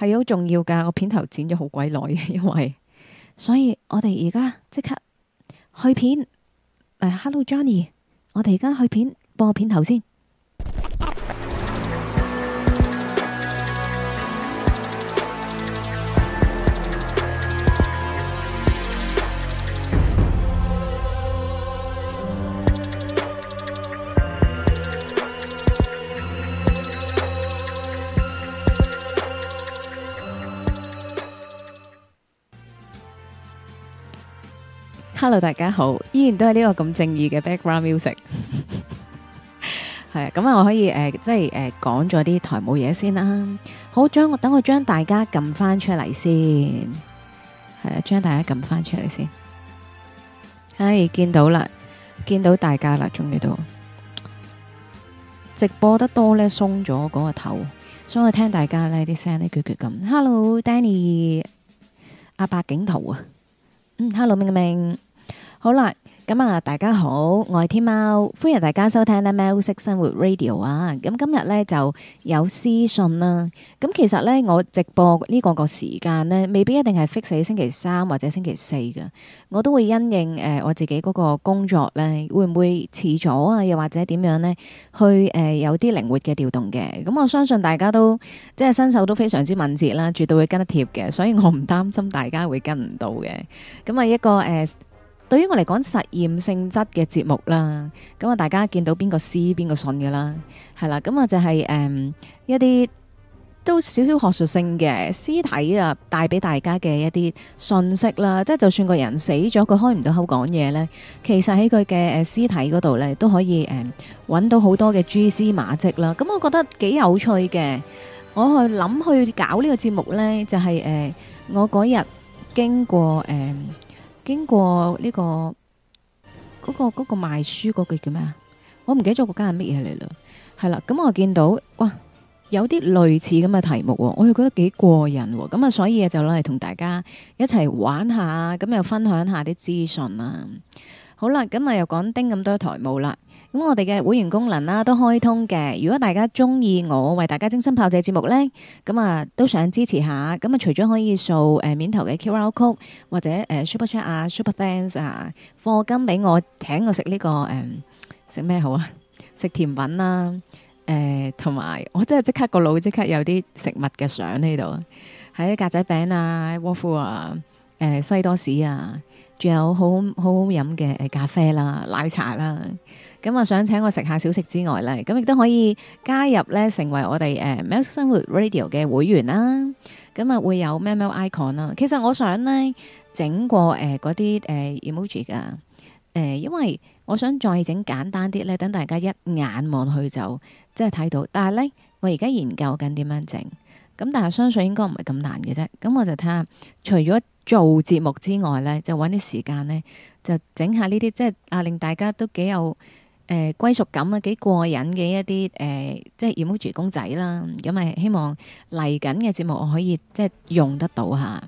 係好重要噶，我片頭剪咗好鬼耐，因為，所以我哋而家即刻去片。誒，Hello，Johnny，我哋而家去片播片頭先。Hello，大家好，依然都係呢個咁正義嘅 background music，係啊，咁 啊，我可以誒、呃，即係誒，講咗啲台務嘢先啦。好，將我等我將大家撳翻出嚟先，係啊，將大家撳翻出嚟先。唉，見到啦，見到大家啦，終於都直播得多咧，鬆咗嗰個頭，所以我聽大家咧啲聲咧決決咁。Hello，Danny，阿伯景圖啊，嗯，Hello，明明。好啦，咁啊，大家好，我係天喵，M、o，歡迎大家收聽呢《喵式生活 Radio》啊！咁今日呢，就有屍訊啦。咁其實呢，我直播呢個個時間呢，未必一定係 fix 喺星期三或者星期四嘅，我都會因應誒、呃、我自己嗰個工作呢，會唔會遲咗啊？又或者點樣呢？去誒、呃、有啲靈活嘅調動嘅。咁我相信大家都即係身手都非常之敏捷啦，絕對會跟得貼嘅，所以我唔擔心大家會跟唔到嘅。咁啊，一個誒。呃對於我嚟講，實驗性質嘅節目啦，咁啊，大家見到邊個屍邊個訊嘅啦，係啦，咁啊就係、是、誒、嗯、一啲都少少學術性嘅屍體啊，帶俾大家嘅一啲信息啦，即、就、係、是、就算個人死咗，佢開唔到口講嘢呢，其實喺佢嘅誒屍體嗰度呢，都可以揾搵、嗯、到好多嘅蛛絲馬跡啦，咁我覺得幾有趣嘅。我去諗去搞呢個節目呢，就係、是、誒、呃、我嗰日經過誒。嗯經過呢個，嗰個，嗰個賣書嗰句叫咩啊？我唔記得咗嗰間係乜嘢嚟啦。係啦，咁我見到哇，有啲類似咁嘅題目，我又覺得幾過癮的，咁啊，所以就攞嚟同大家一齊玩一下，咁又分享一下啲資訊啊。好啦，咁啊又講丁咁多台務啦。咁我哋嘅會員功能啦、啊，都開通嘅。如果大家中意我為大家精心炮製節目呢，咁啊都想支持一下。咁啊，除咗可以掃誒面頭嘅 QR code 或者誒、呃、Super Chat 啊、Super Thanks 啊，課金俾我，請我食呢、這個誒食咩好啊？食甜品啦、啊，誒同埋我真係即刻個腦即刻有啲食物嘅相呢度，喺、哎、格仔餅啊、窩夫啊、誒、呃、西多士啊，仲有好好好飲嘅咖啡啦、奶茶啦。咁啊！想請我食下小食之外咧，咁亦都可以加入咧，成為我哋喵式生活 radio 嘅會員啦。咁啊，會有喵喵 icon 啦。其實我想咧整過誒嗰、呃、啲誒、呃、emoji 噶誒、呃，因為我想再整簡單啲咧，等大家一眼望去就即係睇到。但係咧，我而家研究緊點樣整，咁但係相信應該唔係咁難嘅啫。咁我就睇下，除咗做節目之外咧，就揾啲時間咧，就整下呢啲，即係啊，令大家都幾有。誒歸屬感啊，幾過癮嘅一啲誒，即係 emoji 公仔啦。咁咪希望嚟緊嘅節目我可以即係用得到吓。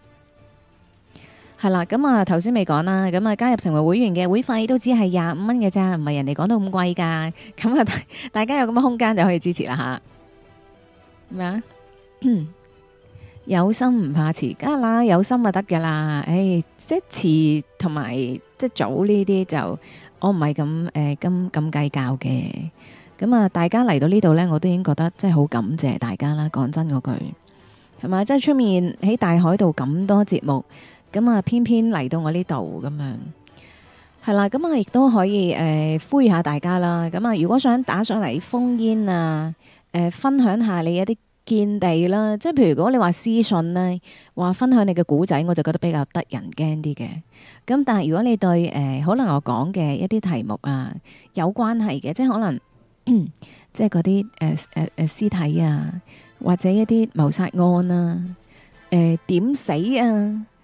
係啦，咁啊，頭先未講啦，咁啊加入成為會員嘅會費都只係廿五蚊嘅啫，唔係人哋講到咁貴噶。咁啊，大家有咁嘅空間就可以支持啦吓。咩啊？有心唔怕遲，梗啦有心就得㗎啦。誒，即係遲同埋即係早呢啲就。我唔係咁誒咁咁計較嘅，咁啊大家嚟到呢度呢，我都已經覺得真係好感謝大家啦。講真嗰句，係咪？即係出面喺大海度咁多節目，咁啊偏偏嚟到我呢度咁樣，係啦。咁啊亦都可以誒呼籲下大家啦。咁啊，如果想打上嚟烽煙啊，誒、呃、分享下你一啲。見地啦，即係譬如如果你話私信咧，話分享你嘅古仔，我就覺得比較得人驚啲嘅。咁但係如果你對誒、呃、可能我講嘅一啲題目啊有關係嘅，即係可能、嗯、即係嗰啲誒誒誒屍體啊，或者一啲謀殺案啦、啊，誒、呃、點死啊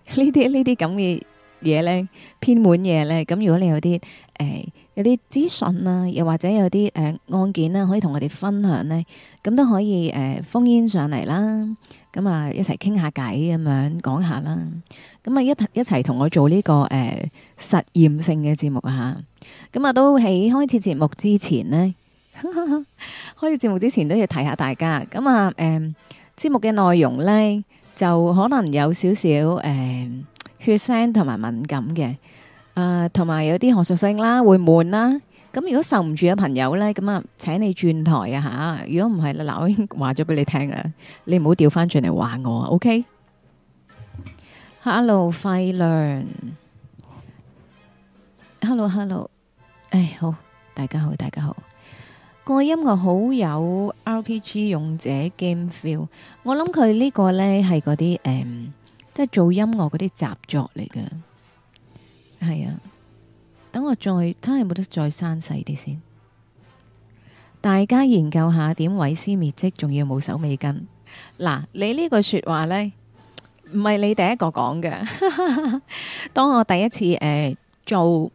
這這呢啲呢啲咁嘅嘢咧，偏門嘢咧，咁如果你有啲誒，呃有啲資訊啦，又或者有啲誒案件啦，可以同我哋分享呢，咁都可以誒烽煙上嚟啦，咁啊一齊傾下偈咁樣講下啦，咁啊一一齊同我做呢個誒實驗性嘅節目啊吓，咁啊都喺開始節目之前呢， 開始節目之前都要提下大家，咁啊誒節目嘅內容呢，就可能有少少誒血腥同埋敏感嘅。啊，同埋有啲學術性啦，會悶啦。咁如果受唔住嘅朋友咧，咁啊，請你轉台啊吓。如果唔係咧，嗱，我已經話咗俾你聽嘅，你唔好調翻轉嚟話我啊。OK。Hello，費亮。Hello，Hello。哎，好，大家好，大家好。個音樂好有 RPG 勇者 Game Feel，我諗佢呢個咧係嗰啲誒，即係做音樂嗰啲雜作嚟嘅。係啊，等我再，睇下有冇得再生細啲先？大家研究下點毀屍滅跡，仲要冇手尾跟？嗱，你呢句說話咧，唔係你第一個講嘅。 當我第一次誒、呃、做。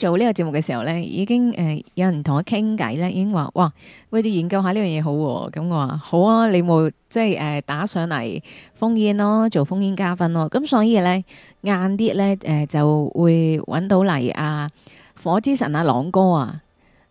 做呢個節目嘅時候呢，已經誒、呃、有人同我傾偈呢已經話哇，我哋研究下呢樣嘢好，咁、啊嗯，我話好啊，你冇即係誒、呃、打上嚟烽煙咯，做烽煙加分咯。咁、嗯、所以呢，晏啲呢，誒、呃、就會揾到嚟啊火之神啊朗哥啊。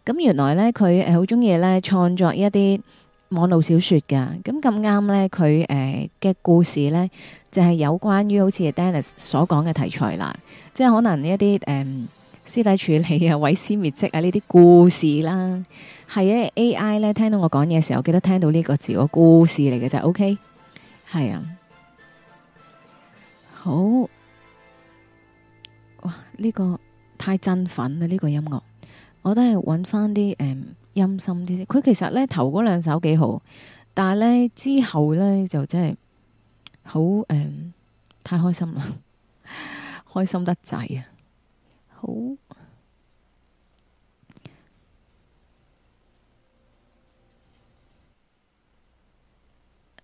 咁、嗯、原來呢，佢誒好中意呢創作一啲網絡小說噶。咁咁啱呢，佢誒嘅故事呢，就係、是、有關於好似 Dennis 所講嘅題材啦，即係可能一啲誒。呃屍體處理啊，毀屍滅跡啊，呢啲故事啦、啊，係咧 AI 咧聽到我講嘢嘅時候，記得聽到呢個字，我故事嚟嘅就 OK，係啊，好，哇，呢、這個太振奮啦！呢、這個音樂，我都係揾翻啲誒陰森啲先，佢、嗯、其實呢，頭嗰兩首幾好，但係呢，之後呢，就真係好誒、嗯，太開心啦，呵呵開心得滯啊！好，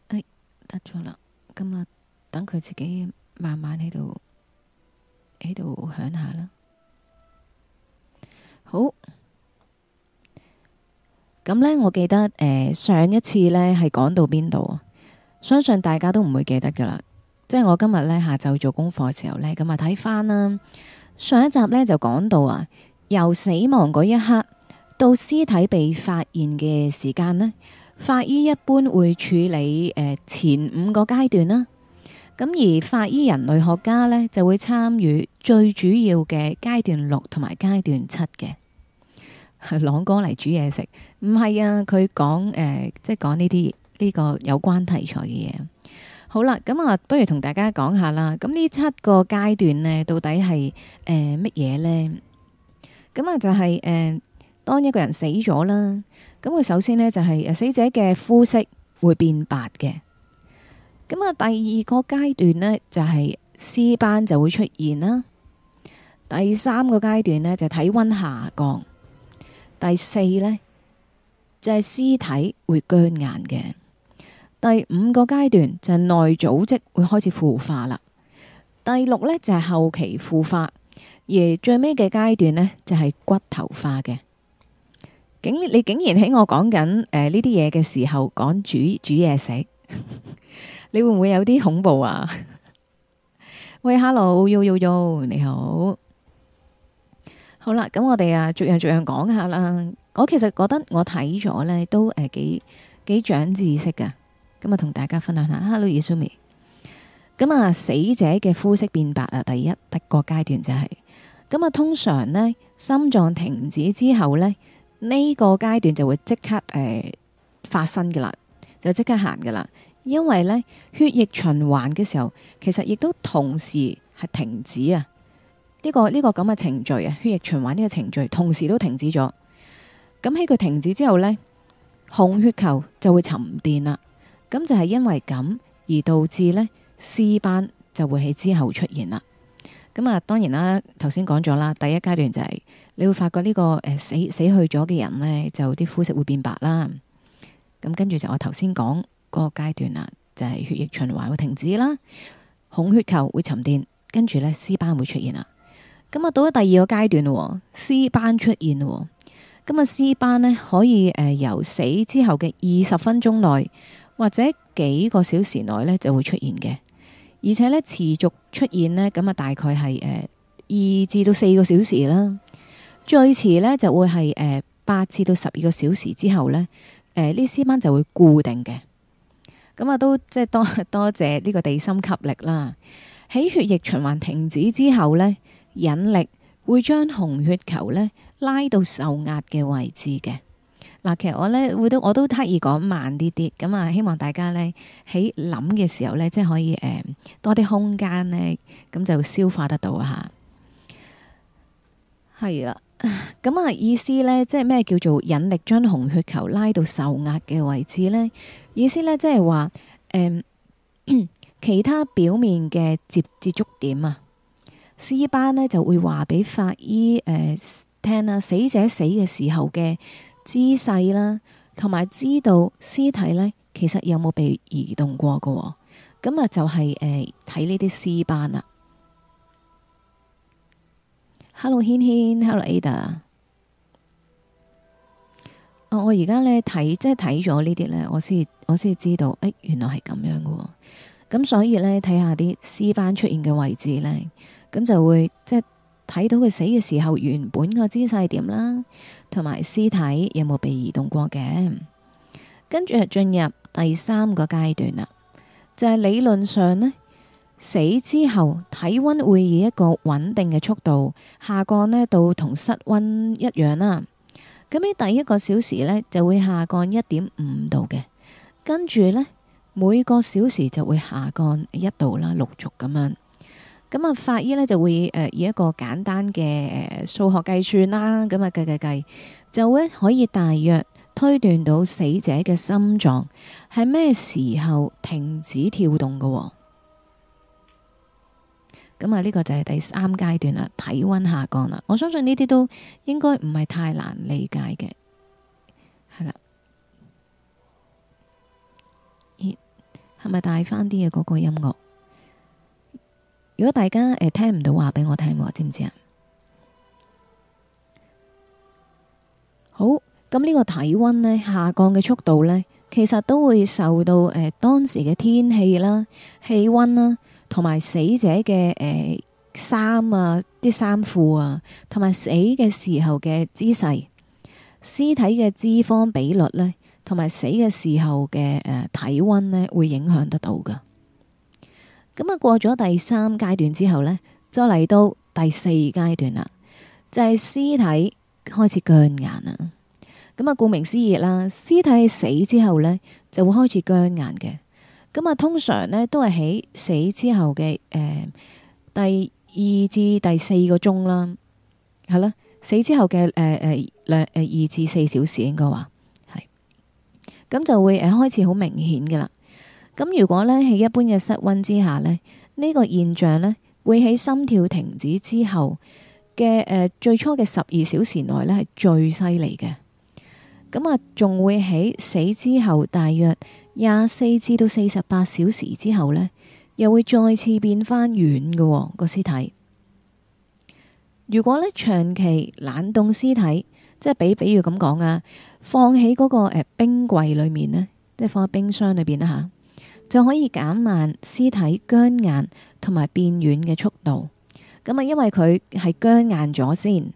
哎，得咗啦，今日等佢自己慢慢喺度，喺度響下啦。好，咁呢，我記得、呃、上一次呢係講到邊度啊？相信大家都唔會記得噶啦，即係我今日呢，下晝做功課嘅時候呢，咁啊睇翻。啦。上一集咧，就講到啊，由死亡嗰一刻到屍體被發現嘅時間呢，法醫一般會處理前五個階段啦。咁而法醫人類學家呢，就會參與最主要嘅階段六同埋階段七嘅。朗兄嚟煮嘢食，唔係啊，佢講誒，即係講呢啲呢個有關題材嘅嘢。好啦，咁啊，不如同大家講下啦。咁呢七個階段呢，到底係誒乜嘢？呢？咁啊，就係誒，當一個人死咗啦，咁佢首先呢就係誒，死者嘅膚色會變白嘅。咁啊，第二個階段呢就係屍斑就會出現啦。第三個階段呢就體溫下降。第四呢就係屍體會僵硬嘅。第五個階段就係內組織會開始腐化啦。第六呢就係後期腐化，而最尾嘅階段呢就係骨頭化嘅。竟你竟然喺我講緊誒呢啲嘢嘅時候講煮煮嘢食，你會唔會有啲恐怖啊？喂，Hello，Yo，Yo，Yo，你好好啦。咁我哋啊，逐樣逐樣講下啦。我其實覺得我睇咗呢都誒幾幾長知識噶。咁啊，同大家分享下。Hello，Yasumi。咁啊，死者嘅膚色變白啊，第一第一個階段就係。咁啊，通常呢，心臟停止之後呢，呢、這個階段就會即刻誒、呃、發生噶啦，就即刻行噶啦。因為呢，血液循環嘅時候，其實亦都同時係停止啊。呢、這個呢、這個咁嘅程序啊，血液循環呢個程序同時都停止咗。咁喺佢停止之後呢，紅血球就會沉澱啦。咁就係因為咁而導致呢屍斑，就會喺之後出現啦。咁啊，當然啦，頭先講咗啦，第一階段就係你會發覺呢、這個誒、呃、死死去咗嘅人呢，就啲膚色會變白啦。咁跟住就我頭先講嗰個階段啦，就係、是、血液循環會停止啦，紅血球會沉澱，跟住呢屍斑會出現啦。咁啊，到咗第二個階段喎、哦，屍斑出現喎、哦。咁啊，屍斑呢，可以誒、呃、由死之後嘅二十分鐘內，或者幾個小時內呢就會出現嘅，而且呢持續出現呢，咁啊大概係誒二至到四個小時啦，最遲呢就會係誒八至到十二個小時之後呢，誒呢屍斑就會固定嘅。咁啊都即係多多謝呢個地心吸力啦。喺血液循環停止之後呢，引力會將紅血球呢拉到受壓嘅位置嘅。嗱，其實我咧會都我都刻意講慢啲啲咁啊，希望大家咧喺諗嘅時候咧，即係可以誒、呃、多啲空間咧，咁就消化得到啊。嚇，係啊，咁啊意思咧，即係咩叫做引力將紅血球拉到受壓嘅位置咧？意思咧，即係話誒其他表面嘅接接觸點啊，屍斑咧就會話俾法醫誒、呃、聽啊，死者死嘅時候嘅。姿勢啦，同埋知道屍體呢，其實有冇被移動過噶？咁啊、就是，就係誒睇呢啲屍斑啦。Hello，軒軒，Hello，Ada。哦，我而家呢睇，即係睇咗呢啲呢，我先我先知道，誒、哎，原來係咁樣噶。咁所以呢，睇下啲屍斑出現嘅位置呢，咁就會即係睇到佢死嘅時候原本個姿勢點啦。同埋屍體有冇被移動過嘅？跟住係進入第三個階段啦，就係理論上呢，死之後體温會以一個穩定嘅速度下降呢，到同室温一樣啦。咁喺第一個小時呢，就會下降一點五度嘅，跟住呢，每個小時就會下降一度啦，陸續咁樣。咁啊，法醫咧，就會誒以一個簡單嘅誒數學計算啦，咁啊計計計，就會可以大約推斷到死者嘅心臟係咩時候停止跳動嘅。咁啊，呢個就係第三階段啦，體溫下降啦。我相信呢啲都應該唔係太難理解嘅，係啦，咦係咪大翻啲嘅嗰個音樂？如果大家誒、呃、聽唔到話俾我聽，知唔知啊？好，咁呢個體溫呢下降嘅速度呢，其實都會受到誒、呃、當時嘅天氣啦、氣溫啦，同埋死者嘅衫、呃、啊、啲衫褲啊，同埋死嘅時候嘅姿勢、屍體嘅脂肪比率呢，同埋死嘅時候嘅誒、呃、體溫呢，會影響得到噶。咁啊，過咗第三階段之後咧，就嚟到第四階段啦，就係、是、屍體開始僵硬啦，咁啊，顧名思義啦，屍體死之後咧，就會開始僵硬嘅。咁啊，通常咧都係喺死之後嘅誒、呃、第二至第四個鐘啦，係啦，死之後嘅誒誒兩誒二至四小時應該話係，咁就會誒開始好明顯噶啦。咁如果呢，喺一般嘅室溫之下呢，呢個現象呢會喺心跳停止之後嘅最初嘅十二小時內呢係最犀利嘅。咁啊，仲會喺死之後大約廿四至到四十八小時之後呢，又會再次變返軟喎個屍體。如果呢，長期冷凍屍體，即係比，比如咁講啊，放喺嗰個冰櫃裏面呢，即係放喺冰箱裏邊啦嚇就可以減慢屍體僵硬同埋變軟嘅速度。咁啊，因為佢係僵硬咗先，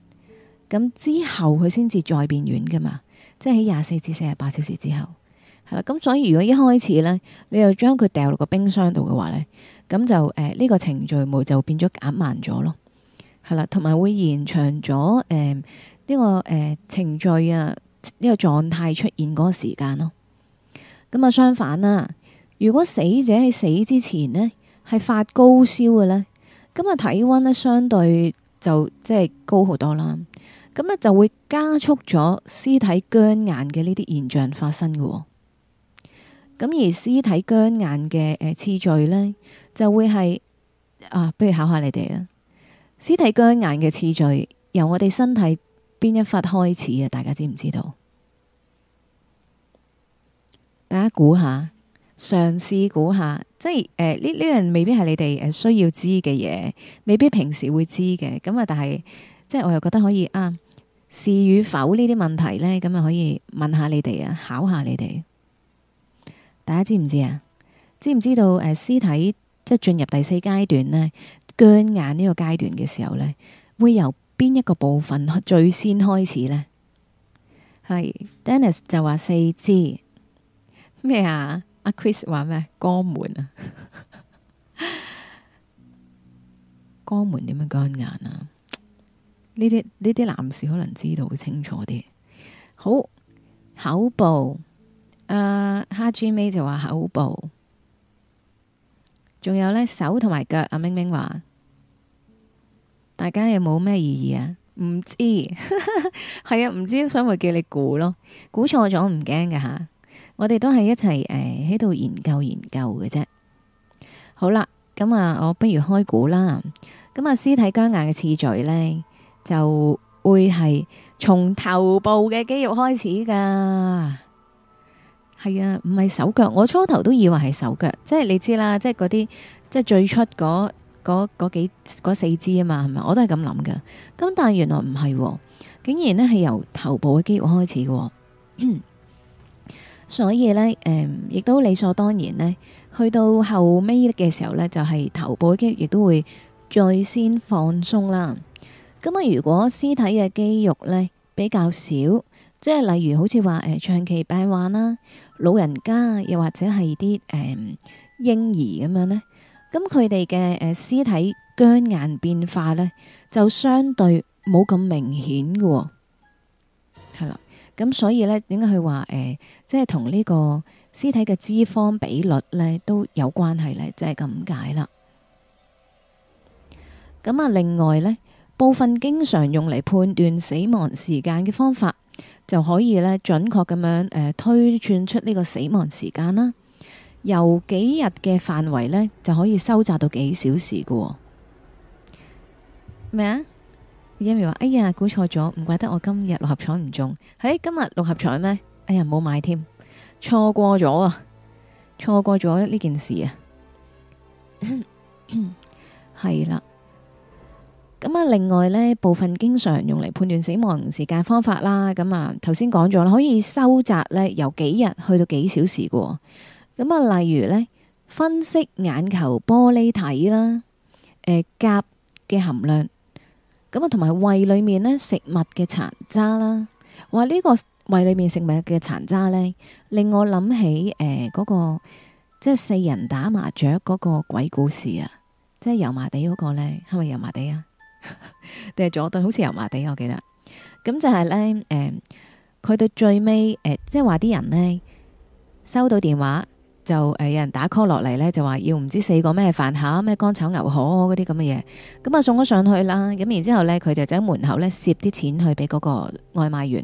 咁之後佢先至再變軟嘅嘛。即係喺廿四至四十八小時之後，係啦。咁所以如果一開始咧，你又將佢掉落個冰箱度嘅話咧，咁就誒呢、呃呢個程序咪就變咗減慢咗咯。係啦，同埋會延長咗誒呢個誒、呃、程序啊呢、呢個狀態出現嗰個時間咯。咁啊，相反啦。如果死者喺死之前呢，係發高燒嘅呢，咁啊體溫呢，相對就即係高好多啦，咁呢就會加速咗屍體僵硬嘅呢啲現象發生嘅。咁而屍體僵硬嘅誒次序呢，就會係啊，不如考下你哋啊，屍體僵硬嘅次序由我哋身體邊一忽開始啊？大家知唔知道？大家估下。嘗試估下，即係誒呢呢樣未必係你哋誒需要知嘅嘢，未必平時會知嘅，咁啊，但係即係我又覺得可以啊，是與否呢啲問題咧，咁啊可以問下你哋啊，考下你哋。大家知唔知啊？知唔知道誒、呃、屍體即係進入第四階段咧，僵硬呢個階段嘅時候咧，會由邊一個部分最先開始咧？係，Dennis 就話四肢咩啊？阿 Chris 話咩？肛門啊， 肛門點樣僵硬啊？呢啲呢啲男士可能知道會清楚啲。好，口部，阿 Hajime 就話口部，仲有呢，手同埋腳。阿明明話，大家有冇咩異議啊？唔知道，係 啊，唔知想咪叫你估咯，估錯咗唔驚噶吓。我哋都係一齊誒喺度研究研究嘅啫。好啦，咁啊，我不如開估啦。咁啊，屍體僵硬嘅次序呢，就會係從頭部嘅肌肉開始噶。係啊，唔係手腳。我初頭都以為係手腳，即係你知啦，即係嗰啲即係最初嗰嗰嗰幾四肢啊嘛，係咪？我都係咁諗嘅。咁但原來唔係、哦，竟然咧係由頭部嘅肌肉開始嘅、哦。 所以呢，誒、嗯，亦都理所當然呢去到後尾嘅時候呢，就係、是、頭部肌肉亦都會最先放鬆啦。咁、嗯、啊，如果屍體嘅肌肉呢比較少，即係例如好似話誒長期病患啦、老人家，又或者係啲誒嬰兒咁樣呢，咁佢哋嘅屍體僵硬變化呢，就相對冇咁明顯嘅喎、哦。咁所以呢，點解佢話誒，即係同呢個屍體嘅脂肪比率呢都有關係呢？即係咁解啦。咁啊，另外呢，部分經常用嚟判斷死亡時間嘅方法，就可以呢，準確咁樣誒、呃，推算出呢個死亡時間啦。由幾日嘅範圍呢，就可以收窄到幾小時㗎、哦。咩啊？因為話哎呀，估錯咗，唔怪得我今日六合彩唔中。喺今日六合彩咩？哎呀，唔好、哎哎、買添，錯過咗啊，錯過咗呢件事啊。係啦，咁 啊， 另外呢，部分經常用嚟判斷死亡時間方法啦。咁啊，頭先講咗可以收窄呢，由幾日去到幾小時噶。咁啊，例如呢，分析眼球玻璃體啦，誒、呃，鉀嘅含量。咁啊，同埋胃裏面咧食物嘅殘渣啦，話呢個胃裏面食物嘅殘渣咧，令我諗起誒嗰、呃嗰個即係四人打麻雀嗰個鬼故事啊，即係油麻地嗰個咧，係咪油麻地啊？定係佐敦？好似油麻地，啊，我記得。咁就係咧，誒、呃，佢到最尾誒、呃，即係話啲人咧收到電話。就誒、呃、有人打 call 落嚟咧，就話要唔知四個咩飯盒、咩乾炒牛河嗰啲咁嘅嘢，咁啊送咗上去啦。咁然後之後咧，佢就走喺門口咧，攝啲錢去俾嗰個外賣員。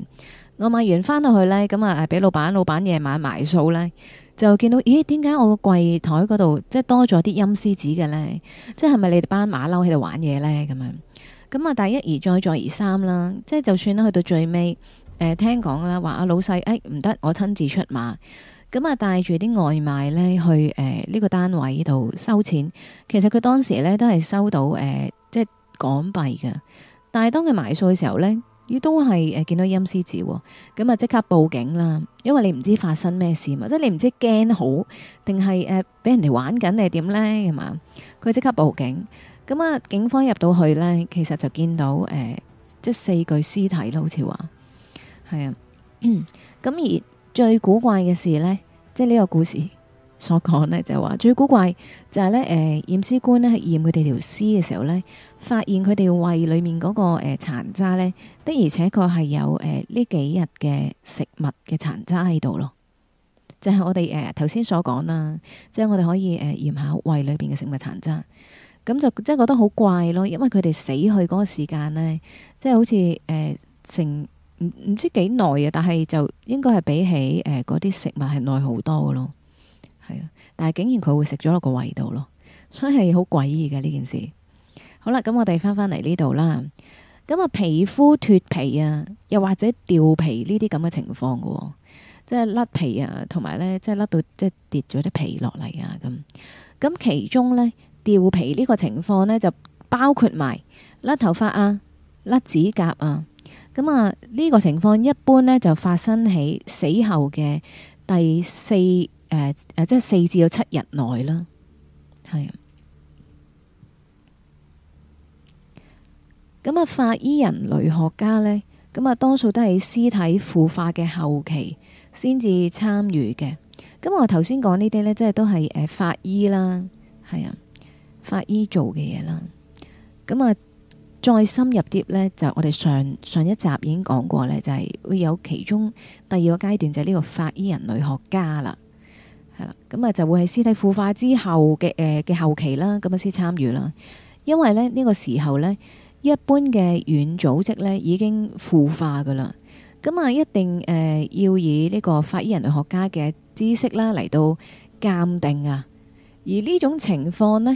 外賣員翻到去咧，咁啊俾老闆，老闆夜晚埋數啦，就見到咦點解我個櫃台嗰度即係多咗啲陰司紙嘅咧？即係咪你哋班馬騮喺度玩嘢咧？咁樣咁啊！但係一而再，再而三啦，即係就算去到最尾，誒、呃、聽講啦，話阿老細誒唔得，我親自出馬。咁啊，帶住啲外賣咧去誒呢個單位度收錢，其實佢當時咧都係收到誒即係港幣嘅。但係當佢埋數嘅時候咧，亦都係誒見到陰司紙，咁啊即刻報警啦。因為你唔知發生咩事嘛，即係你唔知驚好定係誒俾人哋玩緊你係點咧，係嘛？佢即刻報警。咁啊，警方入到去咧，其實就見到誒、呃、即係四具屍體咯，好似話係啊。咁、嗯、而。最古怪嘅事呢，即係呢個故事所講呢，就係話最古怪就係呢誒，驗屍官咧去驗佢哋條屍嘅時候呢，發現佢哋胃裏面嗰個誒殘渣呢，的而且確係有誒呢幾日嘅食物嘅殘渣喺度咯。就係我哋誒頭先所講啦，即係我哋可以誒驗下胃裏邊嘅食物殘渣，咁就即係覺得好怪咯，因為佢哋死去嗰個時間呢，即係好似誒成。唔唔知幾耐啊，但係就應該係比起誒嗰啲食物係耐好多噶咯，係啊，但係竟然佢會食咗落個胃度咯，所以係好詭異嘅呢件事。好啦，咁我哋翻翻嚟呢度啦。咁啊，皮膚脫皮啊，又或者掉皮呢啲咁嘅情況噶，即係甩皮啊，同埋咧即係甩到即係跌咗啲皮落嚟啊咁。咁其中咧掉皮呢個情況咧就包括埋甩頭髮啊、甩指甲啊。咁啊，呢個情況一般呢就發生喺死後嘅第四誒誒、呃，即係四至到七日內啦，係啊。咁啊，法醫人類學家呢，咁啊，多數都係屍體腐化嘅後期先至參與嘅。咁我頭先講呢啲呢，即係都係誒、呃、法醫啦，係啊，法醫做嘅嘢啦。咁啊。再深入啲呢，就我哋上上一集已經講過呢就係會有其中第二個階段，就係呢個法醫人類學家啦，係啦，咁啊就會係屍體腐化之後嘅誒嘅後期啦，咁啊先參與啦，因為呢，呢、呢個時候呢，一般嘅軟組織呢已經腐化噶啦，咁啊一定誒要以呢個法醫人類學家嘅知識啦嚟到鑑定啊，而呢種情況呢。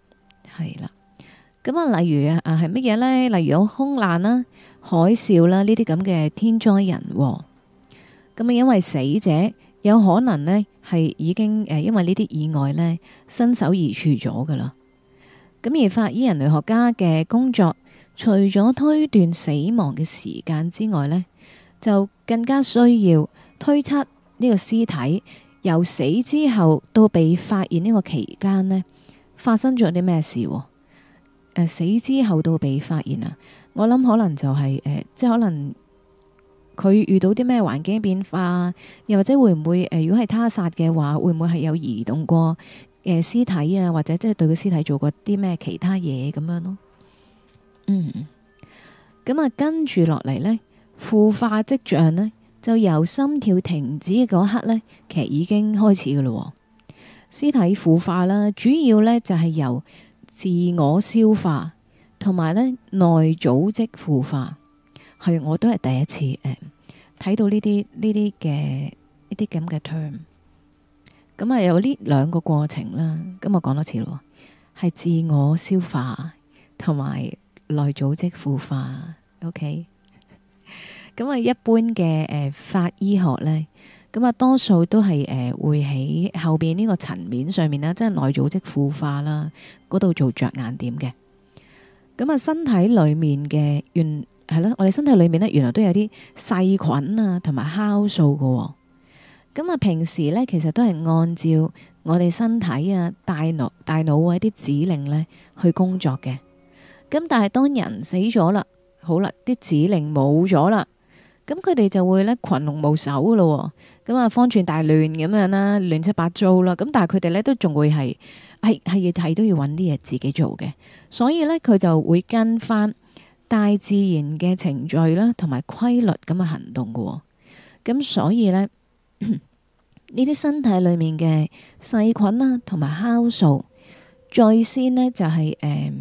係啦，咁啊，例如啊，係乜嘢呢？例如有空難啦、海嘯啦呢啲咁嘅天災人禍，咁啊，因為死者有可能呢，係已經誒，因為呢啲意外呢，身首異處咗噶啦，咁而法醫人類學家嘅工作，除咗推斷死亡嘅時間之外呢，就更加需要推測呢個屍體由死之後到被發現呢個期間呢。發生咗啲咩事？誒、呃，死之後都被發現啊，我諗可能就係、是、誒、呃，即係可能佢遇到啲咩環境變化，又或者會唔會誒、呃，如果係他殺嘅話，會唔會係有移動過誒屍、呃、體啊，或者即係對佢屍體做過啲咩其他嘢咁樣咯？嗯，咁啊，跟住落嚟呢，腐化跡象呢，就由心跳停止嘅嗰一刻呢，其實已經開始噶啦。屍體腐化啦，主要咧就係由自我消化同埋咧內組織腐化，係我都係第一次睇到呢啲呢啲嘅呢啲咁嘅 term。咁啊有呢兩個過程啦，咁、嗯、我講多次咯，係自我消化同埋內組織腐化。OK，咁啊一般嘅法醫學咧。咁啊，多數都係誒會喺後邊呢個層面上面啦，即係內組織腐化啦，嗰度做着眼點嘅。咁啊，身體裏面嘅原係咯，我哋身體裏面呢，原來都有啲細菌啊，同埋酵素噶。咁啊，平時呢，其實都係按照我哋身體啊大腦大腦啊啲指令呢去工作嘅。咁但係當人死咗啦，好啦，啲指令冇咗啦，咁佢哋就會咧群龍無首噶咯哦。咁啊，方寸大亂咁樣啦，亂七八糟啦。咁但係佢哋咧都仲會係係係要睇，都要揾啲嘢自己做嘅，所以咧佢就會跟翻大自然嘅程序啦，同埋規律咁嘅行動噶。咁所以咧，呢啲 身體裏面嘅細菌啦，同埋酵素，最先咧就係、是、誒、呃，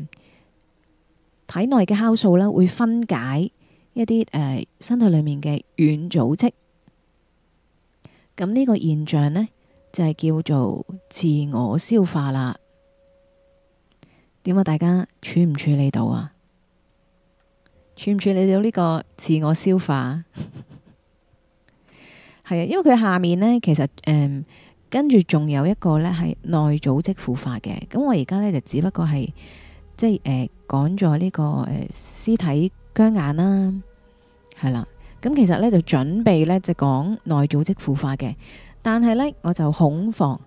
體內嘅酵素啦會分解一啲誒、呃、身體裏面嘅軟組織。咁呢個現象呢，就係叫做自我消化啦，點啊？大家處唔處理到啊？處唔處理到呢個自我消化？係 啊，因為佢下面呢，其實跟住仲有一個呢，係內組織腐化嘅。咁我而家呢，就只不過係即係誒講咗呢個誒屍、呃、體僵硬啦，係啦。咁其實咧就準備咧就講內組織腐化嘅，但係咧我就恐慌，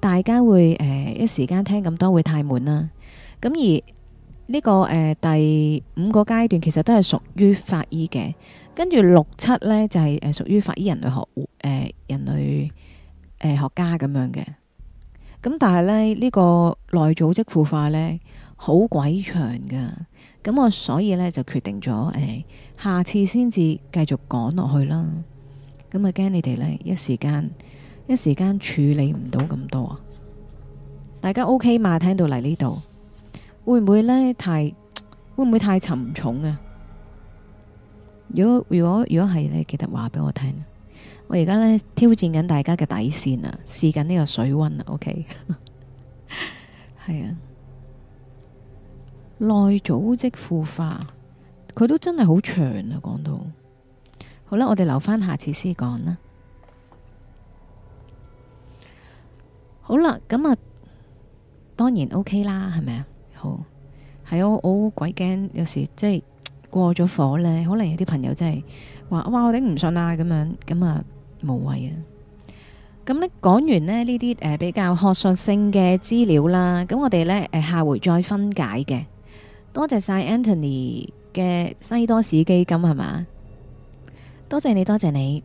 大家會、呃、一時間聽咁多會太悶啦。咁而呢、呢個、呃、第五個階段其實都係屬於法醫嘅，跟住六七咧就係誒屬於法醫人類學、呃、人類、呃、學家咁樣嘅。咁但係咧呢、呢個內組織腐化咧好鬼長噶。咁我所以呢，就決定咗，誒、哎，下次先至繼續講落去啦。咁啊，驚你哋呢，一時間一時間處理唔到咁多啊。大家 O K 嘛？聽到嚟呢度，會唔會呢？太會唔會太沉重啊？如果如果如果係呢，你記得話俾我聽。我而家呢，挑戰緊大家嘅底線試、OK? 啊，試緊呢個水温啊。O K，係啊。內組織腐化，佢都真係好長啊！講到好啦，我哋留翻，下次先講啦。好啦，咁啊，當然 OK 啦，係咪啊？好，係我好鬼驚，有時即係過咗火呢，可能有啲朋友真係話哇，我頂唔順啊，咁樣咁啊，無謂啊。咁呢講完咧呢啲誒比較學術性嘅資料啦，咁我哋呢，誒下回再分解嘅。多謝晒 Anthony 嘅西多士基金，係嘛？多謝你，多謝你。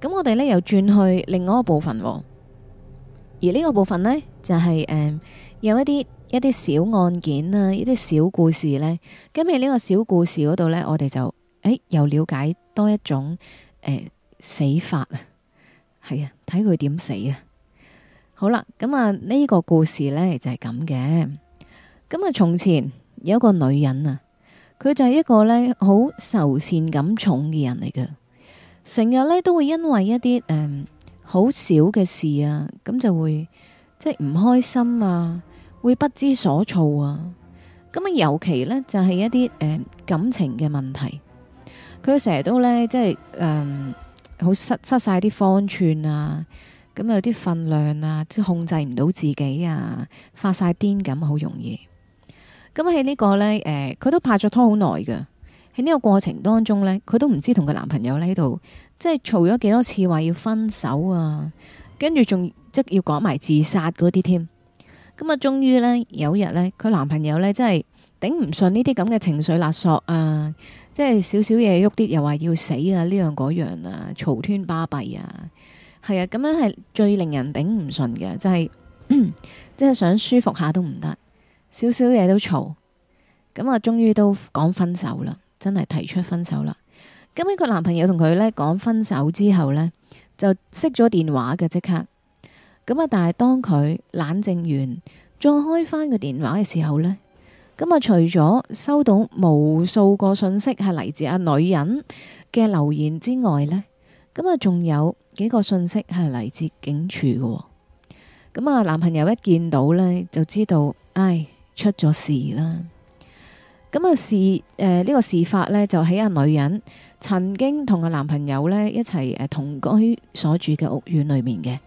咁我哋呢又轉去另外一個部分，而呢個部分呢，就係、是、誒、呃、有一啲一啲小案件啊，一啲小故事呢。今日呢個小故事嗰度呢，我哋就誒、欸、又了解多一種誒、呃、死法啊，係啊，睇佢點死啊。好啦，咁啊呢個故事呢就係咁嘅。咁啊從前。有一個女人啊，佢就係一個呢好愁善感重嘅人嚟㗎，成日呢都會因為一啲誒好小嘅事啊，咁就會即係唔開心啊，會不知所措啊。咁啊，尤其呢，就係一啲誒感情嘅問題，佢成日都呢，即係誒好失失晒啲方寸啊，咁有啲份量啊，即係控制唔到自己啊，發晒癲咁好容易。咁喺呢個呢，誒、呃，佢都拍咗拖好耐嘅。喺呢個過程當中呢，佢都唔知同佢男朋友喺度，即係嘈咗幾多次話要分手啊，跟住仲即要講埋自殺嗰啲添。咁啊，終於呢，有日呢，佢男朋友呢，真係頂唔順呢啲咁嘅情緒勒索啊，即係少少嘢喐啲又話要死啊，呢樣嗰樣啊，嘈天巴閉啊，係啊，咁樣係最令人頂唔順嘅，就係即係想舒服下都唔得。少少嘢都嘈，咁啊，終於都講分手啦，真係提出分手啦。咁呢個男朋友同佢呢講分手之後呢，就熄咗電話嘅即刻。咁啊，但係當佢冷靜完，再開翻個電話嘅時候呢，咁啊，除咗收到無數個信息係嚟自阿女人嘅留言之外呢，咁啊，仲有幾個信息係嚟自警署嘅。咁啊，男朋友一見到呢，就知道唉。出咗事啦！咁啊事誒呢、呃呢個事發咧就喺啊女人曾經同個男朋友咧一齊誒同居所住嘅屋苑裏面嘅。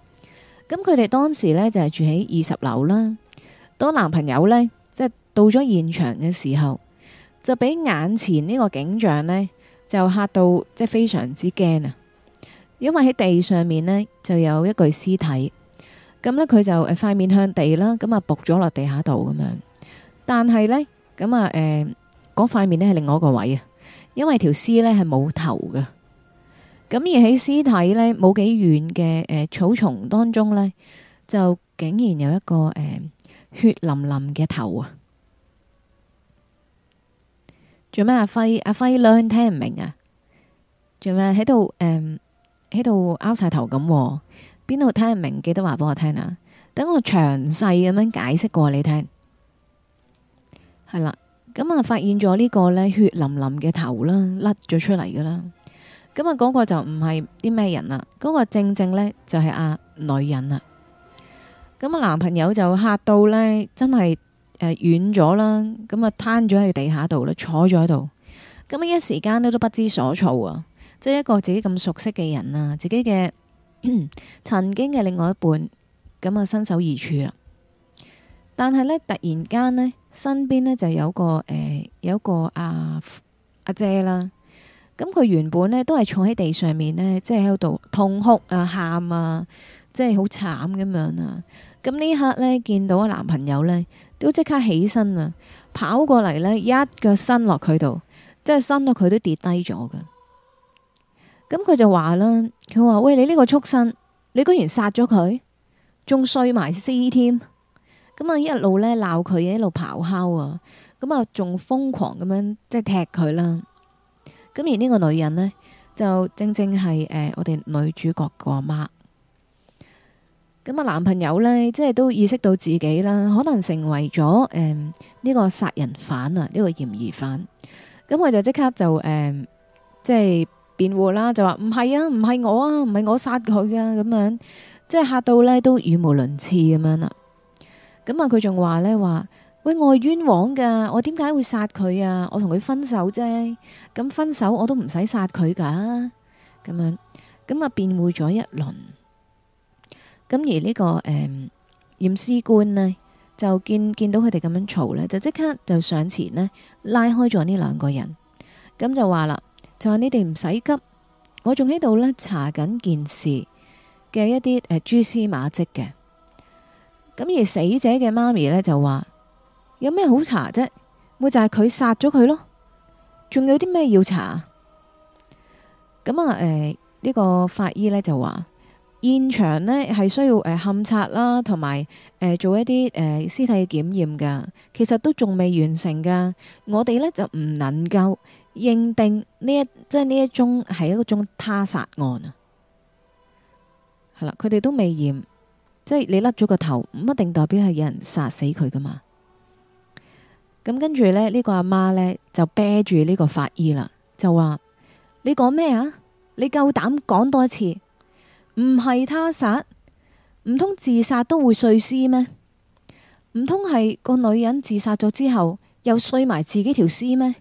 咁佢哋當時咧就係住喺二十樓啦。當男朋友咧即係到咗現場嘅時候，就俾眼前呢個景象咧就吓到即係非常之驚啊！因為喺地上面咧就有一具屍體，咁咧佢就誒塊、呃、面向地啦，咁啊仆咗落地下度咁樣。但係呢，咁啊，誒、呃，嗰塊面呢係另外一個位啊，因為條屍呢係冇頭嘅，咁而喺屍體呢冇幾遠嘅誒草叢當中呢，就竟然有一個誒、呃、血淋淋嘅頭啊！做咩阿輝阿輝兩聽唔明啊？做咩喺度誒喺度拗晒頭咁？邊度聽唔明？記得話畀我聽啊！等我詳細咁樣解釋過你聽。係啦，咁啊，發現咗呢個咧血淋淋嘅頭啦，甩咗出嚟噶啦。咁啊，嗰個就唔係啲咩人啦，嗰、嗰個正正呢就係阿女人啦。咁啊，男朋友就嚇到呢，真係誒軟咗啦，咁啊癱咗喺地下度啦，坐咗喺度。咁一時間都都不知所措啊，即、就、係、是、一個自己咁熟悉嘅人啊，自己嘅 曾經嘅另外一半，咁啊身首異處啦。但係呢，突然間呢。身邊呢就有一個、欸、有一個阿阿、啊、姐啦，咁佢原本呢都係坐喺地上面呢，即係喺度痛哭啊、喊啊，即係好慘咁樣啊。咁呢刻呢，見到個男朋友呢，都即刻起身啊，跑過嚟呢，一腳伸落佢度，即係伸到佢都跌低咗噶。咁佢就話啦：佢話喂，你呢個畜生，你居然殺咗佢，仲碎埋屍添。咁啊，一路咧鬧佢，一路咆哮啊！咁啊，仲瘋狂咁樣即係踢佢啦。咁而呢個女人呢，就正正係誒我哋女主角個阿媽。咁啊，男朋友呢，即係都意識到自己啦，可能成為咗誒呢個殺人犯啊，呢個嫌疑犯。咁佢就即刻就誒即係辯護啦，就話唔係啊，唔係我啊，唔係我殺佢啊，咁樣即係嚇到呢都語無倫次咁樣啦。咁啊！佢仲話呢話喂，我係冤枉噶，我點解會殺佢啊？我同佢分手啫，咁分手我都唔使殺佢噶。咁樣，咁啊辯護咗一輪。咁而呢個誒驗屍官呢，就見見到佢哋咁樣嘈呢，就即刻就上前呢，拉開咗呢兩個人，咁就話啦，就話你哋唔使急，我仲喺度呢查緊件事嘅一啲誒蛛絲馬迹嘅。咁而死者嘅媽咪呢，就話：有咩好查啫？咪就係佢殺咗佢咯，仲有啲咩要查？咁啊，呢、呃呢個法醫呢，就話：現場呢係需要誒勘、呃、察啦，同埋、呃、做一啲誒屍體檢驗噶，其實都仲未完成噶。我哋呢，就唔能夠認定呢一即係呢一宗係一個宗他殺案啊。係啦，佢哋都未驗。即係你甩咗個頭，唔一定代表係有人殺死佢噶嘛。咁跟住咧，呢、呢個阿媽呢，就啤住呢個法醫啦，就話： 你講咩啊？你夠膽講多一次？唔係他殺，唔通自殺都會碎屍咩？唔通係個女人自殺咗之後，又碎埋自己條屍咩？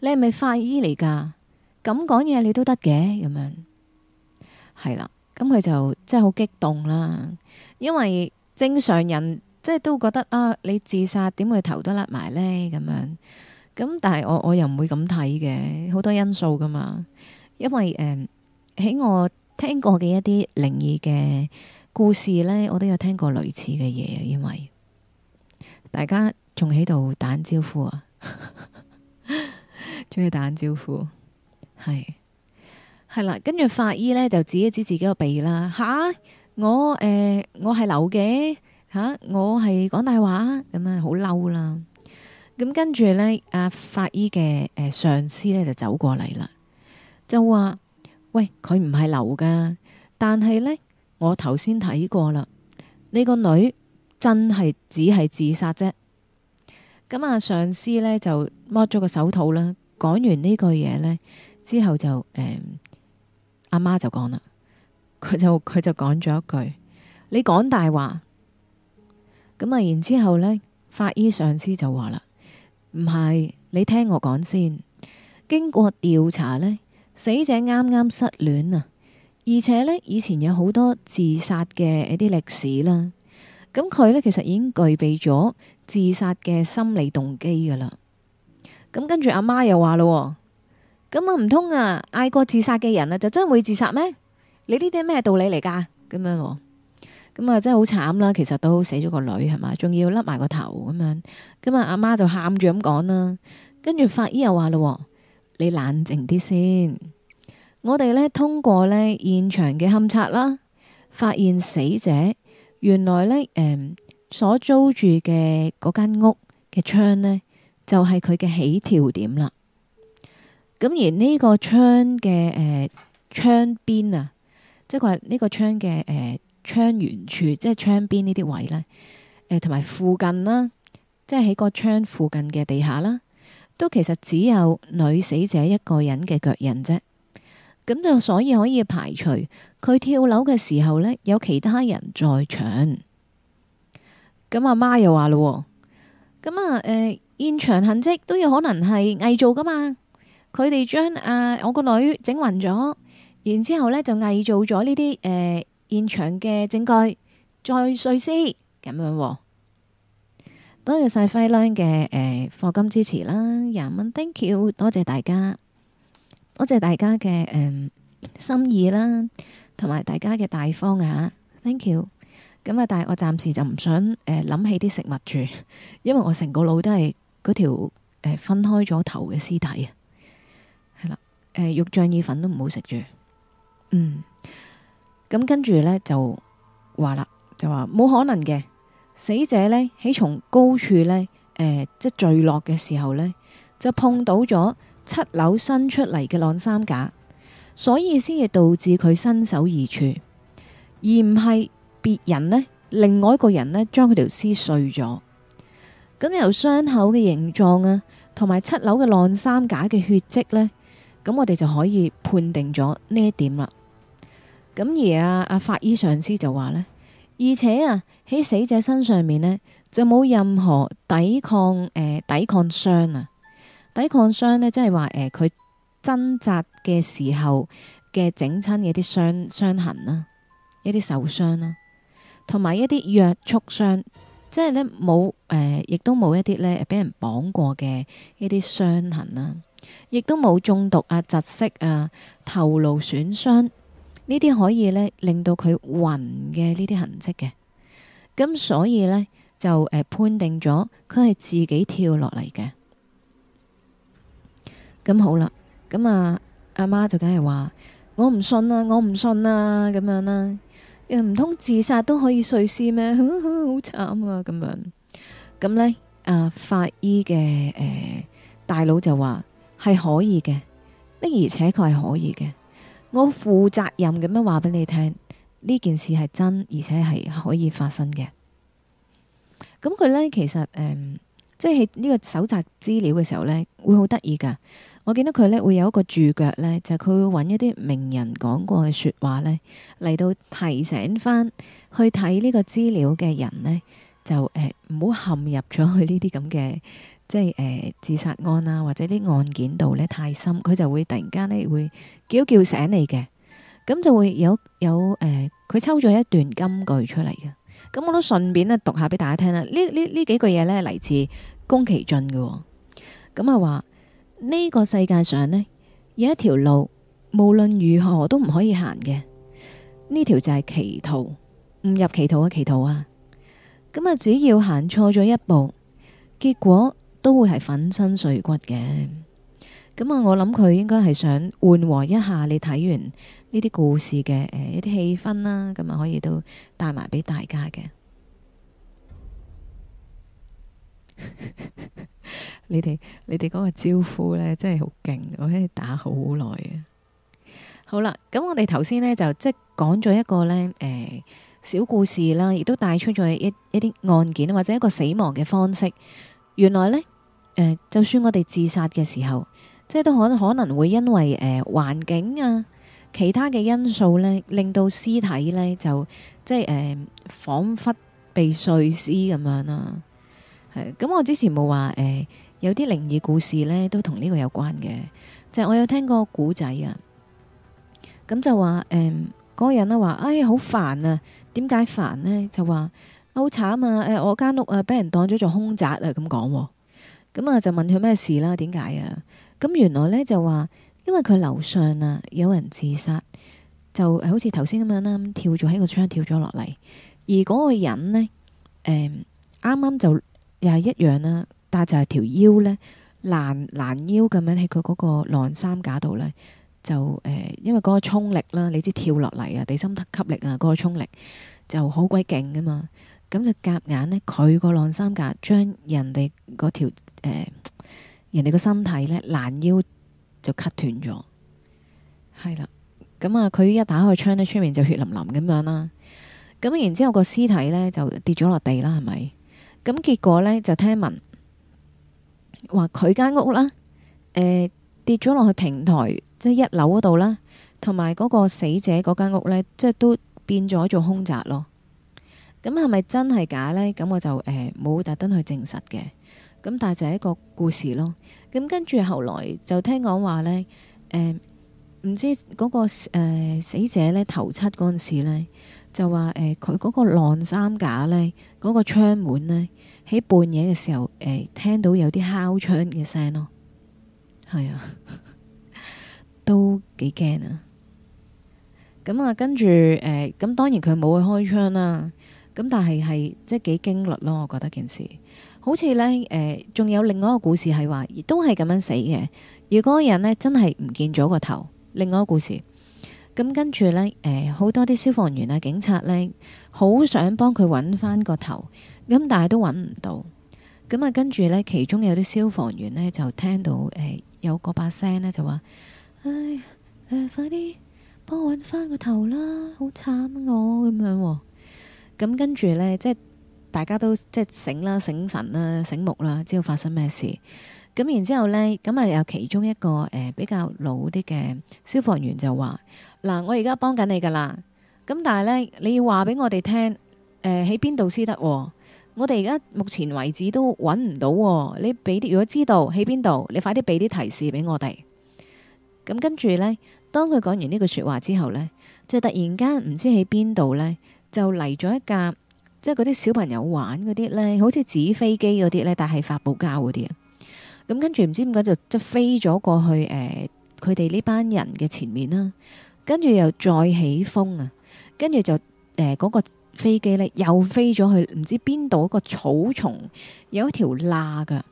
你係咪法醫嚟噶？咁講嘢你都得嘅咁樣，係啦。咁佢就真係好激動啦。因為正常人即係都覺得啊，你自殺點會頭都甩埋呢？咁樣，咁但係我我又唔會咁睇嘅，好多因素噶嘛。因為誒，喺、嗯、我聽過嘅一啲靈異嘅故事呢，我都有聽過類似嘅嘢。因為大家仲喺度打招呼啊，仲要打招呼，係 係啦。跟住法醫呢，就指一指自己個鼻啦，吓。我誒、呃，我係流嘅吓、啊，我係講大話咁啊，好嬲啦！咁跟住呢，阿法醫嘅誒上司呢就走過嚟啦，就話：喂，佢唔係流噶，但係呢，我頭先睇過啦，呢、呢個女真係只係自殺啫。咁啊，上司呢就剝咗個手套啦，講完呢句嘢呢，之後就誒、阿、呃、媽就講啦。佢就佢就講咗一句：你講大話咁啊。然之後咧，法醫上司就話啦：唔係你聽我講先。經過調查呢，死者啱啱失戀啊，而且呢，以前有好多自殺嘅一啲歷史啦。咁佢呢，其實已經具備咗自殺嘅心理動機噶啦。咁跟住阿媽又話咯：咁啊唔通啊，嗌過自殺嘅人啊，就真係會自殺咩？你呢啲咩道理嚟噶？咁樣咁、哦、啊？真係好慘啦。其實都死咗個女係嘛，仲要甩埋個頭咁樣。咁啊，阿媽，媽就喊住咁講啦。跟住法醫又話咯，你冷靜啲先。我哋咧通過咧現場嘅勘察啦，發現死者原來咧誒、呃、所租住嘅嗰間屋嘅窗咧就係佢嘅起跳點啦。咁而呢個窗嘅誒、呃、窗邊啊。即係話呢個窗嘅、誒、呃、窗緣處，即係窗邊呢啲位咧，誒同埋附近啦，即係喺個窗附近嘅地下啦，都其實只有女死者一個人嘅腳印啫。咁就所以可以排除佢跳樓嘅時候咧有其他人在場。咁阿媽又話咯，咁啊誒現場痕迹都有可能係偽造噶嘛，佢哋將啊我個女整暈咗。然之後呢，就偽造咗呢啲誒現場嘅證據，再碎屍。咁樣、哦。多謝晒飛量嘅誒課金支持啦，廿蚊 thank you，多謝大家，多謝大家嘅誒、呃、心意啦，同埋大家嘅大方啊，thank you。咁啊，但係我暫時就唔想誒諗、呃、起啲食物住，因為我成個腦都係嗰條分開咗頭嘅屍體啊。係啦，誒、呃、肉醬意粉都唔好食住。嗯，咁跟住呢就話啦，就話冇可能嘅，死者呢喺從高處呢，誒、呃、即係墜落嘅時候呢，就碰到咗七樓伸出嚟嘅晾衫架，所以先至導致佢身首異處，而唔係別人呢，另外一個人呢將佢條屍碎咗。咁由傷口嘅形狀啊，同埋七樓嘅晾衫架嘅血跡呢，咁我哋就可以判定咗呢一點啦。咁而啊，阿法醫上司就話呢，而且啊，喺死者身上面呢，就冇任何抵抗誒、呃，抵抗傷啊，抵抗傷呢，即係話誒，佢、呃、掙扎嘅時候嘅整親嘅啲傷傷痕啦、啊，一啲受傷啦、啊，同埋一啲約束傷，即、就、係、是、呢，冇誒，亦、呃、都冇一啲呢俾人綁過嘅一啲傷痕啦、啊，亦都冇中毒啊、窒息啊、頭顱損傷。呢啲可以咧令到佢暈嘅呢啲痕跡嘅，咁所以呢，就誒判定咗佢係自己跳落嚟嘅。咁好啦，咁啊阿媽就梗係話：我唔信啊，我唔信啊咁樣啦，唔通自殺都可以碎屍咩？ 好慘啊！咁樣咁呢，阿、啊、法醫嘅誒、呃、大佬就話係可以嘅，的而且確係可以嘅。我負責任咁樣話俾你聽，呢件事係真，而且係可以發生嘅。咁佢呢，其實誒，即係呢個搜集資料嘅時候呢，會好得意噶。我見到佢呢，會有一個註腳呢，就係佢會揾一啲名人講過嘅說話呢，嚟到提醒翻去睇呢個資料嘅人呢，就誒唔好陷入咗去呢啲咁嘅。即係誒、呃，自殺案啊，或者啲案件度呢太深，佢就會突然間呢會叫叫醒你嘅，咁就會有有誒，佢、呃、抽咗一段金句出嚟嘅，咁我都順便呢讀下俾大家聽啦。呢呢呢幾句嘢呢，嚟自宮崎駿嘅、哦，咁啊話呢個世界上呢，有一條路無論如何都唔可以行嘅，呢條就係歧途，誤入歧途嘅歧途啊！咁啊，只要行錯咗一步，結果。都會係粉身碎骨嘅，咁啊，我諗佢應該係想緩和一下你睇完呢啲故事嘅，誒一啲氣氛啦，咁啊可以都帶埋俾大家嘅。 你哋你哋嗰個招呼呢，真係好勁，我喺度打好耐啊！好啦，咁我哋頭先呢，就即係講咗一個呢誒、欸、小故事啦，亦都帶出咗一一啲案件或者一個死亡嘅方式。原來呢，誒、呃，就算我哋自殺嘅時候，即係都可可能會因為誒環境啊，其他嘅因素呢，令到屍體呢就即係誒，仿佛被碎屍咁樣啦。係，咁我之前冇話誒，有啲靈異故事呢都同呢個有關嘅，就係我有聽過古仔啊，咁就話，誒，嗰個人呢話，哎，好煩啊，點解煩呢？就話。好慘啊！誒，我間屋啊，俾人當咗做凶宅啊，咁講咁啊，我就問佢咩事啦？點解啊？咁原來咧就話，嗯呃，因為佢樓上啊有人自殺，就好似頭先咁樣啦，跳咗喺個窗跳咗落嚟，而嗰個人咧，誒啱啱就又係一樣啦，但係就係條腰咧，爛爛腰咁樣喺佢嗰個晾衫架度咧，就誒，因為嗰個沖力啦，你知跳落嚟啊，地心吸力啊，嗰，嗰個沖力就好鬼勁噶嘛。咁就夾硬呢，佢個晾衫架將人哋嗰條、呃、人哋個身體咧攔腰就 cut 斷咗，係啦。咁啊，佢一打開窗咧，出面就血淋淋咁樣啦。咁然之後個屍體咧就跌咗落地啦，係咪？咁結果咧就聽聞話佢間屋啦、呃，跌咗落去平台，即係一樓嗰度啦，同埋嗰個死者嗰間屋咧，即係都變咗做凶宅咯。咁係咪真係假呢？咁我就誒冇、呃、特登去證實嘅。咁但係就係一個故事咯。咁跟住後來就聽講話呢，誒、呃、唔知嗰、嗰個、呃、死者咧頭七嗰陣時呢就話誒佢嗰個晾衫架呢，嗰、嗰個窗門呢，喺半夜嘅時候誒、呃、聽到有啲敲窗嘅聲咯。係啊， 都幾驚啊！咁啊，跟住誒咁當然佢冇去開窗啦、啊。咁但係係即係幾驚慄咯，我覺得件事好似呢，誒、呃，仲有另外一個故事係話，亦都係咁樣死嘅。如果個人呢，真係唔見咗個頭，另外一個故事。咁、嗯、跟住呢，誒、呃，好多啲消防員啊、警察呢，好想幫佢揾翻個頭，咁但係都揾唔到。咁、嗯、啊，跟住呢，其中有啲消防員呢，就聽到，誒、呃，有個把聲呢，就話：，唉，呃、快啲幫我揾翻個頭啦，好慘我咁樣、哦。咁跟住呢，即係大家都即係醒啦、醒神啦、醒目啦，知道發生咩事。咁然之後呢，咁啊有其中一個誒、呃、比較老啲嘅消防員就話：嗱，我而家幫緊你噶啦。咁但係呢，你要話俾我哋聽，誒喺邊度先得？我哋而家目前為止都揾唔到。你俾啲如果知道喺邊度，你快啲俾啲提示俾我哋。咁跟住呢，當佢講完呢句說話之後呢，就突然間唔知喺邊度呢。就嚟咗一架，即係嗰啲小朋友玩嗰啲咧，好似紙飛機嗰啲咧，但係發泡膠嗰啲啊。咁、嗯、跟住唔知點解就即飛咗過去誒，佢哋呢班人嘅前面啦。跟住又再起風啊，跟住就誒嗰、呃嗰個飛機咧又飛咗去唔知邊度一個草叢，有一條罅噶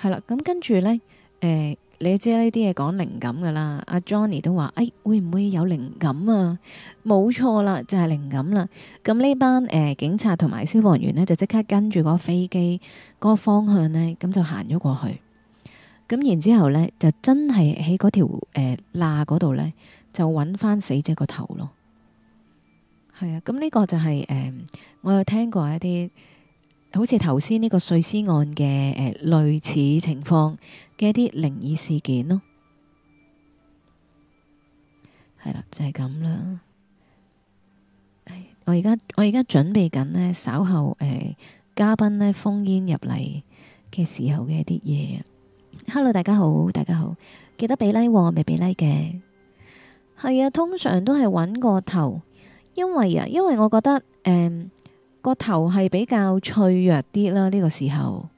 係啦。咁、嗯、跟住咧誒。呃你知呢啲嘢講靈感噶啦，阿 Johnny 都話，哎，會唔會有靈感啊？冇錯啦，就係、是、靈感啦。咁呢班誒、呃、警察同埋消防員呢，就即刻跟住個飛機嗰個方向呢，咁就行咗過去。咁然之後呢，就真係喺嗰條誒罅嗰度呢，就揾翻死者個頭咯。係啊，咁呢個就係、是、誒、呃，我有聽過一啲。好似頭先呢個碎屍案嘅誒、呃、類似情況嘅一啲靈異事件咯，係啦，就係咁啦。我而家我而家準備緊呢，稍後誒、呃、嘉賓呢封煙入嚟嘅時候嘅一啲嘢。Hello，大家好，大家好，記得俾 like、like 哦，未俾 like 嘅。係啊，通常都係搵個頭，因為啊，因為我覺得誒。嗯個頭係比較脆弱啲啦，呢個時候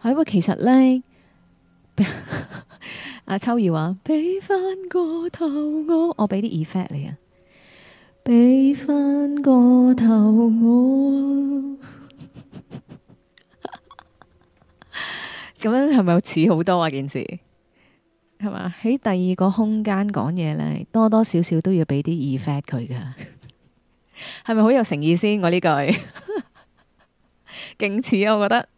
係喎。其實呢，阿 秋兒話俾翻個頭我，我俾啲 effect 你啊，俾翻個頭我。咁 樣係咪似好多啊件事？係嘛吧？喺第二個空間講嘢呢，多多少少都要俾啲 effect 佢噶。係咪好有誠意先？我呢句，勁似啊！我覺得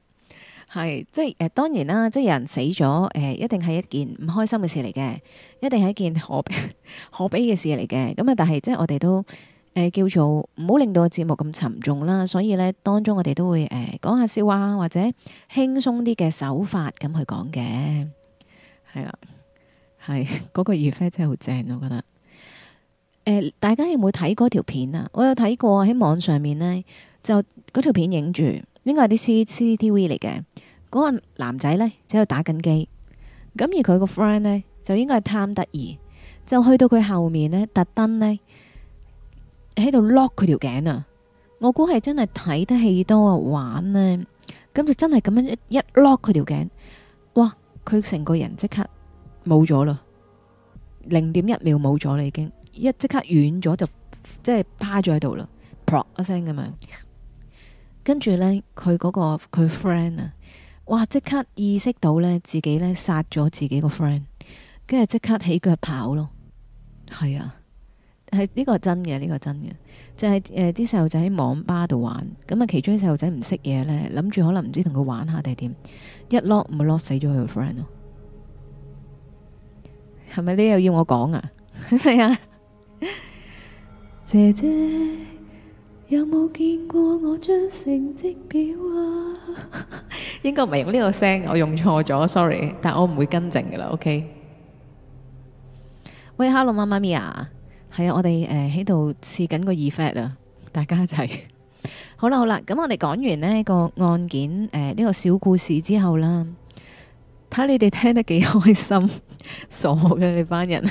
係即係誒、呃，當然啦，即係有人死咗誒、呃，一定係一件唔開心嘅事嚟嘅，一定係一件可可悲嘅事嚟嘅。咁啊，但係即係我哋都誒、呃、叫做唔好令到個節目咁沉重啦。所以咧，當中我哋都會誒講、呃、下笑話，或者輕鬆啲嘅手法咁去講嘅。係啦，係嗰、那個熱啡真係好正，我覺得。大家有冇睇嗰條片啊？我有睇過喺網上面、那個、呢，就嗰條片影住，應該係啲 C C T V 嚟嘅。嗰個男仔呢，就喺度打緊機，咁而佢個 friend 呢，就應該係貪得意，就去到佢後面呢，特登呢，喺度 lock 佢條頸啊！我估係真係睇得戲多啊，玩呢。咁就真係咁樣一 lock 佢條頸，哇！佢成個人即刻冇咗啦，零點一秒冇咗啦，已經。一刻遠即刻軟咗就即係趴咗喺度啦撲一聲咁樣，跟住呢，佢嗰、嗰個佢 friend 啊，哇，即刻意識到呢，自己呢殺咗自己個 friend，跟住即刻起腳跑咯，係啊，係呢、呢個真嘅呢、呢個真嘅，就係啲細路仔喺網吧度玩，咁啊其中啲細路仔唔識嘢呢，諗住可能唔知同佢玩下定點，一撈咪撈死咗佢個 friend 咯，係咪你又要我講啊？係 咪啊？姐姐有冇見過我張成績表啊？ 應該唔係用呢個聲，我用錯咗，sorry，但我唔會跟正噶啦。OK，喂，hello，媽媽咪啊，係啊，我哋誒喺度試緊個 effect 啊，大家一齊， 好啦好啦，咁我哋講完呢個案件誒呢、呃這個小故事之後啦，睇你哋聽得幾開心， 傻嘅你班人。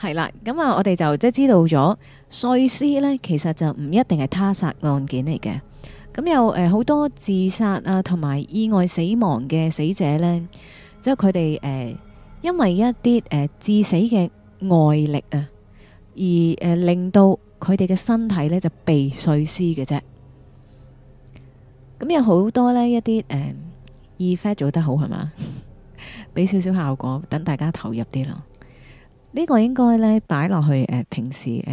係啦，咁啊，我哋就即知道咗碎屍呢，其實就唔一定係他殺案件嚟嘅。咁有誒，好、呃、多自殺啊，同埋意外死亡嘅死者呢，即係佢哋誒，因為一啲誒、呃、致死嘅外力啊，而誒、呃、令到佢哋嘅身體呢就被碎屍嘅啫。咁有好多呢，一啲誒 effect 做得好係嘛，俾少少效果，等大家投入啲咯。呢個應該咧擺落去誒平時誒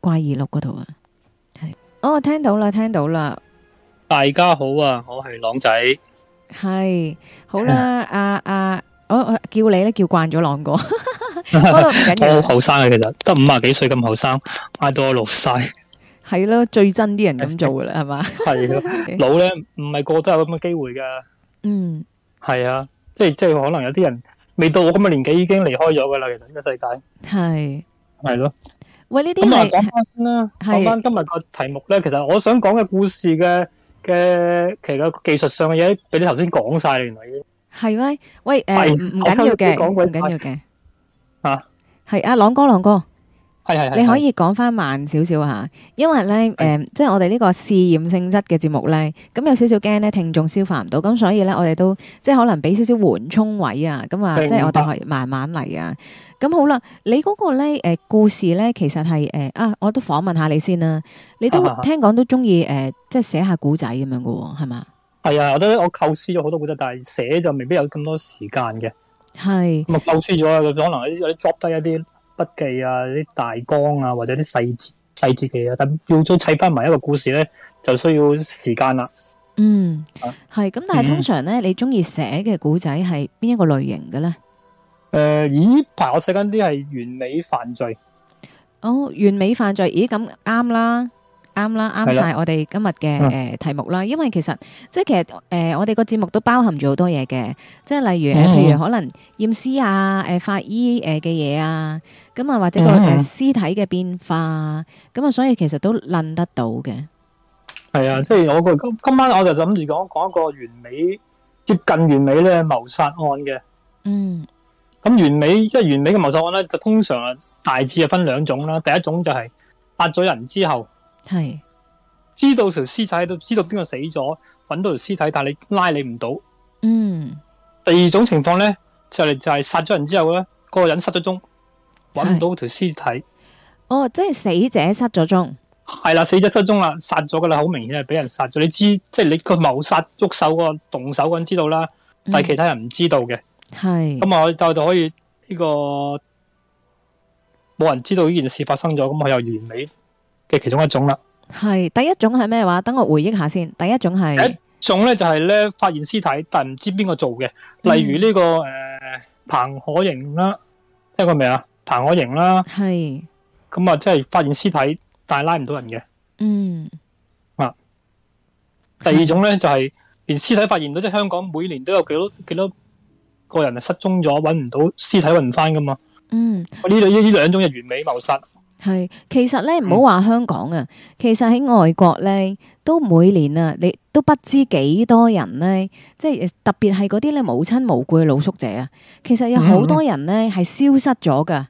怪異錄嗰度啊，係哦，聽到啦，聽到啦，大家好啊，我係朗仔，係，好啦，阿阿我叫你咧叫慣咗朗哥，唔緊要，好後生啊，其實得五啊幾歲咁後生，嗌到我老晒，係咯最憎啲人咁做噶啦，係嘛，係咯，老咧唔係個個都有咁嘅機會噶，嗯，係啊，即係即係可能有啲人。未到我咁嘅年紀已經離開咗噶啦，其實呢個世界係係咯，喂呢啲咁啊講翻啦，講翻今日個題目咧，其實我想講嘅故事嘅嘅其實技術上嘅嘢，俾你頭先講晒原來已經係咩？喂誒，唔唔緊要嘅，講鬼唔緊要嘅啊，係阿朗哥，朗哥。係係，你可以講翻慢少少吓，因為咧，誒的、呃就是，即係我哋呢個試驗性質嘅節目咧，咁有少少驚咧聽眾消化唔到，咁所以咧我哋都即係可能俾少少緩衝位啊，咁啊，即係我哋可以慢慢嚟啊。咁好啦，你嗰個咧，誒、呃，故事咧，其實係誒，啊、呃，我都訪問下你先啦。你都聽講都中意誒，即係寫下古仔咁樣噶，係嘛？係啊，我都我構思咗好多古仔，但係寫就未必有咁多時間嘅。係的。咁構思咗，可能有啲 drop 低一啲。筆記啊，啲大綱啊，或者啲細節細節嘅啊，但要再砌翻埋一個故事咧，就需要時間啦。嗯，係咁，但係通常咧，嗯、你中意寫嘅古仔係邊一個類型嘅咧？誒、呃，依排我寫緊啲係完美犯罪。哦，完美犯罪，咦，咁啱啦。啱啦，啱晒，我哋今日嘅誒題目啦，因為其實即係其實誒我哋個節目都包含咗好多嘢嘅，即係例如誒，譬如，可能驗屍啊，誒法醫誒嘅嘢啊，咁啊或者個屍體嘅變化，咁啊所以其實都論得到嘅。係啊，即係我個今今晚我就諗住講講一個完美接近完美咧謀殺案嘅。嗯，咁完美即係完美嘅謀殺案咧，就通常啊大致係分兩種啦，第一種就係殺咗人之後。係是知道條屍體喺度，知道邊個死咗，搵到條屍體，但係你拉你唔到。嗯，第二種情況咧，就係就係殺咗人之後咧，嗰個人失咗蹤，搵唔到條屍體。哦，即係死者失咗蹤。係啦，死者失蹤啦，殺咗噶啦，好明顯係俾人殺咗。你知即係、就是、你個謀殺喐手個動手嗰人知道啦，但係其他人唔知道嘅。係咁、嗯、我就就可以呢、呢個冇人知道呢件事發生咗，咁我又完美。嘅其中一種啦，係第一種係咩話？等我回憶下先。第一種係一,一種咧，就係、是、咧發現屍體，但唔知邊個做嘅，例如呢、這個誒彭可盈啦，聽過未啊？彭可盈啦，係咁啊，即係是發現屍體，但係拉唔到人嘅。嗯啊，第二種咧就係、是、連屍體發現唔到，嗯、即係香港每年都有幾多幾多個人係失蹤咗，揾唔到屍體揾唔翻噶嘛。嗯，呢度呢呢兩種係完美謀殺。係，其實咧唔好話香港啊，其實喺外國咧都每年啊，你都不知幾多人咧、啊，即係特別係嗰啲咧無親無故嘅露宿者啊，其實有好多人咧係消失咗噶，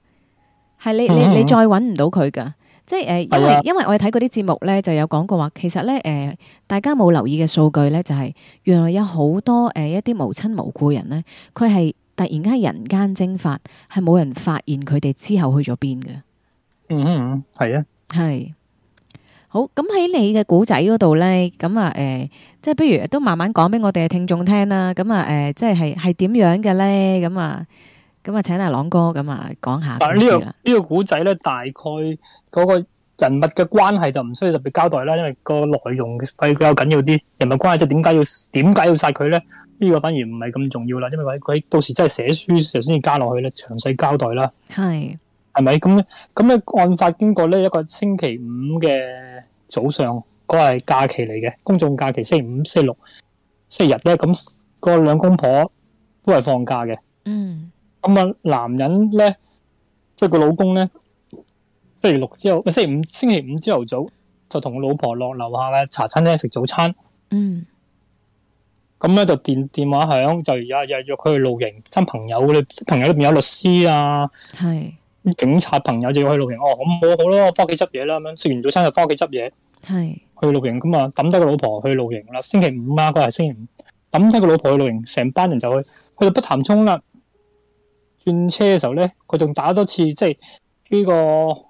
係你你你再揾唔到佢噶，即係、啊、誒，因為因為我哋睇嗰啲節目咧，就有講過話，其實咧誒、呃，大家冇留意嘅數據咧，就係、是、原來有好多誒一啲無親無故人咧，佢係突然間人間蒸發，係冇人發現佢哋之後去咗邊嘅。嗯嗯，係啊，係好，咁喺你嘅古仔嗰度咧，咁啊誒，即係不如都慢慢講俾我哋嘅聽眾聽啦。咁啊誒，即係係係點樣嘅咧？咁啊，咁啊，請阿朗哥咁啊講下先啦。呢個呢個古仔咧，大概嗰個人物嘅關係就唔需要特別交代啦，因為個內容係比較緊要啲。人物關係即係點解要點解要殺佢咧？呢個反而唔係咁重要啦，因為佢佢到時真係寫書時候先至加落去咧，詳細交代啦。係。係咪咁咧？咁咧，案發經過咧，一個星期五嘅早上，嗰係假期嚟嘅，公眾假期星期五、星期六、星期日咧，咁個兩公婆都係放假嘅。嗯。咁啊，男人咧，即係個老公咧，星期六之後，星期五星期五朝頭早就同個老婆落樓下嘅茶餐廳食早餐。嗯。咁咧，嗯，就電電話響，就有日約佢去露營，新朋友你朋友裏面有律師啊。係。警察朋友就要去露營哦，咁我好咯，翻屋企執嘢啦咁樣。食完早餐就翻屋企執嘢，係是去露營咁啊，抌低個老婆去露營啦。星期五啊，佢係星期五，抌低個老婆去露營，成班人就去去到北潭涌啦。轉車嘅時候咧，佢仲打多次，即係呢個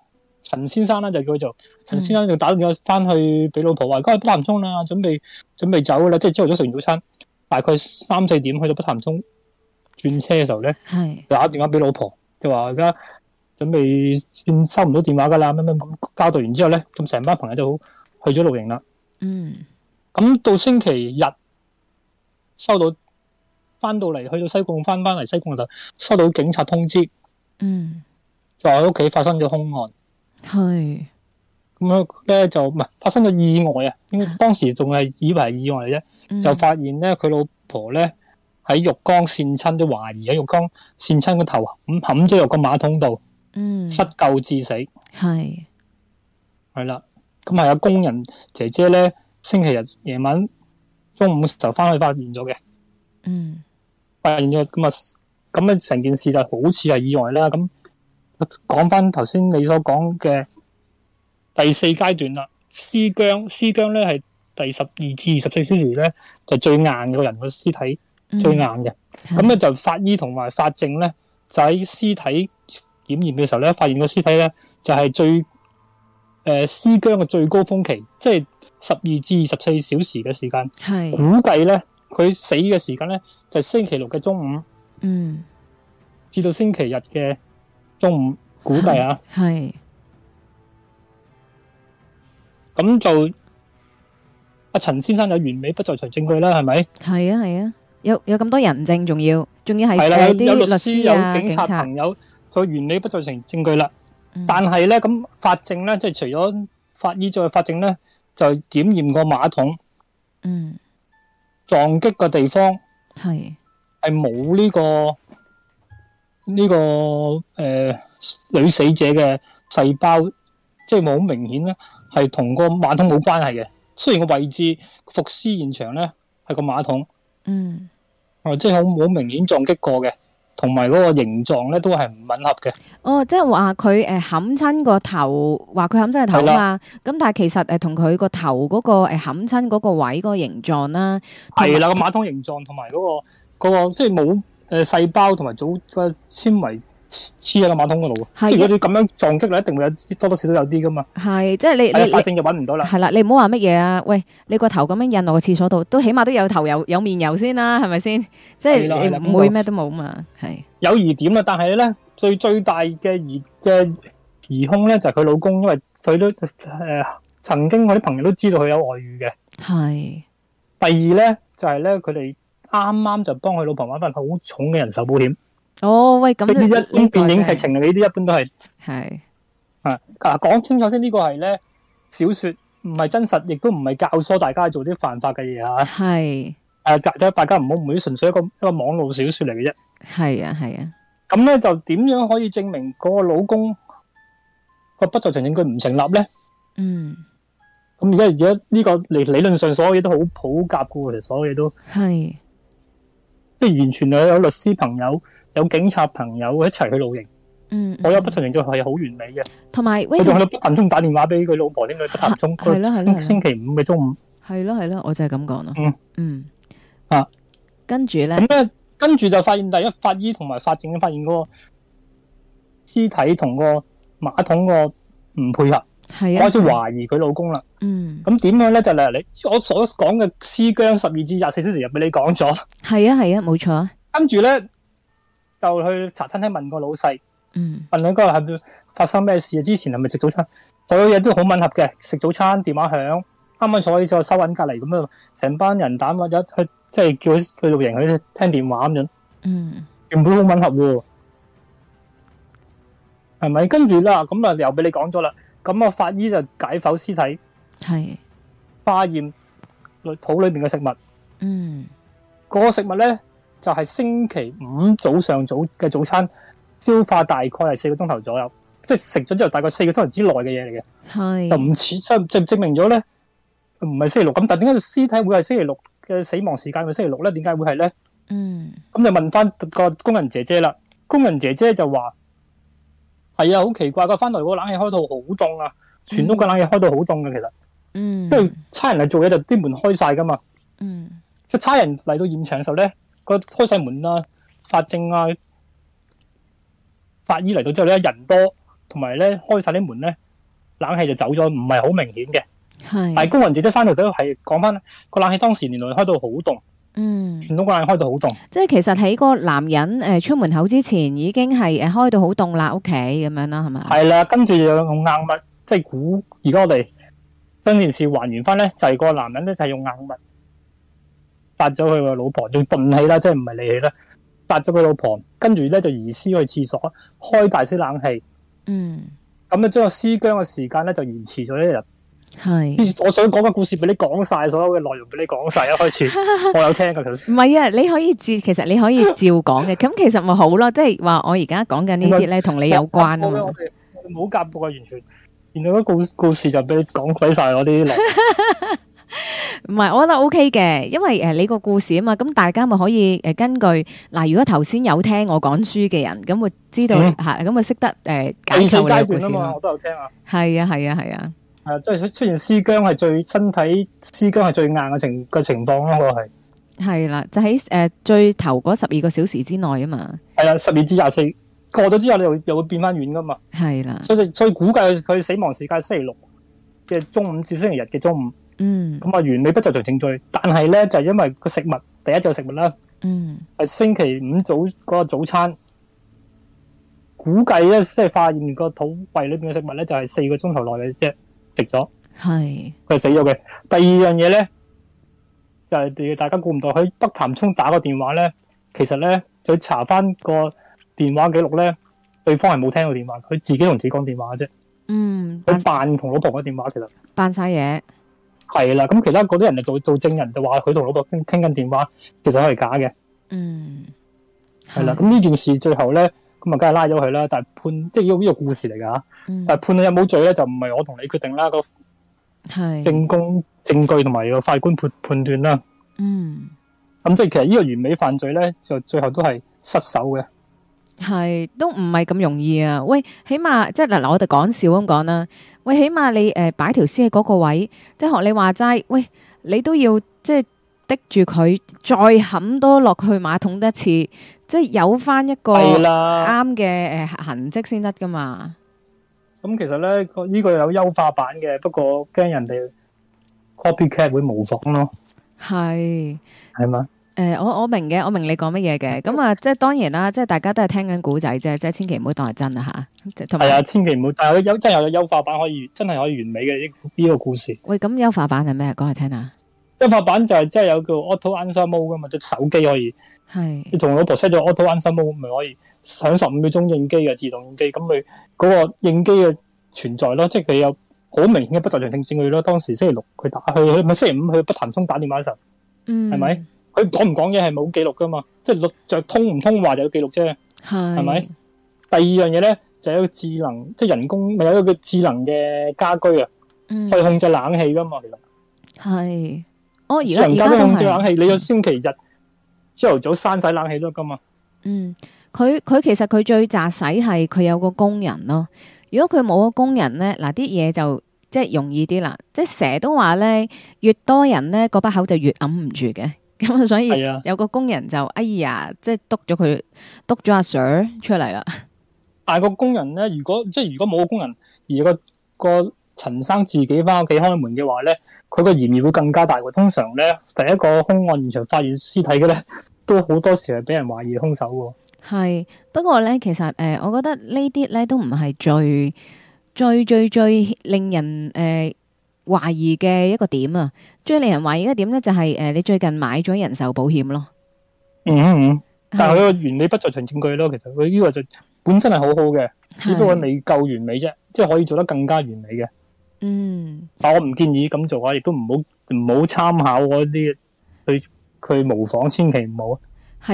陳先生啦，就叫佢做陳先生，就打咗翻去俾老婆話，佢去北潭涌啦，準備準備走啦，即係朝頭早食完早餐，大概三四點去到北潭涌轉車嘅時候咧，是打電話俾老婆佢話而家。說準備收唔到電話噶啦，咩咩咁交代完之後咧，咁成班朋友都好去咗露營啦。嗯，咁到星期日收到翻到嚟，去西貢到西貢翻翻嚟西貢就收到警察通知。嗯，喺屋企發生咗凶案。係咁樣咧，就唔係發生咗意外啊？當時仲係以為係意外啫，嗯，就發現咧佢老婆咧喺浴缸跣親，都懷疑喺浴缸跣親個頭，咁冚咗入個馬桶度。嗯、失救致死，係係啦，咁係有工人姐姐咧，星期日夜晚中午就翻去發現咗嘅，嗯，發現咗咁啊，咁咧成件事就好似係意外啦。咁講翻頭先你所講嘅第四階段啦，屍僵，屍僵咧係第十二至二十四小時咧就是，最硬嘅個人個屍體，最硬嘅，咁咧、嗯、就法醫同埋法證咧就喺屍體。檢驗嘅時候咧，發現個屍體咧就係、是、最誒屍僵嘅最高峰期，即係十二至二十四小時嘅時間。係是估計咧，佢死嘅時間咧就是、星期六嘅中午。嗯，至到星期日嘅中午估計啊。係，咁就阿陳先生有完美不在場證據啦，係咪？係啊，係啊，有有咁多人證，仲要仲要係、係啦、有啲律師、有警察，警察朋友。個原理不再成證、證據啦，嗯、但係咧，咁法證咧，即係除咗法醫再法證咧，就檢驗個馬桶，嗯，撞擊個地方係係冇呢個呢個誒女死者嘅細胞，即係冇明顯咧，係同個馬桶冇關係嘅。雖然個位置伏屍現場咧係個馬桶，嗯，哦，即係好冇明顯撞擊過嘅。同埋嗰個形狀咧都係唔吻合嘅。哦，即係話佢誒冚親個頭，話佢冚親個頭啊嘛。咁但係其實誒同佢個頭嗰個冚親嗰個位嗰個形狀啦，係啦個馬桶形狀，同埋嗰個即係冇細胞同埋組嘅纖維。黐喺個馬桶嘅度，即如果你咁樣撞擊，就一定會有多多少少有啲噶嘛。係，即係你，係反正就揾唔到啦。係啦，你唔好話乜嘢啊？喂，你個頭咁樣印落個廁所度，都起碼都有頭有有面油先啦，啊，係咪先？即係唔會咩都冇嘛。係有疑點啦，但係咧最最大嘅疑嘅疑兇咧就係、是、佢老公，因為佢都誒、呃、曾經我啲朋友都知道佢有外遇嘅。係的。第二咧就係、是、咧，佢哋啱啱就幫佢老婆買份好重嘅人壽保險。哦，喂，咁呢啲一啲電影劇情啊，呢啲一般都係係啊啊，講清楚先，呢個係咧小說，唔係真實，亦都唔係教唆大家做啲犯法嘅嘢吓。係誒，教大家唔好唔好，純粹一個一個網絡小說嚟嘅啫。係啊，係啊。咁咧就點樣可以證明個老公個不在場證據唔成立咧？嗯。咁而家而家呢個理理論上所有嘢都好普及噶喎，其實所有嘢都係，即係完全有有律師朋友，有警察朋友一齊去露營，嗯，我有不尋常，就係好完美嘅。同埋，我仲喺度不談中打電話俾佢老婆，啲佢不談中，係係星期五嘅中午。係咯係咯，我就係咁講咯。嗯嗯啊，跟住咧，咁咧，跟住就發現第一法醫同埋法證發現個屍體同個馬桶個唔配合，係啊，開始懷疑佢老公啦。嗯，咁點樣咧？就例如我所講嘅屍僵十二至廿四小時，又俾你講咗。係啊係啊，冇錯啊。跟住咧。就去茶餐廳問個老細，嗯、問佢嗰日係咪發生咩事啊？之前係咪食早餐？所有嘢都好吻合嘅，食早餐電話響，啱啱坐坐收銀隔籬咁樣，成班人膽或者去，即係叫佢去露營佢聽電話咁樣，全部都好吻合的，係咪？跟住啦，咁啊又俾你講咗啦，咁個法醫就解剖屍體，係是化驗裏肚裏邊嘅食物，嗯，嗰個食物咧。就係星期五早上早嘅早餐，消化大概係四個鐘頭左右，即係食咗之後大概四個鐘頭之內嘅嘢嚟嘅，係是就唔似，即係證明咗咧，唔係星期六。咁但係點解屍體會係星期六嘅死亡時間係星期六咧？點解會係咧？嗯，咁就問翻個工人姐姐啦。工人姐姐就話：係啊，好奇怪噶，返到嚟個冷氣開到好凍啊，嗯、全屋嘅冷氣開到好凍嘅其實。嗯，因為差人嚟做嘢就啲門開晒噶嘛。嗯，即係差人嚟到現場嘅時候咧。個開晒門啊，法證啊，法醫嚟到之後咧，人多，同埋咧開晒啲門咧，冷氣就走咗，唔係好明顯嘅。係，但係高雲姐姐翻嚟都係講翻，個冷氣當時原來開到好凍。嗯，傳統嗰冷開到好凍。即係其實喺個男人誒出門口之前，已經係誒開到好凍啦，屋企咁樣啦，係咪？係啦，跟住用硬物，即係估。而家我哋將件事還原翻咧，就係個男人咧就用硬物。殺咗佢個老婆，仲鈍氣啦，即係唔係力氣啦。殺咗佢老婆，跟住咧就移屍去廁所，開大啲冷氣。嗯，咁樣將個屍僵嘅時間咧就延遲咗一日。係是，我想講個故事俾你講晒，所有嘅內容俾你講晒，一開始 我有聽過，其實唔係 啊，你可以照，其實你可以照講嘅。咁 其實咪好咯，即係話我而家講緊呢啲咧，同你有關啊嘛。冇夾扑啊，完全原來個故故事就俾你講鬼晒我啲內唔係，我覺得 O K 嘅，因為誒、呃，你個故事啊嘛，咁大家咪可以誒，根據嗱、呃，如果頭先有聽我講書嘅人，咁會知道係咁、嗯、啊，識得誒。呃、第四階段啊嘛，嘛我都有聽啊。係啊，係啊，係、呃、啊，係啊，即係出出現屍僵係最身體屍僵係最硬嘅情嘅情況咯。我係係啦，就喺誒最頭嗰十二個小時之內啊嘛。係啦、啊，十二至廿四過咗之後，你又又會變翻軟噶嘛。係啦、啊，所以所以估計佢死亡時間星期六嘅中午至星期日嘅中午。嗯，咁啊，原理不就罪成罪，但係咧就係、是、因為個食物，第一就食物啦，嗯，係星期五早嗰、那個早餐，估計咧即係發現個肚胃裏邊嘅食物咧就係、是、四個鐘頭內嘅啫食咗，係佢係死咗嘅。是第二樣嘢咧就係、是、大家估唔到，喺北潭涌打個電話咧，其實咧佢查翻個電話記錄咧，對方係冇聽到電話，佢自己同自己講電話嘅啫，嗯，佢扮同老婆嘅電話，其實扮晒嘢。係啦，咁其他嗰啲人就做做證人就話佢同老婆傾傾緊電話，其實係假嘅。嗯，係啦的，咁呢的件事最後咧，咁啊，梗係拉咗佢啦。但係判，即係呢個故事嚟噶吓。嗯，但係判佢有冇罪咧，就唔係我同你決定啦。那個係證供、的證據同埋個法官判判斷啦。嗯，咁即係其實呢個完美犯罪咧，就最後都係失手嘅。係，都唔係咁容易啊！喂，起碼即係嗱嗱，我哋講笑咁講啦。喂，起碼你誒擺條屍喺嗰個位，即係學你話齋，喂，你都要即係滴住佢，再冚多落去馬桶得一次，即係有翻一個啱嘅誒痕跡先得噶嘛？咁其實咧，呢、這個有優化版嘅，不過驚人哋 copycat 會模仿咯。係係嘛？是嗎誒、欸，我我明嘅，我明你講乜嘢嘅，咁啊，即、嗯、係、嗯、當然啦，即係大家都係聽緊古仔啫，即係千祈唔好當係真啊。吓。係啊，千祈唔好。但係佢有真係有優化版可以，真係可以完美嘅呢呢個故事。喂，咁優化版係咩？講嚟聽下。優化版就係即係有叫 auto answer mode 㗎嘛，即手機可以。係。你同老婆 set 咗 auto answer mode 咪可以響十五秒鐘應機嘅自動應機。咁佢嗰個應機嘅存在咯，即係佢有好明顯嘅不在場證據咯。當時星期六佢打去，星期五去北潭涌打電話嘅陣，候、嗯，係咪？佢講唔講嘢係冇記錄噶嘛？即係錄通唔通話就有記錄啫，係咪是？第二樣嘢咧就係有，就係、有一個智能，即係人工咪有一個智能嘅家居啊，嗯、去控制冷氣噶嘛？係哦，而家智能家居控制冷氣，你個星期日朝頭、嗯、早閂晒冷氣都得嘛？嗯，佢佢其實佢最雜使係佢有個工人咯。如果佢冇個工人咧，嗱啲嘢就即係容易啲啦。即係成日都話咧，越多人咧、嗰把口就越揞唔住嘅。咁、嗯、所以有個工人就哎呀，哎呀，即係督咗佢督咗阿 Sir 出嚟啦。但係個工人咧，如果即係如果冇個工人而個個陳生自己翻屋企開門嘅話咧，佢個嫌疑會更加大。通常咧，第一個凶案現場發現屍體嘅咧，都好多時係俾人懷疑凶手。係不過咧，其實誒、呃，我覺得呢啲咧都唔係最最最最令人誒。呃懷疑嘅一個點啊，最令人懷疑嘅個點咧，就是，就係誒你最近買咗人壽保險咯。嗯嗯，嗯，但係佢個原理不在場證據咯，其實佢呢個就本身係好好嘅，只不過未夠完美啫，是即係可以做得更加完美嘅。嗯，但我唔建議咁做啊，亦都唔好唔好參考嗰啲佢佢模仿，千祈唔好。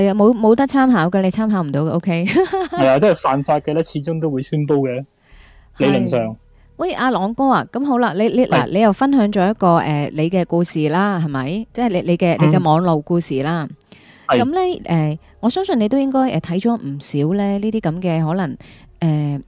係啊，冇冇得參考噶，你參考唔到嘅。O K，係啊，即係犯法嘅咧，始終都會宣佈嘅，理論上。喂，阿朗哥啊，咁好啦，你你嗱，你又分享咗一個誒，你嘅故事啦，係咪？即係你你嘅你嘅網絡故事啦。咁咧誒，我相信你都應該誒睇咗唔少咧呢啲咁嘅可能誒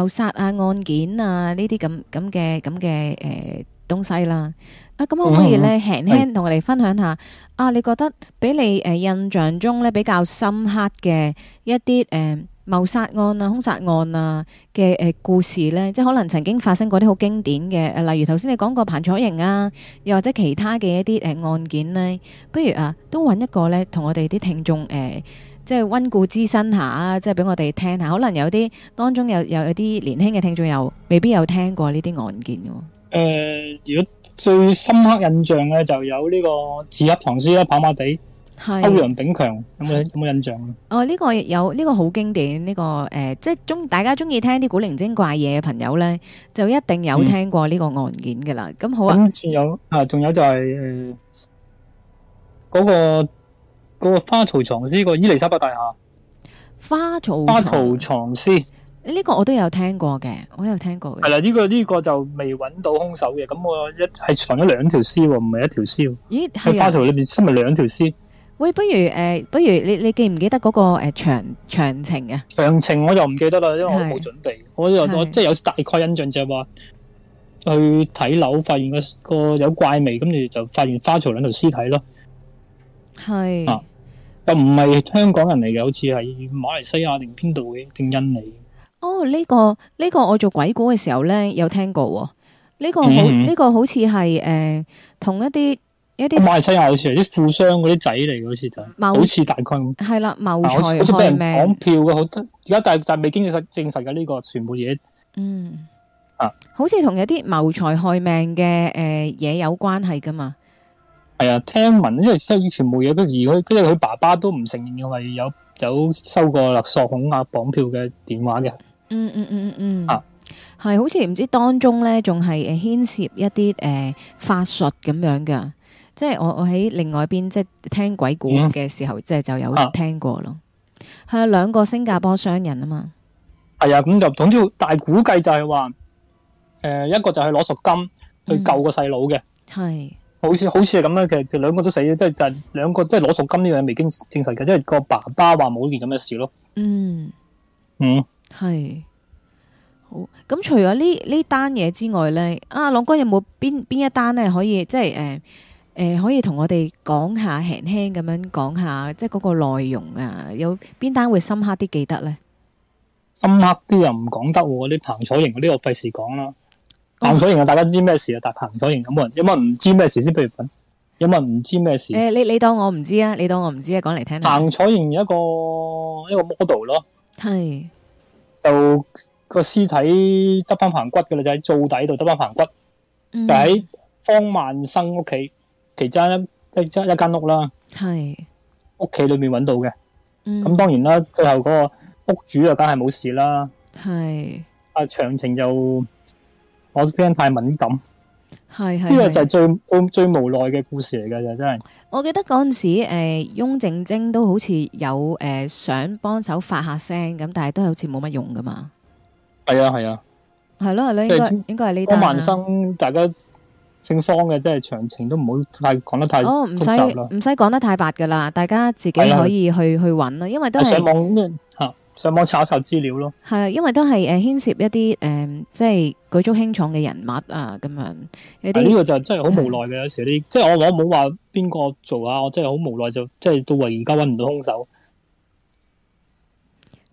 謀殺啊案件啊呢啲咁咁嘅咁嘅誒東西啦。啊，咁可唔可以咧輕輕同我哋分享下？啊，你覺得俾你誒印象中咧比較深刻嘅一啲誒？謀殺案啊、兇殺案啊嘅誒、呃、故事呢，即係可能曾經發生過啲好經典嘅，誒，例如頭先你講過彭楚營啊，又或者其他嘅一啲誒案件呢，不如啊，都揾一個呢，同我哋啲聽眾誒、呃，即係溫故知新下，即係俾我哋聽下，可能有啲當中有有輕有啲年輕嘅聽眾又未必有聽過呢啲案件嘅。誒、呃，如果最深刻印象呢，就有呢個紙盒藏屍啦，跑馬地。係歐陽炳強，有冇有冇印象啊？哦，呢個有呢個好經典，呢個誒，即係中大家中意聽啲古靈精怪嘢嘅朋友咧，就一定有聽過呢個案件噶啦。咁好啊，仲有啊，仲有就係誒，嗰個嗰個花槽藏屍個伊利沙伯大廈，花槽花槽藏屍呢個我都有聽過嘅，我有聽過嘅。係啦，呢個呢個就未揾到兇手嘅。咁我一係藏咗兩條屍，唔係一條屍。咦？係花槽裏邊係咪兩條屍？喂，不如誒，不如你你記唔記得嗰個誒詳詳情啊？詳情我就唔記得啦，因為我冇準備，我又我即係有啲大概印象就係，話去睇樓，發現個個有怪味，跟住就發現花槽兩條屍體咯。係啊，又唔係香港人嚟嘅，好似係馬來西亞定邊度嘅，定印尼。哦，呢個呢個我做鬼故嘅時候咧有聽過，呢個好呢個好似係誒同一啲，一啲馬來西亞好似啲富商嗰啲仔嚟，好似謀就好似大概係啦，謀財害命，好似俾人綁票嘅。好得而家但但係未經證實證實嘅呢、呢個全部嘢，嗯啊，好似同有啲謀財害命嘅誒嘢有關係噶嘛？係啊，聽聞，因為即係全部嘢，跟住而佢跟住佢爸爸都唔承認，係有有收過勒索恐嚇綁票嘅電話嘅、嗯，嗯嗯嗯嗯嗯啊，係好似唔知當中咧，仲係誒牽涉一啲誒、呃、法術咁樣嘅。即係我我喺另外邊，即係聽鬼故嘅時候，嗯、即係就有聽過咯。係啊、兩個新加坡商人啊嘛，係啊。咁就總之大估計就係話，誒、呃、一個就係攞贖金去救個細佬嘅，係、嗯、好似好似係咁樣嘅。兩個都死咗，即係但係兩個係攞贖金呢樣嘢未經證實嘅，因為個爸爸話冇呢件咁嘅事咯。嗯嗯係好咁。除咗呢呢單嘢之外咧，啊，朗哥有冇邊邊一單咧可以即係誒？呃誒可以同我哋講下輕輕咁樣講下，即係嗰個內容啊，有邊單會深刻啲記得咧？深刻啲又唔講得喎，啲彭楚瑩呢個費事講啦。彭楚瑩啊，大家知咩事啊？但彭楚瑩有冇人有冇人唔知咩事先，不如問，有冇人唔知咩事？誒，你你當我唔知啊？你當我唔知啊？講嚟聽。彭楚瑩一個一個 model 咯，係就個屍體得翻棚骨嘅啦，就喺灶底度得翻棚骨，就喺方萬生屋企。其中一一一間屋啦，係屋企裏面揾到嘅。咁當然啦，最後嗰個屋主又梗係冇事啦。係啊，詳情又我聽太敏感。係係，呢個就係最最最無奈嘅故事嚟嘅就真係。我記得嗰陣時，誒翁靜晶都好似有誒想幫手發下聲咁，但係都好似冇乜用噶嘛。係啊係啊，係咯係咯，應該應該係呢單啊。姓方嘅，即係詳情都唔好太講得太了。哦，唔使唔使講得太白噶啦，大家自己可以去的去揾啦，因為都係上網吓，上網查一查資料咯。係啊，因為都係誒，牽涉一啲誒、呃，即係舉足輕重嘅人物啊，咁樣嗱，呢、這個就真係好無奈嘅。的有時啲，即係我我冇話邊個做啊，我真係好無奈，就即係到而家揾唔到凶手。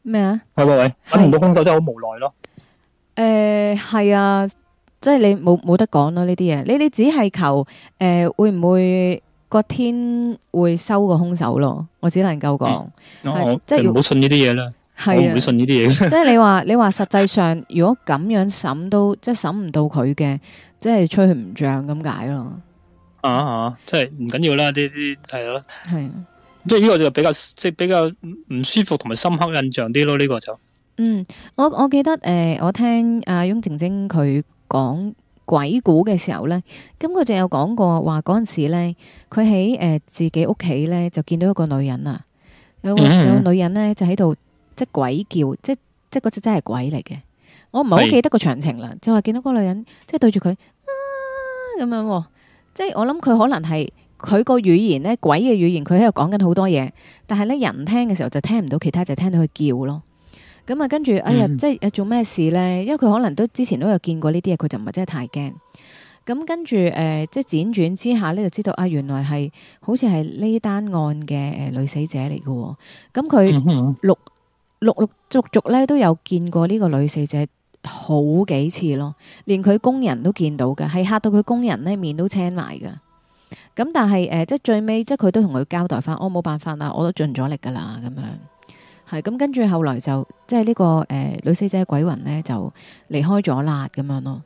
咩啊？喂喂喂，揾唔到凶手的真係好無奈咯。誒、呃，係啊。即係你冇冇得講咯。呢啲嘢，你你只係求誒，會唔會個天會收個凶手咯？我只能夠講，即係唔好信呢啲嘢啦。係啊，我唔會信呢啲嘢。即係你話你話，實際上如果咁樣審都即係審唔到佢嘅，即係吹佢唔漲咁解咯。啊啊，即係唔緊要啦。呢啲係咯，係即係呢個就比較即係比較唔舒服同埋深刻印象啲咯。呢個就嗯，我我記得誒，我聽阿雍晶晶佢。講鬼故嘅時候呢，咁佢就有講過話嗰陣時呢，佢喺誒自己屋企呢，就見到一個女人啊，有有、嗯嗯、個女人呢，就喺度即係鬼叫，即係嗰隻真係鬼嚟嘅。我唔係好記得個詳情啦，是就話見到嗰個女人即係、就是、對住佢啊咁樣，即係我諗佢可能係佢個語言呢，鬼嘅語言，佢喺度講緊好多嘢，但係呢，人聽嘅時候就聽唔到其他，就聽到佢叫咯。咁啊，跟住，哎呀，即係做咩事咧？因為佢可能都之前都有見過呢啲嘢，佢就唔係真係太驚。咁跟住誒，即係輾轉之下咧，就知道啊，原來係好似係呢單案嘅，誒女死者嚟嘅。咁佢陸陸陸續續咧，都有見過呢個女死者好幾次咯，連佢工人都見到嘅，係嚇到佢工人咧面都青埋㗎。咁但係誒，即係最尾，即係佢都同佢交代翻，我冇辦法啦，我都盡咗力噶啦，咁樣。係咁，跟住後來就即係、這、呢個誒、呃、女死者鬼魂咧，就離開咗啦，咁樣咯。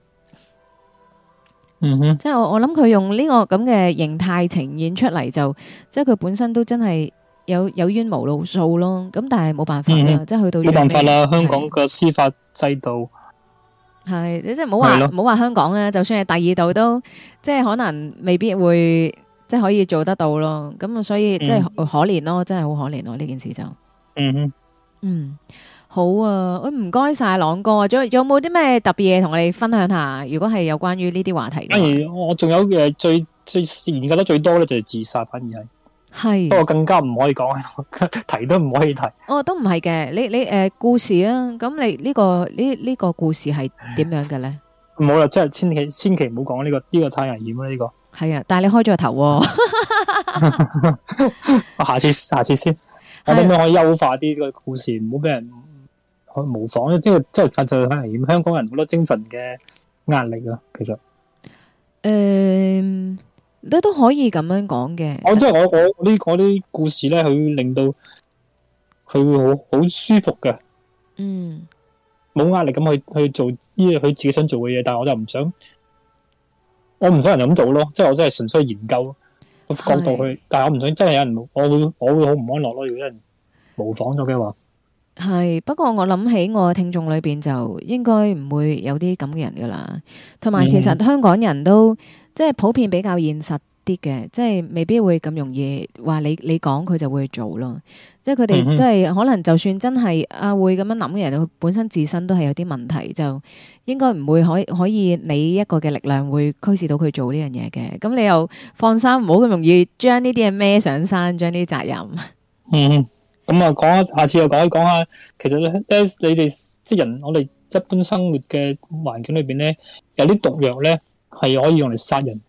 嗯哼，即係我我諗佢用呢個咁嘅形態呈現出嚟，就即係佢本身都真係有有冤無路訴咯。咁但係冇辦法啦，嗯、哼即係去到冇辦法啦，是香港嘅司法制度係你即係唔好話唔好話香港啊，就算係第二度都即係可能未必會即係可以做得到咯。咁所以即係可憐咯，嗯、真係好可憐咯，呢件事就。嗯嗯，好啊！唔該晒朗哥，仲有冇啲咩特別嘢同我哋分享下？如果係有關於呢啲話題嘅，我仲有嘅最最研究得最多咧就係自殺，反而係係不過更加唔可以講，提都唔可以提。哦，都唔係嘅，你你誒、呃、故事啊？咁你呢、呢個呢呢、呢個呢個故事係點樣嘅咧？冇啦，即係千祈千祈唔好講呢個呢、呢個太危險啦、啊！呢、呢個係啊，但係你開咗個頭，我下次下次先。我諗，我可以優化啲個故事，唔好俾人去模仿。即、就、係、是，即係犯罪好危險。香港人好多精神嘅壓力啊，其實。誒、嗯，你都可以咁樣講嘅、哦嗯。我即係我我啲啲故事咧，佢令到佢會好好舒服噶。嗯。冇壓力咁去去做呢啲佢自己想做嘅嘢，但係我就唔想，我唔想人咁做咯。即係我真係純粹研究。角度去，但係我唔想真係有人，我會我會好唔安樂咯。如果有人模仿咗嘅話，係不過我諗起我嘅聽眾裏邊就應該唔會有啲咁嘅人噶啦。同埋其實香港人都即係普遍比較現實。啲嘅，即係未必會咁容易話你你講佢就會去做咯，即係佢哋即係可能就算真係啊會咁樣諗嘅人，佢本身自身都係有啲問題，就應該唔會可可以你一個嘅力量會驅使到佢做呢樣嘢嘅。咁你又放心，唔好咁容易將呢啲嘢孭上山，將呢啲責任。嗯，咁啊，講下，下次又講一講下。其實咧，你哋即係人，我哋一般生活嘅環境裏邊咧，有啲毒藥咧係可以用嚟殺人。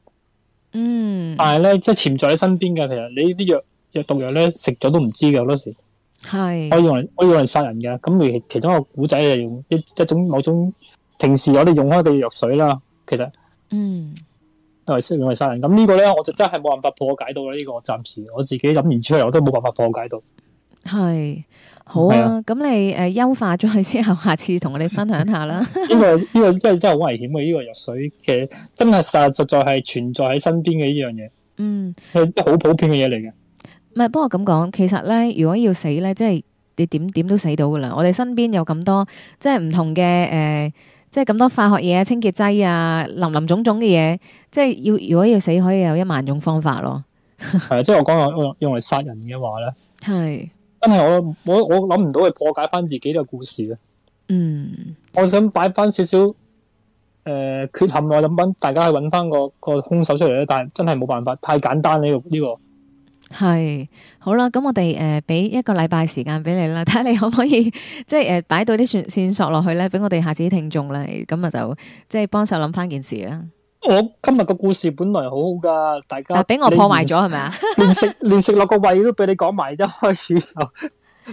嗯，但係咧，即係潛在喺身邊嘅，其實你啲藥藥毒藥咧食咗都唔知嘅好多時，係我用嚟，我用嚟殺人嘅，咁其其中一個古仔係用一一種某種平時我哋用開嘅藥水啦，其實嗯，係咪先用嚟殺人？咁呢個咧我就真係冇辦法破解到啦，呢個暫時我自己諗完出嚟，我都冇辦法破解到，係、這個。好啊，咁、啊、你誒優、呃、化咗佢之後，下次同我哋分享一下啦 、這個。因為呢個真係真係好危險嘅、啊、呢、這個入水嘅真係實實在係存在喺身邊嘅呢樣嘢。嗯，係好普遍嘅嘢嚟嘅。唔係，不過咁講，其實咧，如果要死咧，即係你點點都死到噶啦。我哋身邊有咁多，即係唔同嘅誒、呃，即係咁多化學嘢、清潔劑啊，林林總總嘅嘢，即係要如果要死，可以有一萬種方法咯。係啊 即係我講用用嚟殺人嘅話咧，係。真係我我我諗唔到去破解翻，自己嘅故事啊！嗯，我想擺翻少少誒缺陷，我諗翻大家去搵翻個個兇手出嚟，咧，但係真係冇辦法，太簡單呢個呢個係好啦，咁我哋誒俾一個禮拜時間俾你啦，睇下，你可唔可以即係誒擺到啲線線索落去咧，俾我哋下次啲聽眾咧，咁啊就即係幫手諗翻件事啦。我今日個故事本來好好噶，大家俾我破壞咗係咪啊？連食連食落吃 個胃都俾你講埋，一開始嘅時候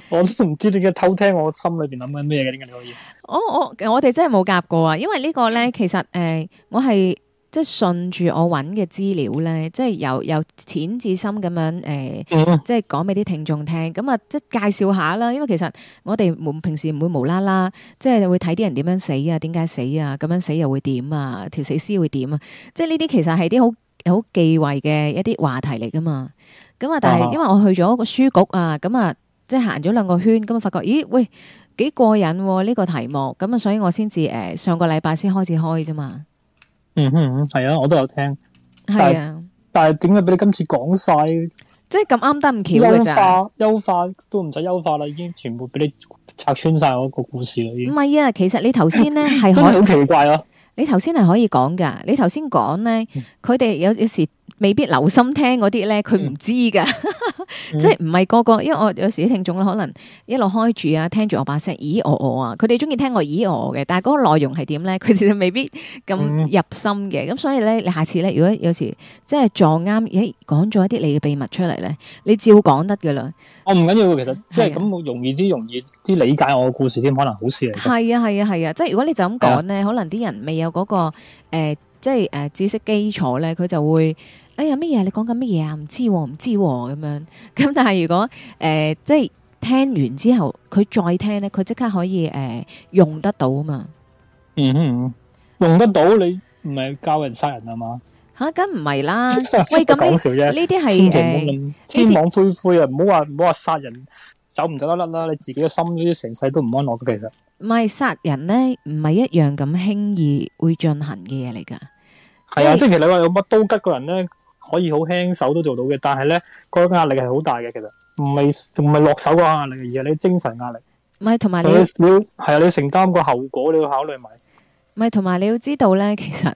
我都唔知你嘅偷聽，我心裏邊諗緊咩嘅？點解你可以？我我我哋真係冇夾過啊！因為這個呢個咧，其實誒、呃，我係。即係順住我揾嘅資料咧，即係由由淺至深咁樣誒，呃 mm hmm。即係講俾啲聽眾聽。咁啊，即係介紹一下啦。因為其實我哋平時唔會無啦啦，即係會睇啲人點樣死啊，點解死啊，咁樣死又會點啊，條死屍會點啊。即係呢啲其實係啲好好忌諱嘅一啲話題嚟噶嘛。咁啊，但係因為我去咗個書局啊，咁啊，即係行咗兩個圈，咁啊，發覺咦喂幾過癮喎呢個題目。咁啊，所以我先至誒上個禮拜先開始開啫嘛。嗯哼，係啊，我都有聽。係啊，但係點解俾你今次講晒？即係咁啱得唔巧嘅咋？優化優化都唔使優化啦，已經全部俾你拆穿晒我個故事啦。已經唔係啊，其實你頭先咧係可以，好奇怪哦！你頭先係可以講噶，你頭先講咧，佢哋有有時。未必留心聽嗰啲咧，佢唔知噶，嗯、 即係唔係個個。因為我有時啲聽眾可能一路開住啊，聽住我把聲，咦哦哦啊，佢哋中意聽我咦哦嘅，但係嗰個內容係點咧，佢哋就未必咁入心嘅。咁、嗯、所以咧，你下次咧，如果有時即係撞啱，咦，講咗一啲你嘅秘密出嚟咧，你照講得噶啦。我唔緊要，其實、啊、即係咁容易啲，容易啲理解我嘅故事添，可能好事嚟。係啊，係啊，係啊，即係如果你就咁講咧，啊、可能啲人未有嗰、嗰個誒。呃即係誒、啊，知識基礎咧，佢就會哎呀乜嘢？你講緊乜嘢啊？唔知唔知咁樣。咁但係如果誒、呃，即係聽完之後，佢再聽咧，佢即刻可以誒、呃、用得到啊嘛。嗯哼，用得到你唔係教人殺人啊嘛？吓，梗唔係啦。喂，咁講笑啫。呢啲係天網恢恢啊，唔好話唔好話殺人，走唔走得甩啦？你自己嘅心呢，成世都唔安樂嘅其實。唔係殺人咧，唔係一樣咁輕易會進行嘅嘢嚟噶。係啊，即係即係其實你話有乜刀吉嘅人咧，可以好輕手都做到嘅，但係咧、嗰個壓力係好大嘅。其實唔係唔係落手個壓力，而係你精神壓力。唔係同埋你要係啊，你要承擔個後果，你要考慮埋。唔係同埋你要知道咧，其實誒、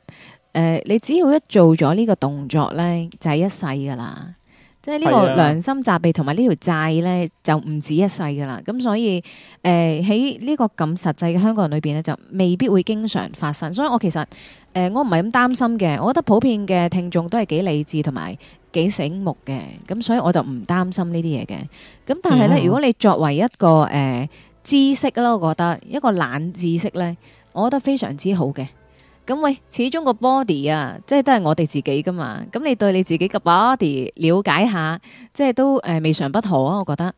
呃，你只要一做咗呢個動作咧，就係、是、一世噶啦。即係呢個良心責備同埋呢條債呢，就唔止一世噶啦。咁所以，誒喺呢個咁實際嘅香港人裏邊咧，就未必會經常發生。所以我其實，誒、呃、我唔係咁擔心嘅。我覺得普遍嘅聽眾都係幾理智同埋幾醒目嘅。咁所以我就唔擔心呢啲嘢嘅。咁但係呢，如果你作為一個誒、呃、知識啦，我覺得一個冷知識呢，我覺得非常之好嘅。咁喂，始終個 body 啊，即係都係我哋自己㗎嘛。咁你對你自己個 body 了解下，即係都、呃、未嘗不妥啊。我覺得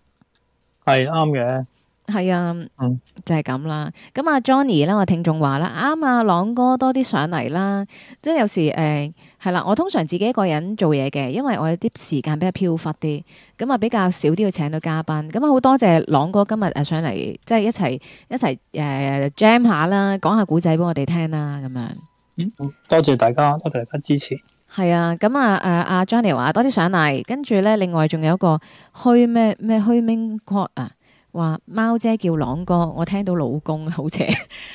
係啱嘅。係啊，嗯、就係咁啦。咁阿 Johnny 啦，我聽眾話啦，啱啊，朗哥多啲上嚟啦。即、就、係、是、有時誒，係、呃、啦、啊，我通常自己一個人做嘢嘅，因為我有啲時間比較飄忽啲，咁啊比較少啲要請到嘉賓。咁啊好多謝朗哥今日誒、啊、上嚟，即、就、係、是、一齊一齊誒、呃、jam 下啦，講下古仔俾我哋聽啦，咁樣。嗯，多謝大家，多謝大家支持。係啊，咁啊誒阿、啊、Johnny 話多啲上嚟，跟住咧，另外仲有一個虛咩咩,咩咩虛名 call 啊。話貓姐叫朗哥，我聽到老公，好邪、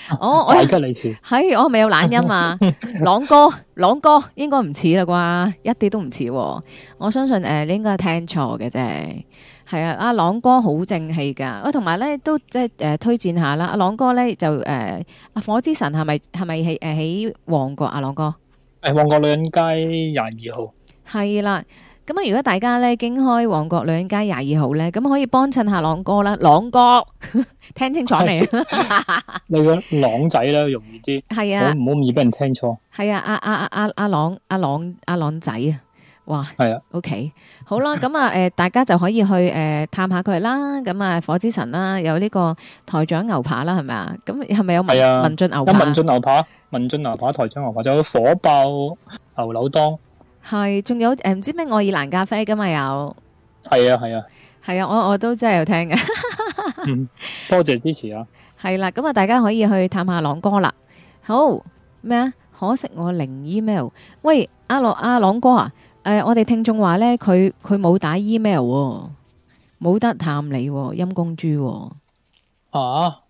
啊哦。大吉利是、啊 哦、我係咪、呃啊哦、有懶音、呃呃呃、啊，啊？朗哥，朗哥應該唔似啦啩，一啲都唔似。我相信誒，你應該聽錯嘅啫。係啊，阿朗哥好正氣噶，我同埋咧都即係誒推薦下啦。阿朗哥咧就誒，阿火之神係咪係咪喺誒喺旺角？阿朗哥，誒旺角女人街廿二號係啦。咁啊！如果大家咧經開旺角兩街廿二號咧，咁可以幫襯下朗哥啦，朗哥呵呵聽清楚未？的 你個朗仔啦，容易啲。係的啊，唔好唔好咁易俾人聽錯。係啊，阿、啊、阿、啊啊、朗阿、啊、朗阿、啊、朗仔啊！哇，係啊的，OK，好啦，咁啊，誒、呃，大家就可以去誒、呃、探一下佢啦。咁啊，火之神啦，有呢個台長牛扒啦，係咪啊？咁係咪有文進牛？排的？「文進牛扒，牛扒，牛扒，台長牛扒，仲有火爆牛柳檔。係，仲有誒，唔、呃、知咩愛爾蘭咖啡噶嘛？有，係啊，係啊，係啊，我我都真係有聽嘅， 嗯，多謝支持啊！係啦，咁、嗯、啊，大家可以去探下朗哥啦。好咩啊？可惜我零 email。喂，阿樂阿朗哥啊，誒、呃，我哋聽眾話咧，佢佢冇打 email，冇、哦、得探你、哦，陰公豬、哦。啊，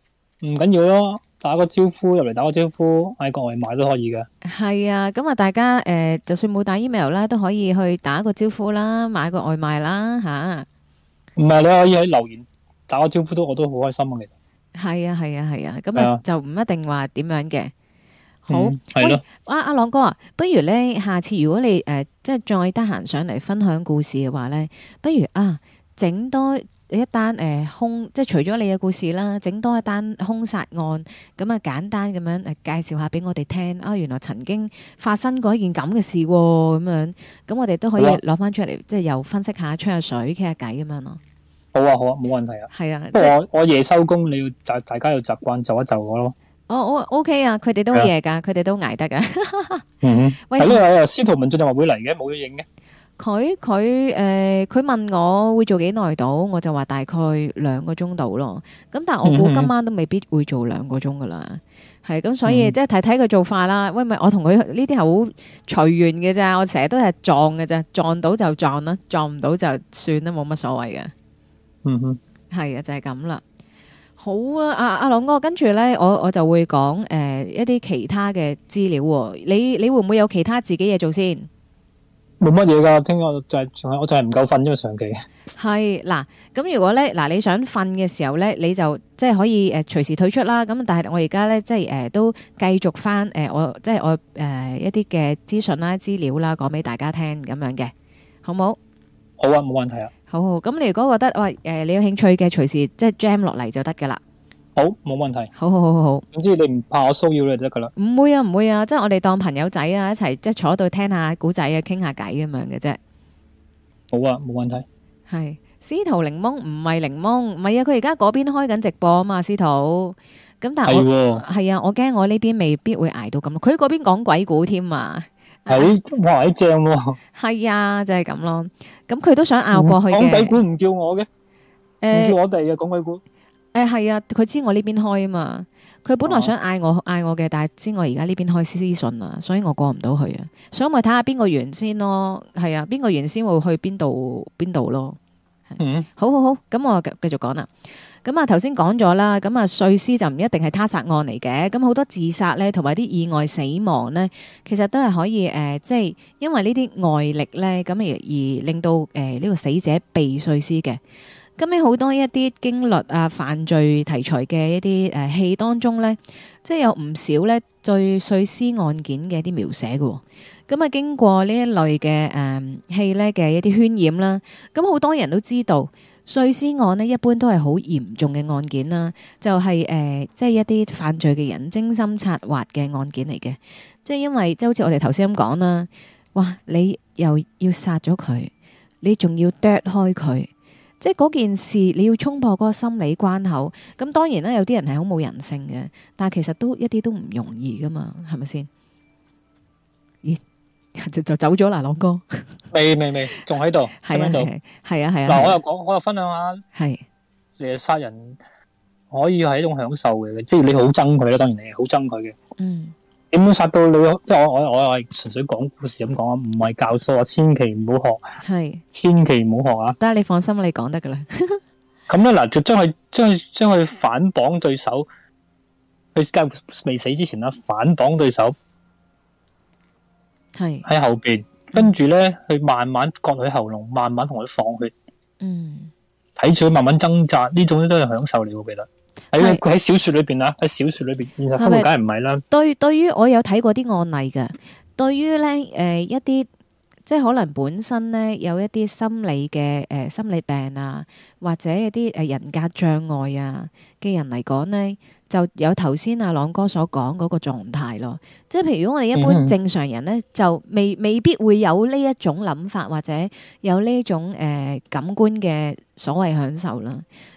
唔緊要咯。打個招呼入嚟，打個招呼嗌個外賣都可以嘅。係啊，咁啊，大家誒、呃，就算冇打 email 啦，都可以去打個招呼啦，買個外賣啦，吓、啊。唔係，你可以喺留言打個招呼都，我都好開心啊。其實係啊，係啊，係啊，咁、嗯、啊，就唔一定話點樣嘅。好係咯，阿阿朗哥，啊，不如咧，下次如果你誒，即、呃、係再得閒上嚟分享故事嘅話咧，不如啊，整多。一單誒兇、呃，即係除咗你嘅故事啦，整多一單兇殺案，咁啊簡單咁樣誒介紹下俾我哋聽啊，原來曾經發生過一件咁嘅事喎、喔，咁樣，咁我哋都可以攞翻出嚟，嗯、即係又分析下，吹下水，傾下偈咁樣咯。好啊，好啊，冇問題啊。係啊、就是我，我夜收工，你要大家要習慣就一就我咯。我我、哦、OK 啊，佢哋都夜㗎，佢哋、啊、都捱得㗎。 嗯、喂，哼、哎呀。喺是司徒文進就話會嚟嘅，冇咗影嘅。佢佢佢問我會做幾耐到，我就話大概兩個鐘到咯。咁但係我估今晚都未必會做兩個鐘噶啦。係咁、mm，hmm. 所以、mm hmm. 即係睇睇佢做法啦。喂，咪我同佢呢啲係好隨緣嘅咋。我成日都係撞嘅啫，撞到就撞啦，撞唔到就算啦，冇乜所謂嘅。嗯哼、mm，係、hmm. 啊，就係咁啦。好啊，阿、啊、阿、啊、朗哥，跟住咧，我我就會講、呃、一啲其他嘅資料。你你會唔會有其他自己嘢做先？冇乜嘢噶，聽日就係我就係、是、唔夠瞓啫，長期。係嗱，咁如果咧嗱，你想瞓嘅時候咧，你就即係可以誒、呃、隨時退出啦。咁但係我而家咧即係誒、呃、都繼續翻誒、呃、我即係我誒一啲嘅資訊啦資料啦講俾大家聽咁樣嘅，好唔好？好啊，冇問題啊。好，好，咁你如果覺得喂誒、呃、你有興趣嘅，隨時即係 jam 落嚟就得噶啦。好，冇問題。好好好好好，總之你唔怕我騷擾你得噶啦。唔會啊，唔會啊，即係我哋當朋友仔啊，一齊即係坐喺度聽下古仔啊，傾下偈咁樣嘅啫。好啊，冇問題。係司徒檸檬唔係檸檬，唔係啊，佢而家嗰邊開緊直播啊嘛，司徒。咁但係係啊，我驚我呢邊未必會挨到咁。佢嗰邊講鬼古添啊，係埋喺張咯。係啊，就係咁咯。咁佢都想拗過去啊。講鬼古唔叫我嘅，唔叫我哋啊，講鬼古。誒係、哎、啊，佢知我呢邊開啊嘛，佢本來想嗌我嗌、oh. 我嘅，但係知我而家呢邊開私信啊，所以我過唔到去啊，所以咪睇下邊個完先看看咯，係啊，邊個完先會去邊度邊度咯，mm hmm. 好好好，咁我繼繼續講啦，咁啊頭先講咗啦，咁啊碎屍就唔一定係他殺案嚟嘅，咁好多自殺呢，同埋啲意外死亡呢，其實都係可以誒、呃，即係因為呢啲外力呢，咁而而令到誒呢個死者被碎屍嘅。咁咧，好多一啲驚慄啊，犯罪題材嘅一啲誒、啊、戲當中咧，即係有唔少咧對碎屍案件嘅一啲描寫嘅、哦。咁啊，經過呢一類嘅誒戲咧嘅一啲渲染啦，咁好多人都知道碎屍案咧，一般都係好嚴重嘅案件啦。就係、是呃、即係一啲犯罪嘅人精心策劃嘅案件嚟嘅。即係因為即係好似我哋頭先咁講啦，哇！你又要殺咗佢，你仲要剁開佢。即係嗰件事，你要衝破嗰個心理關口，咁當然啦，有啲人係好冇人性嘅，但係其實都一啲都唔容易噶嘛，係咪先？咦，就就走咗啦，朗哥，未未未，仲喺度，仲喺度，係啊係啊。嗱，我又講，我又分享下，係其實殺人可以係一種享受嘅，即係你好憎佢啦，當然你係好憎佢嘅，嗯。點會殺到你？即係我我我係純粹講故事咁講啊，唔係教書啊，千祈唔好學。係，千祈唔好學啊！但係你放心，你講得㗎喇。咁咧嗱，就將佢將佢將佢反綁對手，佢未死之前啦，反綁對手，係喺後邊，跟住咧，佢慢慢割佢喉嚨，慢慢同佢放血。嗯，睇住佢慢慢掙扎，呢種咧都係享受了，我覺得。是在喺小說裏面在喺小說裏面，現實生活梗係唔係啦。對於我有睇過啲案例嘅，對於呢、呃、一啲。即係可能本身咧有一啲心理嘅誒、呃、心理病啊，或者一啲誒人格障礙啊嘅人嚟講咧，就有頭先阿朗哥所講嗰個狀態咯。即係譬如果我哋一般正常人咧，就未未必會有呢一種諗法，或者有呢種誒、呃、感官嘅所謂享受啦。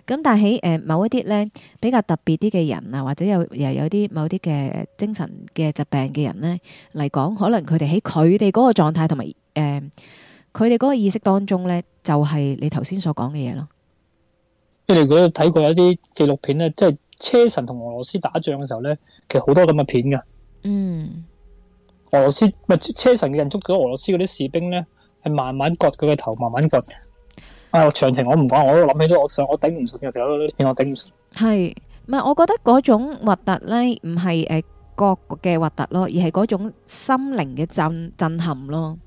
咁但係喺誒某一啲咧比較特別啲嘅人啊，或者有誒有啲某啲嘅精神嘅疾病嘅人咧嚟講，可能佢哋喺佢哋嗰個狀態同埋。誒，佢哋嗰個意識當中咧，就係你頭先所講嘅嘢咯。即係我睇過一啲紀錄片咧，即係車臣同俄羅斯打仗嘅時候咧，其實好多咁嘅片噶。嗯，俄羅斯唔係車臣嘅人捉住咗俄羅斯嗰啲士兵咧，係慢慢割佢嘅頭，慢慢割。啊，長情，我唔講，我都諗起都我上我頂唔順嘅，其實嗰啲片我頂唔順。係唔係？我覺得嗰種核突咧，唔係誒割嘅核突咯，而係嗰種心靈嘅震震撼咯。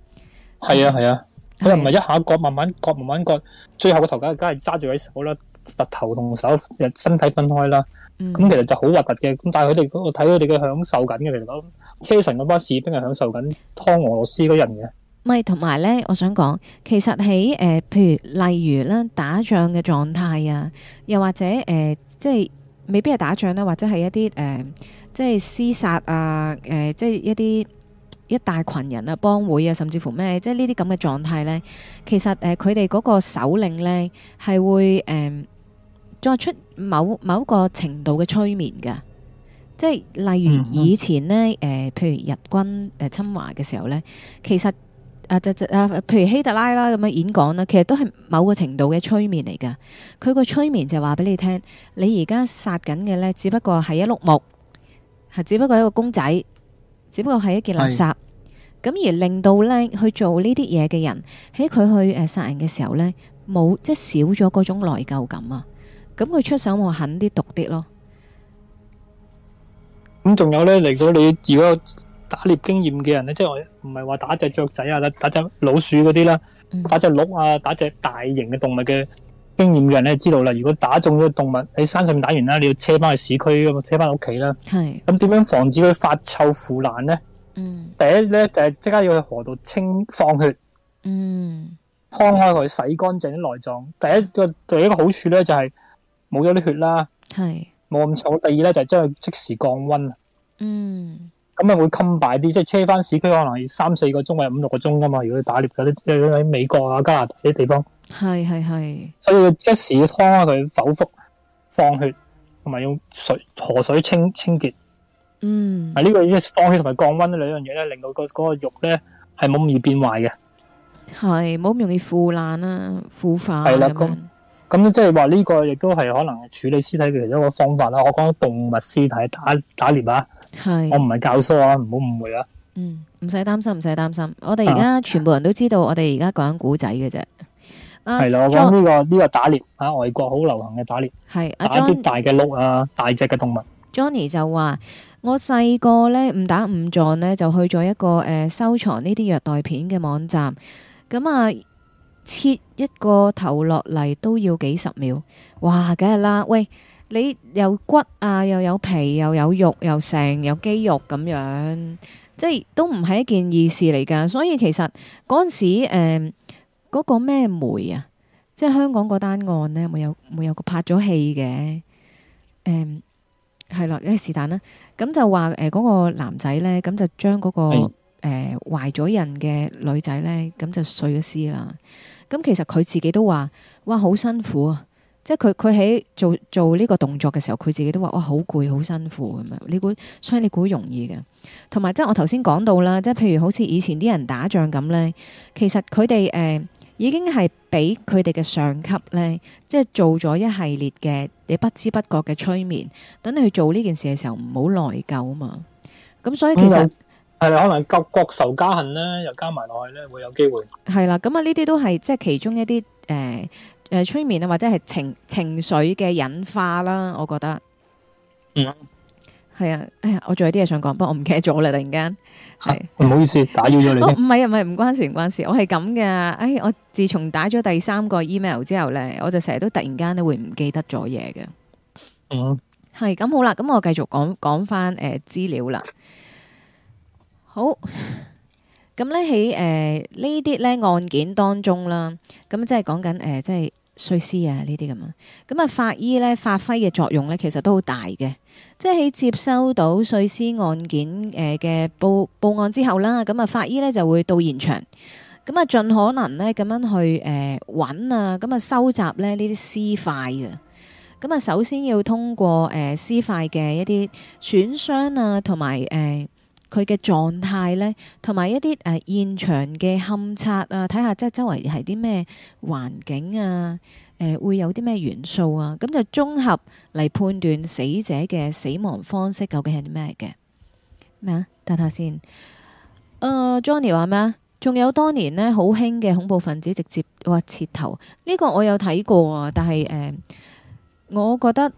係啊，係啊，佢、啊、又唔係一下割，慢慢割，慢慢割，最後個頭梗係梗係揸住喺手啦，直頭同手，身體分開啦。咁、嗯、其實就好核突嘅。咁但係佢哋，度睇佢哋嘅享受緊嘅，其實咯，車臣嗰班士兵係享受緊劏俄羅斯嗰人嘅。唔咪同埋咧，我想講，其實喺誒，譬如例如啦，打仗嘅狀態啊，又或者誒、呃，即係未必係打仗啦，或者係一啲誒、呃，即係廝殺啊，誒、呃，即係一啲。一大群人啊，幫會啊，甚至乎咩，即係呢啲咁嘅狀態呢，其實誒佢哋嗰個首領呢，係會誒作出某某個程度嘅催眠噶，即係例如以前呢，誒、嗯，譬如日軍侵華嘅時候呢，其實誒誒誒，譬如希特拉啦咁嘅演講啦，其實都係某個程度嘅催眠嚟噶。佢個催眠就話俾你聽，你而家殺緊嘅呢，只不過係一碌木，係只不過一個公仔。只不過係一件垃圾，咁而令到咧，去做呢啲嘢嘅人喺佢去誒殺人嘅時候咧，冇即係少咗嗰種內疚感啊，咁佢出手會狠啲毒啲咯。咁仲有咧，嚟到，你如果有打獵經驗嘅人咧，即係我唔係話打隻雀仔啊，打隻老鼠嗰啲啦，打隻鹿啊，打隻大型嘅動物嘅。經驗嘅人咧知道啦，如果打中咗動物喺山上面打完啦，你要車翻去市區咁，車翻屋企啦。係是。咁點樣防止佢發臭腐爛咧？嗯。第一咧就係即刻要去河度清放血。嗯。劏開佢，洗乾淨啲內臟。第一個第一個好處咧就係冇咗啲血啦。係是。冇咁臭。第二咧就係、是、將佢即時降溫。嗯。咁啊會襟擺啲，即、就、係、是、車翻市區可能三四個鐘，或五六個鐘噶嘛。如果佢打獵嗰啲，即喺美國啊、加拿大啲地方。係係係，所以即時它要劏啊，佢手腹放血，同埋用水河水清清潔。嗯，係呢個即係放血同埋降温呢兩樣嘢咧，令到、個嗰、嗰個肉咧係冇咁易變壞嘅，係冇咁容易腐爛啊，腐化係、啊、啦。咁咁即係話呢個亦都係可能處理屍體嘅一個方法啦。我講動物屍體打打獵啊，係是我唔係教唆啊，唔好誤會啦、啊。嗯，唔使擔心，唔使擔心。我哋而家全部人都知道我，我哋而家講古仔嘅啫。係咯、啊，我講呢、這個呢、啊、個打獵，吓、啊、外國好流行嘅打獵，啊、打啲大嘅鹿啊，啊大隻嘅動物。Johnny 就話我細個咧誤打誤撞咧，就去咗一個誒、呃、收藏呢啲虐待片嘅網站，咁啊切一個頭落嚟都要幾十秒，哇，梗係啦，喂，你又骨啊，又有皮，又有肉，又成有，有，有，有肌肉咁樣，即係都唔係一件易事嚟噶，所以其實嗰陣時誒。嗯嗰個咩梅啊？即係香港嗰單案咧，冇有冇有個拍咗戲嘅？誒、嗯，係咯，係是但啦。咁就話誒嗰個男仔咧，咁就將嗰、嗰個誒的、呃、壞咗人嘅女仔咧，咁就碎咗屍啦。咁其實佢自己都話：，哇，好辛苦啊！即係佢佢喺做做呢個動作嘅時候，佢自己都話：，哇，好攰，好辛苦咁樣。你估，所以你估容易嘅？同埋即係我頭先講到啦，即係譬如好似以前啲人打仗咁咧，其實佢哋誒。呃已經係俾佢哋嘅上級咧，即係做咗一系列嘅你不知不覺嘅催眠，等你去做呢件事嘅時候唔好內疚啊嘛。咁所以其實係、嗯嗯嗯、可能各國仇家恨咧，又加埋落去咧，會有機會係啦。咁啊，呢啲都係即係其中一啲誒誒催眠啊，或者係情情緒嘅引化啦，我覺得。嗯係啊，哎呀，我仲有啲嘢想講，不過我唔記得咗啦，突然間係，唔、啊、唔好意思打擾咗你了。唔係唔係，唔關事，唔關事，我係咁噶。哎，我自從打咗第三個 email 之後咧，我就成日都突然間都會唔記得咗嘢嘅。嗯，係咁好啦，咁我繼續講講翻誒資料啦。好，咁咧喺誒呢啲咧案件當中啦，咁即係講緊誒即係。呃碎屍啊，呢啲咁啊，咁啊法醫咧發揮嘅作用咧，其實都好大嘅，即係喺接收到碎屍案件誒嘅、呃、報報案之後啦，咁啊法醫咧就會到現場，咁啊盡可能呢，咁樣去誒揾、呃、啊，咁啊收集咧呢啲屍塊啊，咁啊首先要通過誒屍塊嘅一啲損傷啊，同埋誒。呃佢嘅狀態呢，同埋一啲誒、呃、現場嘅勘測啊，睇下即係周圍係啲咩環境啊，誒、呃、會有啲咩元素啊，咁就綜合嚟判斷死者嘅死亡方式究竟係咩嘅？咩啊？睇睇先。誒、呃、Johnny 話咩啊？仲有當年呢好興嘅恐怖分子直接話切、呃、頭。呢、這個我有睇過啊，但係誒、呃，我覺得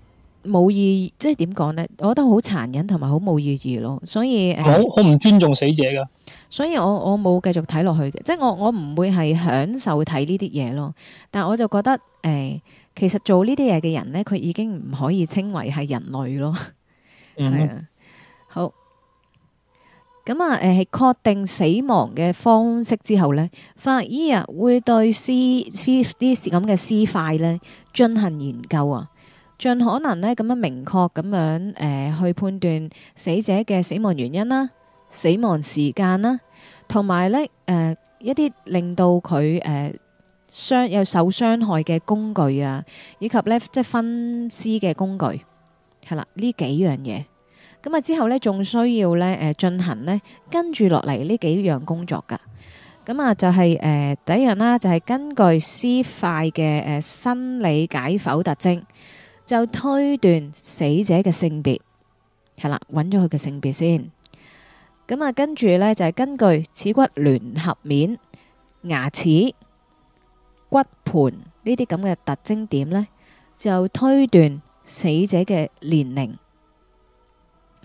冇意義，即係點講呢？我覺得好殘忍，同埋好冇意義咯。所以，我好唔尊重死者噶。所以我我冇繼續睇落去嘅，即係我我唔會係享受睇呢啲嘢咯。但係我就覺得，誒、呃，其實做呢啲嘢嘅人呢，佢已經唔可以稱為係人類咯。係、嗯、哼啊，好。咁啊，誒、呃，係確定死亡嘅方式之後呢，法醫啊會對屍屍啲咁嘅屍塊呢進行研究啊。盡可能呢，咁樣明確咁樣誒、呃，去判斷死者嘅死亡原因啦、死亡時間啦，同埋呢誒、呃、一啲令到佢誒傷有受傷害嘅工具啊，以及呢即係分屍嘅工具係啦。呢幾樣嘢咁啊，之後呢，仲需要呢誒進行呢，跟住落嚟呢幾樣工作噶。咁啊，就係、是、誒、呃、第一樣啦，就係、是、根據屍塊嘅誒生理解剖特徵，就推斷死者嘅性別，係啦，揾咗佢嘅性別先。咁啊，跟住咧就係根據恥骨聯合面、牙齒、骨盆呢啲咁嘅特徵點咧，就推斷死者嘅年齡。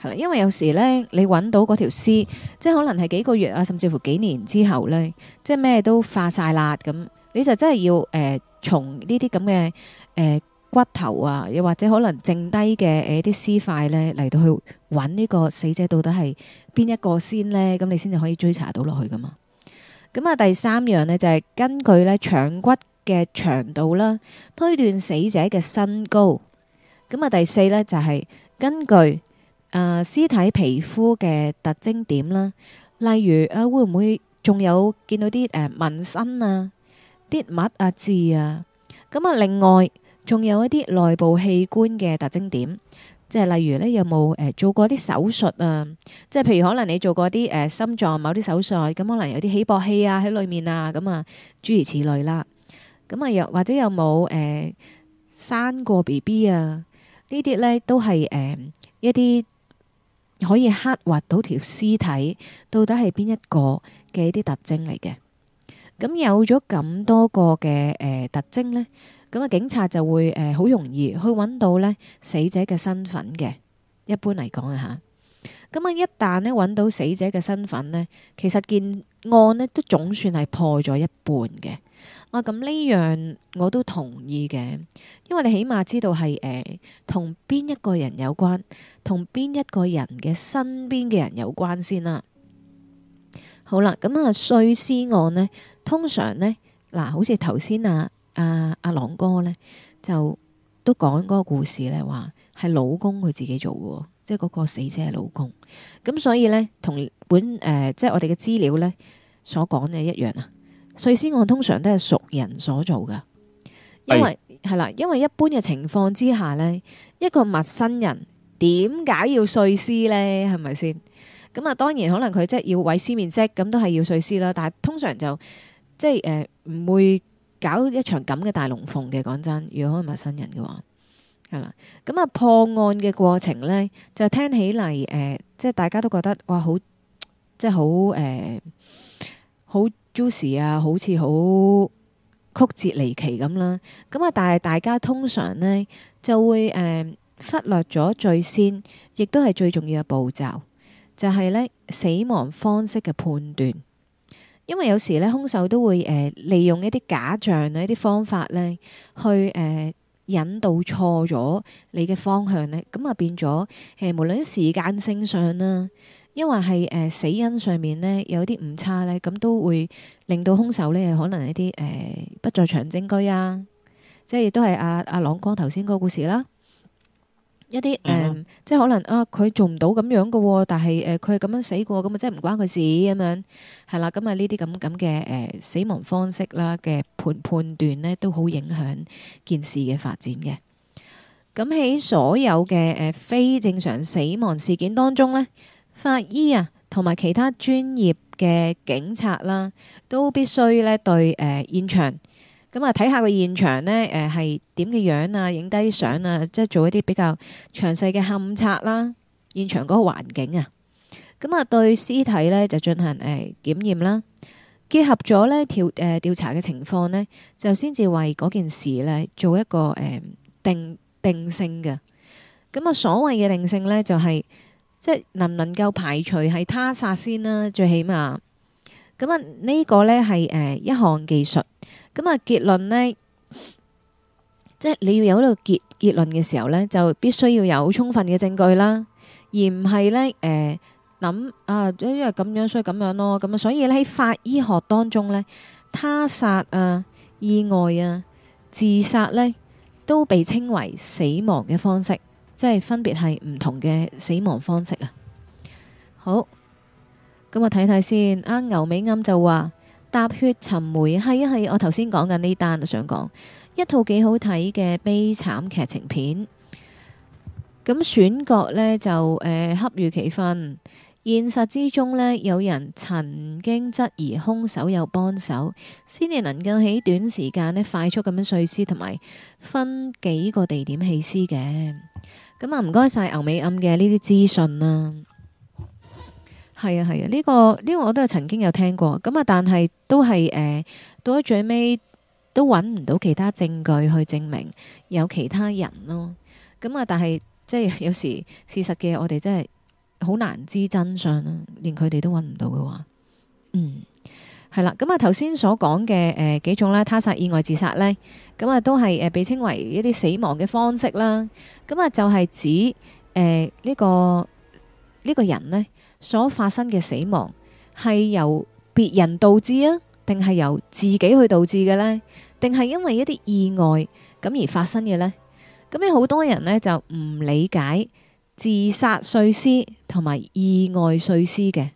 係啦，因為有時咧，你揾到嗰條屍，即係可能係幾個月啊，甚至乎幾年之後咧，即係咩都化晒啦咁，你就真係要誒從呢啲咁嘅誒。骨頭啊，又或者可能剩低嘅誒，啲屍塊咧嚟到去揾呢個死者到底係邊一個先咧？咁你先至可以追查到落去噶嘛？咁啊，第三樣咧就係根據咧長骨嘅長度啦，推斷死者嘅身高。咁啊，第四咧就係根據誒屍體皮膚嘅特徵點啦，例如啊，會唔會仲有見到啲誒紋身啊、啲物啊、痣啊？咁啊，另外。仲有一啲內部器官嘅特徵點，即係例如咧有冇誒做過啲手術啊？即係譬如可能你做過啲誒心臟某啲手術，咁可能有啲起搏器啊喺裏面啊，咁啊諸如此類啦。咁啊又或者有冇誒生過 BB 啊？呢啲咧都係誒一啲可以刻劃到條屍體到底係邊一個嘅一啲特徵嚟嘅。咁、嗯、有咗咁多個嘅誒、呃、特徵呢，咁、嗯、啊警察就會誒好、呃、容易去揾到呢死者嘅身份嘅。一般嚟講啊吓，咁啊、嗯、一旦咧揾到死者嘅身份呢，其實件案呢都總算係破咗一半嘅。啊，咁、嗯、呢樣我都同意嘅，因為你起碼知道係誒同邊一個人有關，同邊一個人嘅身邊嘅人有關先啦。好啦，咁啊碎屍案呢。通常呢，嗱、啊，好似頭先啊郎、啊、朗哥呢，就都講嗰個故事呢，話係老公佢自己做嘅，即係嗰個死者係老公。咁所以呢，同本、呃、即係我哋嘅資料呢所講嘅一樣啊。碎屍案通常都係熟人所做㗎，因為係啦是，因為一般嘅情況之下呢，一個陌生人點解要碎屍呢？係咪先？咁啊，當然可能佢即係要毀屍滅跡，咁都係要碎屍啦。但係通常就，即係誒，唔、呃、會搞一場咁嘅大龍鳳嘅，講真，如果係陌生人嘅話，係啦。咁啊，破案嘅過程咧，就聽起嚟誒、呃，即係大家都覺得哇，好即係好誒，好 juicy 啊，好似好曲折離奇咁啦。咁啊，但係大家通常咧就會誒、呃、忽略咗最先，亦都係最重要嘅步驟，就係、是、咧死亡方式嘅判斷。因為有時咧，凶手都會誒利用一啲假象咧、一啲方法咧，去誒引導錯咗你嘅方向咧，咁啊變咗誒，無論時間性上啦，亦或係誒死因上面咧有啲誤差咧，咁都會令到凶手咧可能一啲誒不在場證據啊，即係亦都係阿阿朗兄頭先嗰個故事啦。一啲誒、uh huh. 呃，即係可能啊，佢做唔到咁樣嘅，但係誒，佢係咁樣死過咁啊，即係唔關佢事咁樣，係啦，咁啊呢啲咁咁嘅誒死亡方式啦嘅判判斷咧，都好影響件事嘅發展嘅。咁喺所有嘅誒、呃、非正常死亡事件當中咧，法醫啊同埋其他專業嘅警察啦，都必須咧對誒、呃、現場。咁啊，睇下個現場咧，誒係點嘅樣啊，影低相啊，即係做一啲比較詳細嘅勘察啦。現場嗰個環境啊，咁啊，對屍體咧就進行誒檢驗啦，結合咗咧調誒調查嘅情況咧，就先至為嗰件事咧做一個誒定定性嘅。咁啊，所謂嘅定性咧，就係即係能唔能夠排除係他殺先啦，最起碼。咁啊，呢個咧係誒一項技術。咁啊，結論呢，即係你要有呢個結結論嘅時候呢，就必須要有充分嘅證據啦，而唔係呢，誒、呃、諗啊，因為咁樣所以咁樣咯。咁啊，所以呢，喺法醫學當中呢，他殺啊、意外啊、自殺呢，都被稱為死亡嘅方式，即係分別係唔同嘅死亡方式啊。好，咁我睇睇先，阿牛尾啱就話。踏血尋梅，係一係我頭先講緊呢單，就想講一套幾好睇嘅悲慘劇情片。咁選角呢，就誒恰、呃、如其分。現實之中呢，有人曾經質疑兇手有幫手，先至能夠喺短時間咧快速咁樣碎屍，同埋分幾個地點棄屍嘅。咁、嗯、啊，唔該晒牛尾暗嘅呢啲資訊啦。係啊，係啊，呢個呢個我都係曾經有聽過咁啊，但係都係誒到咗最尾都揾唔到其他證據去證明有其他人咯。咁啊，但係即係有時事實嘅，我哋真係好難知真相啦，連佢哋都揾唔到嘅話，嗯係啦。咁啊，頭先所講嘅誒幾種咧，他殺、意外、自殺咧，咁啊都係誒被稱為一啲死亡嘅方式啦。咁啊就係指誒呢個呢個人咧。所發生嘅死亡係由別人導致啊，定係由自己去導致嘅呢？定係因為一啲意外咁而發生嘅呢？咁呢好多人呢就唔理解自殺碎屍同埋意外碎屍嘅。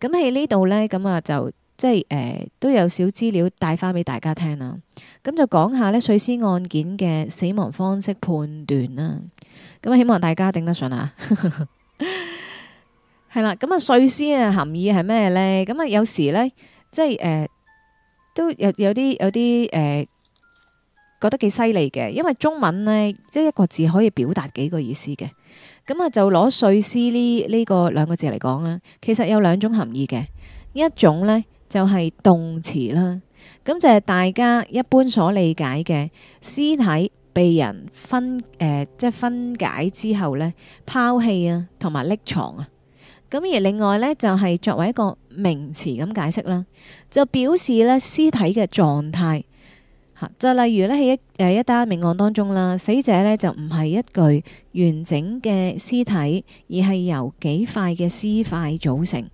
咁喺呢度呢，咁啊就即係誒、呃、都有少資料帶翻俾大家聽啦。咁就講下呢碎屍案件嘅死亡方式判斷啦。咁啊希望大家頂得順啊！ 係啦，咁啊，碎屍嘅含義係咩咧？咁啊，有時咧，即係誒、呃，都有有啲有啲誒，覺得幾犀利嘅，因為中文咧，即係一個字可以表達幾個意思嘅。咁啊，就攞碎屍呢呢個兩個字嚟講啊，其實有兩種含義嘅。一種咧就係、是、動詞啦，咁就係大家一般所理解嘅屍體被人分誒、呃，即係分解之後咧拋棄啊，同埋匿藏啊。咁而另外呢，就係作為一個名詞咁解釋啦，就表示呢屍體嘅狀態吓，就例如呢，喺一誒一單命案當中啦，死者呢就唔係一具完整嘅屍體，而係由幾塊嘅屍塊組成。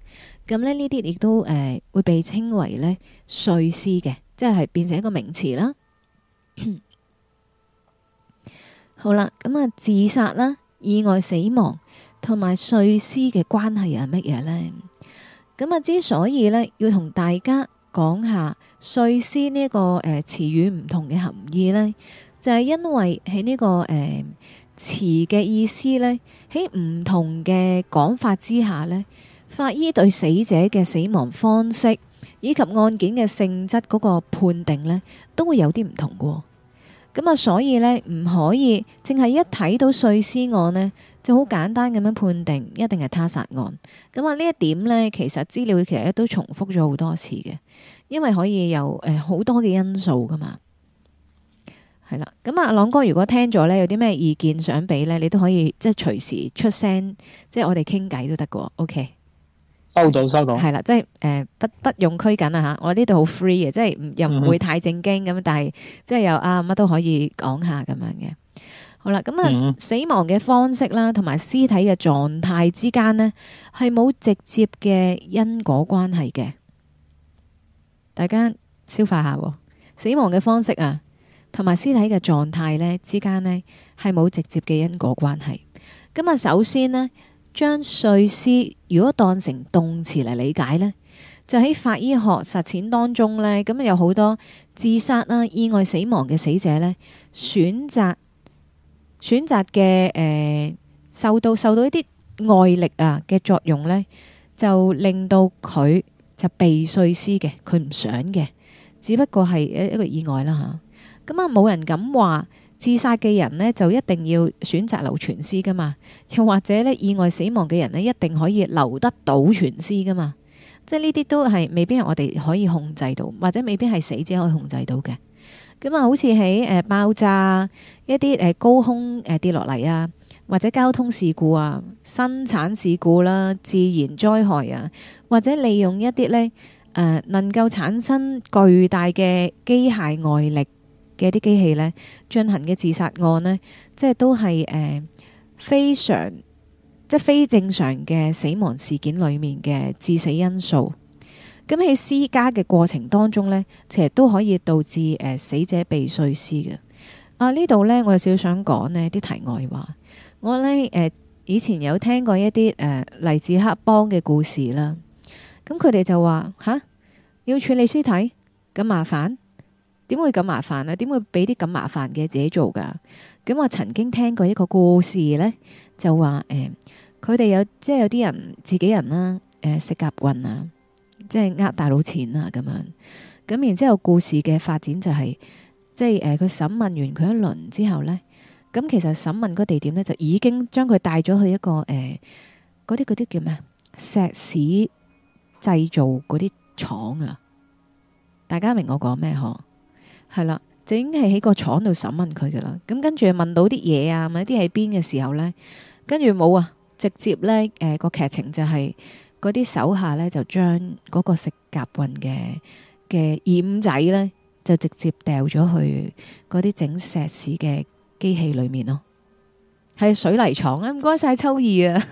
咁呢呢啲亦都誒會被稱為呢碎屍嘅，即係變成一個名詞啦。 好啦，咁啊，自殺啦，意外死亡。同埋碎屍嘅關係係乜嘢呢？咁啊，之所以呢要同大家講下碎屍呢一個誒、呃、詞語唔同嘅含義呢，就係、是、因為喺呢、這個誒詞嘅意思呢，喺唔同嘅講法之下呢，法醫對死者嘅死亡方式以及案件嘅性質嗰個判定呢，都會有啲唔同、哦。咁啊，所以呢，唔可以淨係一睇到碎屍案呢。就好簡單咁樣判定，一定係他殺案。咁啊，呢一點咧，其實資料其實都重複咗好多次嘅，因為可以有誒好、呃、多嘅因素噶嘛。係啦，咁，阿朗哥如果聽咗咧，有啲咩意見想俾咧，你都可以即係隨時出聲，即係我哋傾偈都得嘅。OK，收到收到。係啦、oh，即係誒、呃、不不用拘謹啊嚇，我呢度好 free 嘅，即係又唔會太正經咁，mm hmm. 但係即係又啊乜都可以講下咁樣嘅。好啦，咁啊，死亡嘅方式啦，同埋屍體嘅狀態之間呢，係冇直接嘅因果關係嘅。大家消化下死亡嘅方式啊，同埋屍體嘅狀態呢，之間呢，係冇直接嘅因果關係。咁啊，首先呢，將碎屍如果當成動詞嚟理解呢，就喺法醫學實踐當中呢，咁啊有好多自殺啦、意外死亡嘅死者呢，選擇。選擇嘅誒、呃、受到受到一啲外力啊嘅作用呢，就令到佢就被碎屍嘅，佢唔想嘅，只不過係一一個意外啦嚇。咁啊冇人敢話自殺嘅人呢，就一定要選擇留全屍㗎嘛，又或者咧意外死亡嘅人呢，一定可以留得到全屍㗎嘛。即係呢啲都係未必係我哋可以控制到，或者未必係死者可以控制到嘅。咁啊、嗯，好似喺誒爆炸、一啲誒、呃、高空、呃、跌落嚟啊，或者交通事故啊、生產事故啦、自然災害啊，或者利用一啲呢誒能夠產生巨大嘅機械外力嘅一啲機器呢進行嘅自殺案呢，即係都係誒、呃、非常即係非正常嘅死亡事件裏面嘅致死因素。咁喺私家嘅過程當中呢，其實都可以導致誒、呃、死者被碎屍嘅。啊，呢度呢，我有少少想講呢啲題外話。我呢，誒、呃、以前有聽過一啲誒嚟自黑幫嘅故事啦。咁佢哋就話吓要處理屍體咁麻煩，點會咁麻煩啊？點會俾啲咁麻煩嘅自己做噶？咁、嗯、我曾經聽過一個故事呢，就話誒佢哋有即係有啲人自己人啦、啊，誒、呃、食甲棍啊。即係呃大佬錢啊咁樣，咁然之後故事嘅發展就係、是，即係誒佢審問完佢一輪之後呢，咁其實審問個地點呢，就已經將佢帶咗去一個誒，嗰啲嗰啲叫咩啊石屎製造嗰啲廠啊，大家明我講咩嗬？係啦，就已經係喺個廠度審問佢噶啦，咁跟住問到啲嘢啊，問啲喺邊嘅時候呢，跟住冇啊，直接呢誒、呃、個劇情就係、是。嗰啲手下咧就將嗰個食甲運嘅嘅染仔咧，就直接掉咗去嗰啲整石屎嘅機器裏面咯。係水泥廠啊！唔該晒秋意啊！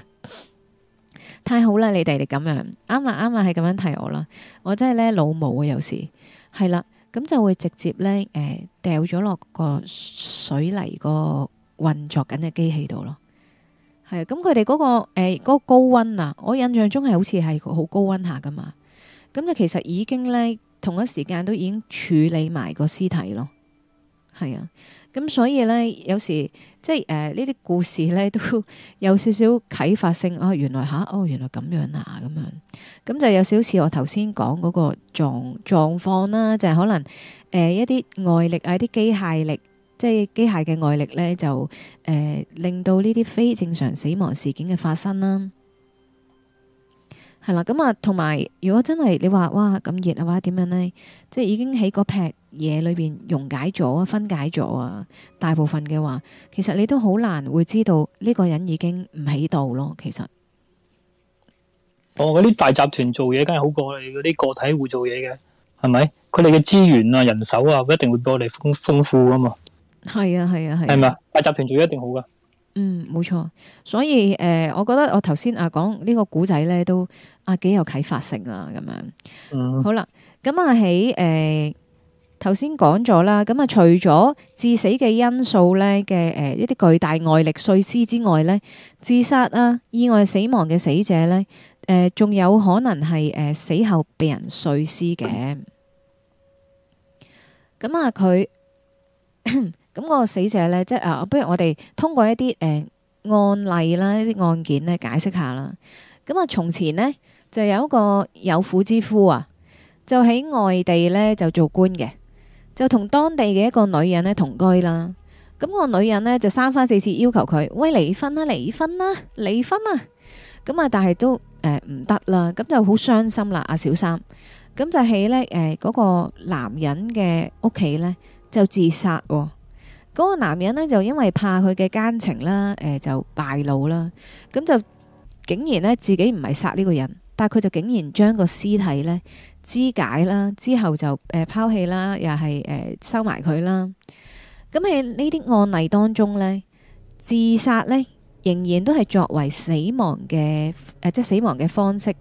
太好啦，你哋哋咁樣，啱啦啱啦，係咁樣提我啦。我真係咧老母啊，有時係啦，咁就會直接咧誒掉咗落個水泥個運作緊嘅機器度咯。係啊，咁佢哋嗰個誒，欸嗰個高溫啊，我印象中係好似係好高溫下噶嘛，咁就其實已經咧同一時間都已經處理埋個屍體咯，係啊，咁所以咧有時即係誒呢啲故事咧都有少少啟發性啊，原來吓，啊，哦原來咁樣啊咁樣，咁就有少少似我頭先講嗰個狀狀況啦，就係，是，可能誒，呃，一啲外力啊，一啲機械力。即係機械嘅外力呢，就誒、呃、令到呢啲非正常死亡事件嘅發生啦。係啦，咁啊，同埋如果真係你哇話哇咁熱啊，話點樣呢？即係已經喺個劈嘢裏邊溶解咗啊，分解咗啊。大部分嘅話，其實你都好難會知道呢個人已經唔喺度咯。其實我嗰啲大集團做嘢，梗係好過你嗰啲個體戶做嘢嘅，係咪？佢哋嘅資源啊、人手啊，一定會比我哋豐豐富啊嘛。係啊，係啊，係。係咪啊？是是集團做一定好噶。嗯，冇錯。所以誒、呃，我覺得我頭先啊講呢個古仔咧，都啊幾有啟發性啊。咁樣，嗯、好啦，咁啊喺誒頭先講咗啦。咁、呃、啊，除咗致死嘅因素咧嘅誒一啲巨大外力碎屍之外咧，自殺啊意外死亡嘅死者咧，誒、呃、仲有可能係誒、呃、死後被人碎屍嘅。咁啊、嗯，佢那他。 咁個死者咧，即係啊，不如我哋通過一啲誒案例啦，一啲案件咧，解釋下啦。咁啊，從前咧就有一個有婦之夫啊，就喺外地咧就做官嘅，就同當地嘅一個女人咧同居啦。咁個女人咧就三番四次要求佢，喂，離婚啦，離婚啦，離婚啦。咁啊，但係都誒唔得啦，咁就好傷心啦。阿小三咁就喺咧誒嗰個男人嘅屋企咧就自殺喎。嗰個男人呢，就因為怕佢嘅奸情啦，誒、呃、就敗露啦，咁就竟然呢，自己唔係殺呢個人，但係佢就竟然將個屍體呢肢解啦，之後就誒拋棄啦，又係誒收埋佢啦。咁喺呢啲案例當中呢，自殺呢，仍然都係作為死亡嘅誒、呃、即係死亡嘅方式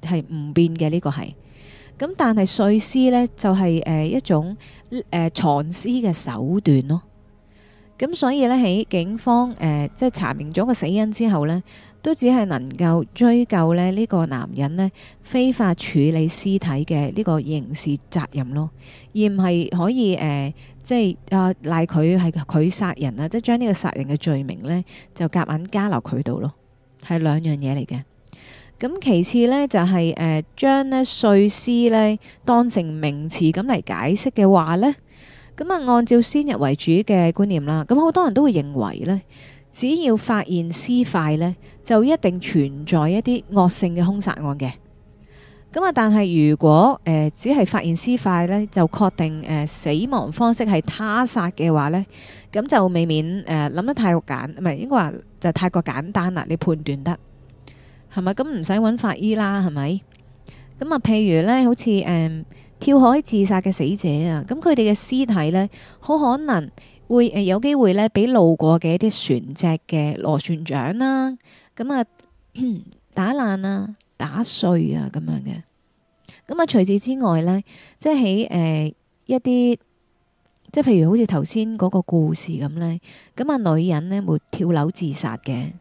係唔變嘅呢、這個係。咁但係碎屍呢，就係誒一種誒藏屍嘅手段咯，咁所以呢，喺警方誒即係查明咗個死因之後呢，都只係能夠追究呢呢個男人呢非法處理屍體嘅呢個刑事責任咯，而唔係可以誒即係啊賴佢係佢殺人啦，即係將呢個殺人嘅罪名呢就夾硬加落佢度咯，係兩樣嘢嚟嘅。咁其次呢，就係誒將呢碎屍呢當成名詞咁嚟解釋嘅話呢，咁啊按照先入為主嘅觀念啦，咁好多人都會認為呢，只要發現屍塊呢，就一定存在一啲惡性嘅兇殺案嘅。咁啊，但係如果誒只係發現屍塊呢，就確定誒死亡方式係他殺嘅話呢，咁就未免誒諗得太過簡，唔係應該話就太過簡單啦，你判斷得。係咪咁唔使揾法醫啦？係咪咁啊？譬如呢，好似誒、嗯、跳海自殺嘅死者啊，咁佢哋嘅屍體呢，好可能會誒、呃、有機會呢，俾路過嘅一啲船隻嘅螺旋槳啦、啊，咁啊打爛啊打碎啊咁樣嘅。咁啊，除此之外呢，即係誒、呃、一啲，即係譬如好似頭先嗰個故事咁呢，咁啊女人呢，會跳樓自殺嘅。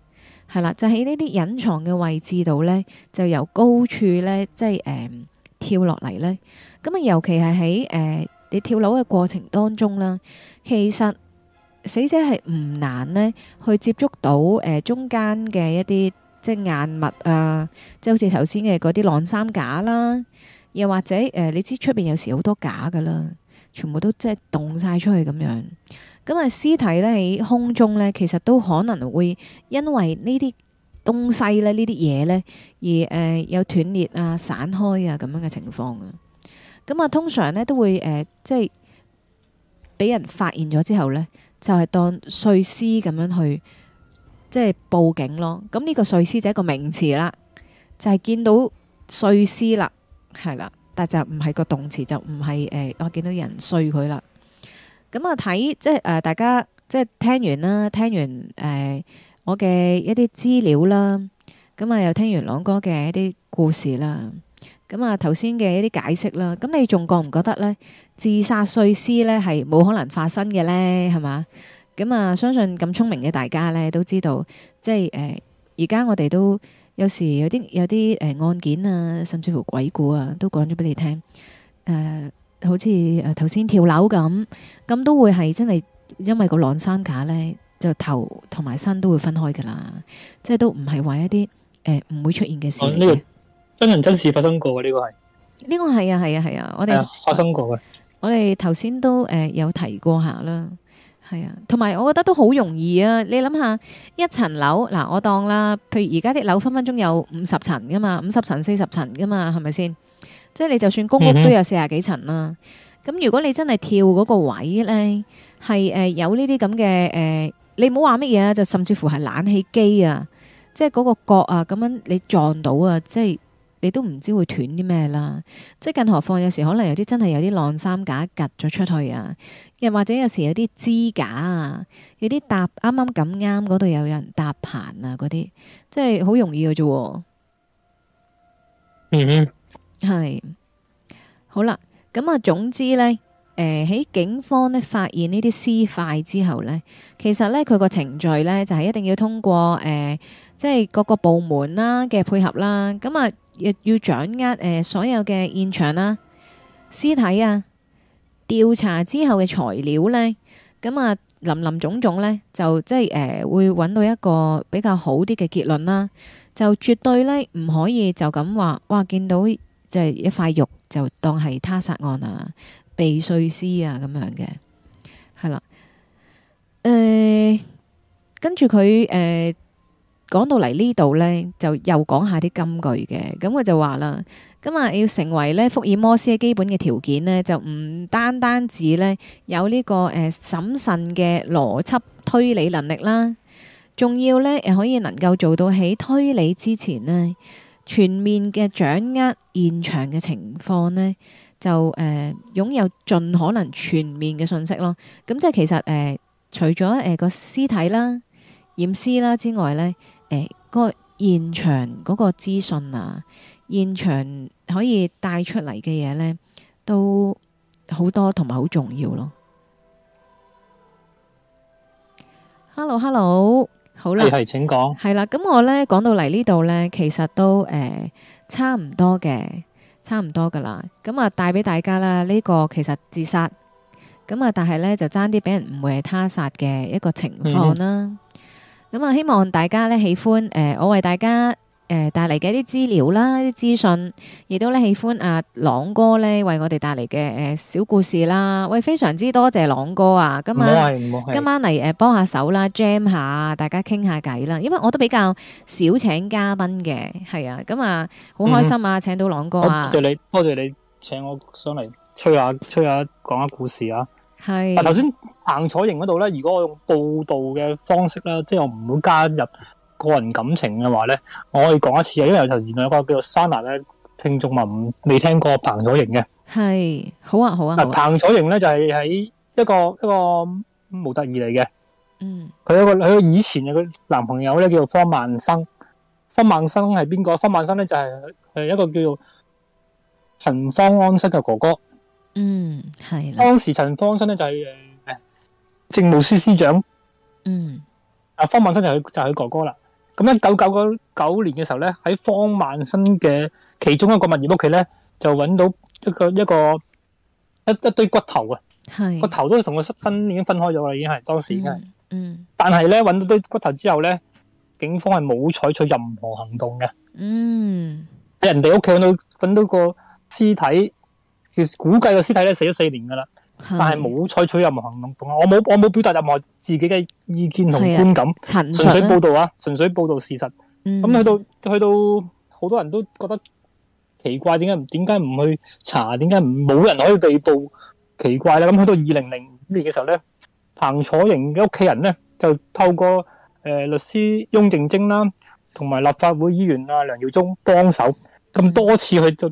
係啦，就喺呢啲隱藏嘅位置度呢，就由高處呢，即係誒、嗯、跳落嚟呢。咁啊，尤其係喺誒你跳樓嘅過程當中啦，其實死者係唔難呢去接觸到誒、呃、中間嘅一啲即係硬物啊，即係好似頭先嘅嗰啲晾衫架啦，又或者誒、呃，你知出便有時好多架㗎喇，全部都即係凍晒出去咁樣。咁啊，屍體咧喺空中咧，其實都可能會因為呢啲東西咧、西呢啲嘢咧，而誒、呃、有斷裂啊、散開啊咁樣嘅情況啊。咁啊，通常咧都會誒、呃，即係俾人發現咗之後咧，就係、是、當碎屍咁樣去，即係報警咯。咁呢個碎屍就係一個名詞啦，就係、是、見到碎屍啦，係啦，但就唔係個動詞，就唔係、呃、我見到人碎佢啦。咁啊，睇即係誒，大家即係聽完啦，聽完誒我嘅一啲資料啦，咁啊又聽完朗哥嘅一啲故事啦，咁啊頭先嘅一啲解釋啦，咁你仲覺唔覺得咧？自殺碎屍咧係冇可能發生嘅咧，係嘛？咁啊，相信咁聰明嘅大家咧都知道，即係誒而家我哋都有時有啲有啲誒案件啊，甚至乎鬼故啊，都講咗俾你聽誒。好似誒頭先跳樓咁，咁都會係真係因為個兩身架咧，就頭同埋身都會分開噶啦，即係都唔係話一啲誒唔會出現嘅事。呢、啊這個真人真事發生過嘅，呢、這個係呢、這個係啊，係啊，係啊，我哋、啊、發生過嘅，我哋頭先都誒有提過下啦，係啊，同埋我覺得都好容易啊！你諗下一層樓嗱，我當啦，譬如而家啲樓分分鐘有五十層噶嘛，五十層四十層噶嘛，係咪先？即係你就算公屋都有四十幾層啦，咁、mm hmm. 如果你真係跳嗰個位咧，係誒、呃、有呢啲咁嘅誒，你唔好話乜嘢啊，就甚至乎係冷氣機啊，即係嗰個角啊，咁樣你撞到啊，即係你都唔知會斷啲咩啦。即係更何況有時可能有啲真係有啲晾衫架夾咗出去啊，又或者有時有啲支架啊，有啲搭啱啱咁啱嗰度有人搭棚啊，嗰啲即係好容易嘅啫。嗯、mm。Hmm. 係好啦，咁啊，總之咧，誒，喺警方咧發現呢啲屍塊之後咧，其實咧佢個程序咧就係一定要通過誒，即係各個部門啦嘅配合啦，咁啊，亦要掌握誒所有嘅現場啦、屍體啊、調查之後嘅材料咧，咁啊，林林總總咧就即係誒會搵到一個比較好啲嘅結論啦，就絕對咧唔可以就咁話哇見到。即係一塊肉就當係他殺案啊，被碎屍啊咁樣嘅，係啦。誒、呃，跟住佢誒講到嚟呢度呢，就又講下啲金句嘅。咁佢就話啦，咁啊要成為呢福爾摩斯嘅基本嘅條件呢，就唔單單止呢有呢、這個誒審、呃、慎嘅邏輯推理能力啦，仲要呢可以能夠做到喺推理之前呢。全面嘅掌握現場嘅情況呢，就誒、呃、擁有盡可能全面嘅信息咯。咁即係其實誒、呃，除咗誒、呃、個屍體啦、驗屍啦之外呢，誒、呃、個現場嗰個資訊啊，現場可以帶出嚟嘅嘢呢，都好多同埋好重要咯。Hello，Hello hello。好啦，係，請講。係啦，咁我咧講到嚟呢度咧，其實都誒差唔多嘅，差唔多噶啦。咁啊，帶俾大家啦，呢、這個其實自殺，咁啊，但係咧就爭啲俾人誤會係他殺嘅一個情況啦。咁啊、嗯哼，希望大家咧喜歡誒、呃，我為大家。誒，帶嚟嘅一啲資料啦，啲資訊，亦都咧喜歡阿、啊、朗哥咧為我哋帶嚟嘅誒小故事啦。喂，非常之多謝朗哥啊！今晚、啊、今晚嚟誒幫下手啦，jam 下，大家傾下偈啦。因為我都比較少請嘉賓嘅，係啊，咁啊好開心啊，請到朗哥啊！多謝，謝你，多謝，謝你，請我上嚟吹下吹下講下故事啊。係是。啊，頭先彭彩瑩嗰度咧，如果我用報道嘅方式啦，即、就、係、是、我唔會加入。個人感情嘅話咧，我可以講一次啊，因為就原來有個叫做 Sana 咧，聽眾問，未聽過彭楚瑩嘅，係好啊好啊。彭楚瑩咧就係喺一個一個模特兒嚟嘅，嗯，佢有個佢個以前嘅佢男朋友咧叫做方曼生。方曼生係邊個？方曼生咧就係係一個叫做陳方安生嘅哥哥，嗯係，當時陳方安生咧就係誒政務司司長，嗯，啊方曼生就係就係佢哥哥啦。咁一九九九年嘅時候咧，喺方萬新嘅其中一個物業屋企咧，就揾到一個一個一一堆骨頭啊，個的頭都同個身已經分開咗啦，已經係當時已經係、嗯。嗯，但係咧揾到堆骨頭之後咧，警方係冇採取任何行動嘅。嗯，喺人哋屋企揾到揾到個屍體，其實估計個屍體咧死咗四年噶啦。但係冇採取任何行動，我冇我冇表達任何自己嘅意見同觀感，純粹報道啊，純粹報道事實。咁、嗯、哼去到去到好多人都覺得奇怪，點解點解唔去查？點解冇人可以被捕？奇怪啦！咁去到二零零年嘅時候咧，彭楚營嘅屋企人咧就透過誒、呃、律師翁正晶啦，同埋立法會議員啊梁耀忠幫手咁多次去、嗯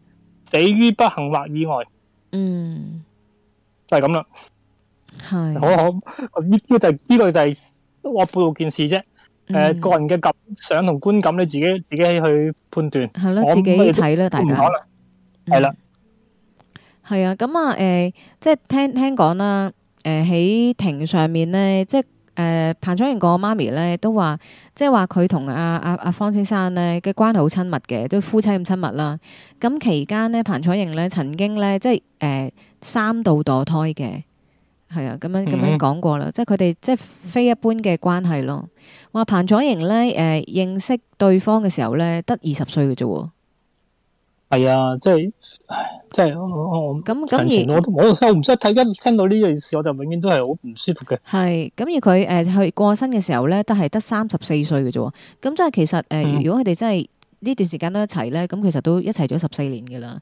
死於不幸或意外，嗯，就係咁啦，係，好好，呢啲就係呢個就係我報道件事啫。誒，個人嘅感想同觀感，你自己自己去判斷，係咯，自己睇啦，大家，係啦，係啊，咁啊，誒，即係聽聽講啦，誒，喺庭上面咧，即係。誒、呃、彭楚盈個媽咪咧都話，即係話佢同阿阿阿方先生咧嘅關係好親密嘅，都夫妻咁親密啦。咁期間咧，彭楚盈咧曾經咧即係誒、呃、三度墮胎嘅，係啊，咁樣咁樣講過啦、嗯嗯。即係佢哋即係非一般嘅關係咯。話彭楚盈咧誒認識對方嘅時候咧得二十歲嘅啫喎。係啊，即係，即係我我長我都我我唔使睇，一聽到呢件事我就永遠都係好唔舒服嘅。係，咁而佢誒，佢、呃、過身嘅時候咧，都係得三十四歲嘅啫。咁即係其實誒，呃嗯、如果佢哋真係呢段時間都一齊咧，咁其實都一齊咗十四年嘅啦。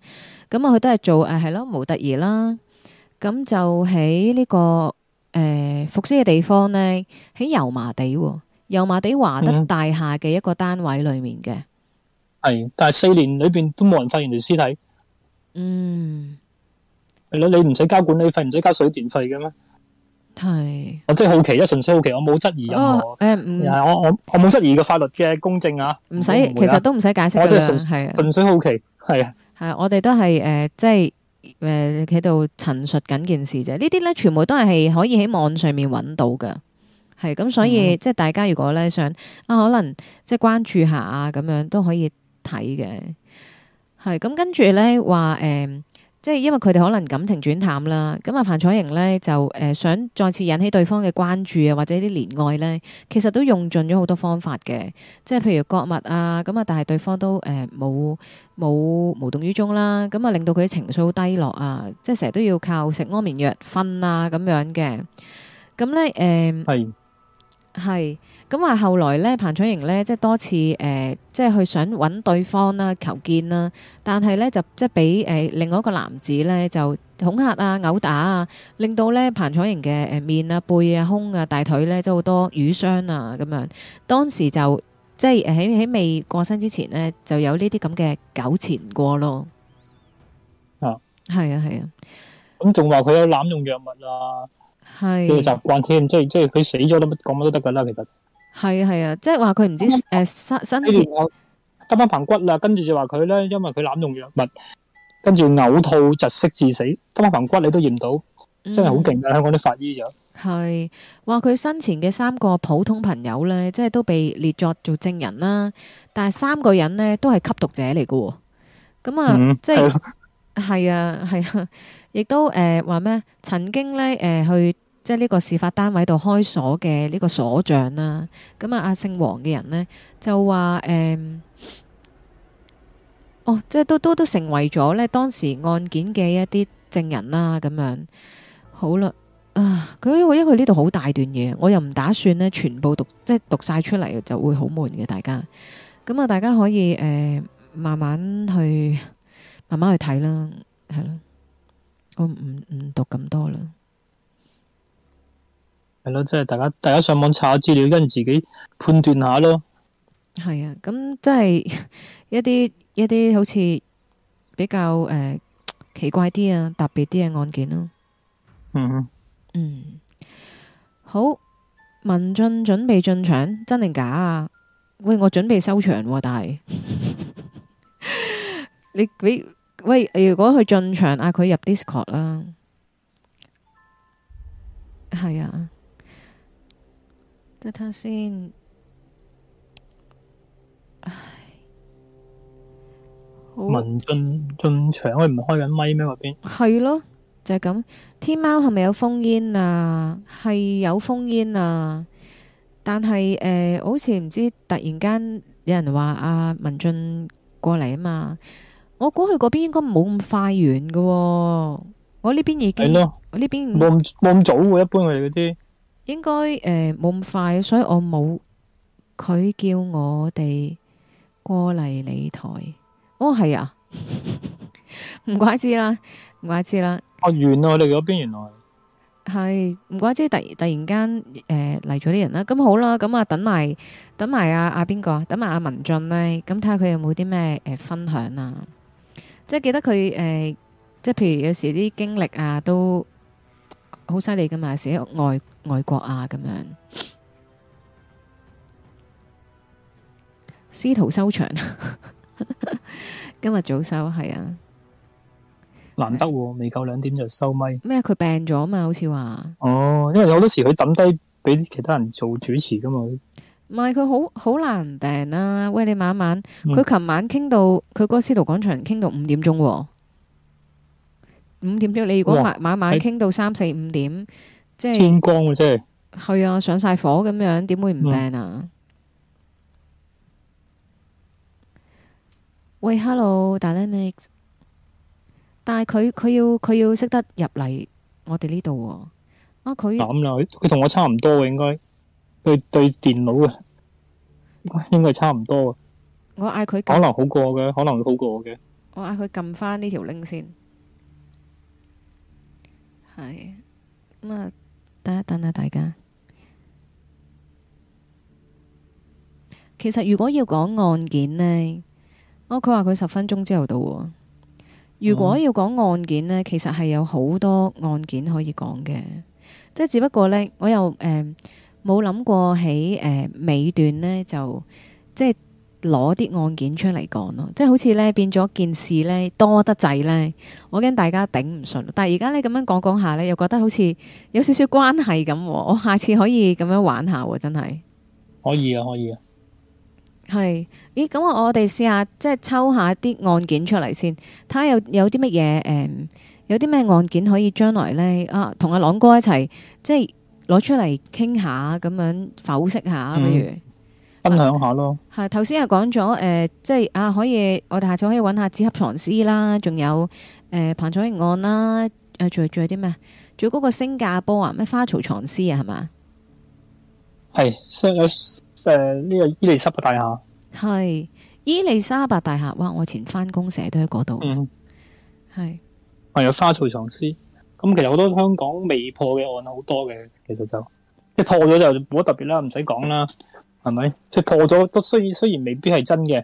咁啊，佢都係做誒係咯，模特兒啦。咁就喺呢、這個誒伏屍嘅地方咧，喺油麻地，油麻地華德大廈嘅一個單位裏面嘅。嗯係，但係四年裏邊都冇人發現條屍體。嗯，係咯，你唔使交管理費，唔使交水電費嘅咩？係，我即係好奇，即係純粹好奇，我冇質疑任何。誒、哦，唔、呃，我我我冇質疑嘅法律嘅公正啊！唔使，不啊、其實都唔使解釋。我即係純粹好奇，係啊，係我哋都係誒、呃，即係誒喺度陳述緊件事啫。呢啲咧，全部都係可以喺網上面揾到噶。係咁，所以、嗯、即係大家如果咧想啊，可能即係關注下啊，咁樣都可以。睇嘅係咁，跟住呢話誒、呃，即係因為佢哋可能感情轉淡啦。咁啊，范彩瑩呢，就誒、呃、想再次引起對方嘅關注啊，或者啲憐愛呢，其實都用盡咗好多方法嘅。即係譬如割脈啊，咁啊，但係對方都誒冇冇無動於衷啦。咁啊，令到佢情緒低落啊，即係成日都要靠食安眠藥瞓啊咁樣嘅。咁呢。誒、呃。係咁話後來咧，彭楚瑩咧即係多次誒、呃，即係去想揾對方啦，求見啦，但係咧就即係俾誒另外一個男子咧就恐吓啊、毆打啊，令到咧彭楚瑩嘅誒面啊、背啊、胸啊、大腿咧都好多瘀傷啊，咁樣當時就即係喺喺未過身之前咧，就有呢啲咁嘅糾纏過咯。哦，係啊，係啊，咁仲話佢有濫用藥物啊。係習慣添，即係即係佢死咗都講乜都得噶啦，其實係啊係啊，即係話佢唔知誒生生前我得翻盆骨啦，跟住就話佢咧，因為佢濫用藥物，跟住嘔吐窒息致死，得翻盆骨你都驗到，真係好勁噶，香港啲法醫就係話佢生前嘅三個普通朋友咧，即係都被列作做證人啦，但係三個人咧都係吸毒者嚟噶，咁啊即係係啊係啊，亦都誒話咩？曾經咧誒去。即係呢個事發單位度開鎖嘅呢個鎖匠啦，咁啊阿姓黃嘅人呢，就話誒、嗯，哦，即係都都都成為咗呢當時案件嘅一啲證人啦，咁樣好啦啊！佢因為呢度好大段嘢，我又唔打算呢全部讀，即係讀晒出嚟，就會好悶嘅，大家咁啊，大家可以誒、呃，慢慢去慢慢去睇啦，係咯，我唔唔讀咁多啦。係咯，即係大家，大家上網查下資料，跟住自己判斷下咯。係啊，咁即係一啲一啲，好似比較誒、呃、奇怪啲啊，特別啲嘅案件咯。嗯嗯，好，文進準備進場，真定假啊？喂，我準備收場喎、啊，但係 你，你喂，如果佢進場，嗌佢入 Discord 啦。係啊。等下先，唉，文進進場，佢唔開緊咪咩？嗰邊，係咯，就係咁。天貓係咪有封煙啊？係有封煙啊！但係誒，好似唔知突然間有人話阿文進過嚟啊嘛。我估佢嗰邊應該冇咁快完噶。我呢邊已經，我呢邊冇冇咁早嘅，一般我哋嗰啲。應該誒冇咁快，所以我冇佢叫我哋過嚟你台。哦，係啊，唔怪之啦，唔怪之啦。哦，遠啊，我哋嗰邊原來係唔怪之，突然突然間誒嚟咗啲人啦。咁好啦，咁啊等埋等埋阿阿邊個，等埋阿文進呢。咁睇下佢有冇啲咩誒分享啊？即係記得佢誒，即係譬如有時啲經歷啊都好犀利噶嘛，寫喺外外國啊咁樣，司徒收場，今日早收，係啊，難得喎，未夠兩點就收咪。咩？佢病咗啊嘛，好似話。哦，因為有好多時佢抌低俾其他人做主持噶嘛。唔係佢好好難病啊，喂你慢慢，佢琴晚傾到佢個司徒廣場傾到五點鐘五點鐘，你如果晚晚晚傾到三四五點，即係天光啊！即係，係啊，上晒火咁樣，點會唔病啊？喂，hello，達叻 mix，但係佢佢要佢要識得入嚟我哋呢度啊！佢咁啊，佢佢同我差唔多應該對對電腦啊，應該係差唔多啊！我嗌佢可能好過嘅，可能會好過嘅。我嗌佢撳翻呢條 link 先。係，咁啊、嗯、等一等啊大家。其實如果要講案件呢，哦，佢話佢十分鐘之後到喎。如果要講案件呢，其實係有好多案件可以講嘅，即係只不過呢，我又冇諗、呃、過喺誒、呃、尾段呢，就即係。攞啲案件出嚟講咯，即係好似咧變咗件事咧多得滯咧，我驚大家頂唔順。但係而家咧咁樣講講下咧，又覺得好似有少少關係咁，我下次可以咁樣玩下，真係可以啊，可以啊。係，咦？咁我我哋試下即係抽下啲案件出嚟先，睇下有有啲乜嘢誒？有啲咩、嗯、案件可以將來咧啊？同阿朗哥一齊即係攞出嚟傾下咁樣剖析下，不如。嗯分享下咯，係頭先係講咗誒，即係啊，可以我哋下次可以揾下紙盒藏屍啦，仲有誒、呃、彭楚穎案啦，誒、啊，仲仲有啲咩？仲有嗰個新加坡啊，咩花槽藏屍啊，係嘛？係，有誒呢個伊利沙伯大廈係伊利沙伯大廈，哇！我前翻工成日都喺嗰度，係啊、嗯是嗯，有花槽藏屍咁。其實好多香港未破嘅案好多嘅，其實就即係破咗就冇乜特別啦，唔使講啦。係咪？即係破咗都雖雖然未必係真嘅，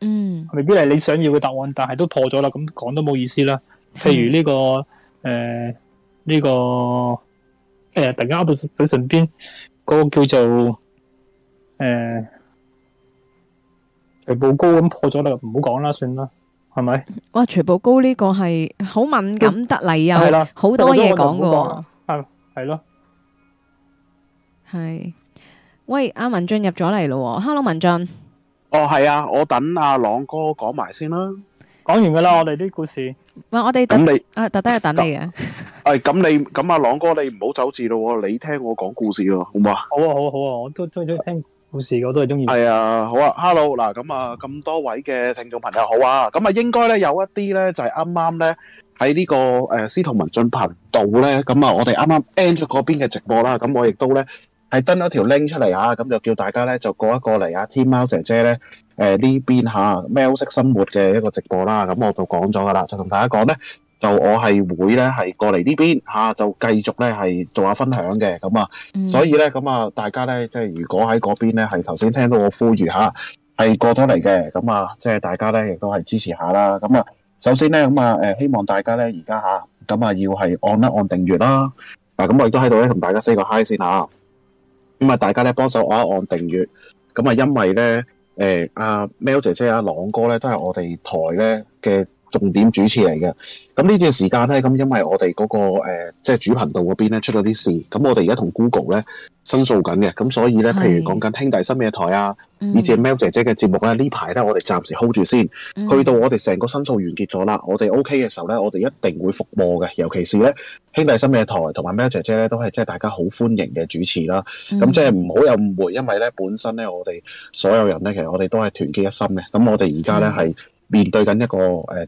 嗯，未必係你想要嘅答案，但係都破咗啦，咁講都冇意思啦。譬如呢、呢個誒，呢個、呃呢個誒、呃，突然間噏到水唇邊嗰個叫做誒，徐、呃、步高咁破咗啦，唔好講啦，算啦，係咪？哇！徐步高呢個係好敏感得嚟，啊，係啦，好多嘢講嘅，係係咯，係。喂，阿文進入咗嚟咯，哈嘍文進，哦係啊，我等阿朗哥講埋先啦，講完噶啦，我哋啲故事，喂，我哋等你，啊，特登係等你嘅，誒，咁你，咁阿朗哥你唔好走字咯，你聽我講故事咯，好唔好？好啊，好啊，好啊，我都中意聽故事，我都係中意，係啊，好啊，哈嘍，嗱，咁啊，咁多位嘅聽眾朋友好啊，咁啊，應該咧有一啲咧就係啱啱咧喺呢個誒司徒文進頻道咧，咁啊，我哋啱啱 end 咗嗰邊嘅直播啦，咁我亦都咧。係登咗條 link 出嚟吓，咁就叫大家咧，就過一過嚟啊。天喵姐姐咧，誒呢邊吓喵式生活嘅一個直播啦。咁我就講咗噶啦，就同大家講咧，就我係會咧，係過嚟呢邊吓，就繼續咧係做下分享嘅咁啊。所以咧，咁啊，大家咧即係如果喺嗰邊咧係頭先聽到我呼籲吓，係過咗嚟嘅咁啊，即係大家咧亦都係支持下啦。咁啊，首先咧，咁啊，誒，希望大家咧而家吓，咁啊，要係按一按訂閱啦。嗱，咁我亦都喺度咧同大家 say 個 hi 先吓。咁啊！大家咧，幫手按一按訂閱。咁啊，因為咧，誒，阿喵姐姐阿朗哥咧，都係我哋台咧嘅，重點主持嚟嘅，咁呢段時間咧，咁因為我哋嗰、嗰個即係、呃即係、主頻道嗰邊咧出咗啲事，咁我哋而家同 Google 咧申訴緊嘅，咁所以咧，譬如講緊兄弟深夜台啊，的以至 Mel 姐姐嘅節目咧，呢排咧我哋暫時 hold 住先，嗯、去到我哋成個申訴完結咗啦，我哋 OK 嘅時候咧，我哋一定會復播嘅，尤其是咧兄弟深夜台同埋 Mel 姐姐咧，都係即係大家好歡迎嘅主持啦，咁即係唔好有誤會，因為咧本身咧我哋所有人咧，其實我哋都係團結一心嘅，咁我哋而家咧係。嗯面對緊一個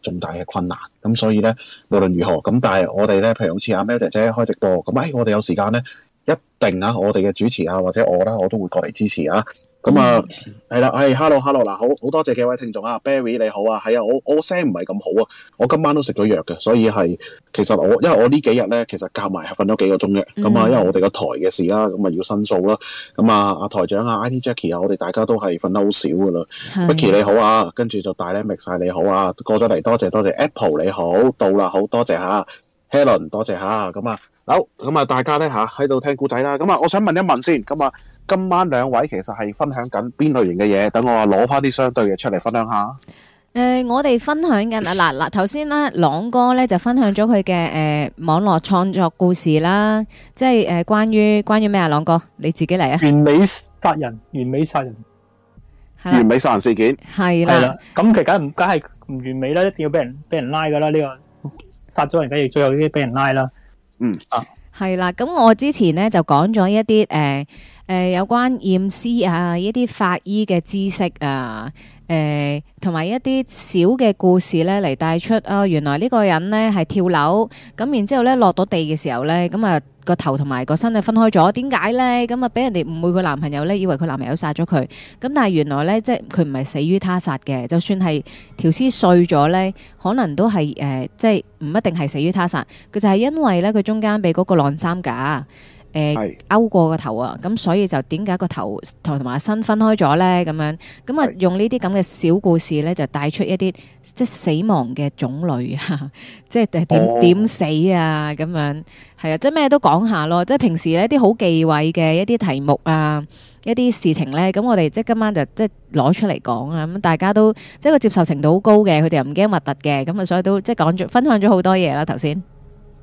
重大嘅困難，咁所以咧，無論如何，咁但係我哋咧，譬如好似阿 Mel 姐姐開直播，咁誒，我哋有時間咧，一定啊，我哋嘅主持啊，或者我啦，我都會過嚟支持啊！咁啊，係啦，係，hello，hello，嗱，好好多謝各位聽眾啊，Barry 你好啊，係啊，我我聲唔係咁好啊，我今晚都食咗藥嘅，所以係，其實我因為我呢幾日咧，其實夾埋瞓咗幾個鐘嘅，咁啊，因為我哋個、嗯、個台嘅事、啊、啦，咁啊要申訴啦，咁啊，阿、啊、台長啊，IT Jackie 啊，I, Jackie, 我哋大家都係瞓得好少噶啦，Wicky 你好啊，跟住就大咧 Mix 晒你好啊，過咗嚟多謝多謝 Apple 你好，到啦，好多謝吓，Helen 多謝吓，咁啊，好，咁啊，大家咧吓喺度聽故仔啦，咁啊，我想問一問先，咁啊。今晚兩位其實係分享緊邊類型嘅嘢，等我攞翻啲相對嘅出嚟分享下。誒，我哋分享緊啊！嗱嗱，頭先啦朗哥咧就分享咗佢嘅誒網絡創作故事啦，即係誒關於關於咩啊？朗哥你自己嚟啊！完美殺人，完美殺人，完美殺人事件係啦，咁其實梗係梗係唔完美啦，一定要俾人俾人拉噶啦。呢個殺咗人，梗係最後呢啲俾人拉啦。嗯啊，係啦。咁我之前咧就講咗一啲誒。誒、呃，有關驗屍啊，一啲法醫嘅知識啊，誒、呃，同埋一啲小嘅故事咧，嚟帶出啊、哦，原來呢個人呢係跳樓，咁、嗯、然之後咧落到地嘅時候咧，咁啊個頭同埋個身咧分開咗，點解咧？咁啊俾人哋誤會佢男朋友咧，以為佢男朋友殺咗佢，咁、嗯、但係原來咧，即係佢唔係死於他殺嘅，就算係條屍碎咗咧，可能都係誒、呃，即係唔一定係死於他殺，佢就係因為咧，佢中間俾嗰個晾衫架，誒、呃、勾過個頭啊，咁所以就點解個頭同同埋身分開咗咧？咁樣咁啊，用呢啲咁嘅小故事咧，就帶出一啲即係死亡嘅種類啊，即係點點死啊咁樣，係啊，即係咩都講下咯。即係平時咧啲好忌諱嘅一啲題目啊，一啲事情咧，咁我哋即係今晚就即係攞出嚟講啊，咁大家都即係個接受程度好高嘅，佢哋又唔驚核突嘅，咁啊所以都即係講咗分享咗好多嘢啦頭先。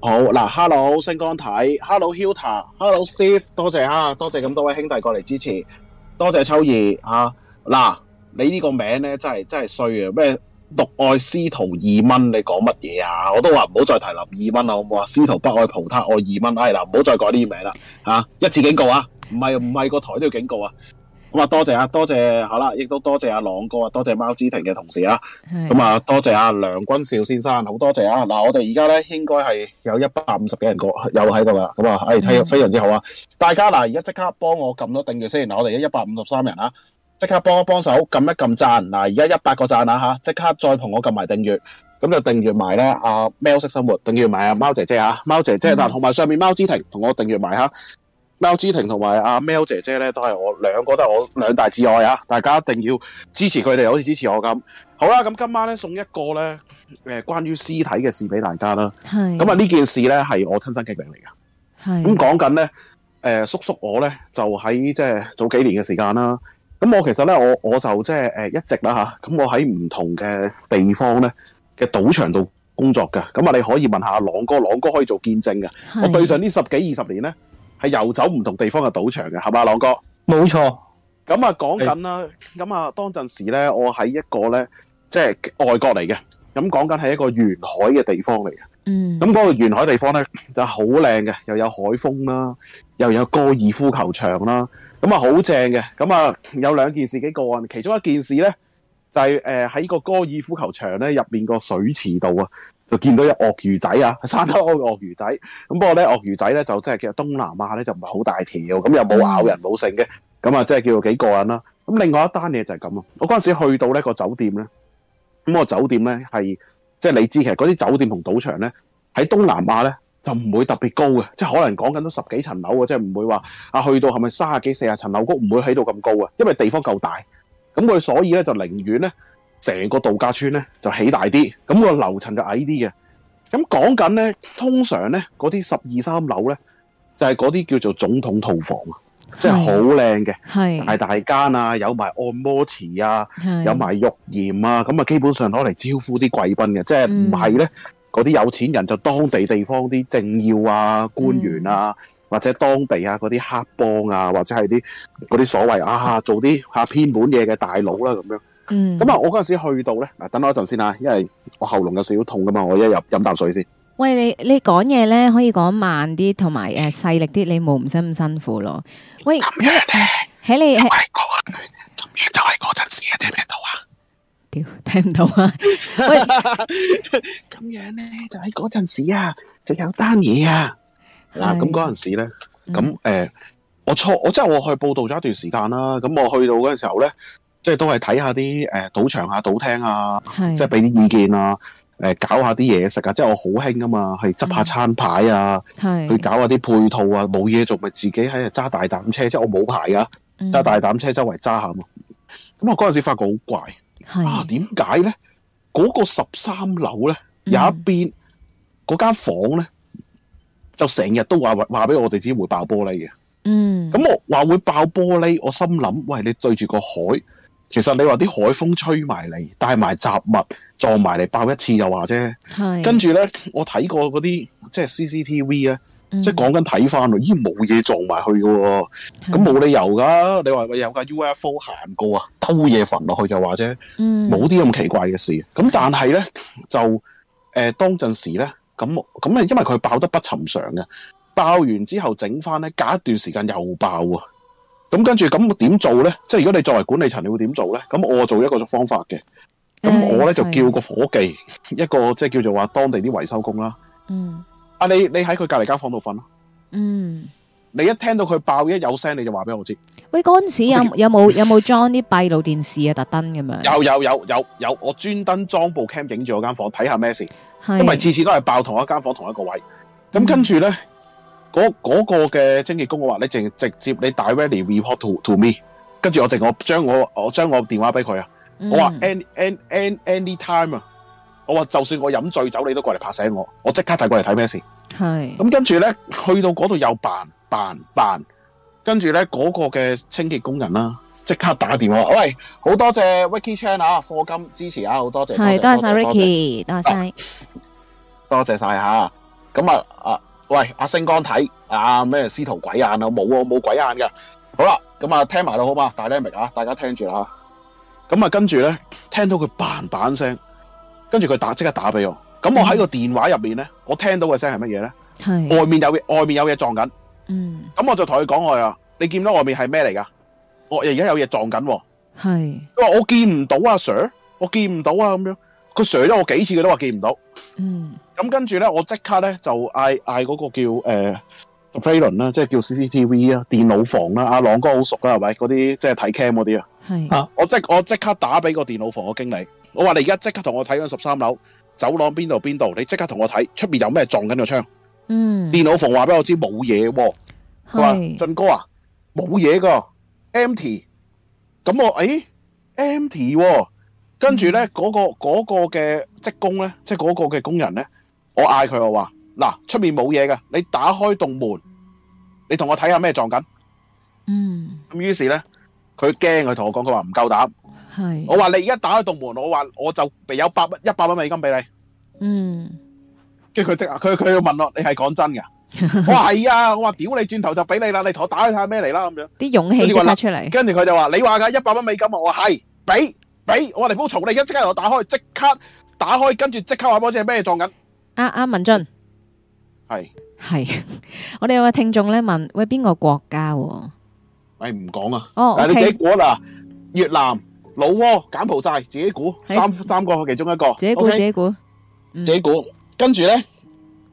好嗱，Hello 星光睇，Hello Holter，Hello Steve，多謝啊！多謝咁多位兄弟過嚟支持，多謝秋怡吓。嗱、啊啊，你呢個名咧真係真係衰啊！咩獨愛司徒二蚊？你講乜嘢啊？我都話唔好再提林二蚊啦，好唔好啊？司徒不愛葡撻愛二蚊，哎嗱，唔好再改呢啲名啦，吓、啊、一次警告啊！唔係唔係個台都要警告啊！咁啊，多謝啊，多謝好啦，亦都多謝阿、啊、朗哥啊，多謝貓之庭嘅同事啊，咁啊的，多謝阿、啊、梁君少先生，好多謝啊！嗱、啊，我哋而家咧應該係有一百五十幾人個，有喺度啦，咁啊，哎，係睇非常之好啊！的大家嗱，而家即刻幫我撳多訂閱先，嗱，我哋而家一百五十三人啊，即刻幫一幫手撳一撳讚，嗱，而家一百個讚啊，吓、啊，即、啊、刻再同我撳埋訂閱，咁就訂閱埋咧阿喵式生活，訂閱埋阿貓姐姐啊，貓姐姐，嗱、嗯，同埋、啊、上面貓之庭，同我訂閱埋哈。喵之庭同埋阿 Mel 姐姐咧，都係我兩個都係我兩大摯愛啊！大家一定要支持佢哋，好似支持我咁。好啦，咁今晚咧送一個咧，誒，關於屍體嘅事俾大家啦。係咁啊，呢件事咧係我親身經歷嚟嘅。係咁講緊咧，誒、呃，叔叔我咧就喺即係早幾年嘅時間啦。咁我其實咧，我我就即係誒一直啦吓。咁、啊、我喺唔同嘅地方咧嘅賭場度工作嘅。咁啊，你可以問一下朗哥，朗哥可以做見證嘅。是的 我對上呢十幾二十年咧。係游走唔同地方嘅賭場嘅，係嘛，朗哥？冇錯。咁啊，講緊啦，咁啊，當陣時咧，我喺一個咧，即係外國嚟嘅。咁講緊係一個沿海嘅地方嚟嘅。嗯。咁嗰個沿海地方咧就好靚嘅，又有海風啦，又有高爾夫球場啦，咁啊好正嘅。咁啊有兩件事幾過癮，其中一件事咧就係誒喺個高爾夫球場咧入面個水池度啊。就見到有鱷魚仔啊，生得個鱷魚仔咁。仔不過咧，鱷魚仔咧就即係叫東南亞咧就唔係好大條，咁又冇咬人冇剩嘅。咁啊，即係叫做幾過癮啦。咁另外一單嘢就係咁啊。我嗰陣時去到呢、個酒店咧，咁、個酒店咧係即係你知，其實嗰啲酒店同賭場咧喺東南亞咧就唔會特別高嘅，即係可能講緊都十幾層樓啊，即係唔會話啊去到係咪卅幾四十層樓高，唔會起到咁高啊，因為地方夠大。咁佢所以咧就寧願咧。成個度假村咧就起大啲，咁、個樓層就矮啲嘅。咁講緊咧，通常咧嗰啲十二三樓咧，就係嗰啲叫做總統套房啊，即係好靚嘅，的大大間啊，有埋按摩池啊，的有埋浴鹽啊，咁啊基本上攞嚟招呼啲貴賓嘅。即係唔係咧？嗰啲、嗯、有錢人就當地地方啲政要啊、官員啊，嗯、或者當地啊嗰啲黑幫啊，或者係啲嗰啲所謂啊做啲啊偏門嘢嘅大佬啦、啊、咁嗯，咁啊，我嗰陣時去到咧，嗱，等我一陣先吓，因為我喉嚨有少少痛噶嘛，我一入飲啖水先。喂，你你講嘢咧可以講慢啲，同埋誒細力啲，你冇唔使咁辛苦咯。喂，喺你喺你，咁樣就喺嗰陣時啊，聽唔聽到啊？屌，聽唔到啊？喂，咁樣咧就喺嗰陣時啊，就有單嘢啊。嗱，咁嗰陣時咧，咁誒，我錯，我即係我去報道咗一段時間啦。咁我去到嗰陣時候咧。即係都係睇下啲誒賭場啊、賭廳啊，是即係俾啲意見啊，誒、呃、搞下啲嘢食啊。即係我好興噶嘛，去執下餐牌啊，嗯、去搞下啲配套啊。冇嘢是做咪自己喺度揸大膽車。嗯、即係我冇牌啊，揸大膽車周圍揸下嘛。咁、嗯嗯、我嗰陣時發覺好怪是啊，點解咧？嗰、嗰個十三樓咧，有一邊嗰間房咧，就成日都話話俾我哋知會爆玻璃嘅。嗯，咁我話會爆玻璃，我心諗，喂，你對住個海。其實你話啲海風吹埋嚟，帶埋雜物撞埋嚟爆一次又話啫。係是跟住咧，我睇過嗰啲即係 CCTV 啊，嗯、即係講緊睇翻，咦，依冇嘢撞埋去喎、啊，咁冇嗎理由噶。你話有架 UFO 行過啊，兜嘢墳落去就話啫。冇啲咁奇怪嘅事。咁但係咧就誒、呃，當陣時咧咁咁啊，因為佢爆得不尋常嘅，爆完之後整翻咧隔一段時間又爆啊。咁跟住咁點做咧？即係如果你作為管理層，你會點做咧？咁我做一個方法嘅，咁、嗯、我咧就叫個伙計，一個，的一個即係叫做話當地啲維修工啦。嗯，啊你你喺佢隔籬間房度瞓咯。嗯，你一聽到佢爆一有聲，你就話俾我知。喂，嗰陣時有有冇有冇裝啲閉路電視啊？特登咁樣。有有有有有，我專登裝部 cam 影住我間房，睇下咩事。的因為次次都係爆同一間房同一個位。咁跟住咧。嗰嗰個嘅清潔工，我話你直直接你 directly report to to me，跟住我淨我將我我將我電話俾佢啊，我話 any any any time 啊，我話就算我飲醉酒，你都過嚟拍醒我，我即刻就過嚟睇咩事。係，咁跟住咧去到嗰度又辦辦辦，跟住咧嗰個嘅清潔工人啦，即刻打電話，喂，好多謝 Ricky Chan 啊，課金支持啊，好多謝。係，多謝晒 Ricky，多謝，多謝晒吓，咁啊啊。喂，阿星光睇啊咩司徒鬼眼啊，冇啊冇鬼眼嘅。好啦，咁、嗯、啊聽埋啦好嘛，大 l 明啊，大家聽住啦。咁啊跟住咧，聽到佢嘭嘭聲，跟住佢打即刻打俾我。咁我喺個電話入面咧，嗯、我聽到嘅聲係乜嘢咧？係是外面有嘢，外面有嘢撞緊。嗯。咁我就同佢講我啊，你見唔到外面係咩嚟噶？我而家有嘢撞緊。係是。佢話我見唔到啊，Sir，我見唔到啊，咁樣。佢 Sir 咗我幾次，佢都話見唔到。嗯。咁跟住咧，我即刻咧就嗌嗌嗰個叫誒飛輪啦，呃、ron, 即係叫 C C T V 啊，電腦房啦，阿朗哥好熟㗎，係咪？嗰啲即係睇 cam 嗰啲啊。係的啊，我即我即刻打俾個電腦房個經理，我話你而家即刻同我睇緊十三樓走廊邊度邊度，你即刻同我睇出邊有咩撞緊個窗。嗯，電腦房話俾我知冇嘢喎，佢話俊哥啊冇嘢噶 empty。咁我誒、欸、empty，、哦、跟住咧嗰個、那個嘅職工咧，即係嗰個嘅工人咧。我嗌佢，我話嗱，出面冇嘢噶，你打開洞門，你同我睇下咩撞緊。嗯，咁於是咧，佢驚佢同我講，佢話唔夠膽。係，我話你而家打開洞門，我話我就俾有百一百蚊美金俾你。嗯，跟住佢即刻，佢佢問我，你係講真噶、 哎？我話係啊，我話屌你，轉頭就俾你啦。你同我打開睇下咩嚟啦，咁樣啲勇氣出嚟。跟住佢就話你話噶一百蚊美金，我話係俾俾我嚟，好嘈你而家即刻同我打開，即刻打開，跟住即刻話我知係咩撞緊。阿阿文進係係，我哋有個聽眾咧問：喂，邊個國家？喂唔講啊！哦，你自己估啦，越南、老撾、柬埔寨，自己估三三個其中一個。自己估，自己估，自己估。跟住咧，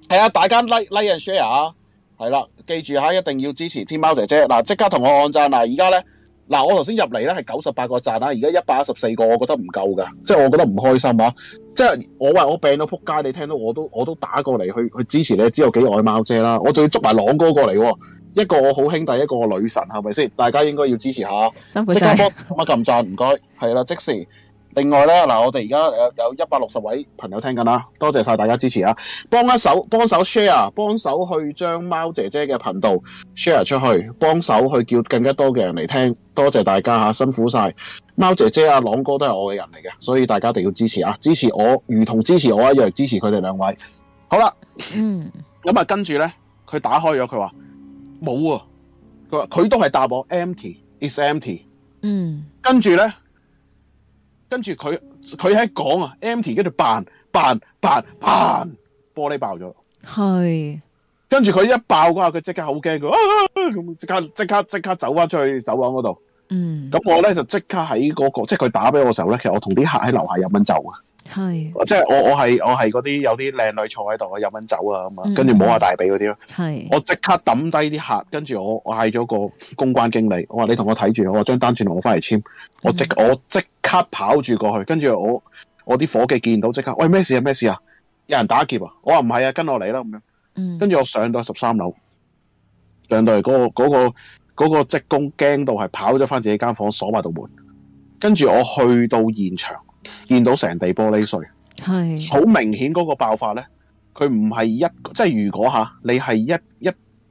係啊，大家 like like and share 啊！係啦，記住吓，一定要支持天喵姐姐。嗱，即刻同我按讚。嗱，而家咧，嗱，我頭先入嚟咧係九十八個讚啊，而家一百一十四個，我覺得唔夠噶，即係我覺得唔開心啊！即係我話我病到扑街，你聽到我都我都打過嚟去去支持你，只有幾愛貓啫啦，我仲要捉埋朗哥過嚟，一個我好兄弟，一個我女神，係咪先？大家應該要支持下，即刻幫我撳讚，唔該，係啦，即時。另外咧，嗱，我哋而家有有一百六十位朋友聽緊啦，多謝晒大家支持啊！幫一手，幫手 share，幫手去將貓姐姐嘅頻道 share 出去，幫手去叫更加多嘅人嚟聽。多謝大家吓，辛苦晒，貓姐姐啊，朗哥都係我嘅人嚟嘅，所以大家一定要支持啊！支持我，如同支持我一樣，支持佢哋兩位。好啦，嗯，咁啊，跟住咧，佢打開咗，佢話冇啊，佢話佢都係答我，Empty，it's empty，嗯，跟住咧。跟住佢，佢喺講啊，Empty 跟住扮扮扮扮，玻璃爆咗。係是。跟住佢一爆嗰下，佢即刻好驚，㗎、啊。咁，即刻即刻即刻走翻出去走廊嗰度。嗯。咁我咧就即刻喺嗰、那個，即係佢打俾我嘅時候咧，其實我同啲客喺樓下飲緊酒啊。係，是即係我我係我係嗰啲有啲靚女坐喺度啊，飲緊酒啊，咁啊，跟住摸下大髀嗰啲咯。係，我即刻抌低啲客，跟住我嗌咗個公關經理，我話你同我睇住，我話張單轉同我翻嚟簽。我即、嗯、我即刻跑住過去，跟住我我啲伙計見到即刻，喂，咩事啊咩事啊？有人打劫啊？我話唔係啊，跟我嚟啦咁樣。跟住、嗯、我上到十三樓，上到嚟嗰、嗰個嗰、嗰個、嗰個職工驚到係跑咗翻自己間房鎖埋度門，跟住我去到現場。見到成地玻璃碎，係好是明顯嗰個爆發咧。佢唔係一即係、就是、如果吓你係一一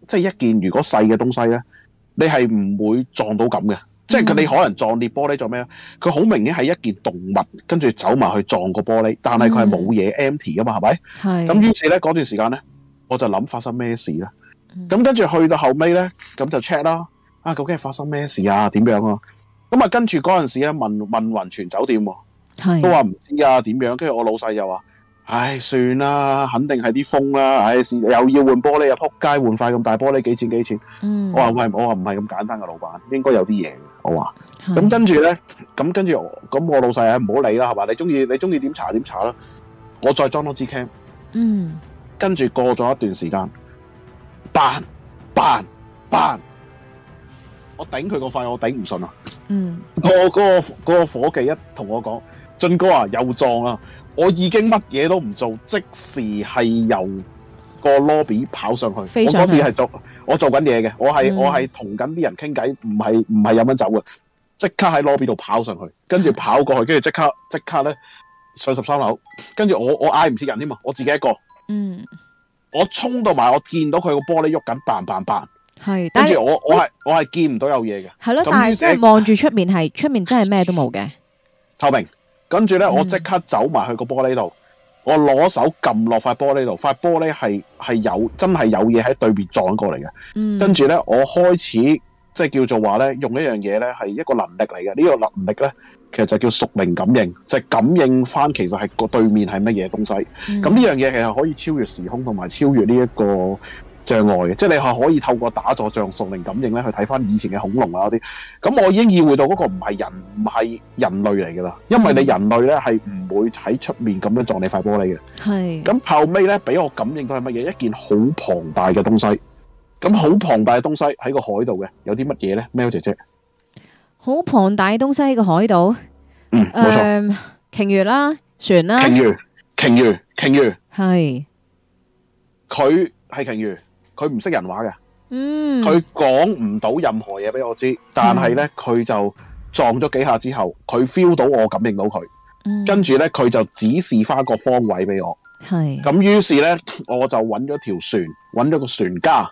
即係、就是、一件如果細嘅東西咧，你係唔會撞到咁嘅。嗯、即係佢你可能撞裂玻璃做咩咧？佢好明顯係一件動物跟住走埋去撞個玻璃，但係佢係冇嘢 empty 噶嘛，係咪、嗯？係咁吧，於是咧嗰段時間咧，我就諗發生咩事啦。咁、嗯、跟住去到後尾咧，咁就 check 啦。啊，究竟係發生咩事啊？點樣啊？咁啊，跟住嗰陣時咧問問雲泉酒店。是都話唔知啊，點樣？跟住我老細又話：唉，算啦，肯定係啲風啦，啊。唉，是又要換玻璃啊，又仆街換塊咁大玻璃，幾錢？幾錢？嗯，我話：喂，我話唔係咁簡單嘅老闆，應該有啲嘢，我話，咁跟住咧，咁跟住，咁我，我老細啊，唔好理啦，係嘛？你中意，你中意點查點查啦。我再裝多支 cam。嗯。跟住過咗一段時間，扮扮扮，我頂佢個肺，我頂唔順啊。嗯。我嗰個嗰、嗰個嗰個伙計一同我講。進哥啊，又撞啦！我已經乜嘢都唔做，即時係由個 lobby 跑上去。我嗰時係做我做緊嘢嘅，我係我係同緊啲人傾偈，唔係唔係飲緊酒嘅。即刻喺 lobby 度跑上去，跟住跑過去，跟住即刻即刻咧上十三樓。跟住我我嗌唔識人添嘛，我自己一個。嗯，我衝到埋，我見到佢個玻璃喐緊 bang bang bang。係，跟住我我係我係見唔到有嘢嘅。係咯，但係望住出面係出面真係咩都冇嘅透明。跟住咧、嗯，我即刻走埋去個玻璃度，我攞手撳落塊玻璃度，塊玻璃係係有真係有嘢喺對面撞過嚟嘅。嗯、跟住咧，我開始即係、就是、叫做話咧，用一樣嘢咧係一個能力嚟嘅。呢、這個能力咧，其實就叫熟靈感應，就係、是、感應翻其實係個對面係乜嘢東西。咁呢、嗯、樣嘢其實可以超越時空，同埋超越呢、這、一個。障礙嘅，即係你係可以透過打坐、降屬靈感應咧去睇翻以前嘅恐龍啊嗰啲。咁我已經意會到嗰個唔係人，唔係人類嚟噶啦，因為你人類咧係唔會喺出面咁樣撞你塊玻璃嘅。係。咁後尾咧俾我感應到係乜嘢？一件好龐大嘅東西。咁好龐大嘅東西喺個海度嘅，有啲乜嘢咧？喵姐姐。好龐大嘅東西喺個海度。嗯，冇錯。鯨魚啦，船啦。鯨魚，鯨魚，鯨魚。係。佢係鯨魚。佢唔識人話嘅，佢講唔到任何嘢俾我知，但係呢，佢、嗯、就撞咗幾下之後，佢 feel 到我感應到佢，嗯、跟住呢，佢就指示翻個方位俾我，係咁於是呢，我就揾咗條船，揾咗個船家，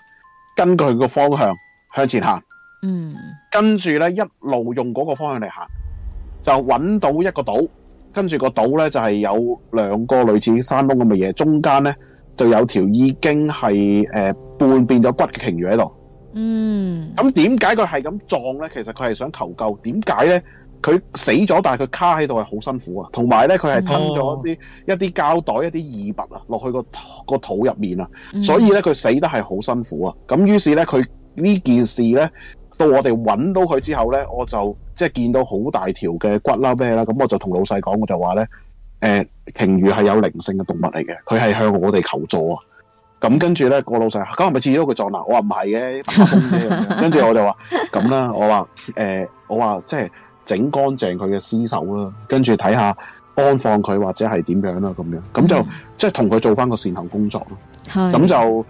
根據個方向向前行，嗯，跟住呢，一路用嗰個方向嚟行，就揾到一個島，跟住個島呢，就係、是、有兩個類似山窿咁嘅嘢，中間呢。就有條已經係誒、呃、半變咗骨嘅鯨魚喺度。嗯，咁點解佢係咁撞咧？其實佢係想求救。點解咧？佢死咗，但係佢卡喺度係好辛苦啊。同埋咧，佢係吞咗啲一啲、哦、膠袋、一啲異物啊落去、個個肚入面啊。所以咧，佢死得係好辛苦啊。咁、嗯、於是咧，佢呢件事咧，到我哋揾到佢之後咧，我就即係見到好大條嘅骨啦咩啦。咁我就同老細講，我就話咧。誒，鯨魚係有靈性嘅動物嚟嘅，佢係向我哋求助啊！咁跟住咧，個老細，咁係咪治咗佢葬啦？我話唔係嘅，跟住我就話咁啦，我話、呃、誒，我話即係整乾淨佢嘅屍首啦，跟住睇下安放佢或者係點樣啦咁樣，咁就即係同佢做翻個善後工作咯，咁是就。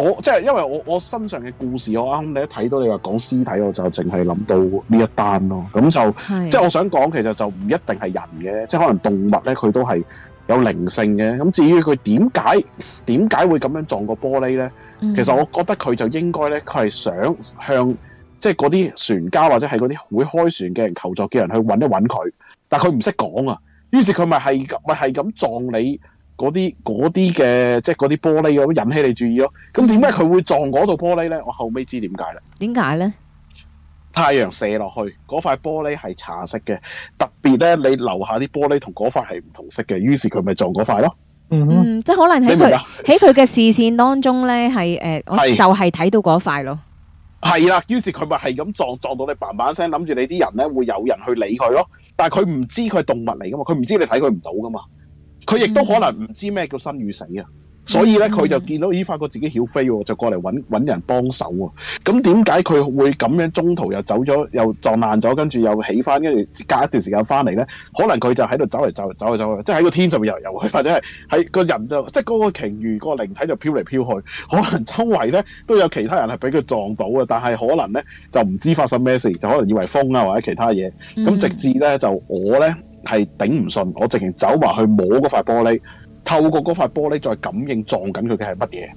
我即係因為我我身上嘅故事，我啱啱你一睇到你話講屍體，我就淨係諗到呢一單咯。咁就是的即係我想講，其實就唔一定係人嘅，即係可能動物咧，佢都係有靈性嘅。咁至於佢點解點解會咁樣撞個玻璃咧？嗯、其實我覺得佢就應該咧，佢係想向即係嗰啲船家或者係嗰啲會開船嘅人求助嘅人去揾一揾佢，但佢唔識講啊。於是佢咪係咪係咁撞你？嗰啲啲嘅即係啲玻璃咁引起你注意咯，咁點解佢會撞嗰度玻璃咧？我後尾知點解啦。點解咧？太陽射落去嗰塊玻璃係茶色嘅，特別咧你樓下啲玻璃同嗰塊係唔同色嘅，於是佢咪撞嗰塊咯。嗯，即係可能喺佢喺佢嘅視線當中咧係誒，呃、我就係睇到嗰塊咯。係啦，於是佢咪係咁撞撞到你慢慢，嘭嘭聲諗住你啲人咧會有人去理佢咯，但係佢唔知佢係動物嚟噶嘛，佢唔知你睇佢唔到噶嘛。佢亦都可能唔知咩叫生與死啊，mm hmm. 所以咧佢就見到咦發覺自己曉飛，就過嚟搵搵人幫手啊。咁點解佢會咁樣中途又走咗，又撞爛咗，跟住又起翻，跟住隔一段時間翻嚟咧？可能佢就喺度走嚟走嚟走嚟走去，即係喺個天上面游嚟游去，或者係喺個人就即係嗰個鯨魚個靈體就飄嚟飄去。可能周圍咧都有其他人係俾佢撞到啊，但係可能咧就唔知發生咩事，就可能以為風啊或者其他嘢。咁直至咧就我咧。係頂唔順，我直情走埋去摸嗰塊玻璃，透過嗰塊玻璃再感應撞緊佢嘅係乜嘢？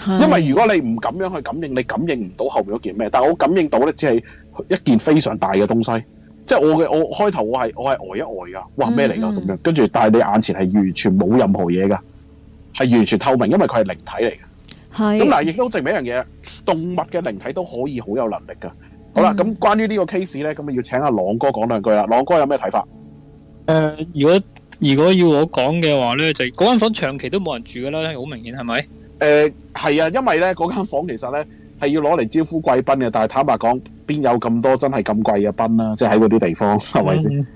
是因為如果你唔咁樣去感應，你感應唔到後面嗰件咩。但係我感應到咧，只係一件非常大嘅東西。即係我嘅我開頭我係我係呆、呃、一呆、呃、噶，哇咩嚟噶咁樣？跟住、mm hmm. 但係你眼前係完全冇任何嘢噶，係完全透明，因為佢係靈體嚟嘅。係咁嗱，亦都證明一樣嘢，動物嘅靈體都可以好有能力噶。Mm hmm. 好啦，咁關於呢個 case 咧，咁啊要請阿朗哥講兩句啦。朗哥有咩睇法？誒，如果如果要我講嘅話咧，就嗰間房長期都冇人住噶啦，好明顯係咪？誒，係啊，因為咧嗰間房其實咧係要攞嚟招呼貴賓嘅，但係坦白講，邊有咁多真係咁貴嘅賓啊？即係喺嗰啲地方係咪先？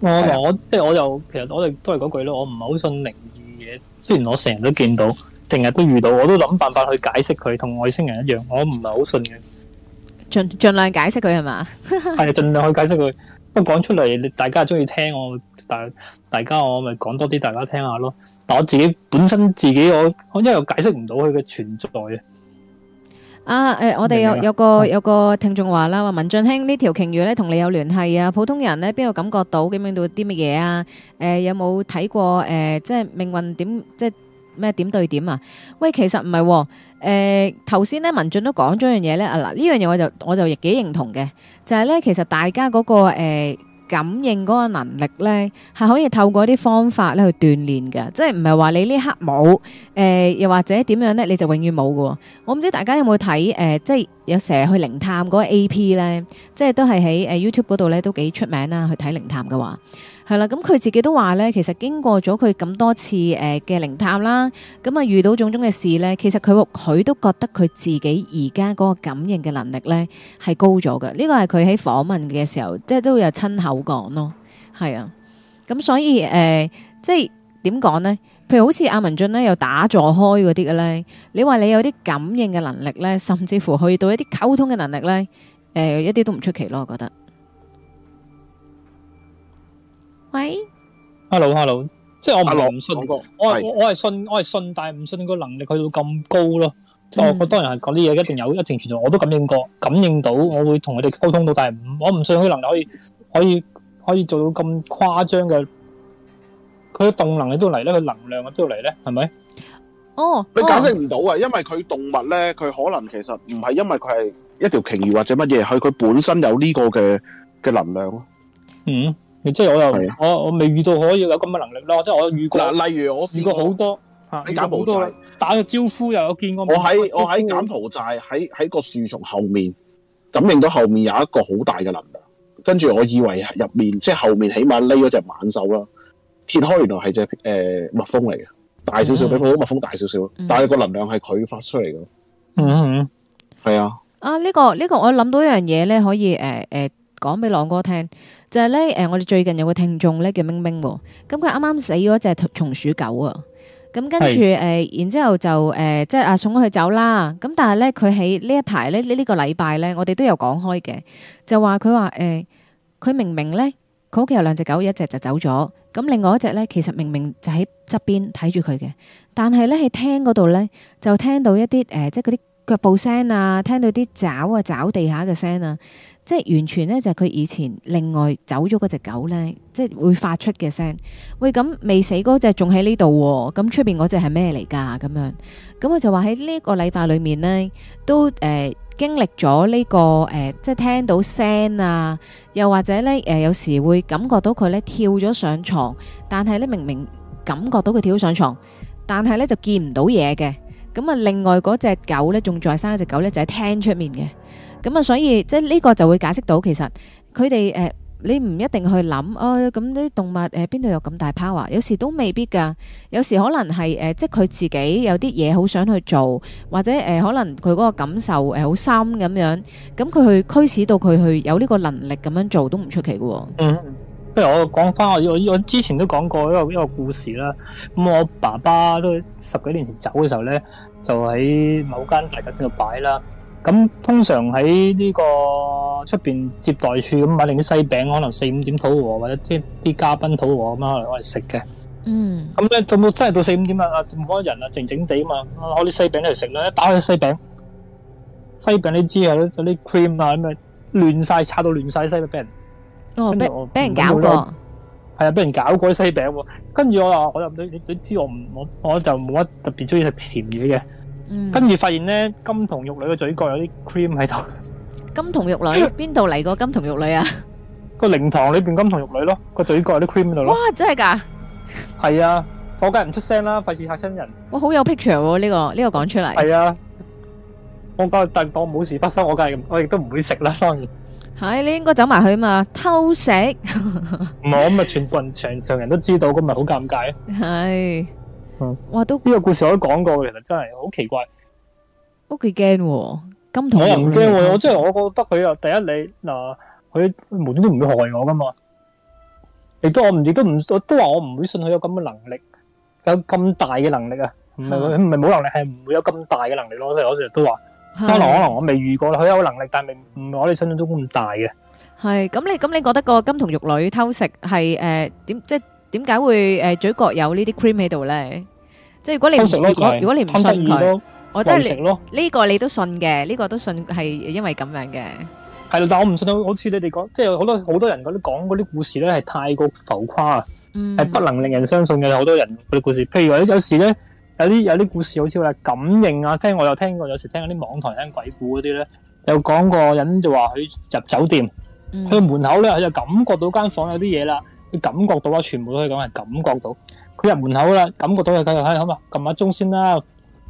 我我即係我又其實我哋都係嗰句咯，我唔係好信靈異嘅。雖然我成日都見到，成日都遇到，我都諗辦法去解釋佢，同外星人一樣，我唔係好信嘅。盡盡量解釋佢係嘛？係盡量去解釋佢。講出嚟，你大家中意聽我，大大家我咪講多啲，大家聽下咯。但我自己本身自己我，我因為我解釋唔到佢嘅存在啊。啊，誒，我哋有麼有，有個有個聽眾話啦，話文進兄呢條鯨魚咧同你有聯繫啊，普通人咧邊度感覺到嘅到啲乜嘢啊？誒、呃，有冇睇過誒、呃？即係命運點即係？咩點對點啊？喂，其實唔係，喔，誒、呃，頭先咧，文進都講咗樣嘢咧，啊嗱，呢樣嘢我就我就亦幾認同嘅，就係、是、咧，其實大家嗰、那個誒、呃、感應嗰個能力咧，係可以透過一啲方法咧去鍛煉嘅，即係唔係話你呢刻冇，誒、呃，又或者點樣咧，你就永遠冇嘅。我唔知大家有冇睇，誒、呃，即係有成日去靈探嗰個 AP 咧，即係都係喺誒 YouTube 嗰度咧都幾出名啦，去睇靈探嘅話。係啦，咁佢自己都話呢，其實經過咗佢咁多次誒嘅、呃、靈探啦，咁啊遇到種種嘅事呢，其實佢佢都覺得佢自己而家嗰個感應嘅能力呢係高咗嘅，呢、這個係佢喺訪問嘅時候，即係都有親口講咯，係啊，咁所以誒、呃、即係點講呢？譬如好似阿文俊呢，又打坐開嗰啲嘅呢，你話你有啲感應嘅能力呢，甚至乎去到一啲溝通嘅能力呢，誒、呃、一啲都唔出奇咯，我覺得。喂，Hello，Hello，即係我唔信，我我係信，我係信，但係唔信個能力去到咁高咯。我我當然係講啲嘢一定有，一定存在。我都感應過，感應到，我會同佢哋溝通到，但係我唔信佢能力可以可以可以做到咁誇張嘅。佢嘅動能喺邊度嚟咧，佢能量喺邊度嚟咧，係咪？哦，你解釋唔到啊，因為佢動物咧，佢可能其實唔係因為佢係一條鯨魚或者乜嘢，係佢本身有呢個嘅嘅能量咯。嗯。即係我又、啊、我我未遇到可以有咁嘅能力咯，即係我遇過，例如我試過遇過好多吓。喺柬埔寨多打個招呼又有見過我。我喺我喺柬埔寨喺喺呼個樹叢後面感應到後面有一個好大嘅能量，跟住我以為入面即係後面起碼匿咗隻猛獸啦，揭開原來係隻誒、呃、蜜蜂嚟嘅，大少少、mm hmm. 比佢。普通蜜蜂大少少，但係個能量係佢發出嚟嘅。嗯、mm，係、hmm. 啊。啊，呢、這個呢、這個我諗到一樣嘢咧，可以誒誒、呃呃、講俾朗哥聽。就係咧，誒，我哋最近有個聽眾咧叫明明，咁佢啱啱死咗隻松鼠狗啊，咁跟住誒係、呃，然之後就誒、呃，即係送佢走啦，咁但係咧佢喺呢一排咧呢呢個禮拜咧，我哋都有講開嘅，就話佢話誒，佢、呃、明明咧，佢屋企有兩隻狗，一隻就走咗，咁另外一隻咧，其實明明就喺側邊睇住佢嘅，但係咧喺廳嗰度咧，就聽到一啲誒、呃，即係嗰啲腳步聲啊，聽到啲爪啊爪地下嘅聲啊。即係完全咧，就係佢以前另外走咗嗰隻狗咧，即係會發出嘅聲。喂，咁未死嗰隻仲喺呢度喎，咁出邊嗰隻係咩嚟㗎？咁樣，咁我就話喺呢一個禮拜裏面咧，都誒經歷咗呢個誒，即係聽到聲啊，又或者咧誒，有時會感覺到佢咧跳咗上牀，但係咧明明感覺到佢跳上牀，但係咧就見唔到嘢嘅。咁啊，另外嗰隻狗咧，仲在生一隻狗咧，就喺廳出面嘅。咁啊，所以即係呢個就會解釋到，其實佢哋誒，你唔一定去諗，誒咁啲動物誒邊度有咁大 power，有時都未必噶，有時可能係誒，即係佢自己有啲嘢好想去做，或者誒可能佢嗰個感受誒好深咁樣，咁佢去驅使到佢去有呢個能力咁樣做都唔出奇噶。嗯，不如我講翻我我我之前都講過一個一個故事啦。咁我爸爸都十幾年前走嘅時候咧，就喺某間大宅度擺啦。咁通常喺呢個出邊接待處，咁買定啲西餅，可能四五點肚餓，或者啲啲嘉賓肚餓咁樣攞嚟食嘅。嗯。咁咧，有冇真係到四五點啊？冇乜人啊，靜靜地啊嘛。攞啲西餅嚟食咧，一打開西餅，西餅你知啊，嗰啲 cream 啊咁啊，亂曬，拆到亂曬西餅。哦，俾俾人搞過。係啊，俾人搞過啲西餅。跟住我又，我又你你知我唔我我就冇乜特別中意食甜嘢嘅。跟住發現咧，金童玉女嘅嘴角有啲 cream 喺度。金童玉女邊度嚟，個金童玉女啊？個靈堂裏邊金童玉女咯，個嘴角有啲 cream 喺度咯。哇，真係噶？係啊，我梗係唔出聲啦，費事吓親人。哇，好有 picture，呢個呢個講出嚟。係啊，我梗，但當冇事發生，我梗係我亦都唔會食啦，當然。係你應該走埋去嘛？偷食唔係咁啊，全部人場場人都知道，咁咪好尷尬啊？係。哇！都呢個故事我都講過，其實真係好奇怪，屋企驚。金童，我又唔驚。我即係我覺得佢啊，第一你嗱，佢無端端唔會害我噶嘛。亦都我唔，亦都唔，我都話我唔會信佢有咁嘅能力，有咁大嘅能力啊？唔係佢唔係冇能力，係唔會有咁大嘅能力咯。所以我成日都話，可能可能我未遇過，佢有能力，但係唔係我哋想象中咁大嘅。係咁，你咁你覺得個金童玉女偷食係誒點即？點解會誒嘴角有呢啲 cream 喺度咧？即係如果你唔如果如果你唔信佢，我真係呢個你都信嘅，呢個都信係因為咁樣嘅。係啦，但係我唔信。好似你哋講，即係好多好多人嗰啲講嗰啲故事咧，係太過浮誇，係不能令人相信嘅。好多人嗰啲故事，譬如話咧，有時咧有啲有啲故事，好似話感應啊，聽我又聽過，有時聽嗰啲網台聽鬼故嗰啲咧，有講過人就話佢入酒店，去門口咧，佢就感覺到間房有啲嘢啦。你感覺到啊，全部都可以講係感覺到。佢入門口啦，感覺到佢佢佢好嘛？撳下鐘先啦，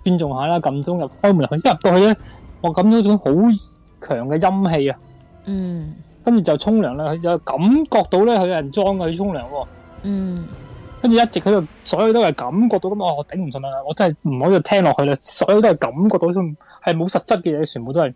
尊重下啦，撳鐘入開門入去。一入到去咧，我感覺到一種好強嘅陰氣啊。嗯。跟住就沖涼啦，佢感覺到咧，佢有人裝佢去沖涼。嗯。跟住一直喺度，所有都係感覺到咁啊！我頂唔順啦，我真係唔可以聽落去啦。所有都係感覺到，係冇實質嘅嘢，嗯那個，全部都係。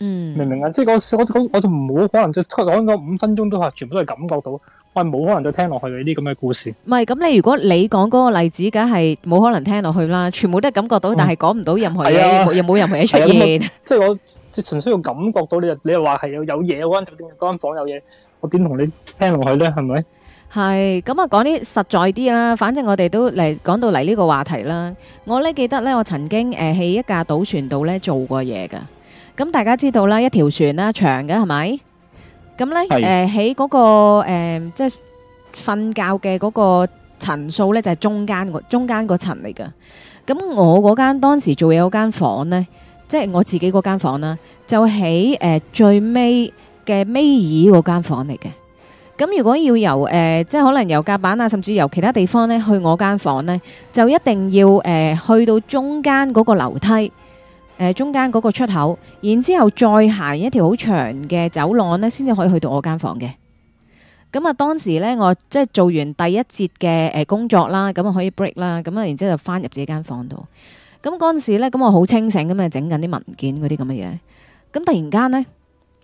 嗯。明唔明啊？即係我我我我唔好可能我，講我，五分鐘都係全部都係感覺到。喂，冇可能再聽落去你啲咁嘅故事。唔係，咁你如果你講嗰個例子，梗係冇可能聽落去啦。全部都係感覺到，但係講唔到任何嘢，又冇任何嘢出現。即係我純粹要感覺到，你就你又話係有有嘢嗰間酒店，嗰間房有嘢，我點同你聽落去咧？係咪？係，咁啊講啲實在啲啦。反正我哋都嚟講到嚟呢個話題啦。我咧記得咧，我曾經誒喺一架賭船度咧做過嘢㗎。咁大家知道啦，一條船啦，長嘅係咪？咁咧，誒喺嗰個、呃、即係瞓覺嘅嗰個層數咧，就係、是、中間嗰中間嗰層嚟嘅。咁我嗰間當時做嘢嗰間房咧，即係我自己嗰間房啦，就喺誒、呃、最尾嘅尾椅嗰間房嚟嘅。咁如果要由誒、呃，即係可能由甲板啊，甚至由其他地方咧去我嗰間房咧，就一定要誒、呃、去到中間嗰個樓梯。誒，中間嗰個出口，然之後再行一條好長嘅走廊咧，先至可以去到我間房嘅。咁啊，當時咧我即係做完第一節嘅誒工作啦，咁啊可以 break 啦，咁啊然之後就翻入自己間房度。咁嗰陣時咧，咁我好清醒咁啊，整緊啲文件嗰啲咁嘅嘢。咁突然間咧，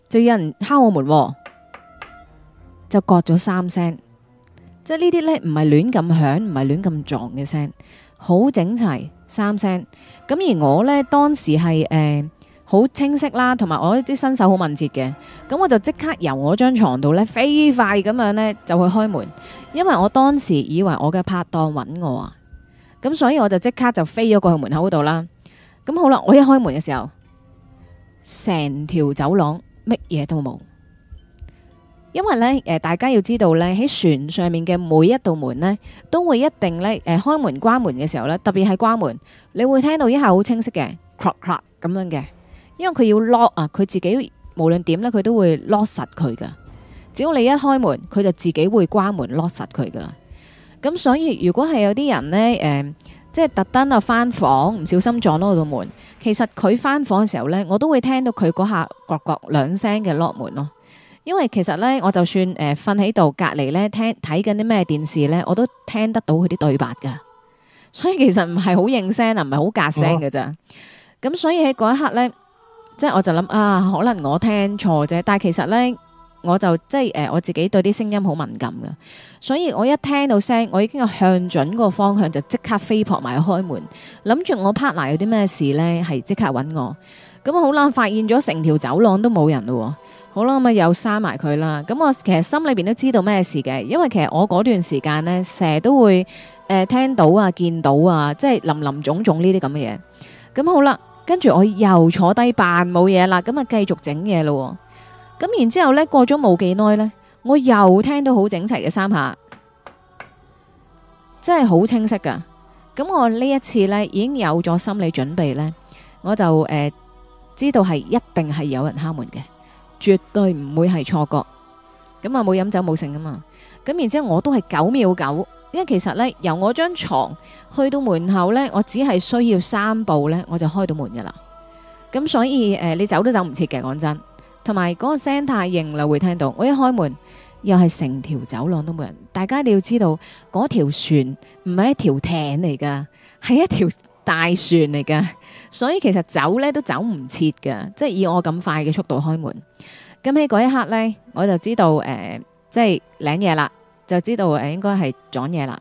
就有人敲我門，就割咗三聲。即係呢啲咧唔係亂咁響，唔係亂咁撞嘅聲，好整齊。三聲，咁而我呢，當時係誒好清晰啦，同埋我啲身手好敏捷嘅，咁我就即刻由我張床度呢，飛快咁樣呢，就去開門，因為我當時以為我嘅拍檔揾我啊，咁所以我就即刻就飛咗過去門口嗰度啦。咁好啦，我一開門嘅時候，成條走廊乜嘢都冇。因為咧，誒、呃，大家要知道咧，喺船上面嘅每一道門咧，都會一定咧，誒、呃，開門關門嘅時候咧，特別係關門，你會聽到一下好清晰嘅，click click 咁樣嘅，因為佢要 lock 啊，佢自己無論點咧，佢都會 lock 實佢噶。只要你一開門，佢就自己會關門 lock 實佢噶啦。咁所以如果係有啲人咧，誒、呃，即係特登啊翻房，唔小心撞到道門，其實佢翻房嘅時候咧，我都會聽到佢嗰下咯咯兩聲嘅落門咯。因為其實咧，我就算誒瞓喺度隔籬咧，聽睇緊啲咩電視咧，我都聽得到佢啲對白噶。所以其實唔係好應聲啊，唔係好隔聲嘅咋。咁、哦嗯、所以喺嗰一刻咧，即係我就諗啊，可能我聽錯啫。但係其實咧，我就即係誒、呃，我自己對啲聲音好敏感噶。所以我一聽到聲，我已經有向準個方向就即刻飛撲埋去開門，諗住我 partner 有啲咩事咧，係即刻搵我。咁、嗯、好啦，發現咗成條走廊都冇人咯、哦。好啦，咁啊又閂埋佢啦。咁我其實心裏邊都知道咩事嘅，因為其實我嗰段時間呢，成日都會誒、呃、聽到啊，見到啊，即係林林總總呢啲咁嘅嘢。咁好啦，跟住我又坐低扮冇嘢啦，咁啊繼續整嘢咯。咁然之後呢，過咗冇幾耐呢，我又聽到好整齊嘅三下，真係好清晰噶。咁我呢一次呢，已經有咗心理準備呢，我就誒、呃、知道係一定係有人敲門嘅。絕對唔會係錯覺，咁啊冇飲酒冇成噶嘛，咁然之後我都係九秒九，因為其實呢由我張床去到門口呢，我只係需要三步呢，我就開到門噶啦。咁所以誒你走都走唔切嘅，講真，同埋嗰個聲太型啦，會聽到我一開門又係成條走廊都冇人。大家你要知道嗰條船唔係一條艇嚟噶，係一條大船嚟噶。所以其實走咧都走唔切㗎，即係以我咁快嘅速度開門，咁喺嗰一刻咧，我就知道誒，即係領嘢啦，就知道誒、呃、應該係撞嘢啦。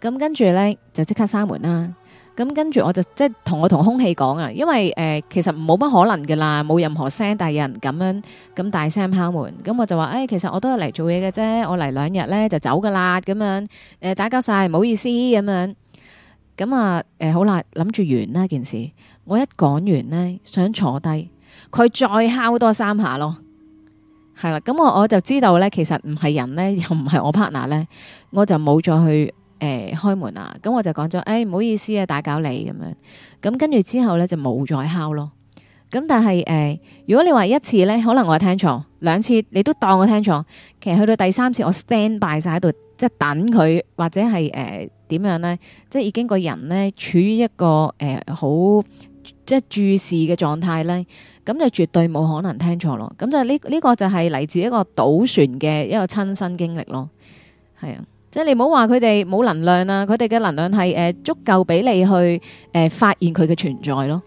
咁跟住咧就即刻閂門啦。咁跟住我就即係同我同空氣講啊，因為誒、呃、其實冇乜可能噶啦，冇任何聲，但係人咁樣咁大聲敲門，咁我就話誒、哎，其實我都係嚟做嘢嘅啫，我嚟兩日咧就走噶啦，咁樣誒打攪晒，唔好意思咁樣。咁啊誒好啦，諗住完啦件事。我一講完呢，想坐低，佢再敲多三下咯，係啦，咁我我就知道呢，其實唔係人呢，又唔係我 partner 呢。我就冇再去誒、呃、開門啦。咁我就講咗，誒、哎、唔好意思啊，打攪你咁樣。咁跟住之後呢，就冇再敲咯。咁但係、呃、如果你話一次呢，可能我聽錯；兩次你都當我聽錯。其實去到第三次，我 stand by 晒喺度，即、就是、等佢或者係誒點樣呢？即、就、係、是、已經個人呢，處於一個好，呃即係注視嘅狀態咧，咁就絕對冇可能聽錯咯。咁就呢呢個就係嚟自一個賭船嘅一個親身經歷咯。係啊，即係你唔好話佢哋冇能量啊，佢哋嘅能量係誒足夠俾你去誒發現佢嘅存在咯。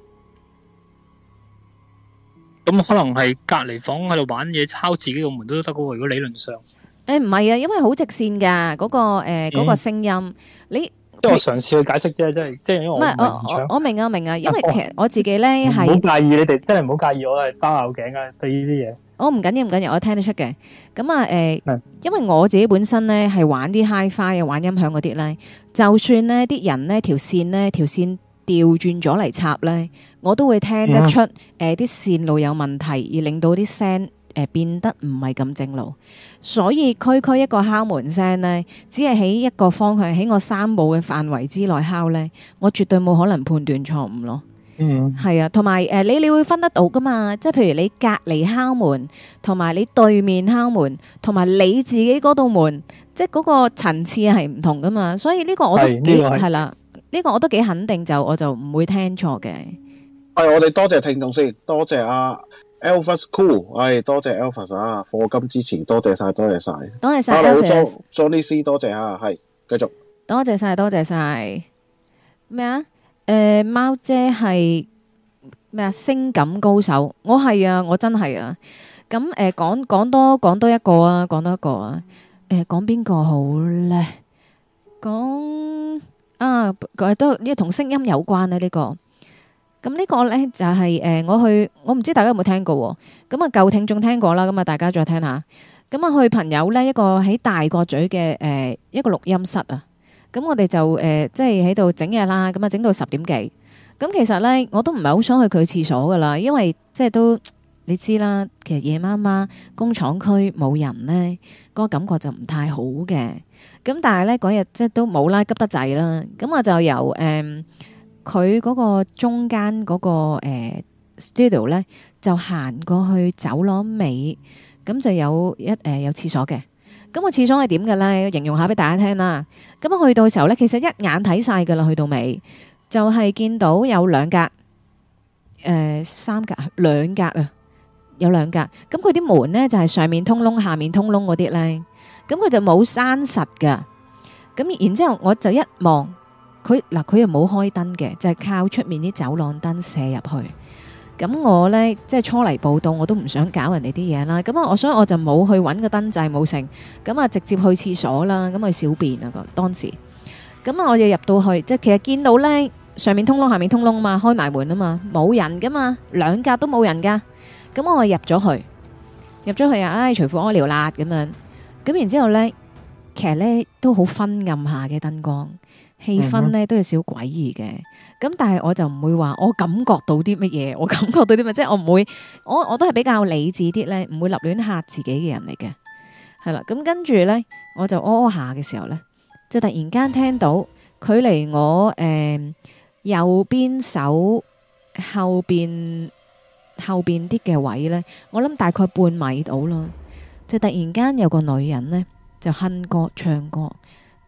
咁可能係隔籬房喺度玩嘢敲自己個門都得噶喎。如果理論上誒唔係啊，因為好直線噶嗰個誒嗰個聲音你。即係我嘗試去解釋啫，即係即係，因為我明唔明？我我明啊，明啊，因為其實我自己咧係唔好介意你哋真係唔好介意，我係包拗頸噶對呢啲嘢。我唔緊要唔緊要，我聽得出嘅。咁啊，誒，因為我自己本身咧係玩啲 Hi-Fi 嘅，玩音響嗰啲咧，就算咧啲人咧條線咧條線調轉咗嚟插咧，我都會聽得出誒啲線路有問題，而令到啲聲。誒，變得唔係咁正路，所以區區一個敲門聲呢，只係喺一個方向，喺我三步嘅範圍之內敲呢，我絕對冇可能判斷錯誤咯。嗯，係啊，同埋誒，你你會分得到噶嘛？即係譬如你隔籬敲門，同埋你對面敲門，同埋你自己嗰度門，即係嗰個層次係唔同噶嘛？所以呢個我都係啦，呢個我都幾肯定，就我就唔會聽錯嘅。係我哋多謝聽眾先，多謝啊。Alpha School，係多謝 Alpha 啊！課金之前多謝晒，多謝晒，啊，多謝晒。Hello，Johnny C，多謝啊，係繼續多，多謝晒，多謝晒。咩啊？誒、呃，貓姐係咩啊？星感高手，我係啊，我真係啊。咁誒，講、呃、講多，講多一個啊，講多一個啊。誒、呃，講邊個好咧？講啊，都呢同聲音有關呢、啊。呢、這個。咁呢個咧就係誒，我去我唔知大家有冇聽過喎。咁啊，舊聽眾聽過啦，咁啊，大家再聽下。咁啊，去朋友咧一個喺大角咀嘅誒一個錄音室啊。咁我哋就誒即係喺度整嘢啦。咁啊，整到十點幾。咁其實咧，我都唔係好想去佢廁所噶啦，因為即係都你知啦，其實夜媽媽工廠區冇人咧，嗰個感覺就唔太好嘅。咁但係咧嗰日即係都冇啦急得滯啦。咁我就由誒。佢嗰個中間嗰個誒 studio 咧，就行過去走廊尾，咁就有一誒有廁所嘅。咁個廁所係點嘅咧？形容下俾大家聽啦。咁去到時候咧，其實一眼睇曬㗎啦，去到尾就係見到有兩格誒三格兩格啊，有兩格。咁佢啲門咧就係上面通窿、下面通窿嗰啲咧。咁佢就冇山實㗎。咁然之後，我就一望。佢嗱，佢又冇開燈嘅，就係、是、靠出面啲走廊燈射入去。咁我呢，即係初嚟報到，我都唔想搞人哋啲嘢啦。咁啊，我想我就冇去搵個燈掣冇成，咁啊直接去廁所啦。咁去小便啊、那個當時。咁啊，我就入到去，即係其實見到呢，上面通窿，下面通窿啊嘛，開埋門啊嘛，冇人噶嘛，兩格都冇人噶。咁我入咗去，入咗去啊！唉、哎，隨富屙尿啦咁樣。咁然之後咧，其實呢，都好昏暗下嘅燈光。氣氛咧都有少詭異嘅，咁但係我就唔會話我感覺到啲乜嘢，我感覺到啲乜，即係我唔會，我我都係比較理智啲咧，唔會立亂嚇自己嘅人嚟嘅，係啦。咁跟住咧，我就屙屙下嘅時候咧，就突然間聽到距離我、呃、右邊手後邊後邊啲嘅位咧，我諗大概半米到啦，就突然間有個女人咧就哼歌唱歌。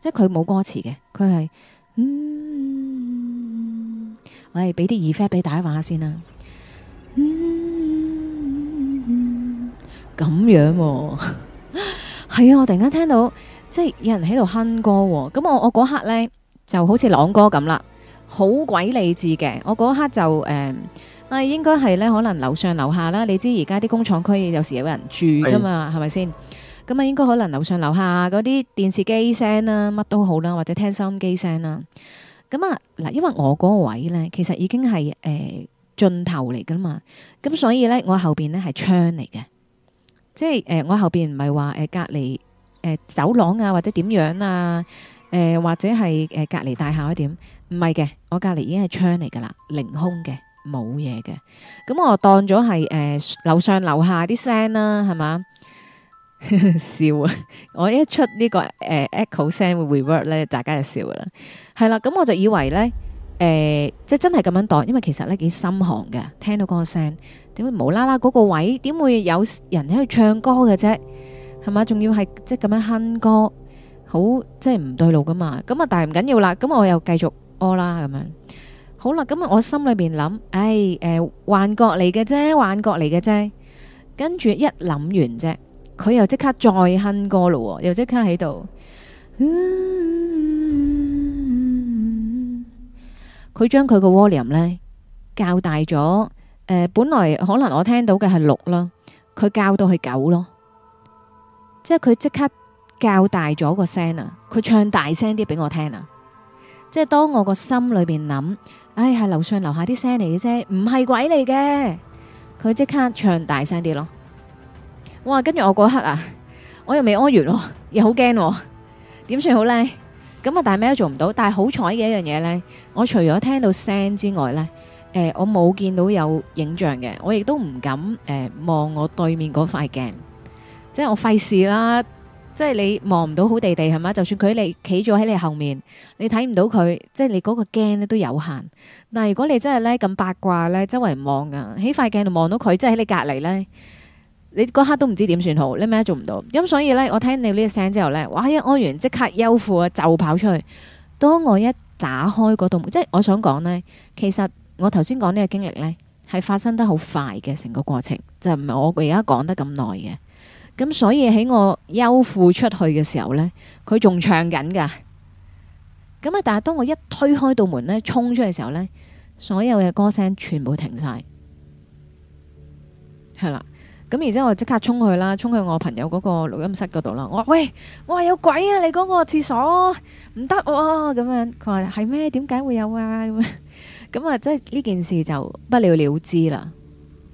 即係佢冇歌詞嘅，佢係，嗯，我哋俾啲耳 f f 俾大家玩下先啦，嗯，咁、嗯嗯、樣、哦，係 啊，我突然間聽到，即係有人喺度哼歌，哦，咁我我嗰刻呢，就好似朗哥咁啦，好鬼理智嘅，我嗰刻就誒，啊、嗯哎，應該係咧，可能樓上樓下啦，你知而家啲工廠區有時候有人住噶嘛，係咪先？咁啊，應該可能樓上樓下嗰啲電視機聲啦，乜都好啦，或者聽收音機聲啦。咁啊，嗱，因為我嗰個位咧，其實已經係誒盡頭嚟噶嘛。咁所以咧，我後邊咧係窗嚟嘅，即係誒、呃、我後邊唔係話誒隔籬誒、呃、走廊啊或者點樣啊，誒、呃、或者係誒、呃、隔籬大廈一點唔係嘅，我隔籬已經係窗嚟噶啦，凌空嘅冇嘢嘅。咁我當咗係誒樓上樓下啲聲啦，係嘛？笑啊！我一出呢個誒 echo 聲會 revert 咧，大家就笑啦。係啦，咁我就以為咧誒，即係真係咁樣當，因為其實咧幾心寒嘅。聽到嗰個聲，點會無啦啦嗰個位，點會有人喺度唱歌嘅啫？係嘛，仲要係即係咁樣哼歌，好即係唔對路噶嘛。咁啊，但係唔緊要啦。咁我又繼續屙啦。咁樣好啦。咁我心裏邊諗，誒誒幻覺嚟嘅啫，幻覺嚟嘅啫。跟住一諗完啫。佢又即刻再哼歌咯，又即刻喺度。佢將佢個 volume 呢校大咗、呃。本來可能我聽到嘅係六啦，佢校到係九咯。即係佢即刻校大咗個聲啊！佢唱大聲啲俾我聽啊！即係當我個心裏邊諗，哎，係樓上樓下啲聲嚟嘅啫，唔係鬼嚟嘅。佢即刻唱大聲啲咯。哇！跟住我嗰刻啊，我又未屙完，又好驚、啊，點算好呢？咁啊，大咩都做唔到。但係好彩嘅一樣嘢呢，我除咗聽到聲之外呢，誒、呃，我冇見到有影像嘅，我亦都唔敢誒、呃、望我對面嗰塊鏡，即係我費事啦。即係你望唔到好地地係嘛？就算佢你企咗喺你後面，你睇唔到佢，即係你嗰個驚都有限。但係如果你真係呢咁八卦呢，周圍望啊，喺塊鏡度望到佢，即係喺你隔離呢。你嗰刻都唔知點算好，你咩做唔到。咁所以呢，我聽你呢個聲之後呢，哇！一屙完即刻，優父啊就跑出去。當我一打開嗰道門，即係我想講呢，其實我頭先講呢個經歷呢，係發生得好快嘅，成個過程，就唔係我而家講得咁耐嘅。咁所以喺我優父出去嘅時候呢，佢仲唱緊噶。咁啊，但係當我一推開道門呢，衝出去嘅時候呢，所有嘅歌聲全部停晒，係啦。咁，然之後我即刻衝去啦，衝去我朋友嗰個錄音室嗰度啦。我話：喂，我話有鬼啊！你嗰個廁所唔得喎。咁樣佢話：係咩？點解會有啊？咁咁啊，即係呢件事就不了了之啦。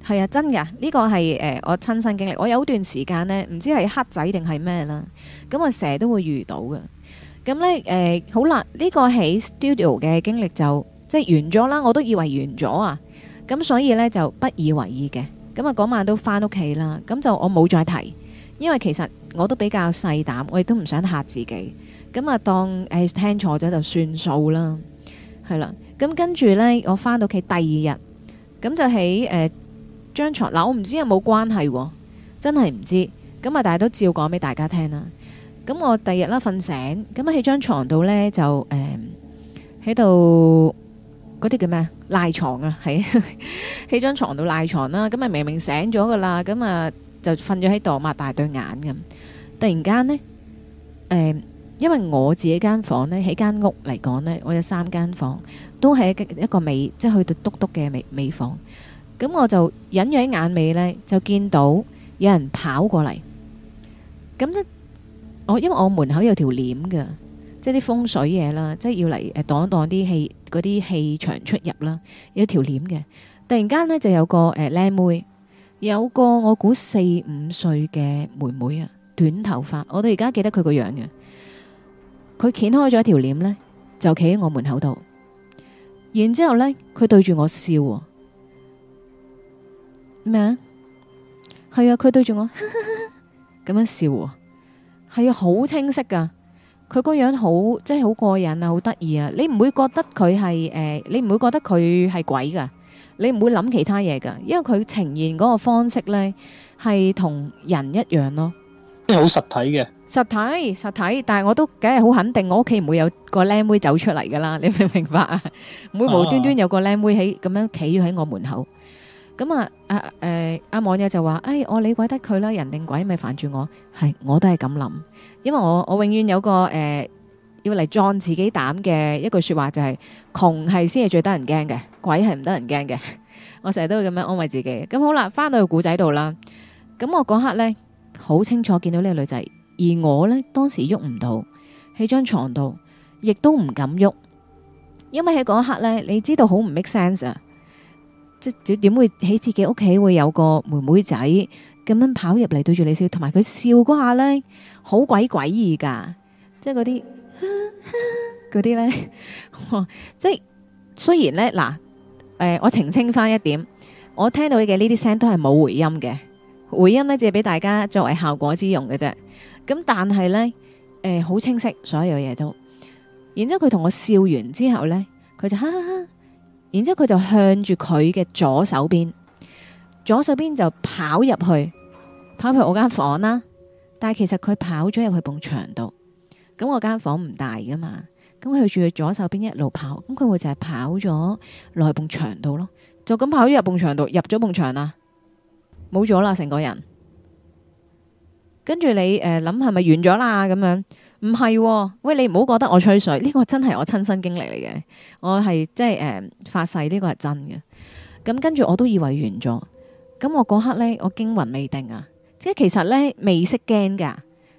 係啊，真噶，呢個係誒我親身經歷。我有段時間呢，唔知係黑仔定係咩啦。咁我成日都會遇到㗎。咁咧誒，好啦，呢個喺 studio 嘅經歷就即係完咗啦。我都以為完咗啊。咁所以咧就不以為意嘅。咁啊，嗰晚都翻屋企啦，咁就我冇再提，因為其實我都比較細膽，我亦都唔想嚇自己，咁啊當誒聽錯咗就算數啦，係啦，咁跟住呢，我翻到屋企第二日，咁就喺誒張床，嗱，呃，我唔知有冇關係，啊，真係唔知，咁啊但係都照講俾大家聽啦，咁我第二日啦瞓醒，咁喺張床度呢，就誒喺度嗰啲叫咩？賴床啊，係啊，喺張床度賴床啦，咁啊明明醒咗噶啦，咁啊就瞓咗喺度擘大對眼咁，突然間咧，誒，因為我自己間房咧，喺間屋嚟講咧，我有三間房，都係一一個尾，即係去到篤篤嘅尾尾房，咁我就隱約喺眼尾咧，就見到有人跑過嚟，咁即係我因為我門口有條簾噶，即係啲風水嘢啦，即係要嚟誒擋擋啲氣。嗰啲氣場出入啦，有條簾嘅，突然間呢，就有個誒靚妹，有個我估四五歲嘅妹妹啊，短頭髮，我到而家記得佢個樣嘅，佢掀開咗一條簾呢，就企喺我門口度，然之後呢佢對住我笑，咩啊？係啊，佢對住我哈哈，咁樣笑，係啊好清晰噶。佢個樣好，即係好過癮啊，好得意啊！你唔會覺得佢係誒，你唔會覺得佢係鬼噶，你唔會諗其他嘢噶，因為佢呈現嗰個方式呢係同人一樣咯，即係好實體嘅。實體實體，但係我都梗係好肯定，我屋企唔會有個靚妹走出嚟噶啦，你明唔明白啊？唔會無端端有個靚妹喺咁樣企喺我門口。咁啊，阿誒阿網友就話：誒、哎、我理鬼得佢啦，人定鬼咪煩住我。係我都係咁諗，因為我我永遠有個誒、呃、要嚟壯自己膽嘅一句說話，就係、是、窮係先係最得人驚嘅，鬼係唔得人驚嘅。我成日都會咁樣安慰自己。咁好啦，翻到去古仔度啦，咁我嗰刻咧好清楚見到呢個女仔，而我咧當時喐唔到喺張床度，亦都唔敢喐，因為喺嗰一刻咧，你知道好唔 make sense 啊。即點會喺自己屋企會有個妹妹仔咁樣跑入嚟對住你笑，同埋佢笑嗰下呢，好鬼詭異噶，即係嗰啲嗰啲呢，即係雖然呢，嗱，誒、呃，我澄清翻一點，我聽到你嘅呢啲聲音都係冇回音嘅，回音呢，只係俾大家作為效果之用嘅啫，咁但係呢，誒、呃，好清晰所有嘢都，然之後佢同我笑完之後呢，佢就哈哈哈。然之後佢就向住佢嘅左手邊，左手邊就跑入去，跑去我間房啦。但係其實佢跑咗入去埲牆度，咁我間房唔大噶嘛，咁佢住佢左手邊一路跑，咁佢會就係跑咗落去埲牆度咯，就咁跑咗入埲牆度，入咗埲牆啦，冇咗啦成個人。跟住你誒諗係咪完咗啦咁樣？唔係、喎、喂，你唔好覺得我吹水。呢個真係我親身經歷嚟嘅，我係即係誒、呃、發誓呢個係真嘅。咁跟住我都以為完咗，咁我嗰刻呢，我驚魂未定啊。即係其實呢，未識驚噶，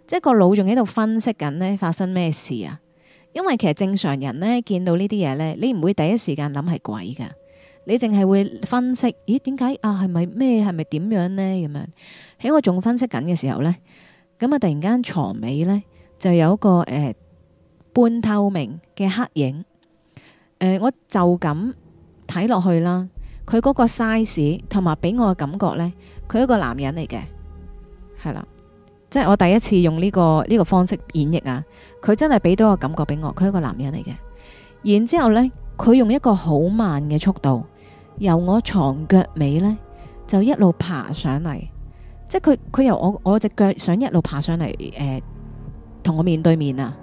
即係個腦仲喺度分析緊呢，發生咩事啊。因為其實正常人呢，見到呢啲嘢呢，你唔會第一時間諗係鬼噶，你淨係會分析咦，點解啊，係咪咩，係咪點樣呢？咁樣喺我仲分析緊嘅時候呢，咁啊突然間床尾呢。就有一個、呃、半透明嘅黑影、呃、我就咁睇落去啦。佢嗰個 size 同埋俾我嘅感覺呢，佢一個男人嚟嘅係啦，即係我第一次用呢個呢個方式演繹啊。佢真係俾到個感覺俾我，佢一個男人嚟嘅。然之後呢，佢用一個好慢嘅速度由我床腳尾呢，就一路爬上嚟，即係佢佢由我我隻腳想一路爬上嚟誒，呃同我面對面啊，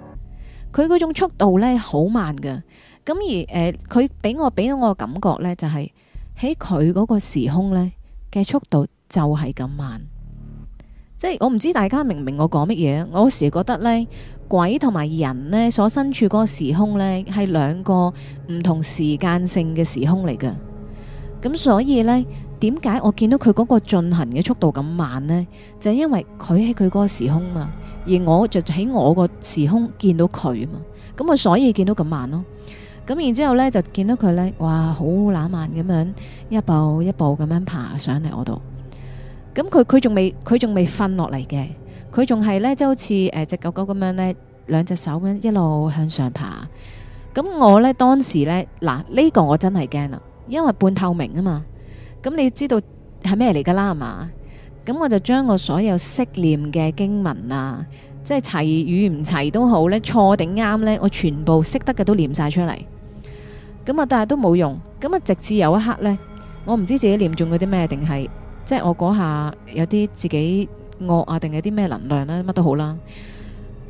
佢嗰種速度呢好慢㗎，咁而誒，佢俾我俾到我嘅感覺呢就係喺佢嗰個時空呢嘅速度就係咁慢，即係我唔知大家明唔明我講乜嘢。我有時覺得呢，鬼同埋人呢所身處嗰個時空呢係兩個唔同時間性嘅時空嚟㗎，咁所以呢。點解我見到佢嗰個進行嘅速度咁慢呢？就係因為佢喺佢嗰個時空嘛，而我就喺我個時空見到佢啊嘛，咁我所以見到咁慢咯。咁然之後咧就見到佢呢，哇，好懶慢咁樣一步一步咁樣爬上嚟我度。咁佢佢仲未佢仲未瞓落嚟嘅，佢仲係呢，就好似誒隻狗狗咁樣呢，兩隻手咁一路向上爬。咁我呢，當時呢，嗱呢個我真係驚啦，因為半透明啊嘛。咁你知道係咩嚟噶啦？係嘛？咁我就將我所有識念嘅經文啊，即係齊語唔齊都好咧，錯定啱咧，我全部識得嘅都念晒出嚟。咁啊，但係都冇用。咁啊，直至有一刻咧，我唔知自己念中嗰啲咩，定係即係我嗰下有啲自己惡啊，定係啲咩能量啦，乜都好啦。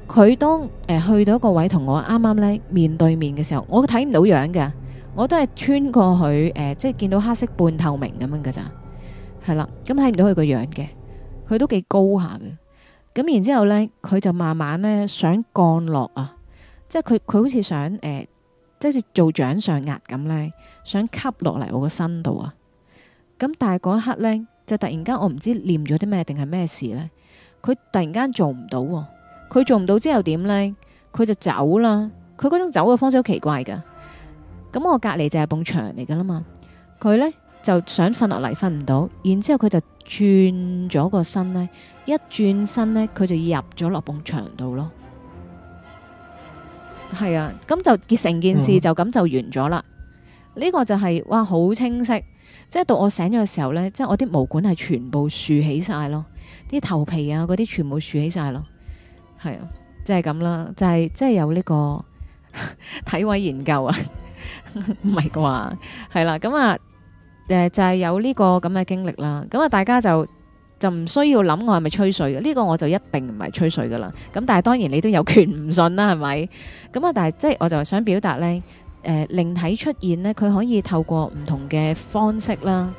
佢當誒去到一個位同我啱啱咧面對面嘅時候，我睇唔到樣嘅。我都係穿過去，誒、呃，即係見到黑色半透明咁樣噶咋，係啦，咁睇唔到佢個樣嘅，佢都幾高下嘅，咁然之後呢，佢就慢慢呢想降落啊，即係佢佢好似想，誒、呃，即係做掌上壓咁呢，想吸落嚟我個身度啊，咁但係嗰一刻呢，就突然間我唔知念咗啲咩定係咩事呢，佢突然間做唔到，佢做唔到之後點呢？佢就走啦，佢嗰種走嘅方式好奇怪噶。咁我隔籬就係埲牆嚟噶啦嘛，佢呢就想瞓落嚟瞓唔到，然之後佢就轉咗個身呢，一轉身呢佢就入咗落埲牆度咯。係啊，咁就成件事就咁就完咗啦。嗯。呢個就係哇，好清晰，即係到我醒咗嘅時候呢，即係我啲毛管係全部豎起晒咯，啲頭皮啊嗰啲全部豎起晒咯。係啊，即係咁啦，就係即係有呢個呵呵體位研究啊。唔係啩，係啦， 咁啊，誒、呃、就係、是、有呢個咁嘅經歷啦，咁啊大家就就唔需要諗我係咪吹水嘅，呢、呢個我就一定唔係吹水噶啦，咁但係當然你都有權唔信啦，係咪？咁啊，但係即係我就想表達呢，誒、呃、靈體出現呢，佢可以透過唔同嘅方式啦，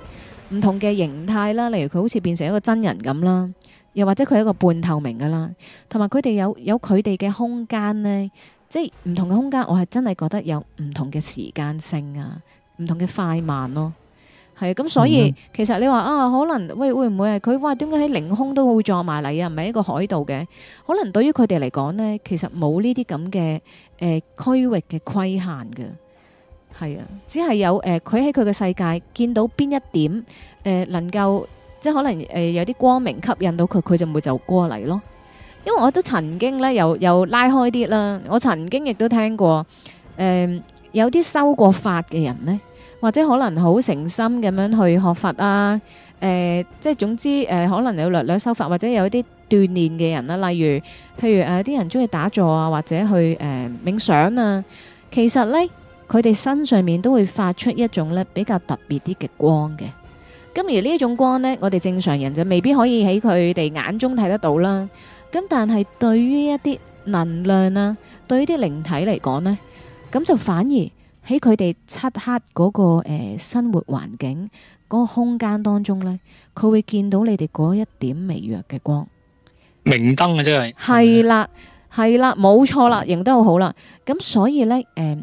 唔同嘅形態啦，例如佢好似變成一個真人咁啦，又或者佢一個半透明噶啦，同埋佢哋有佢哋有佢哋嘅空間呢。即係唔同嘅空間，我係真係覺得有唔同嘅時間性啊，唔同嘅快慢咯。係啊，咁所以、嗯啊、其實你話啊，可能喂會唔會係佢哇？點解喺凌空都會撞埋嚟啊？唔係一個海度嘅，可能對於佢哋嚟講呢，其實冇呢啲咁嘅誒區域嘅規限嘅。係啊，只係有誒佢喺佢嘅世界見到邊一點誒、呃，能夠即係可能誒、呃、有啲光明吸引到佢，佢就唔會就過嚟咯。因為我都曾經咧，又又拉開啲啦。我曾經亦都聽過，誒、呃、有啲修過法嘅人呢，或者可能好誠心咁樣去學法啊，誒、呃、即係總之誒、呃、可能有略略修法，或者有啲鍛鍊嘅人啦。例如譬如誒啲、呃、人鍾意打坐啊，或者去誒、呃、冥想啊，其實呢，佢哋身上面都會發出一種咧比較特別啲嘅光嘅。咁而呢一種光呢，我哋正常人就未必可以喺佢哋眼中睇得到啦。咁但係對於一啲能量啊，對於啲靈體嚟講呢，咁就反而喺佢哋漆黑嗰、那個誒、呃、生活環境嗰、那個空間當中呢，佢會見到你哋嗰一點微弱嘅光，明燈啊，真係？係啦，係啦，冇錯啦，影得好好啦。咁所以呢，誒、呃，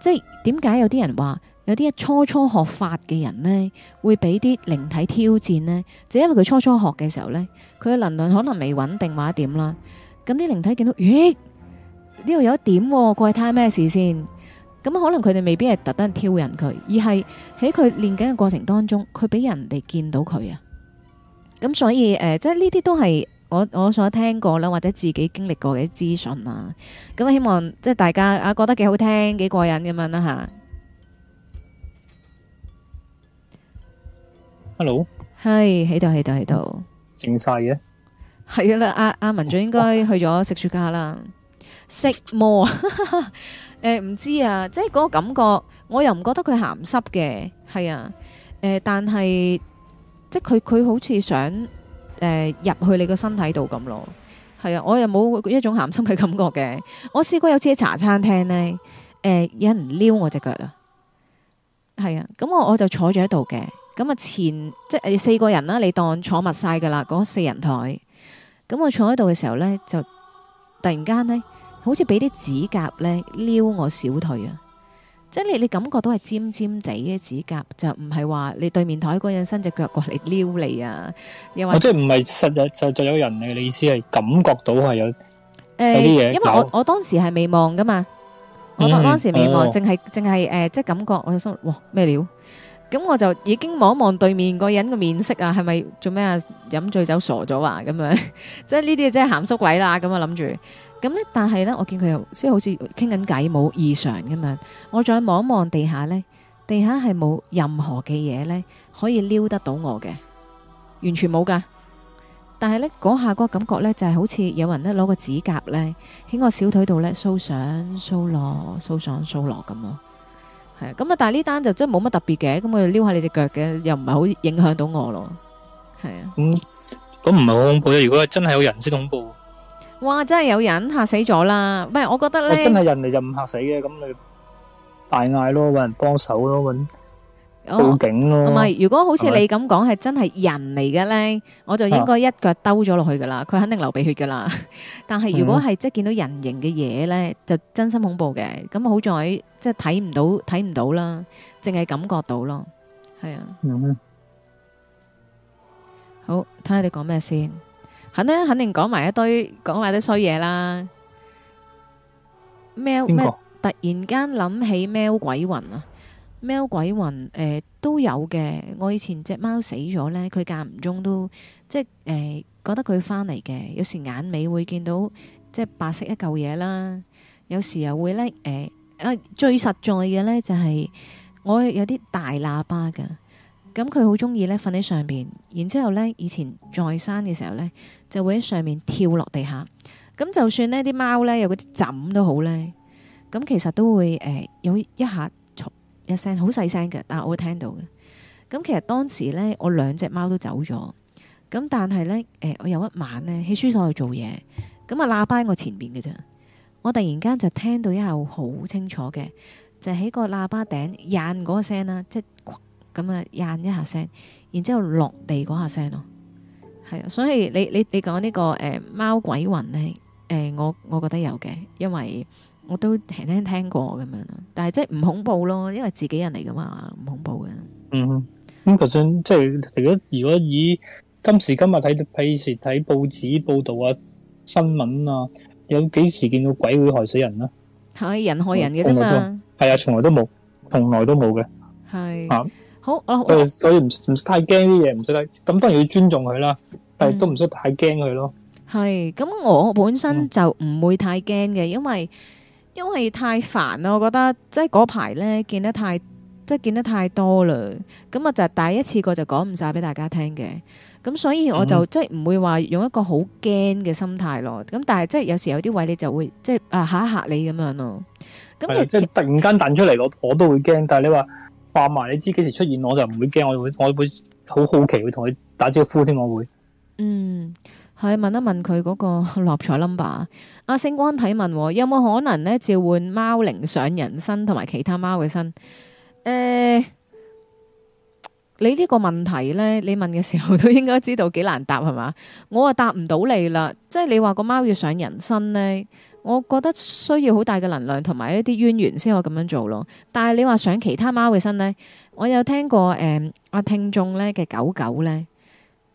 即係點解有啲人話？有啲初初學法嘅人呢，會俾啲靈體挑戰呢。就、因為佢初初學嘅時候呢，佢嘅能量可能未穩定或者點啦。咁啲靈體見到，咦？呢度有一點、啊，過去睇咩事先？咁可能佢哋未必係特登挑釁佢，而係喺佢練緊嘅過程當中，佢俾人哋見到佢啊。咁所以誒、呃，即係呢啲都係我我所聽過啦，或者自己經歷過嘅資訊啊。咁希望即係大家啊，覺得幾好聽，幾過癮咁樣啦吓。啊 Hello，係喺度，喺度，喺度。正晒嘅係啦，阿阿、啊啊、文俊應該去咗食雪茄啦。哇食魔誒，唔、呃、知啊，即係嗰個感覺，我又唔覺得佢咸濕嘅，係啊，誒、呃，但係即係佢佢好似想誒入、呃、去你個身體度咁咯，係啊，我又冇一種咸濕嘅感覺嘅。我試過有次喺茶餐廳咧，誒、呃，有人撩我隻腳啊，係啊，咁我我就坐咗喺度嘅。咁啊，前即係四個人啦，你當坐密晒㗎啦，嗰四人台。咁我坐喺度嘅時候咧，就突然間咧，好似俾啲指甲咧撩我小腿啊！即係你你感覺到係尖尖地嘅指甲，就唔係話你對面台嗰人伸隻腳過嚟撩你啊？又話我即係唔係實有，就就有人嚟，你意思係感覺到係有嗰啲嘢？欸、有因為我有我當時係未望㗎嘛，我當時未望，淨係淨係誒，即係感覺我就想哇，咩料？咁我就已經望望對面個人個面色啊，係咪做咩啊？飲醉酒傻咗啊？咁樣，即係呢啲即係鹹濕鬼啦。咁啊諗住，咁呢，但係呢，我見佢又即係好似傾緊偈，冇異常咁樣。我再望望地下呢，地下係冇任何嘅嘢呢，可以撩得到我嘅，完全冇噶。但係呢，嗰下個感覺呢，就係好似有人呢攞個指甲呢，喺我小腿度呢，掃上掃落，掃上掃落咁咯。係咁啊！但係呢單就真係冇乜特別嘅，咁啊撩下你隻腳嘅，又唔係好影響到我咯。係啊，咁咁唔係好恐怖啫。如果真係有人先恐怖，哇！真係有人吓死咗啦。喂，我覺得咧，真係人嚟就唔吓死嘅，咁你大嗌咯，揾人幫手咯，揾。報警咯！唔係，如果好似你咁講，係真係人嚟嘅咧，我就應該一腳兜咗落去噶啦，佢肯定流鼻血噶啦。但係如果係即係見到人形嘅嘢咧，就真心恐怖嘅。咁好在即係睇唔到，睇唔到啦，淨係感覺到咯。係啊。講咩？好，睇下你講咩先。肯咧，肯定講埋一堆，講埋啲衰嘢啦。咩咩！突然間諗起咩鬼魂啊！喵鬼魂誒，呃、都有嘅，我以前隻貓死咗呢，佢間唔中都即係誒、呃、覺得佢翻嚟嘅，有時眼尾會見到即係白色一嚿嘢啦，有時又會呢，誒、呃、啊最實在嘅呢就係，是，我有啲大喇叭㗎，咁佢好中意呢瞓喺上面，然之後呢以前再生嘅時候呢，就會喺上面跳落地下，咁就算呢啲貓呢有嗰啲枕都好呢，咁其實都會誒、呃、有一下。一聲好細聲嘅，但係我會聽到嘅。咁其實當時咧，我兩隻貓都走咗，咁但係咧，誒、呃，我有一晚咧喺書所去做嘢，咁啊喇叭喺我前邊嘅啫。我突然間就聽到一下好清楚嘅，就喺個喇叭頂咽嗰個聲啦，即係咁啊咽一下聲，然之後落地嗰下聲咯。係啊，所以你你你講呢、這個誒、呃、貓鬼魂咧，誒、呃，我我覺得有嘅，因為。我都聽聽聽過咁樣，但係即係唔恐怖咯，因為自己人嚟噶嘛，唔恐怖嘅。嗯，咁就算即係如果如果以今時今日睇到平時睇報紙報道啊新聞啊，有幾時見到鬼會害死人咧？係人害人嘅啫嘛。係啊，從來都冇，從來都冇嘅。係啊，好，我我所以唔唔使太驚啲嘢，唔使得咁當然要尊重佢啦，但係都唔使太驚佢咯。係咁，我本身就唔會太驚嘅，因為。因為太煩啦，我覺得即係嗰排咧見得太，即係見得太多啦，咁啊就第一次過就講唔晒俾大家聽嘅，咁所以我就、嗯、即係唔會話用一個好驚嘅心態咯，咁但係即係有時有啲位你就會即係啊吓一吓你咁樣咯，咁即係突然間彈出嚟我我都會驚，但係你話話埋你知幾時出現我就唔會驚，我會我會好好奇會同佢打招呼添，我會，我會會我會嗯。係問一問佢嗰個六合彩 number。阿、啊、星光睇問有冇可能呢？召喚貓靈上人身同埋其他貓嘅身？誒、欸，你呢個問題呢，你問嘅時候都應該知道幾難答係嘛？我啊答唔到你啦。即係你話個貓要上人身呢，我覺得需要好大嘅能量同埋一啲淵源先可以咁樣做咯。但係你話上其他貓嘅身呢，我有聽過誒阿、嗯啊、聽眾咧嘅狗狗呢，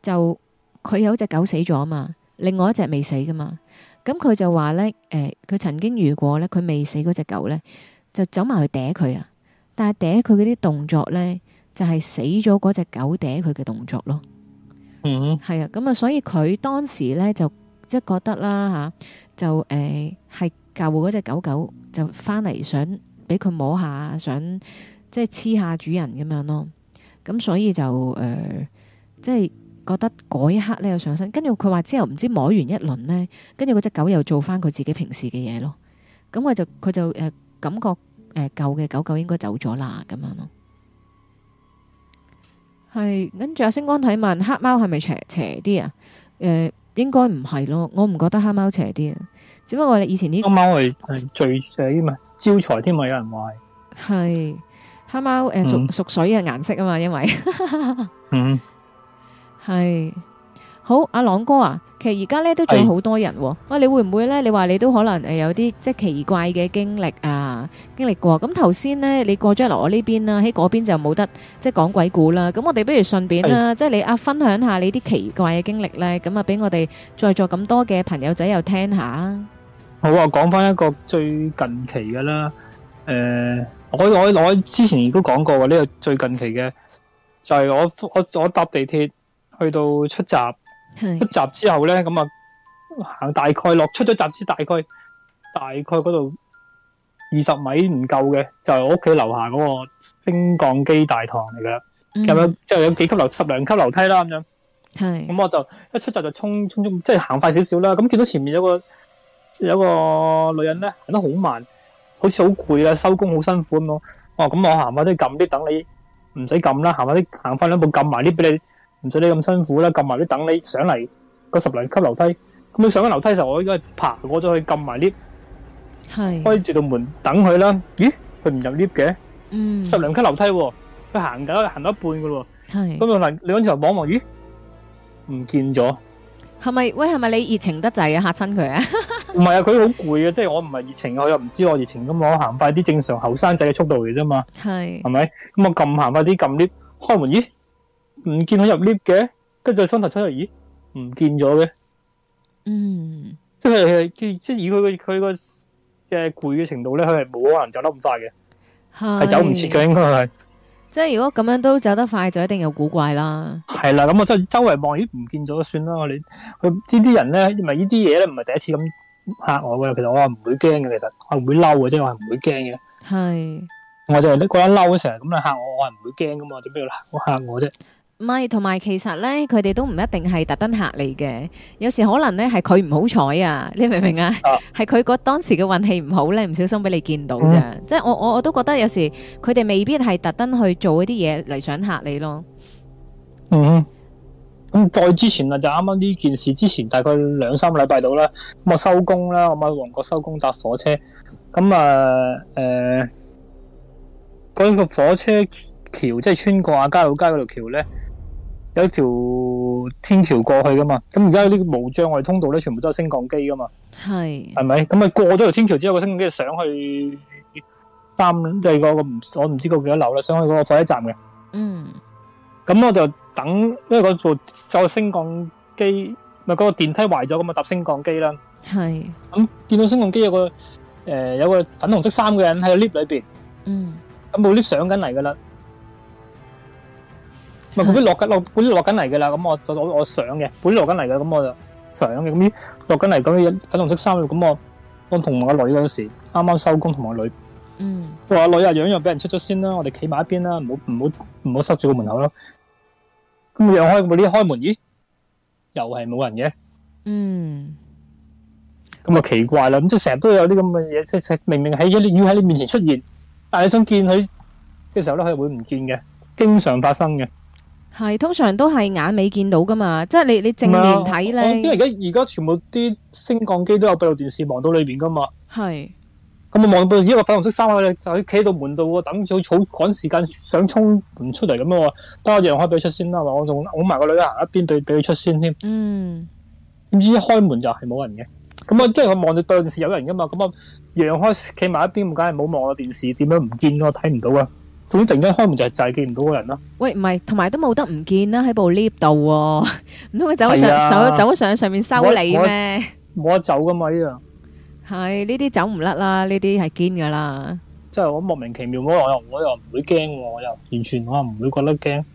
就。佢有隻狗死咗啊嘛，另外一隻未死㗎嘛，咁佢就話咧，誒、呃，佢曾經遇過咧，佢未死嗰隻狗咧，就走埋去嗲佢啊，但係嗲佢嗰啲動作咧，就係、是、死咗嗰隻狗嗲佢嘅動作咯，mm hmm. 嗯，係啊，咁啊，所以佢當時咧就即係覺得啦吓、啊，就誒係、呃、救嗰隻狗狗，就翻嚟想俾佢摸下，想即係黐下主人咁樣咯，咁、嗯、所以就誒、呃、即係。覺得嗰一刻咧又上身，跟住佢話之後唔知摸完一輪咧，跟住嗰隻狗又做翻佢自己平時嘅嘢咯。咁我就佢就誒感覺誒舊嘅狗狗應該走咗啦咁樣咯。係跟住阿星光睇，問黑貓係咪邪邪啲啊？誒、呃，應該唔係咯，我唔覺得黑貓邪啲啊。只不過你以前啲貓係係聚財嘛，招財添嘛，有人話係黑貓誒屬屬水嘅顏色啊嘛，因為 嗯。係好，阿朗哥啊，其實而家咧都仲有好多人，啊，喂是、啊，你會唔會咧？你話你都可能誒有啲即係奇怪嘅經歷啊，經歷過咁頭先咧，你過咗嚟我呢邊啦，喺嗰邊就冇得即係講鬼故啦。咁我哋不如順便啦，啊，是即係你阿、啊、分享下你啲奇怪嘅經歷咧，咁啊俾我哋在座咁多嘅朋友仔又聽下。好啊，講翻一個最近期嘅啦，誒、呃，我我我之前亦都講過嘅呢、呢個最近期嘅，就係，是、我我我搭地鐵。去到出閘，出閘之後咧，咁啊行大概落出咗閘之大概，大概嗰度二十米唔夠嘅，就係我屋企樓下嗰個升降機大堂嚟噶，咁有即係有幾級樓，十兩級樓梯啦咁樣。係，咁我就一出閘就衝，冲衝即係行快少少啦。咁見到前面有個有個女人咧行得好慢，好似好攰啊，收工好辛苦咯。哦，咁我行下啲撳啲，等你唔使撳啦，行下啲行翻兩步撳埋啲俾你。唔使你咁辛苦啦，撳埋啲等你上嚟個十零級樓梯。咁你上緊樓梯時候，我應該爬過咗去撳埋 lift，係開住道門等佢啦。咦，佢唔入 lift 嘅？嗯，十零級樓梯，佢行緊行到一半噶咯。係咁，我嚟你嗰時候望望，咦，唔見咗。係咪？喂，係咪你熱情得滯啊？吓親佢啊？唔係啊，佢好攰啊，即係我唔係熱情，我又唔知我熱情，咁我行快啲，正常後生仔嘅速度嚟啫嘛。係係咪？咁我撳行快啲，撳 lift 開門咦？唔見佢入 lift 嘅，跟住再翻頭出嚟，咦，唔見咗嘅。嗯，即係，即係以佢個佢個即係攰嘅程度咧，佢係冇可能走得咁快嘅，係走唔切嘅應該係。即係如果咁樣都走得快，就一定有古怪啦。係啦，咁我即係周圍望，咦，唔見咗，算啦。我哋呢啲人咧，因為呢啲嘢咧，唔係第一次咁嚇我嘅。其實我係唔會驚嘅，其實我係唔會嬲嘅，即係我係唔會驚嘅。係，我就係覺得嬲，成日咁樣嚇我，我係唔會驚噶嘛，做咩要嚇我啫？唔係，同埋其實咧，佢哋都唔一定係特登吓你嘅。有時可能咧，係佢唔好彩啊，你明唔明啊？係佢個當時嘅運氣唔好咧，唔小心俾你見到啫。嗯、即係我我我都覺得有時佢哋未必係特登去做一啲嘢嚟，想吓你咯。嗯，咁再之前啊，就啱啱呢件事之前大概兩三個禮拜度啦。咁啊收工啦，我咪喺旺角收工搭火車。咁啊誒，嗰、呃嗰個火車橋即係穿過亞皆老街嗰條橋咧。有一條天橋過去噶嘛，咁而家呢啲無障礙通道咧，全部都係升降機噶嘛，係係咪？咁啊過咗條天橋之後，個升降機上去三即係嗰個唔我唔知個幾多樓啦，上去嗰個火車站嘅。嗯，咁我就等，因為嗰部嗰個升降機咪嗰個電梯壞咗，咁啊搭升降機啦。係咁見到升降機有個誒、呃、有個粉紅色衫嘅人喺個 lift 裏邊，嗯，咁冇 lift 上緊嚟噶啦。唔係嗰啲落緊落嗰啲落緊嚟嘅啦，咁我就我我想嘅，嗰啲落緊嚟嘅，咁我就想嘅，咁啲落緊嚟，咁啲粉紅色衫，咁我當同我女嗰時，啱啱收工同我女，嗯，話女又樣樣俾人出咗先啦，我哋企埋一邊啦，唔好唔好唔好塞住個門口咯，咁樣開嗰啲開門咦，又係冇人嘅，嗯，咁啊奇怪啦，咁即係成日都有啲咁嘅嘢，即係明明喺你，要喺你面前出現，但係你想見佢嘅時候咧，佢會唔見嘅，經常發生嘅。係通常都係眼尾見到噶嘛，即係你你正面睇咧。因為而家而家全部啲升降機都有閉路電視望到裏邊噶嘛。係是。咁啊望到一個粉紅色衫啊，就喺企到門度，等住好趕時間想衝門出嚟，咁啊。得我，我讓開俾佢出先啦，我仲我埋個女行一邊俾俾佢出先添。嗯。點知一開門就係冇人嘅，咁啊即係佢望住閉路電視有人噶嘛，咁啊讓開企埋一邊，唔梗係冇望啦電視，點樣唔見我睇唔到啊？總之突然間開門就係就係見唔到個人咯。喂，唔係，同埋都冇得唔見啦，喺部 lift 度，唔通佢走咗上走走咗上上面修理咩？冇得走噶嘛呢樣。係呢啲走唔甩啦，呢啲係堅噶啦。即係我莫名其妙，我又我又唔會驚，我又完全我又唔會覺得驚，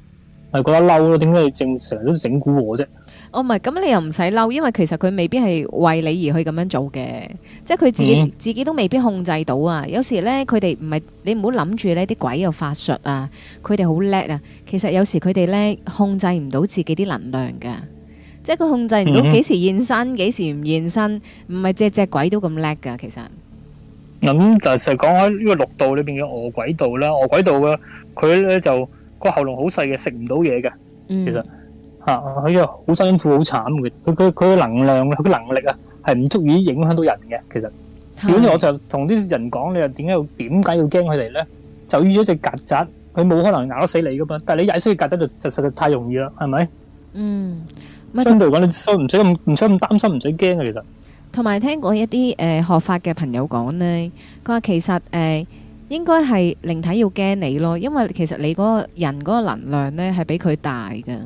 係覺得嬲咯。點解整成日都整蠱我啫？哦，唔係，咁你又唔使嬲，因為其實佢未必係為你而去咁樣做嘅，即係佢自己自己都未必控制到啊。有時咧，佢哋唔係你唔好諗住咧，啲鬼有法術啊，佢哋好叻啊。其實有時佢哋咧控制唔到自己啲能量噶，即係佢控制唔到幾時現身，幾時唔現身，唔係只隻鬼都咁叻噶。其實咁就實講開呢個六道裏邊嘅餓鬼道啦，餓鬼道嘅佢咧就個喉嚨好細嘅，食唔到嘢嘅，其實。吓佢又好辛苦，好慘嘅。佢佢佢嘅能量，佢嘅能力啊，係唔足以影響到人嘅。其實，所以我就同啲人講，你又點解點解要驚佢哋咧？就依隻隻曱甴，佢冇可能咬死你噶嘛。但係你踩死隻曱甴就就實在太容易啦，係咪？嗯，相對嚟講，你都唔使咁唔使咁擔心，唔使驚嘅。其實同埋聽過一啲誒學法嘅朋友講咧，佢話其實誒應該係靈體要驚你咯，因為其實你嗰個人嗰個能量咧係比佢大嘅。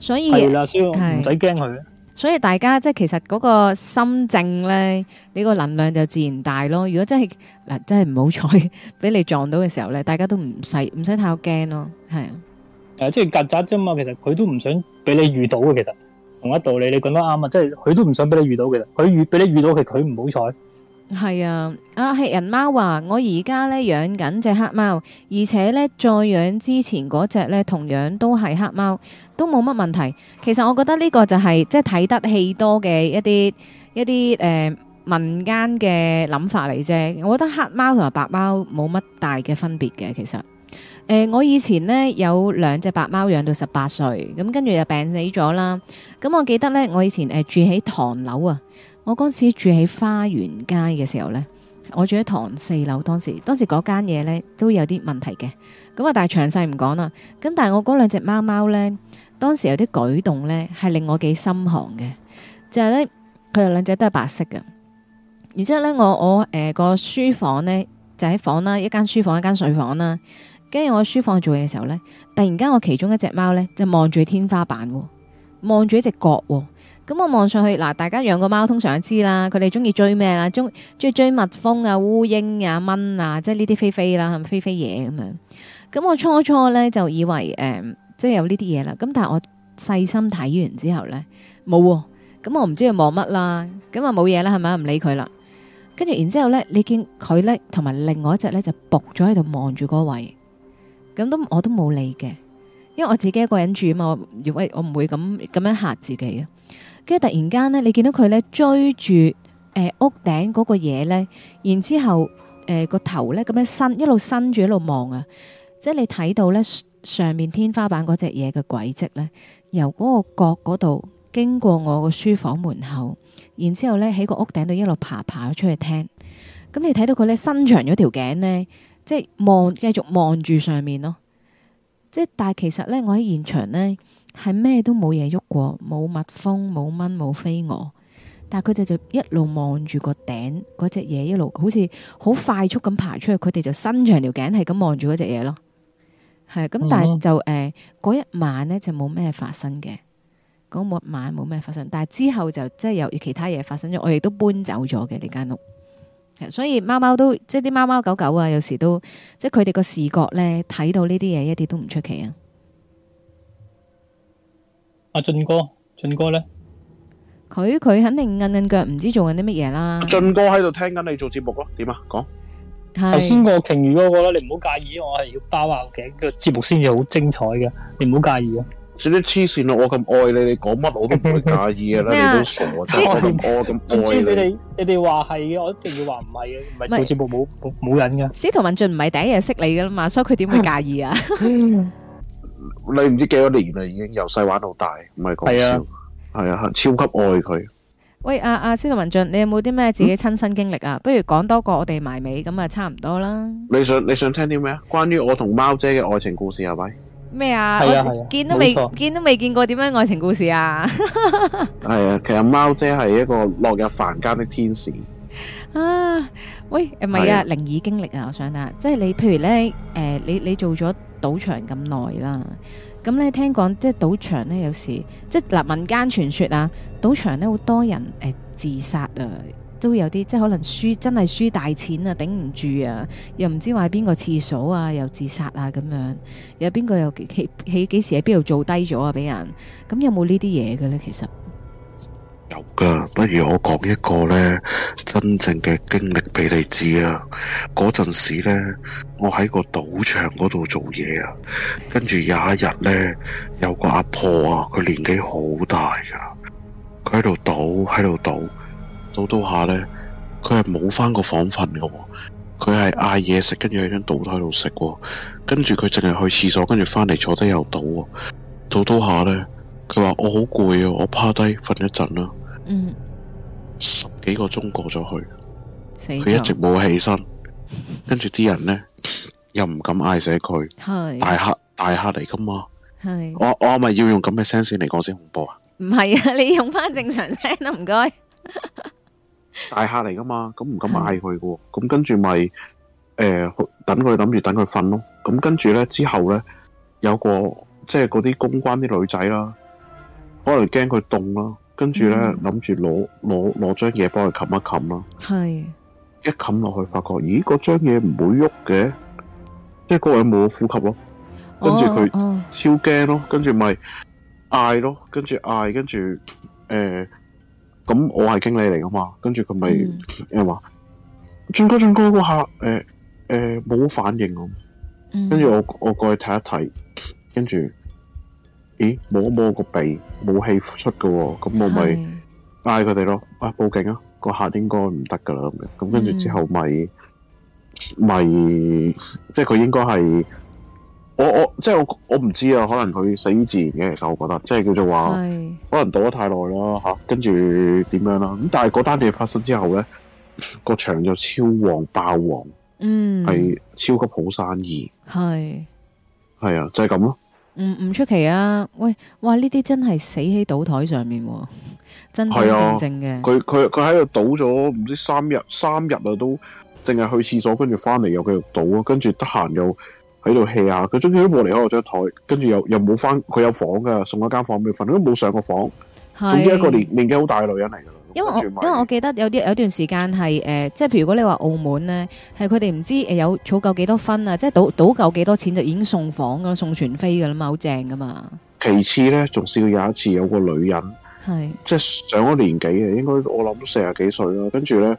所以係，唔使驚佢。所以大家即係其實嗰個心靜咧，你個能量就自然大咯。如果真係嗱，真係唔好彩俾你撞到嘅時候咧，大家都唔使唔使太過驚咯。係啊，誒，即係曱甴啫嘛。其實佢都唔想俾你遇到嘅。其實同一道理，你講得啱啊。即係佢都唔想俾你遇到嘅。佢遇俾你遇到，其實佢唔好彩。係啊，啊係人貓話，我而家呢養緊隻黑貓，而且呢再養之前嗰隻呢同樣都係黑貓，都冇乜問題。其實我覺得呢個就係即係睇得戲多嘅一啲一啲誒、呃、民間嘅諗法嚟啫。我覺得黑貓同埋白貓冇乜大嘅分別嘅，其實誒、呃、我以前呢有兩隻白貓養到十八歲，咁跟住就病死咗啦。咁、嗯、我記得呢，我以前誒、呃、住喺唐樓啊。我嗰時住喺花園街嘅時候呢，我住喺唐四樓，當時當時嗰間嘢呢都有啲問題嘅，咁啊但係詳細唔講啦，咁但係我嗰兩隻貓貓呢，當時有啲舉動呢係令我幾心寒嘅，就係、是、呢，佢哋兩隻都係白色嘅，然之後呢，我我誒個、呃、書房呢，就喺房啦，一間書房一間睡房啦，跟住我書房做嘢嘅時候呢，突然間我其中一隻貓呢，就望住天花板，望住一隻角。咁我望上去嗱，大家養個貓通常都知啦，佢哋中意追咩啦？中中意追蜜蜂啊、烏蠅啊、蚊啊，即係呢啲飛飛啦，係係飛飛嘢咁樣。咁我初初咧就以為誒，即、嗯、係有呢啲嘢啦。咁但係我細心睇完之後咧，冇咁、啊、我唔知佢望乜啦。咁啊冇嘢啦，係咪唔理佢啦。跟住然之後咧，你見佢咧同埋另外一隻咧就僕咗喺度望住嗰位，咁都我都冇理嘅，因為我自己一個人住啊嘛。如果我唔會咁咁樣嚇自己啊。跟住突然間咧，你見到佢咧追住誒屋頂嗰個嘢咧，然之後誒個頭咧咁樣伸，一路伸住一路望啊！即係你睇到咧上面天花板嗰隻嘢嘅軌跡咧，由嗰個角嗰度經過我個書房門口，然之後咧喺個屋頂度一路爬爬咗出去廳。咁你睇到佢咧伸長咗條頸咧，即係望繼續望住上面咯。即係但係其實咧，我喺現場咧。係咩都冇嘢喐過，冇蜜蜂、冇蚊、冇飛蛾，但係佢哋就一路望住個頂嗰隻嘢，那隻東西一路好似好快速咁爬出去。佢哋就伸長條頸，係咁望住嗰隻嘢咯。係咁、嗯，但係就誒，嗰、呃、一晚咧就冇咩發生嘅。嗰晚冇咩發生，但係之後就即係有其他嘢發生咗。我哋都搬走咗嘅呢間屋。所以貓貓都即係啲貓貓狗狗啊，有時都即係佢哋個視覺咧睇到呢啲嘢一啲都唔出奇啊。阿俊哥，俊哥咧，佢佢肯定硬硬腳，唔知做緊啲乜嘢啦。俊哥喺度聽緊你做節目咯，點啊？講頭先個鯨魚嗰個啦，你唔好介意，我係要包拗頸個節目先至好精彩嘅，你唔好介意啊！算啲黐線啦，我咁愛你，你講乜我都唔會介意噶啦。咩啊？你都傻，我咁愛你，你哋你哋話係嘅，我一定要話唔係嘅，唔係做節目冇冇冇癮噶。司徒文進唔係第一日識你噶啦嘛，所以佢點會介意啊？你唔知幾多年啦，已經由細玩到大，唔係講笑，係啊，超級愛佢。喂，阿阿司徒文進，你有冇啲咩自己親身經歷啊？不如講多個我哋埋尾，咁啊差唔多啦。你想你想聽啲咩啊？關於我同貓姐嘅愛情故事係咪？咩啊？見都未見都未見過點樣愛情故事啊？係啊，其實貓姐係一個落入凡間的天使。啊喂，唔係啊，是靈異經歷啊，我想啊，即係你，譬如呢，誒、呃，你你做咗賭場咁耐啦，咁呢聽講即係賭場呢，有時即係嗱民間傳說啊，賭場呢好多人誒、呃、自殺啊，都有啲即係可能輸真係輸大錢啊，頂唔住啊，又唔知話邊個廁所啊又自殺啊咁樣，有邊個又，又起幾時喺邊度做低咗啊俾人？咁有冇呢啲嘢嘅呢？其實？有噶，不如我講一個呢，真正嘅經歷俾你知啊！嗰陣時呢，我喺個賭場嗰度做嘢啊，跟住有一日呢，有個阿婆啊，佢年紀好大噶，佢喺度賭，喺度賭，賭到下呢，佢係冇返個房瞓喎，佢係嗌嘢食，跟住喺張賭台度食，跟住佢淨係去廁所，跟住返嚟坐低又賭，賭到下呢，佢話我好攰啊，我趴低瞓一陣啦。嗯，十幾個鐘過咗去，佢一直冇起身，跟住啲人咧又唔敢嗌醒佢，係大客大客嚟噶嘛，係我我係咪要用咁嘅聲先嚟講先恐怖啊？唔係啊，你用翻正常聲都唔該。大客嚟噶嘛，咁唔敢嗌佢噶，咁跟住咪誒等佢諗住等佢瞓咯，咁跟住咧之後咧有個即係嗰啲公關啲女仔啦，可能驚佢凍咯。跟住咧諗住攞攞攞張嘢幫佢冚一冚啦，係一冚落去發覺，咦，嗰張嘢唔會喐嘅，即係嗰位冇呼吸咯。跟住佢超驚咯，跟住咪嗌咯，跟住嗌，跟住誒，咁我係經理嚟噶嘛，跟住佢咪誒話，進哥進哥，個客誒誒冇反應啊，跟住我我過去睇一睇，跟住。咦，摸摸個鼻，冇氣出喎、哦。咁我咪嗌佢哋咯，的啊報警啊，個客應該唔得噶啦咁樣，咁、嗯、跟住之後咪咪，即係佢應該係我我即係我我唔知啊，可能佢死於自然嘅，其實我覺得，即係叫做話的可能躲得太耐啦吓，跟住點樣啦？咁但係嗰單嘢發生之後咧，個場就超旺爆旺，嗯，係超級好生意，係係啊，就係、是、咁咯。唔唔、嗯、出奇啊！喂，哇，呢啲真係死喺賭台上面，真真正正嘅。佢佢佢喺度賭咗唔知三日三日啊，都淨係去廁所，跟住翻嚟又繼續賭啊，跟住得閒又喺度 hea 下。佢終於都冇離開我張台，跟住又又冇翻。佢有房噶，送咗間房俾佢瞓，都冇上過房。是總之一個年年紀好大嘅女人嚟噶喇。因為我,我因為我記得有啲有段時間係誒、呃，即係譬如果你話澳門咧，係佢哋唔知道有儲夠幾多分啊，即係賭賭夠幾多錢就已經送房噶啦，送全飛噶啦嘛，好正噶嘛。其次咧，仲試過有一次有一個女人係是即係上咗年紀嘅，應該我諗都四十幾歲咯。跟住咧，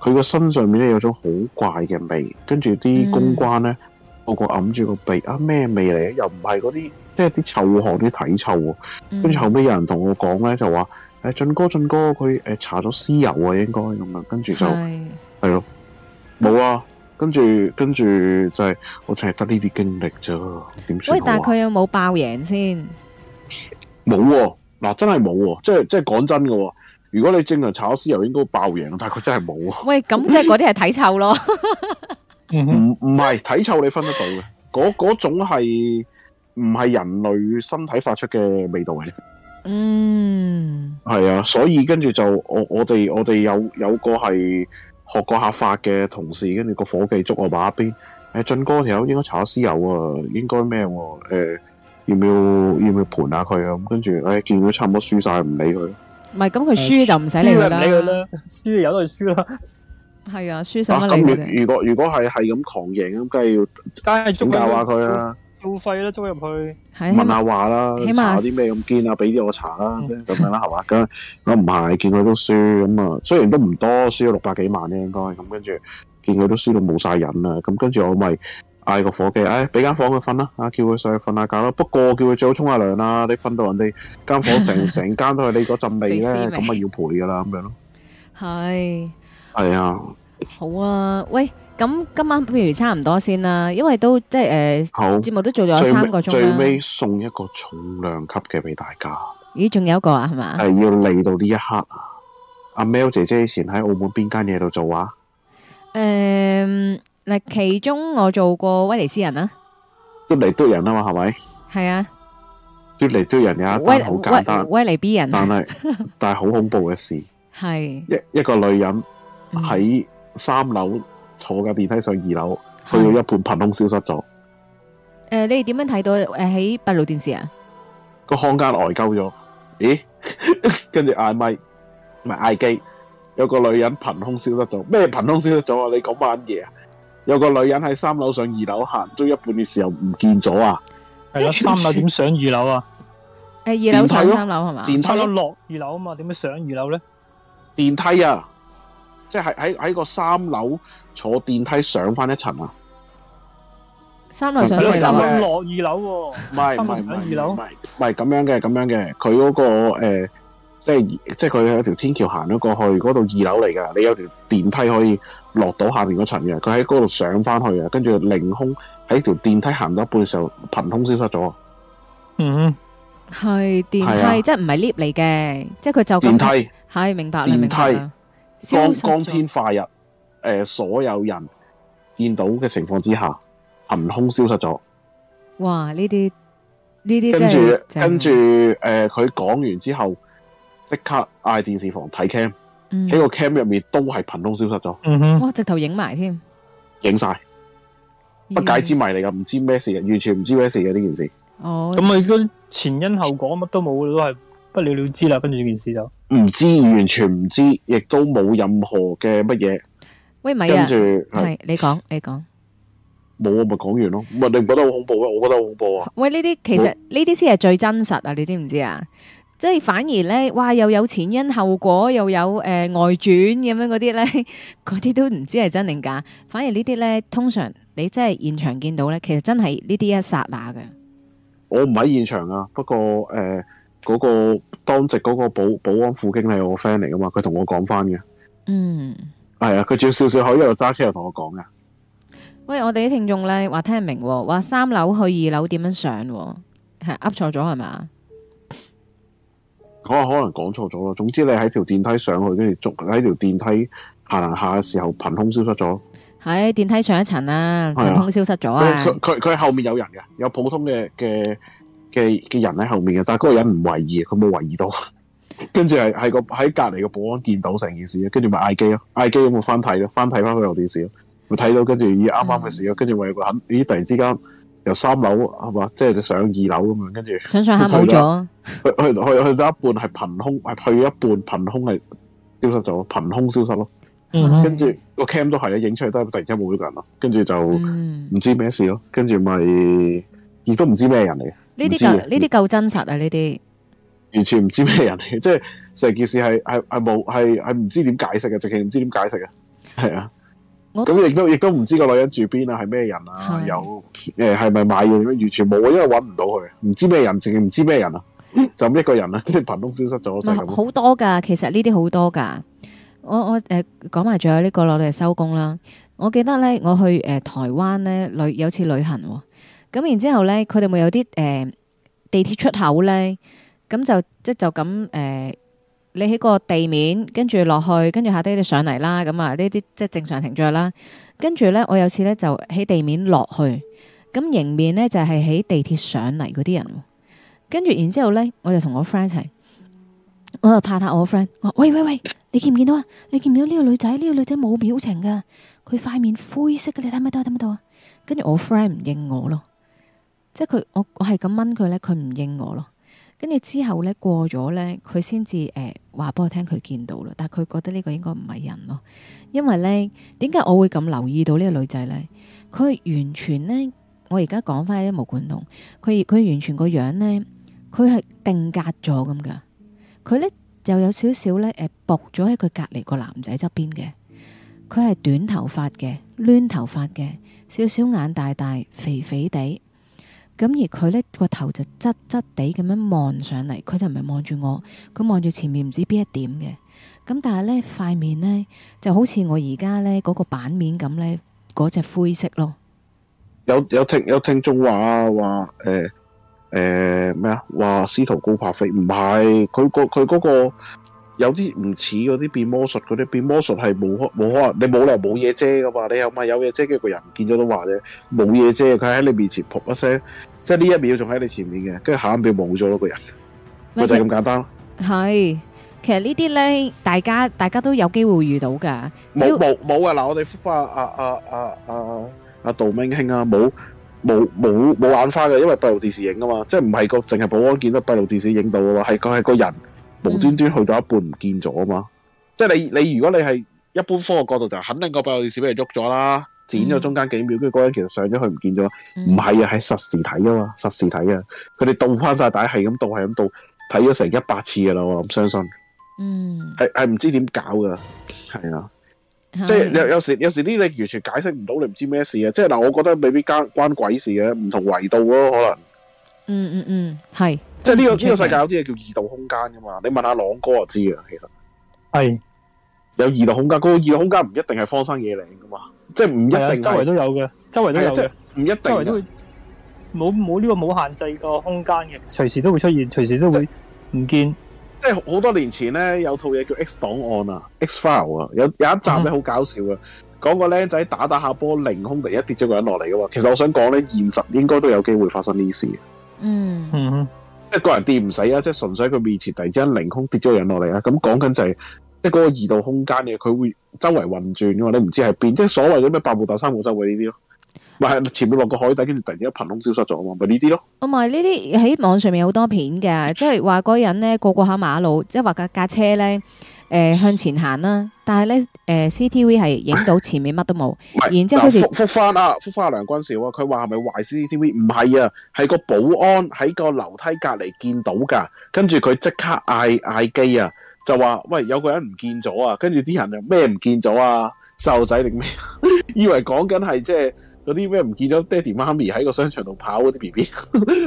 佢個身上面咧有種好怪嘅味，跟住啲公關咧、嗯、我個揞住個鼻啊，咩味嚟？又唔係嗰啲即係啲臭汗啲體臭啊。跟住後尾有人同我講咧，就話。誒，進哥，進哥，佢誒搽咗屍油啊，應該咁、嗯、的的啊，跟住就係咯，冇啊，跟住跟住就係、是、我淨係得呢啲經歷啫。點算？喂，但係佢有冇爆贏先？冇嗱、啊，真係冇、啊，即係即係講真嘅、啊。如果你正常搽屍油，應該爆贏，但係佢真係冇啊。喂，咁即係嗰啲係體臭咯？唔唔係體臭，你分得到嘅？嗰嗰種係唔係人類身體發出嘅味道嚟。嗯，係啊，所以跟住就我我哋我哋有有個係學過下法嘅同事，跟住個伙計捉我埋一邊，誒，俊哥條友應該查下私有啊，應該咩？啊？誒，要唔要要唔要盤下佢啊？咁跟住，誒，見佢差唔多輸晒，唔理佢。唔係。嗯，咁佢輸就唔使理佢啦，輸由佢輸啦。係 啊，輸什麼嚟，啊，嘅？咁如，啊，如果如果係係咁狂贏，咁梗係要，梗係點教下佢啊？付費啦，租入去。問下話啦，查啲咩咁堅啊？俾啲我查啦，咁樣啦，係嘛？咁我唔係見佢都輸咁啊，雖然都唔多，輸咗六百幾萬咧，應該咁跟住見佢都輸到冇晒癮啦。咁跟住我咪嗌個伙計，哎，俾間房佢瞓啦，啊，叫佢上去瞓下覺啦。不過叫佢最好沖下涼啦，你瞓到人哋間房成成間都係你嗰陣味咧，咁啊要賠噶啦，咁樣咯。係係啊，好啊，喂。咁今晚譬如差唔多先啦，因為都即係誒，好，節目都做咗三個鐘啦。最尾送一個重量級嘅俾大家。咦，仲有一個啊，係嘛？係要嚟到呢一刻啊！阿 Mel 姐姐以前喺澳門邊間嘢度做啊？誒，嗱，其中我做過威尼斯人啊，捉嚟捉人啊嘛，係咪？係啊，捉嚟捉人有一單好簡單，威尼斯人，但係但係好恐怖嘅事，係一一個女人喺三樓。坐架電梯上二樓，去到一半憑空消失咗。誒、呃，你哋點樣睇到？誒、呃，喺閉路電視啊，個康家內疚咗。咦？跟住嗌咪，唔嗌機，有個女人憑空消失咗。咩憑空消失咗啊？你講乜嘢啊？有個女人喺三樓上二樓行咗一半嘅時候唔見咗啊？即係三樓點上二樓啊？誒、呃，二樓上三樓係嘛？電梯落二樓啊嘛？點樣上二樓咧？電梯啊，即係喺喺個三樓。坐電梯上翻一層啊，三樓上四樓，落二樓，唔係唔係唔係二樓，唔係咁樣嘅，咁樣嘅，佢嗰個誒，即係即係佢喺條天橋行咗過去，嗰度二樓嚟噶，你有條電梯可以落到下邊嗰層嘅，佢喺嗰度上翻去啊，跟住凌空喺條電梯行咗一半嘅時候，憑空消失咗。嗯，係電梯，即係唔係 lift 嚟嘅，即係佢就電梯，係明白，電梯，光光天化日，誒、呃，所有人見到嘅情況之下，憑空消失咗。哇！呢啲呢啲跟住跟住，誒、呃，佢講完之後，即刻嗌電視房睇 cam，喺個 cam 入面都係憑空消失咗。嗯、哼，哇，直頭影埋添，影晒，不解之謎嚟㗎，唔知咩事嘅，完全唔知咩事嘅呢件事。哦，咁啊，嗰啲前因後果乜都冇，都係不了了之啦。跟住呢件事就唔知，完全唔知，亦都冇任何嘅乜嘢。喂，住，係你講你講，冇我咪講完咯，咪你唔覺得好恐，恐怖啊？我覺得好恐怖啊！喂，呢啲其實呢啲先係最真實啊！你知唔知啊？即係反而呢，哇又有前因後果，又有誒、呃、外轉咁樣嗰啲呢，嗰 啲都唔知係真定假。反而呢啲呢，通常你真係現場見到呢，其實真係呢啲一剎那嘅。我唔喺現場啊，不過誒，嗰、呃嗰個當值嗰個保保安副經理係我 friend 嚟噶嘛，佢同我講翻嘅。嗯。係啊，佢仲要笑笑口一路揸車，又同我講㗎。喂，我哋啲聽眾咧話聽唔明，話三樓去二樓點樣上，啊，係噏錯咗係咪啊？可能可能講錯咗咯。總之你喺條電梯上去，跟住逐喺條電梯行下嘅時候，憑空消失咗。喺電梯上一層啊，憑空消失咗啊！佢佢後面有人嘅，有普通嘅嘅嘅嘅人喺後面嘅，但係嗰個人唔懷疑，佢冇懷疑到。跟住係係個喺隔籬個保安見到成件事，跟住咪嗌機咯，嗌機咁咪翻睇咯，翻睇翻佢部電視咯，咪睇到跟住咦，啱啱嘅事咯，跟住為個肯咦突然之間由三樓係嘛，即係上二樓咁樣，跟住想上下冇咗，去去去，去到一半係憑空係 去一半憑空係消失咗，憑空消失咯、嗯，跟住個 cam 都係咧影出嚟都係突然間冇咗個人咯，跟住就唔知咩事咯，跟住咪亦都唔知咩人嚟。呢啲夠呢啲夠真實啊呢啲。完全唔知咩人，即係成件事係係係冇係係唔知點解釋嘅，直情唔知點解釋嘅係啊。咁亦都亦都唔知個女人住邊啊，係咩人啊？的有誒係咪買嘢？完全冇，因為搵唔到佢，唔知咩人，直情唔知咩人啊， 就一個人啊，即係憑空消失咗。唔係好多噶其實呢啲好多噶。我我誒講埋，仲有呢，這個我哋收工啦。我記得咧，我去誒、呃、台灣咧旅有次旅行咁、哦，然之後咧佢哋會有啲誒、呃、地鐵出口咧。咁就即係就咁誒、呃，你喺個地面跟住落去，跟住下低啲上嚟啦。咁啊呢啲即係正常停著啦。跟住咧，我有次咧就喺地面落去，咁迎面咧就係、是、喺地鐵上嚟嗰啲人。跟住然之後咧，我就同我 friend 一齊，我就拍吓我 friend。我話喂喂喂，你見唔見到啊？你見唔見到呢個女仔？呢、這個女仔冇表情噶，佢塊面灰色嘅。你睇唔睇到啊？睇唔到啊？跟住我 friend 唔應我咯，即係佢我我係咁掹佢咧，佢唔應我咯。跟住之後呢，過咗呢，佢先至誒話俾我聽，佢見到啦。但係佢覺得呢個應該唔係人咯，因為呢點解我會咁留意到呢個女仔呢？佢完全呢，我而家講返啲毛管戙，佢佢完全個樣呢，佢係定格咗噉㗎。佢呢就有少少呢，誒，伏咗喺佢隔離個男仔側邊嘅。佢係短頭髮嘅，攣頭髮嘅，少少眼大大，肥肥地。咁而佢咧個頭就側側地咁樣望上嚟，佢就唔係望住我，佢望住前面唔知邊一點嘅。咁但係咧塊面咧就好似我而家咧嗰個版面咁咧，嗰隻灰色咯。有有聽有聽眾話啊話，誒誒咩啊話司徒高柏飛唔係佢個佢嗰個。有啲唔似嗰啲變魔術，嗰啲變魔術係冇可冇可能，你冇理由冇嘢遮噶嘛？你又咪有嘢遮嘅個人，見咗都話啫，冇嘢遮，佢喺你面前撲一聲，即係呢一秒仲喺你前面嘅，跟住下一秒冇咗咯，個人就係咁簡單咯。係，其實呢啲咧，大家大家都有機會遇到噶。冇冇冇啊！嗱，我哋復翻阿阿阿阿阿杜明興啊，冇冇冇冇眼花嘅，因為閉路電視影啊嘛，即係唔係個淨係保安見到閉路電視影到咯，係佢係個人。嗯、無端端去到一半唔見咗啊嘛，即係你你如果你係一般科學的角度就肯定個閉路電視俾人喐咗啦，剪咗中間幾秒，跟住嗰人其實上咗去唔見咗，唔係啊，係實時睇啊嘛，實時睇啊，佢哋倒翻晒底係咁倒係咁倒，睇咗成一百次噶啦，我咁相信，嗯，係係唔知點搞噶，係啊，的即係有有時有時呢啲你完全解釋唔到，你唔知咩事啊，即係嗱，我覺得未必關關鬼事嘅，唔同維度咯，可能嗯，嗯嗯嗯，係。即係、這、呢個呢、嗯、個世界有啲嘢叫異度空間噶嘛？你問阿朗哥就知啊，其實係是有異度空間，嗰、那個異度空間唔一定係荒山野嶺噶嘛，即係唔一定是是、啊、周圍都有嘅，周圍都有的、啊、即嘅，唔一定的周圍都會冇冇呢個冇限制個空間嘅，隨時都會出現，隨時都會唔見。即係好多年前咧，有套嘢叫《X 檔案》啊，《X File》啊，有有一集咧好搞笑啊，講、嗯、個僆仔打打下波，凌空突一跌咗個人落嚟噶嘛。其實我想講咧，現實應該都有機會發生呢啲事。嗯嗯。嗯一個人跌唔死啊，即係純粹佢面前突然之間凌空跌咗個人落嚟啦。咁講緊就係即係嗰個二度空間嘅，佢會周圍運轉嘅，你唔知係邊，即係所謂嗰咩八步打三步周圍呢啲咯。唔係前面落個海底，跟住突然之間憑空消失咗啊嘛，咪呢啲咯。我咪呢啲喺網上面好多片嘅，即係話嗰個人咧過過下馬路，即係話架架車咧。誒、呃，向前行啦、啊，但係咧，誒、呃、，CCTV 係影到前面乜都冇，哎、然之後覆覆、啊、翻啊，覆翻阿梁君少啊，佢話係咪壞 CCTV？唔係啊，係個保安喺個樓梯隔籬見到噶，跟住佢即刻嗌嗌機啊，就話喂有個人唔見咗啊，跟住啲人又咩唔見咗啊，細路仔定咩？ 以為講緊係即係。嗰啲咩唔見咗爹哋媽咪喺個商場度跑嗰啲 B B，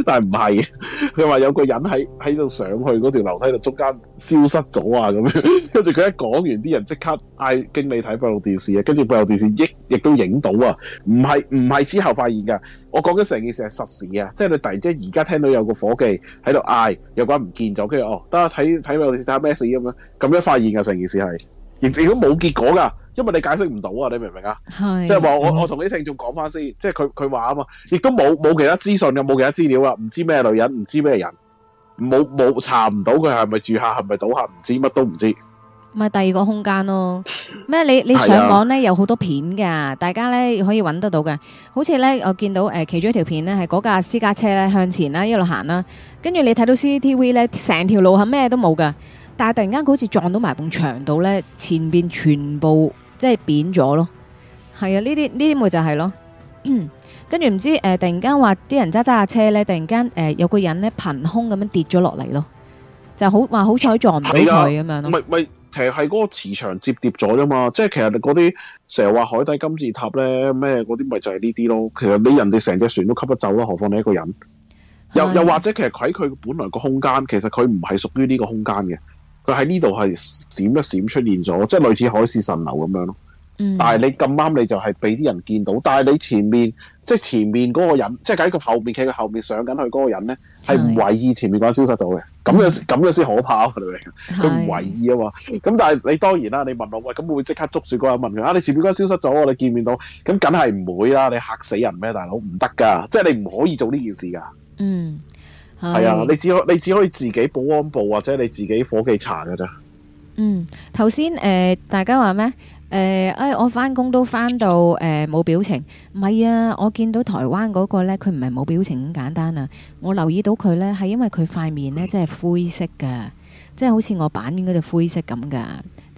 但係唔係。佢話有個人喺喺度上去嗰條樓梯度中間消失咗啊咁樣，跟住佢一講完，啲人即刻嗌經理睇閉路電視啊，跟住閉路電視亦亦，亦都影到啊，唔係唔係之後發現㗎。我講緊成件事係實時啊，即係你突然之間而家聽到有個伙計喺度嗌有個人唔見咗，跟住哦等下睇睇閉路電視睇下咩事咁樣，咁樣發現㗎成件事係，亦都冇結果㗎。因為你解釋唔到啊，你明唔明啊？即係話我的我同啲聽眾講翻先，即係佢佢話啊嘛，亦都冇冇其他資訊又冇其他資料啊，唔知咩女人，唔知咩人，冇冇查唔到佢係咪住客，係咪賭客，唔知乜都唔知。咪第二個空間咯？咩？ 你你上網咧 有好多片噶，大家咧可以揾得到嘅。好似咧我見到誒、呃、其中一條片咧，係嗰架私家車咧向前啦一路行啦，跟住你睇到 CCTV 咧，成條路係咩都冇嘅，但係突然間佢好似撞到埋埲牆度咧，前邊全部。即係扁咗咯，係啊！呢啲呢啲咪就係咯，跟住唔知誒、呃，突然間話啲人揸揸下車咧，突然間誒、呃、有個人咧憑空咁樣跌咗落嚟咯，就好話好彩撞唔到佢咁的樣咯。咪咪其實係嗰個磁場折疊咗啫嘛，即係其實嗰啲成日話海底金字塔咧咩嗰啲，咪就係呢啲咯。其實你人哋成隻船都吸得走啦，何況你一個人？又是的又或者其實喺佢本來個空間，其實佢唔係屬於呢個空間嘅。佢喺呢度係閃一閃出現咗，即係類似海市蜃樓咁樣咯。嗯、但係你咁啱，你就係俾啲人見到。但係你前面，即、就、係、是、前面嗰個人，即係喺佢後面，企佢後面上緊佢嗰個人咧，係唔懷意前面嗰人消失到嘅。咁樣咁、嗯、樣先可怕啊！佢唔懷意啊嘛。咁的但係你當然啦，你問我喂，咁會即刻捉住嗰人問佢啊，你前面嗰人消失咗，你見唔見到？咁梗係唔會啦！你嚇死人咩，大佬？唔得噶，即係你唔可以做呢件事噶。嗯。係啊，你只可你只可以自己保安部或者你自己伙計查噶咋。嗯，頭先誒，大家話咩？誒、呃，哎，我翻工都翻到誒，冇、呃、表情。唔係啊，我見到台灣嗰個咧，佢唔係冇表情咁簡單啊。我留意到佢咧，係因為佢塊面咧，真係灰色噶，即係好似我版面嗰隻灰色咁噶。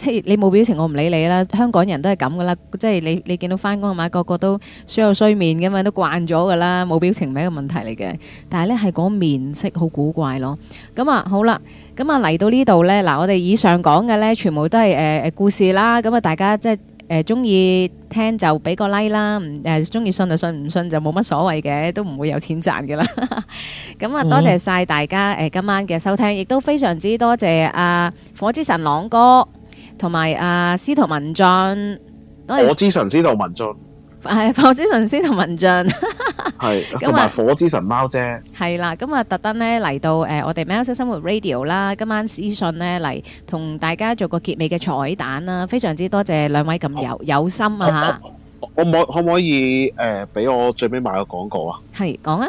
即係你冇表情，我唔理你啦。香港人都係咁噶啦，即係你你見到翻工係嘛，個個都衰有衰面噶嘛，都慣咗噶啦。冇表情咪一個問題嚟嘅。但係咧係個面色好古怪咯。咁啊好啦，咁啊嚟到這裡呢度咧，嗱我哋以上講嘅咧，全部都係誒誒故事啦。咁啊大家即係誒中意聽就俾個 like 啦，誒中意信就信，唔信就冇乜所謂嘅，都唔會有錢賺噶啦。咁啊多謝晒大家誒、呃、今晚嘅收聽，亦都非常之多謝啊火之神朗哥。同埋啊，司徒文進，火之神司徒文進，係火之神司徒文進，係同埋火之神貓姐，係啦，咁啊特登咧嚟到誒，我哋貓式生活 Radio 啦，今晚私信咧嚟同大家做個結尾嘅彩蛋啦，非常之多謝兩位咁有有心啊吓！我可可唔可以誒，俾我最尾買個廣告啊？係講啊，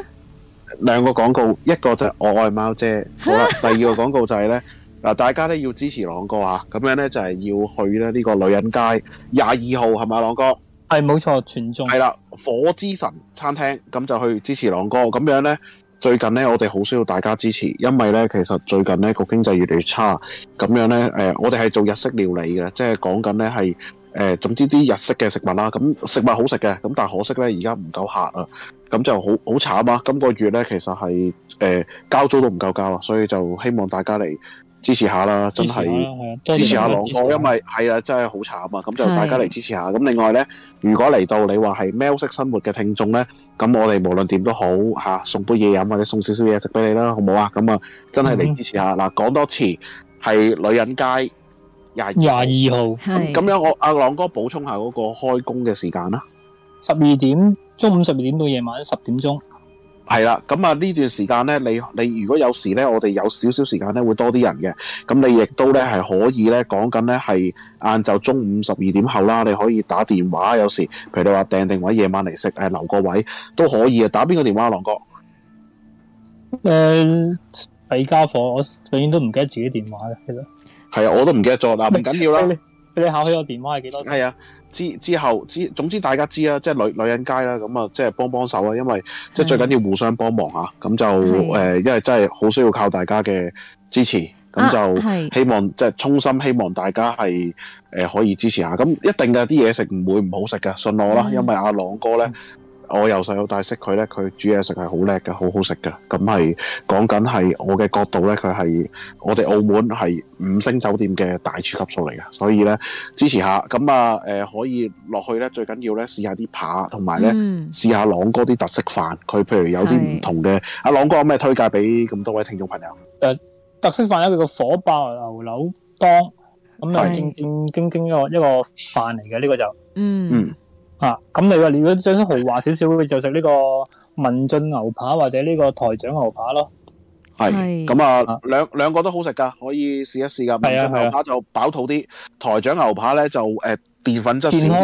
兩個廣告，一個就係我愛貓姐，好啦，第二個廣告就係咧。嗱，大家咧要支持朗哥啊！咁樣咧就係要去咧呢個女人街廿二號係咪朗哥？係冇錯，全眾係啦，火之神餐廳咁就去支持朗哥。咁樣咧，最近咧我哋好需要大家支持，因為咧其實最近咧個經濟越嚟越差，咁樣咧誒、呃，我哋係做日式料理嘅，即係講緊咧係誒，總之啲日式嘅食物啦，咁食物好食嘅，咁但係可惜咧而家唔夠客啊，咁就好好慘啊！今個月咧其實係誒、呃、交租都唔夠交，所以就希望大家嚟。支持下啦，真係支持阿朗哥，是的因為係啊，真係好慘啊！咁就大家嚟支持下。咁的另外咧，如果嚟到你話係喵式生活嘅聽眾咧，咁我哋無論點都好吓、啊，送杯嘢飲或者送少少嘢食俾你啦，好唔好啊？咁啊，真係嚟支持下。嗱、嗯，講多次係女人街廿廿二號，咁的樣我阿朗哥補充下嗰個開工嘅時間啦，十二點中午十二點到夜晚十點鐘。係啦，咁啊呢段時間咧，你你如果有時咧，我哋有少少時間咧，會多啲人嘅。咁你亦都咧係可以咧講緊咧係晏晝中午十二點後啦，你可以打電話。有時，譬如你話訂定位，夜晚嚟食，誒留個位都可以啊。打邊個電話、啊，朗哥？誒、呃，細家伙，我永遠都唔記得自己電話嘅，其實係啊，我都唔記得咗啦，唔緊要啦。你考起我電話係幾多？係啊。之之後之總之大家知啦，即係女女人街啦，咁啊即係幫幫手啊，因為即係最緊要互相幫忙嚇，咁的就誒，因為真係好需要靠大家嘅支持，咁的就希望即係衷心希望大家係誒可以支持下，咁一定嘅啲嘢食唔會唔好食㗎，信我啦，的因為阿朗哥咧，嗯我由細到大識佢咧，佢煮嘢食係好叻嘅，好好食嘅。咁係講緊係我嘅角度咧，佢係我哋澳門係五星酒店嘅大廚級數嚟嘅，所以咧支持下。咁啊，誒、呃、可以落去咧，最緊要咧試下啲扒，同埋咧試下朗哥啲特色飯。佢譬如有啲唔同嘅，阿是、啊、朗哥有咩推介俾咁多位聽眾朋友？誒、呃，特色飯咧，佢個火爆牛柳當咁啊，是就正正經經一個一個飯嚟嘅。呢、這個就嗯。嗯咁、啊、你話如果想豪華少少，就食呢個文進牛扒或者呢個台長牛扒咯。係，咁啊，啊兩兩個都好食噶可以試一試噶文進牛扒就飽肚啲，啊啊、台長牛扒咧就誒澱、呃、粉質少，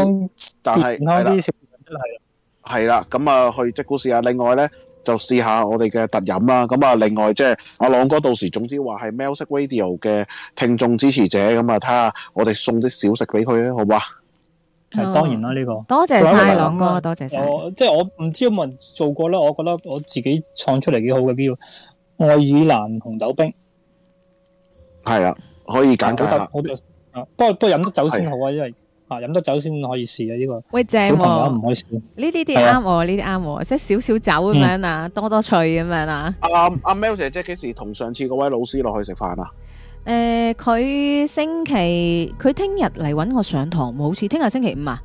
但係係啦，健康啲少。係咁啊去即估試下。另外咧，就試下我哋嘅特飲啦。咁啊，另外即係阿朗哥到時總之話係喵式 Radio 嘅聽眾支持者，咁啊睇下我哋送啲小食俾佢啊，好唔好啊？係、哦、當然啦，呢、這個多謝晒朗哥，多，多謝晒。哦，即係我唔知道有冇人做過啦，我覺得我自己創出嚟幾好嘅，叫愛爾蘭紅豆冰。係啊，可以揀酒、嗯。不過不過飲得酒先好啊，因為啊，飲得酒先可以試啊，呢、這個。喂，正喎、啊，小朋友唔可以試。呢啲啲啱我，呢啲啱我，即係少少酒咁樣啊，嗯、多多脆咁樣啊。阿阿、uh, uh, Mel 姐姐，即係幾時同上次嗰位老師落去食飯啊？誒，佢、呃、星期佢聽日嚟搵我上堂，好似聽日星期五啊？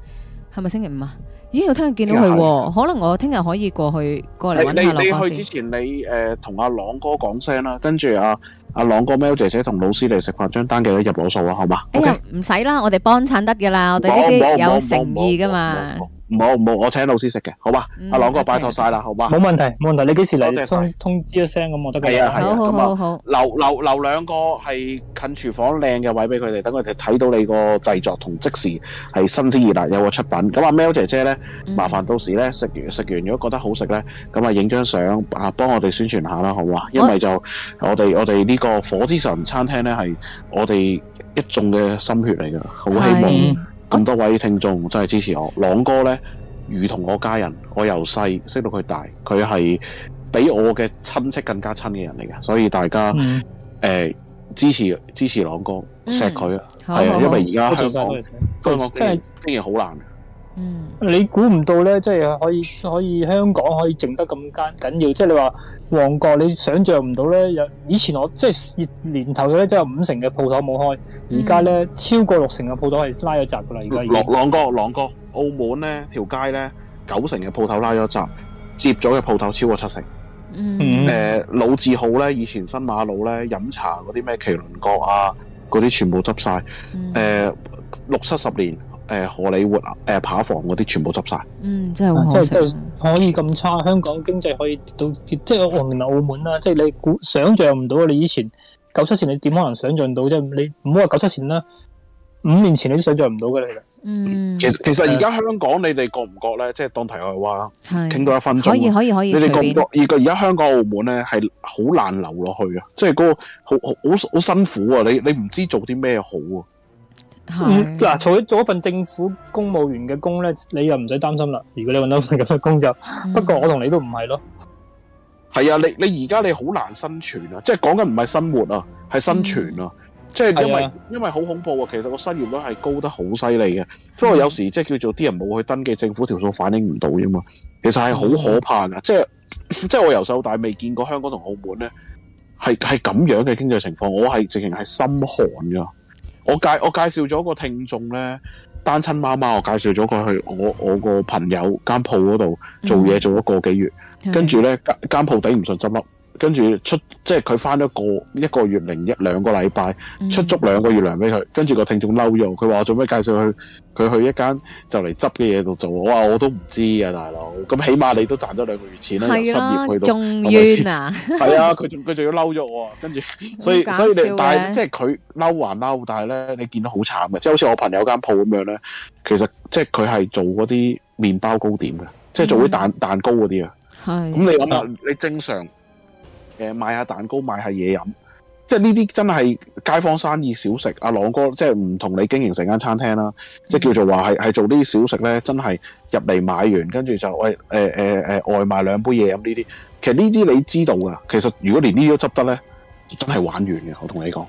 係咪星期五啊？咦，我聽日見到佢，可能我聽日可以過去過嚟搵你。你去之前你，你誒同阿朗哥講聲啦，跟住阿阿朗哥喵姐姐同老師嚟食飯，張單，記得入攞數啊，好嘛？哎呀，唔使啦，我哋幫襯得噶啦，我哋呢啲有誠意噶嘛。唔好，我請老師食嘅，好吧？阿朗哥，拜託晒啦，好吧？冇問題，冇問題。你幾時嚟？我哋通知一聲咁，我得嘅。係啊，係啊，咁啊，留留留兩個係近廚房靚嘅位俾佢哋，等佢哋睇到你個製作同即時係新鮮熱辣有個出品。咁阿喵姐姐咧，麻煩到時咧食完食完，如果覺得好食咧，咁啊影張相啊，幫我哋宣傳下啦，好唔好啊？因為就我哋我哋呢個火之神餐廳咧，係我哋一眾嘅心血嚟噶，好希望。咁多位聽眾真係支持我，朗哥呢，如同我家人，我由細識到佢大，佢係比我嘅親戚更加親嘅人嚟嘅，所以大家誒、嗯呃、支持支持朗哥，錫佢係啊，因為而家香港真係經營好難。嗯，你估唔到咧，即係可以可以香港可以靜得咁艱緊要，即係你話旺角，你想象唔到咧。有以前我即係年頭嘅咧，即係五成嘅鋪頭冇開，而家咧超過六成嘅鋪頭係拉咗閘噶啦。而家朗朗哥朗哥，澳門咧條街咧九成嘅鋪頭拉咗閘，接咗嘅鋪頭超過七成。嗯，誒、呃、老字號咧，以前新馬路咧飲茶嗰啲咩麒麟閣啊，嗰啲全部執晒。誒，六七十年。誒，荷里活誒，呃、扒房嗰啲全部執晒。嗯，真係即係即係可以咁差，香港經濟可以跌到即係我澳門啦，啊，即係你估想象唔到啊！你以前九七前你點可能想象到啫？你唔好話九七前啦，五年前你都想象唔到噶啦。嗯，其，其實其實而家香港的你哋覺唔覺咧？即係當題外話說，傾到的一分鐘。可以可以可以。你哋覺唔覺而而家香港澳門咧係好難留落去啊？即係嗰，嗰個好好好好辛苦啊！你你唔知做啲咩好啊？嗱、啊，做咗做咗份政府公務員嘅工咧，你又唔使擔心啦。如果你搵到一份咁嘅工作，不過我同你都唔係咯。係啊，你你而家你好難生存啊，即係講緊唔係生活啊，係生存啊，嗯、即係因為是、啊、因為好恐怖啊。其實個失業率係高得好犀利嘅，不過有時即係叫做啲人冇去登記政府條數，數反映唔到啫嘛。其實係好可怕噶、嗯，即係即係我由細到大未見過香港同澳門咧係係咁樣嘅經濟情況，我係直情係心寒噶。我介我介紹咗個聽眾咧，單親媽媽，我介紹咗佢去我我個朋友間鋪嗰度做嘢，做咗個幾月，嗯、跟住咧間間鋪頂唔順執笠。跟住出即係佢翻咗個一個月零一兩個禮拜，出足兩個月糧俾佢。嗯、跟住個聽眾嬲咗，佢話我做咩介紹佢佢去一間就嚟執嘅嘢度做。我話我都唔知啊，大佬。咁起碼你都賺咗兩個月錢啦，又失的業去到係咪先？係啊，佢仲佢仲要嬲咗我。跟住所以所以你但係即係佢嬲還嬲，但係咧你見到好慘嘅，即係好似我朋友間鋪咁樣咧。其實即係佢係做嗰啲麵包糕點嘅，嗯、即係做啲蛋蛋糕嗰啲啊。係咁的、嗯、你諗下，你正常。誒，賣下蛋糕，賣下嘢飲，即係呢啲真係街坊生意小食。阿朗哥即係唔同你經營成間餐廳啦，嗯、即係叫做話係係做呢啲小食咧，真係入嚟買完，跟住就喂誒誒誒外賣兩杯嘢飲呢啲。其實呢啲你知道㗎，其實如果連呢啲都執得咧，真係玩完嘅。我同你講，誒、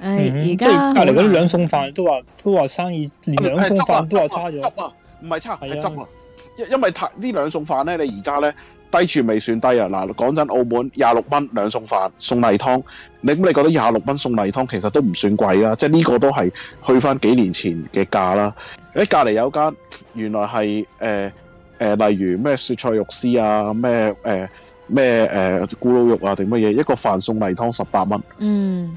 嗯，即係隔籬嗰啲兩餸飯都話都話生意，連兩餸飯都話差咗，唔係、啊啊啊啊啊、差係執啊，啊，因因為兩飯呢兩餸飯咧，你而家咧。低處未算低啊！嗱，講真，澳門廿六蚊兩餸飯送例湯，你咁你覺得廿六蚊送例湯其實都唔算貴啦，即係呢個都係去翻幾年前嘅價啦。誒，隔離有間原來係誒誒，例如咩雪菜肉絲啊，咩誒咩誒咕嚕肉啊定乜嘢一個飯送例湯十八蚊，嗯，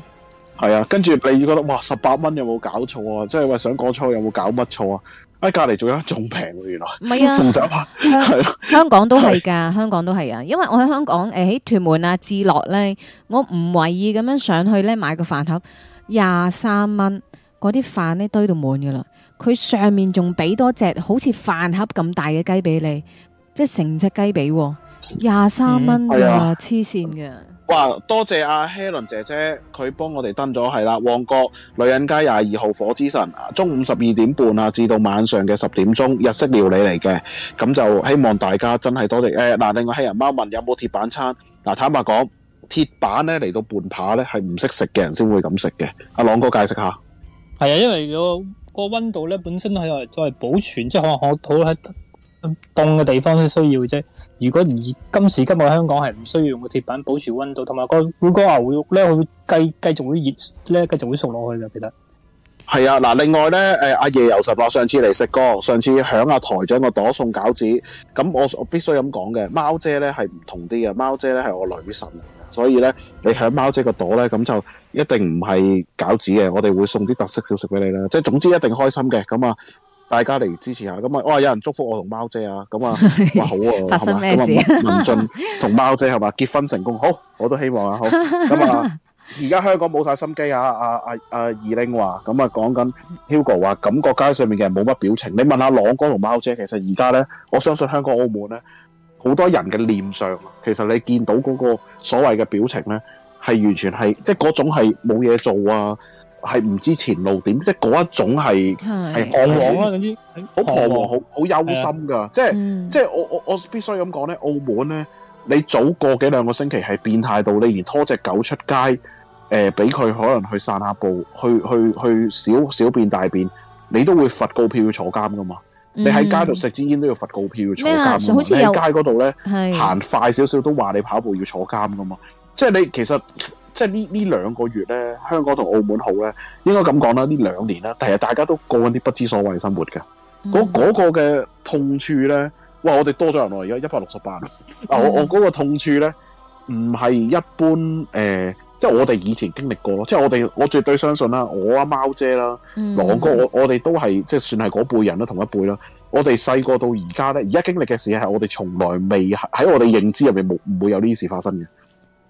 係啊，跟住你要覺得哇十八蚊有冇搞錯啊？即係話想講錯有冇搞乜錯啊？喺隔籬仲有，仲平喎原來。唔係啊，仲走啊，係咯。香港都係㗎，係啊、香港都係啊。因為我喺香港，誒喺屯門啊，置樂咧，我唔為意咁樣上去咧買個飯盒，廿三蚊，嗰啲飯咧堆到滿㗎啦。佢上面仲俾多一隻好似飯盒咁大嘅雞俾你，即係成隻雞髀喎，廿三蚊㗎，黐線㗎。哇！多謝阿 Helen 姐姐幫，佢幫我哋登咗係啦，旺角女人街廿二號火之神啊，中午十二點半啊，至到晚上嘅十點鐘，日式料理嚟嘅，咁就希望大家真係多啲。誒、欸、嗱、啊，另外黑人貓問有冇鐵板餐嗱、啊，坦白講，鐵板咧嚟到半扒咧係唔識食嘅人先會咁食嘅，阿、啊、朗哥解釋下，係啊，因為個個溫度咧本身係作為保存，即係可能我肚喺。凍嘅地方先需要啫，如果熱，今時今日喺香港係唔需要用個鐵板保持温度，同埋個會個牛肉咧，佢繼繼續會熱咧，繼續會熟落去嘅，其實係啊，嗱，另外咧，誒，阿爺又實話，上次嚟食過，上次響阿台長個朵送餃子，咁我我必須咁講嘅，貓姐咧係唔同啲嘅，貓姐咧係我女神，所以咧你響貓姐個朵咧，咁就一定唔係餃子嘅，我哋會送啲特色小食俾你啦，即係總之一定開心嘅，咁啊。大家嚟支持下，咁啊，哇！有人祝福我同貓姐啊，咁啊，哇好啊，係嘛？發生咩事？咁啊，林俊同貓姐係嘛結婚成功，好，我都希望啊，好。咁啊，而家香港冇晒心機啊，啊啊啊！二令話咁啊，講緊 Hugo 話感覺街上面嘅人冇乜表情。你問下朗哥同貓姐，其實而家咧，我相信香港澳門咧，好多人嘅面上，其實你見到嗰個所謂嘅表情咧，係完全係即係嗰種係冇嘢做啊。係唔知前路點，即係嗰一種係係彷徨啦，總之好彷徨，好好憂心噶。的即係、嗯、即係我我我必須咁講咧，澳門咧，你早過幾兩個星期係變態到你而拖隻狗出街，誒、呃，俾佢可能去散下步，去去去，去小小便大便，你都會罰告票要坐監噶嘛。嗯、你喺街度食支煙都要罰告票要坐監嘛。嗯、似你喺街嗰度咧行快少少都話你跑步要坐監噶嘛。即係你其實。即係呢呢兩個月咧，香港同澳門好咧，應該咁講啦。這兩呢兩年啦，其實大家都過緊啲不知所謂生活嘅。嗰嗰、嗯那個嘅痛處咧，哇！我哋多咗人咯，而家一百六十八。嗱、嗯，我我嗰個痛處咧，唔係一般誒、呃，即係我哋以前經歷過咯。即係我哋，我絕對相信，啊啦，嗯、啦，我阿貓姐啦，朗哥，我我哋都係即係算係嗰輩人啦，同一輩啦。我哋細個到而家咧，而家經歷嘅事係我哋從來未喺我哋認知入面冇唔會有呢啲事發生嘅。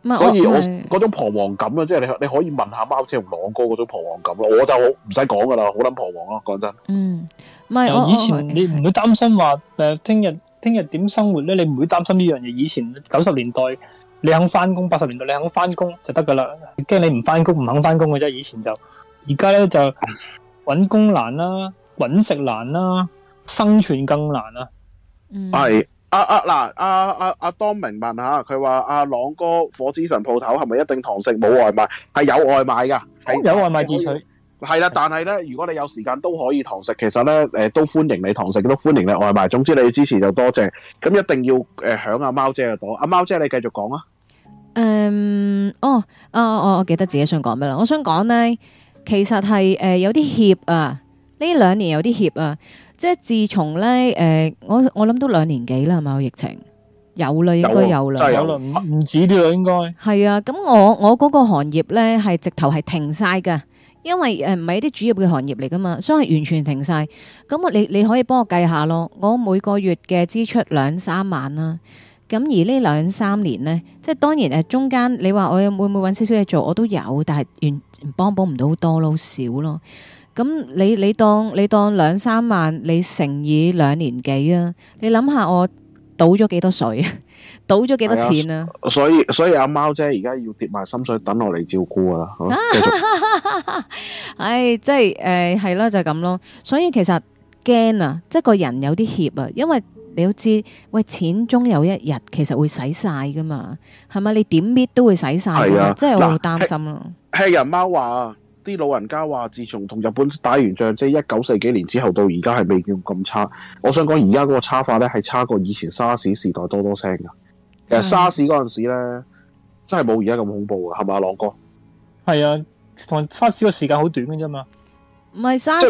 所以我嗰種彷徨感啊，的即係你你可以問下貓姐同朗哥嗰種彷徨感咯，我就唔使講噶啦，好捻彷徨咯，講真的。嗯，唔係以前你唔會擔心話誒，聽日聽日點生活咧？你唔會擔心呢樣嘢。以前九十年代你肯翻工，八十年代你肯翻工就得噶啦。驚你唔翻工，唔肯翻工嘅啫。以前而在就而家咧就搵工難啦、啊，搵食難啦、啊，生存更難啦、啊。嗯，係。啊啊嗱，阿阿阿當明問下佢話阿朗哥火之神鋪頭係咪一定堂食冇外賣？係有外賣噶，係有外賣自取。係啦，但係咧，如果你有時間都可以堂食，其實咧誒都歡迎你堂食，都歡迎你外賣。總之你支持就多謝。咁一定要誒響阿貓姐度。阿、啊、貓姐你繼續講啊。嗯，哦，啊、哦，我我記得自己想講咩啦。我想講咧，其實係誒有啲怯啊，呢兩年有啲怯啊。即係自從咧，誒、呃，我我諗都兩年幾啦，係咪啊？疫情有啦，應該有啦，就係、有啦，唔止啲啦，應該係啊。咁我我嗰個行業咧係直頭係停晒嘅，因為誒唔係一啲主要嘅行業嚟噶嘛，所以係完全停晒。咁你你可以幫我計下咯，我每個月嘅支出兩三萬啦。咁而呢兩三年咧，即係當然誒，中間你話我有會唔會揾少少嘢做，我都有，但係完幫補唔到好多咯，少咯。咁你你當你當兩三萬你乘以兩年幾啊？你諗下我倒咗幾多水，啊，倒咗幾多錢啊，啊？所以所以阿貓姐而家要疊埋心水等我嚟照顧啦。唉，即係，誒，係咯、 哎，就咁，是，咯，哎就是。所以其實驚啊，即，就，係，是，個人有啲怯啊，因為你都知喂，錢終有一日其實會使晒噶嘛，係咪？你點搣都會使晒，即係我好擔心咯。聽人貓話啊！啲老人家話：自從同日本打完仗，即係一九四幾年之後到而家係未見咁差。我想講而家嗰個差法咧，係差過以前沙士時代多多聲噶。嗯、其實沙士嗰陣時咧，真係冇而家咁恐怖啊，係咪朗哥？係啊，同沙士個時間好短嘅啫嘛。唔係沙士，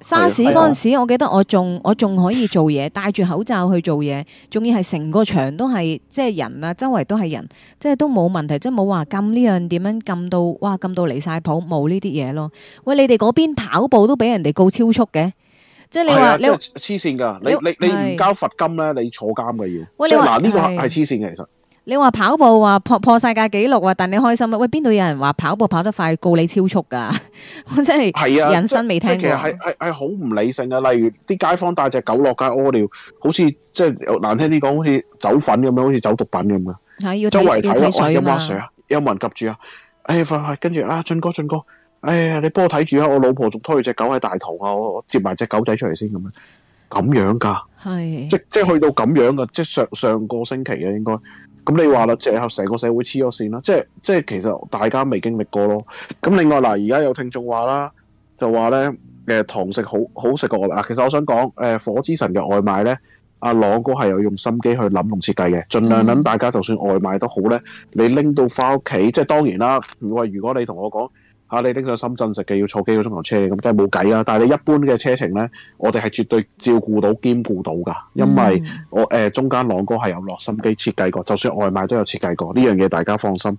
沙士嗰陣時我，我記得我仲我仲可以做嘢，戴住口罩去做嘢，仲要係成個場都係，即係人啊，周圍都係人，即係都冇問題，即係冇話禁呢樣點樣禁到，哇，禁到離晒譜，冇呢啲嘢咯。喂，你哋嗰邊跑步都俾人哋告超速嘅，即係、啊、你話說你黐綫噶，你你你唔交罰金咧，你坐監嘅要。喂，你話呢個係黐綫嘅其實。你話跑步話破破世界紀錄啊，但你開心啊？喂，邊度有人話跑步跑得快告你超速噶？我真係，係啊，人生未聽過。其實係係係好唔理性啊！例如啲街坊帶隻狗落街屙尿，好似即係難聽啲講，好似走粉咁樣，好似走毒品咁嘅。係要周圍睇水，有冇阿 Sir 啊？有冇人及住啊？哎呀，快快，跟住啊，俊哥，俊哥，哎呀，你幫我睇住啊！我老婆仲拖住隻狗喺大堂啊，我接埋隻狗仔出嚟先咁樣。咁樣噶，係即即係去到咁樣噶，即上上個星期啊，應該。咁你話啦，即係合成個社會黐咗線啦，即係即係其實大家未經歷過咯。咁另外嗱，而家有聽眾話啦，就話咧，誒堂食好好食個外賣。其實我想講，誒火之神嘅外賣咧，阿朗哥係有用心機去諗同設計嘅，盡量諗大家就算外賣都好咧，你拎到翻屋企，即係當然啦。如果你同我講。嚇！你拎上深圳食嘅要坐幾個鐘頭車，咁梗係冇計啦。但係你一般嘅車程咧，我哋係絕對照顧到、兼顧到噶。因為我、呃、中間朗哥係有落心機設計過，就算外賣都有設計過呢、嗯、樣嘢，大家放心。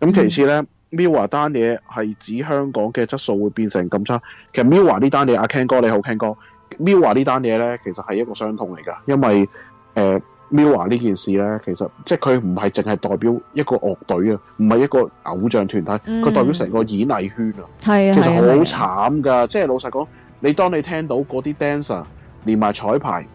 咁其次咧，Mirror 單嘢係指香港嘅質素會變成咁差。其實 Mirror 呢單嘢，阿、啊、Ken 哥你好，Ken 哥，Mirror 呢單嘢咧，其實係一個傷痛嚟噶，因為誒。呃 Mirror 呢件事呢，其實即係佢唔係淨係代表一個樂隊啊，唔係一個偶像團體，佢、嗯、代表成個演藝圈啊。啊，是的 其實好慘噶，是的是的即係老實講，你當你聽到嗰啲 dancer 連埋彩排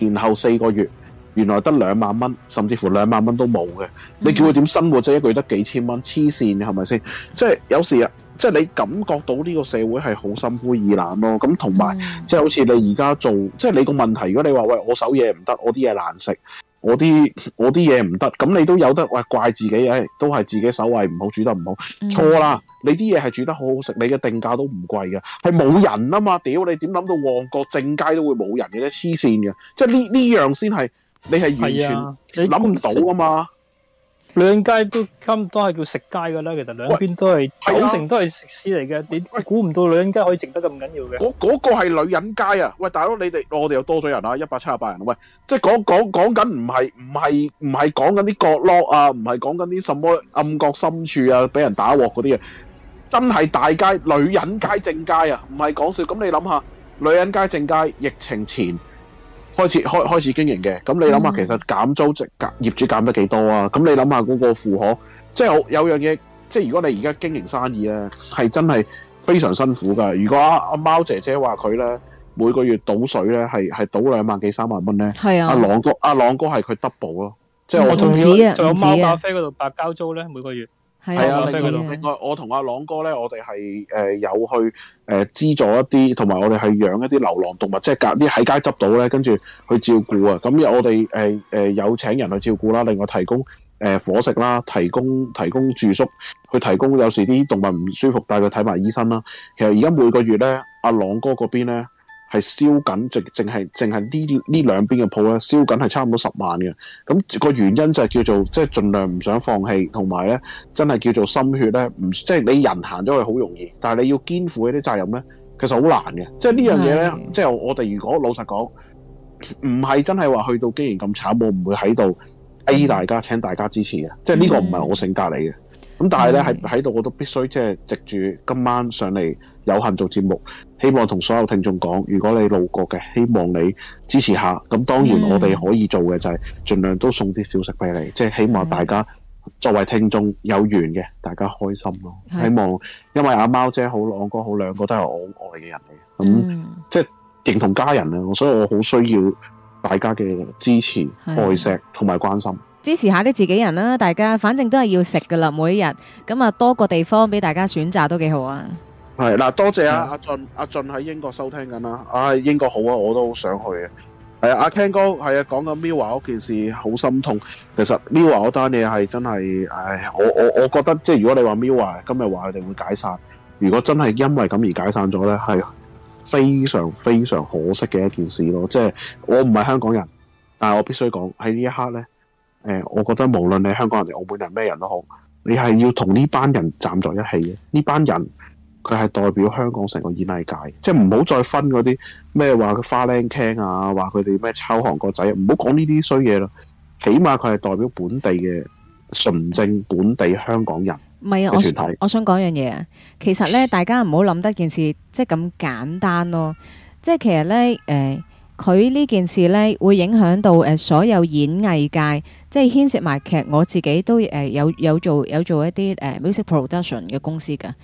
然後四個月，原來得兩萬蚊，甚至乎兩萬蚊都冇嘅，你叫佢點生活啫？嗯、一個月得幾千蚊，黐線係咪先？即係有時啊。即係你感覺到呢個社會係好心灰意冷咯，咁同埋即係好似你而家做，即係你個問題。如果你話喂，我手嘢唔得，我啲嘢難食，我啲我啲嘢唔得，咁你都有得喂怪自己，誒都係自己手藝唔好，煮得唔好錯啦。你啲嘢係煮得好好食，你嘅定價都唔貴嘅，係冇人啊嘛，屌，你點諗到旺角正街都會冇人嘅咧？黐線嘅，即係呢呢樣先係你係完全諗唔到噶嘛。女人街都差唔多都係叫食街噶啦，其實兩邊都係，九喂成都係食肆嚟嘅。喂你估唔到女人街可以食得咁緊要嘅？嗰嗰、嗰個係女人街啊！喂，大佬你哋我哋又多咗人啊，一百七十八人。喂，即係講講講緊唔係唔係唔係講緊啲角落啊，唔係講緊啲什麼暗角深處啊，俾人打鑊嗰啲嘢，真係大街女人街正街啊，唔係講笑。咁你諗下，女人街正街疫情前。開始開開始經營嘅，咁你諗下其實減租即係、嗯、業主減得幾多啊？咁你諗下嗰個負荷，即係有有樣嘢，即係如果你而家經營生意咧、啊，係真係非常辛苦噶。如果阿阿貓姐姐話佢咧，每個月倒水咧係係倒兩萬幾三萬蚊咧，係啊阿。阿朗哥阿朗哥係佢 double 咯，嗯、即係我仲要仲、啊、有貓咖啡嗰度白交租咧，每個月係啊。我同、啊、阿朗哥咧，我哋係誒有去。誒、呃、資助一啲，同埋我哋係養一啲流浪動物，即係隔啲喺街執到咧，跟住去照顧啊！咁因為我哋誒、呃呃、有請人去照顧啦，另外提供誒、呃、伙食啦，提供提供，提供住宿，去提供有時啲動物唔舒服，帶佢睇埋醫生啦。其實而家每個月咧，阿朗哥嗰邊咧。係燒緊，淨淨係淨係呢呢兩邊嘅鋪咧，燒緊係差唔多十萬嘅。咁、那個原因就係叫做即係、就是、盡量唔想放棄，同埋咧真係叫做心血咧，唔即係你人行咗去好容易，但係你要肩負一啲責任咧，其實好難嘅。即係呢樣嘢咧，即係我哋如果老實講，唔係真係話去到經營咁慘，我唔會喺度 A 大家、嗯、請大家支持嘅。即係呢個唔係我性格嚟嘅。咁、嗯、但係咧喺喺度我都必須即係藉住今晚上嚟有幸做節目。希望同所有聽眾講，如果你路過嘅，希望你支持下。咁當然我哋可以做嘅就係盡量都送啲小食俾你，嗯、即係希望大家作為聽眾有緣嘅，大家開心咯。嗯、希望因為阿貓姐好，朗哥好，兩個都係我愛嘅人嚟，咁、嗯嗯、即係認同家人啊，所以我好需要大家嘅支持、嗯、愛錫同埋關心。支持下啲自己人啦，大家反正都係要食噶啦，每一日咁啊多個地方俾大家選擇都幾好啊！係嗱，多謝阿、啊、阿、嗯啊、俊阿、啊、俊喺英國收聽緊啦、啊。英國好啊，我都想去係啊，阿聽哥係啊，講緊 Mirror 嗰件事好心痛。其實 Mirror 嗰單嘢係真係、哎，我我我覺得即係如果你話 Mirror 今日話佢哋會解散，如果真係因為咁而解散咗咧，係非常非常可惜嘅一件事咯。即係我唔係香港人，但係我必須講喺呢一刻咧，誒、呃，我覺得無論你是香港人、哋澳門人咩人都好，你係要同呢班人站在一起嘅，呢班人。佢係代表香港成個演藝界，即係唔好再分嗰啲咩話佢花靚傾啊，話佢哋咩抄韓國仔，唔好講呢啲衰嘢咯。起碼佢係代表本地嘅純正本地香港人的。唔係啊，我我想講樣嘢啊，其實咧，大家唔好諗得件事即係咁簡單咯。即係其實咧，誒、呃，佢呢件事咧會影響到誒、呃、所有演藝界，即係牽涉埋劇。我自己都誒有有做有做一啲誒、呃、music production 嘅公司噶。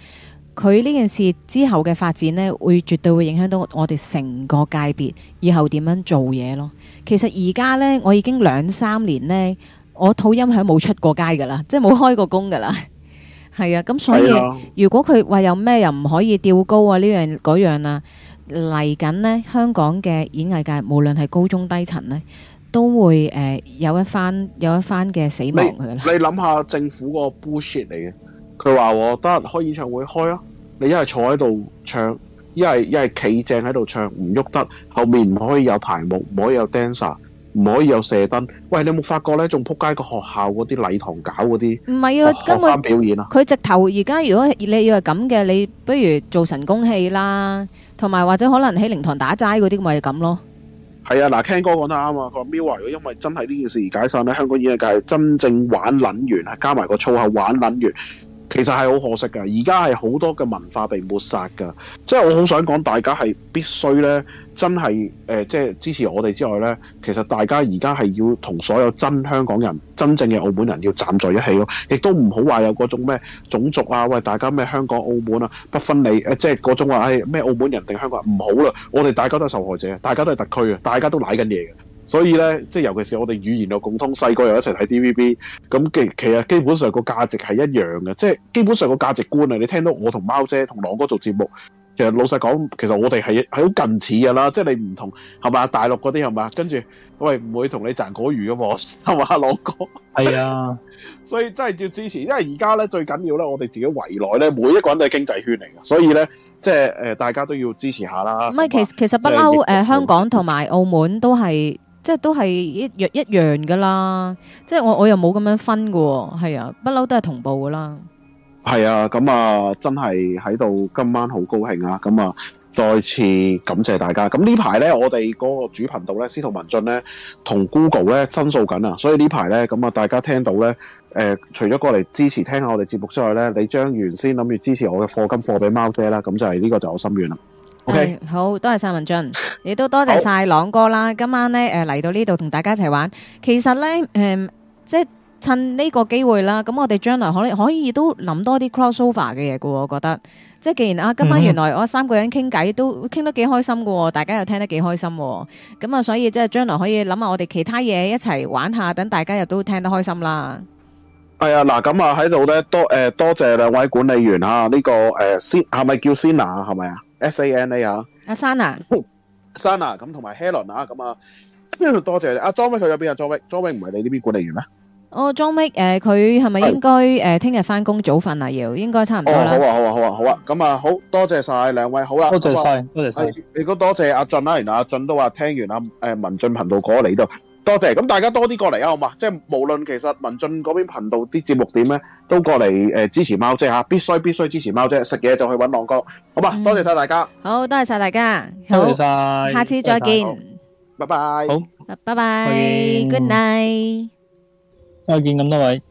佢呢件事之後嘅發展呢，會絕對會影響到我哋成個界別以後點樣做嘢咯。其實而家呢，我已經兩三年呢，我套音響冇出過街噶啦，即係冇開過工噶啦。係啊，咁所以如果佢話有咩又唔可以吊高啊，呢樣嗰樣啊，嚟緊呢，香港嘅演藝界，無論係高中低層呢，都會誒有一番有一番嘅死亡㗎啦。你諗下政府個 bullshit 嚟嘅。佢話：我得開演唱會開啊！你一係坐喺度唱，一係一係企正喺度唱，唔喐得。後面唔可以有排木，唔可以有 dancer，唔可以有射燈。喂，你有冇發覺呢？仲撲街個學校嗰啲禮堂搞嗰啲，唔係啊，學生表演啊！佢直頭而家如果你要係咁嘅，你不如做神功戲啦，同埋或者可能喺靈堂打齋嗰啲咪係咁咯。係啊，嗱，聽哥講得啱啊！個 Mirror 話：如果因為真係呢件事而解散咧，香港演藝界真正玩撚完，加埋個粗口玩撚完。其實係好可惜㗎，而家係好多嘅文化被抹殺㗎，即係我好想講，大家係必須咧，真係誒，即係支持我哋之外咧，其實大家而家係要同所有真香港人、真正嘅澳門人要站在一起咯，亦都唔好話有嗰種咩種族啊，喂，大家咩香港澳門啊不分你誒、呃，即係嗰種話咩、哎、澳門人定香港人唔好啦，我哋大家都係受害者，大家都係特區嘅，大家都瀨緊嘢嘅。所以咧，即尤其是我哋語言又共通，細個又一齊睇 TVB，咁其其實基本上個價值係一樣嘅，即係基本上個價值觀啊！你聽到我同貓姐同朗哥做節目，其實老實講，其實我哋係好近似㗎啦。即係你唔同係咪大陸嗰啲係咪跟住喂唔會同你閘果魚㗎噃，係咪朗哥？係啊， 所以真係要支持，因為而家咧最緊要咧，我哋自己圍內咧，每一個人都係經濟圈嚟嘅，所以咧即係大家都要支持下啦。唔係其實有其不嬲國、呃、香港同埋澳門都係。即係都係一樣一樣噶啦，即係我我又冇咁樣分噶，係啊，不嬲都係同步噶啦。係啊，咁啊真係喺度今晚好高興啊，咁啊再次感謝大家。咁呢排咧，我哋嗰個主頻道咧，司徒文進咧同 Google 咧申訴緊啊，所以這呢排咧咁啊，大家聽到咧，誒、呃，除咗過嚟支持聽下我哋節目之外咧，你將原先諗住支持我嘅課金放俾貓姐啦，咁就係呢個就我心願啦。Okay? 哎、好，多謝晒文進，亦都多謝晒朗哥啦。好今晚咧，誒、呃、嚟到呢度同大家一齊玩。其實咧，誒、嗯，即係趁呢個機會啦。咁我哋將來可以可以都諗多啲 crossover 嘅嘢嘅。我覺得，即係既然啊，今晚原來我三個人傾偈、嗯、都傾得幾開心喎，大家又聽得幾開心。咁啊，所以即係將來可以諗下我哋其他嘢一齊玩一下，等大家又都聽得開心啦。係啊、哎，嗱，咁啊喺度咧，多誒、呃、多謝兩位管理員啊。呢、這個誒，係、呃、咪叫 Sina？係咪啊？Sana 啊，阿 Sana，Sana 咁同埋 Helen 啊，咁啊多謝阿 John Wick 佢去咗邊啊？John Wick，John Wick 唔係你呢邊管理員咩？哦，John Wick，誒佢係咪應該誒聽日翻工早瞓啊？要應該差唔多啦。哦，好啊，好啊，好啊，好啊，咁啊好多謝晒兩位，好啦，多謝晒，多謝晒，亦都多謝阿俊啦，原來阿俊都話聽完阿誒文進頻道過嚟度。多謝，咁大家多啲過嚟啊，好嘛？即係無論其實文進嗰邊頻道啲節目點咧，都過嚟誒支持貓姐吓，必須必須支持貓姐，食嘢就去揾朗哥，好嘛？多謝晒大家，好，多謝晒大家，多謝晒，下次再見，拜拜，好，拜拜，good night，再見咁多位。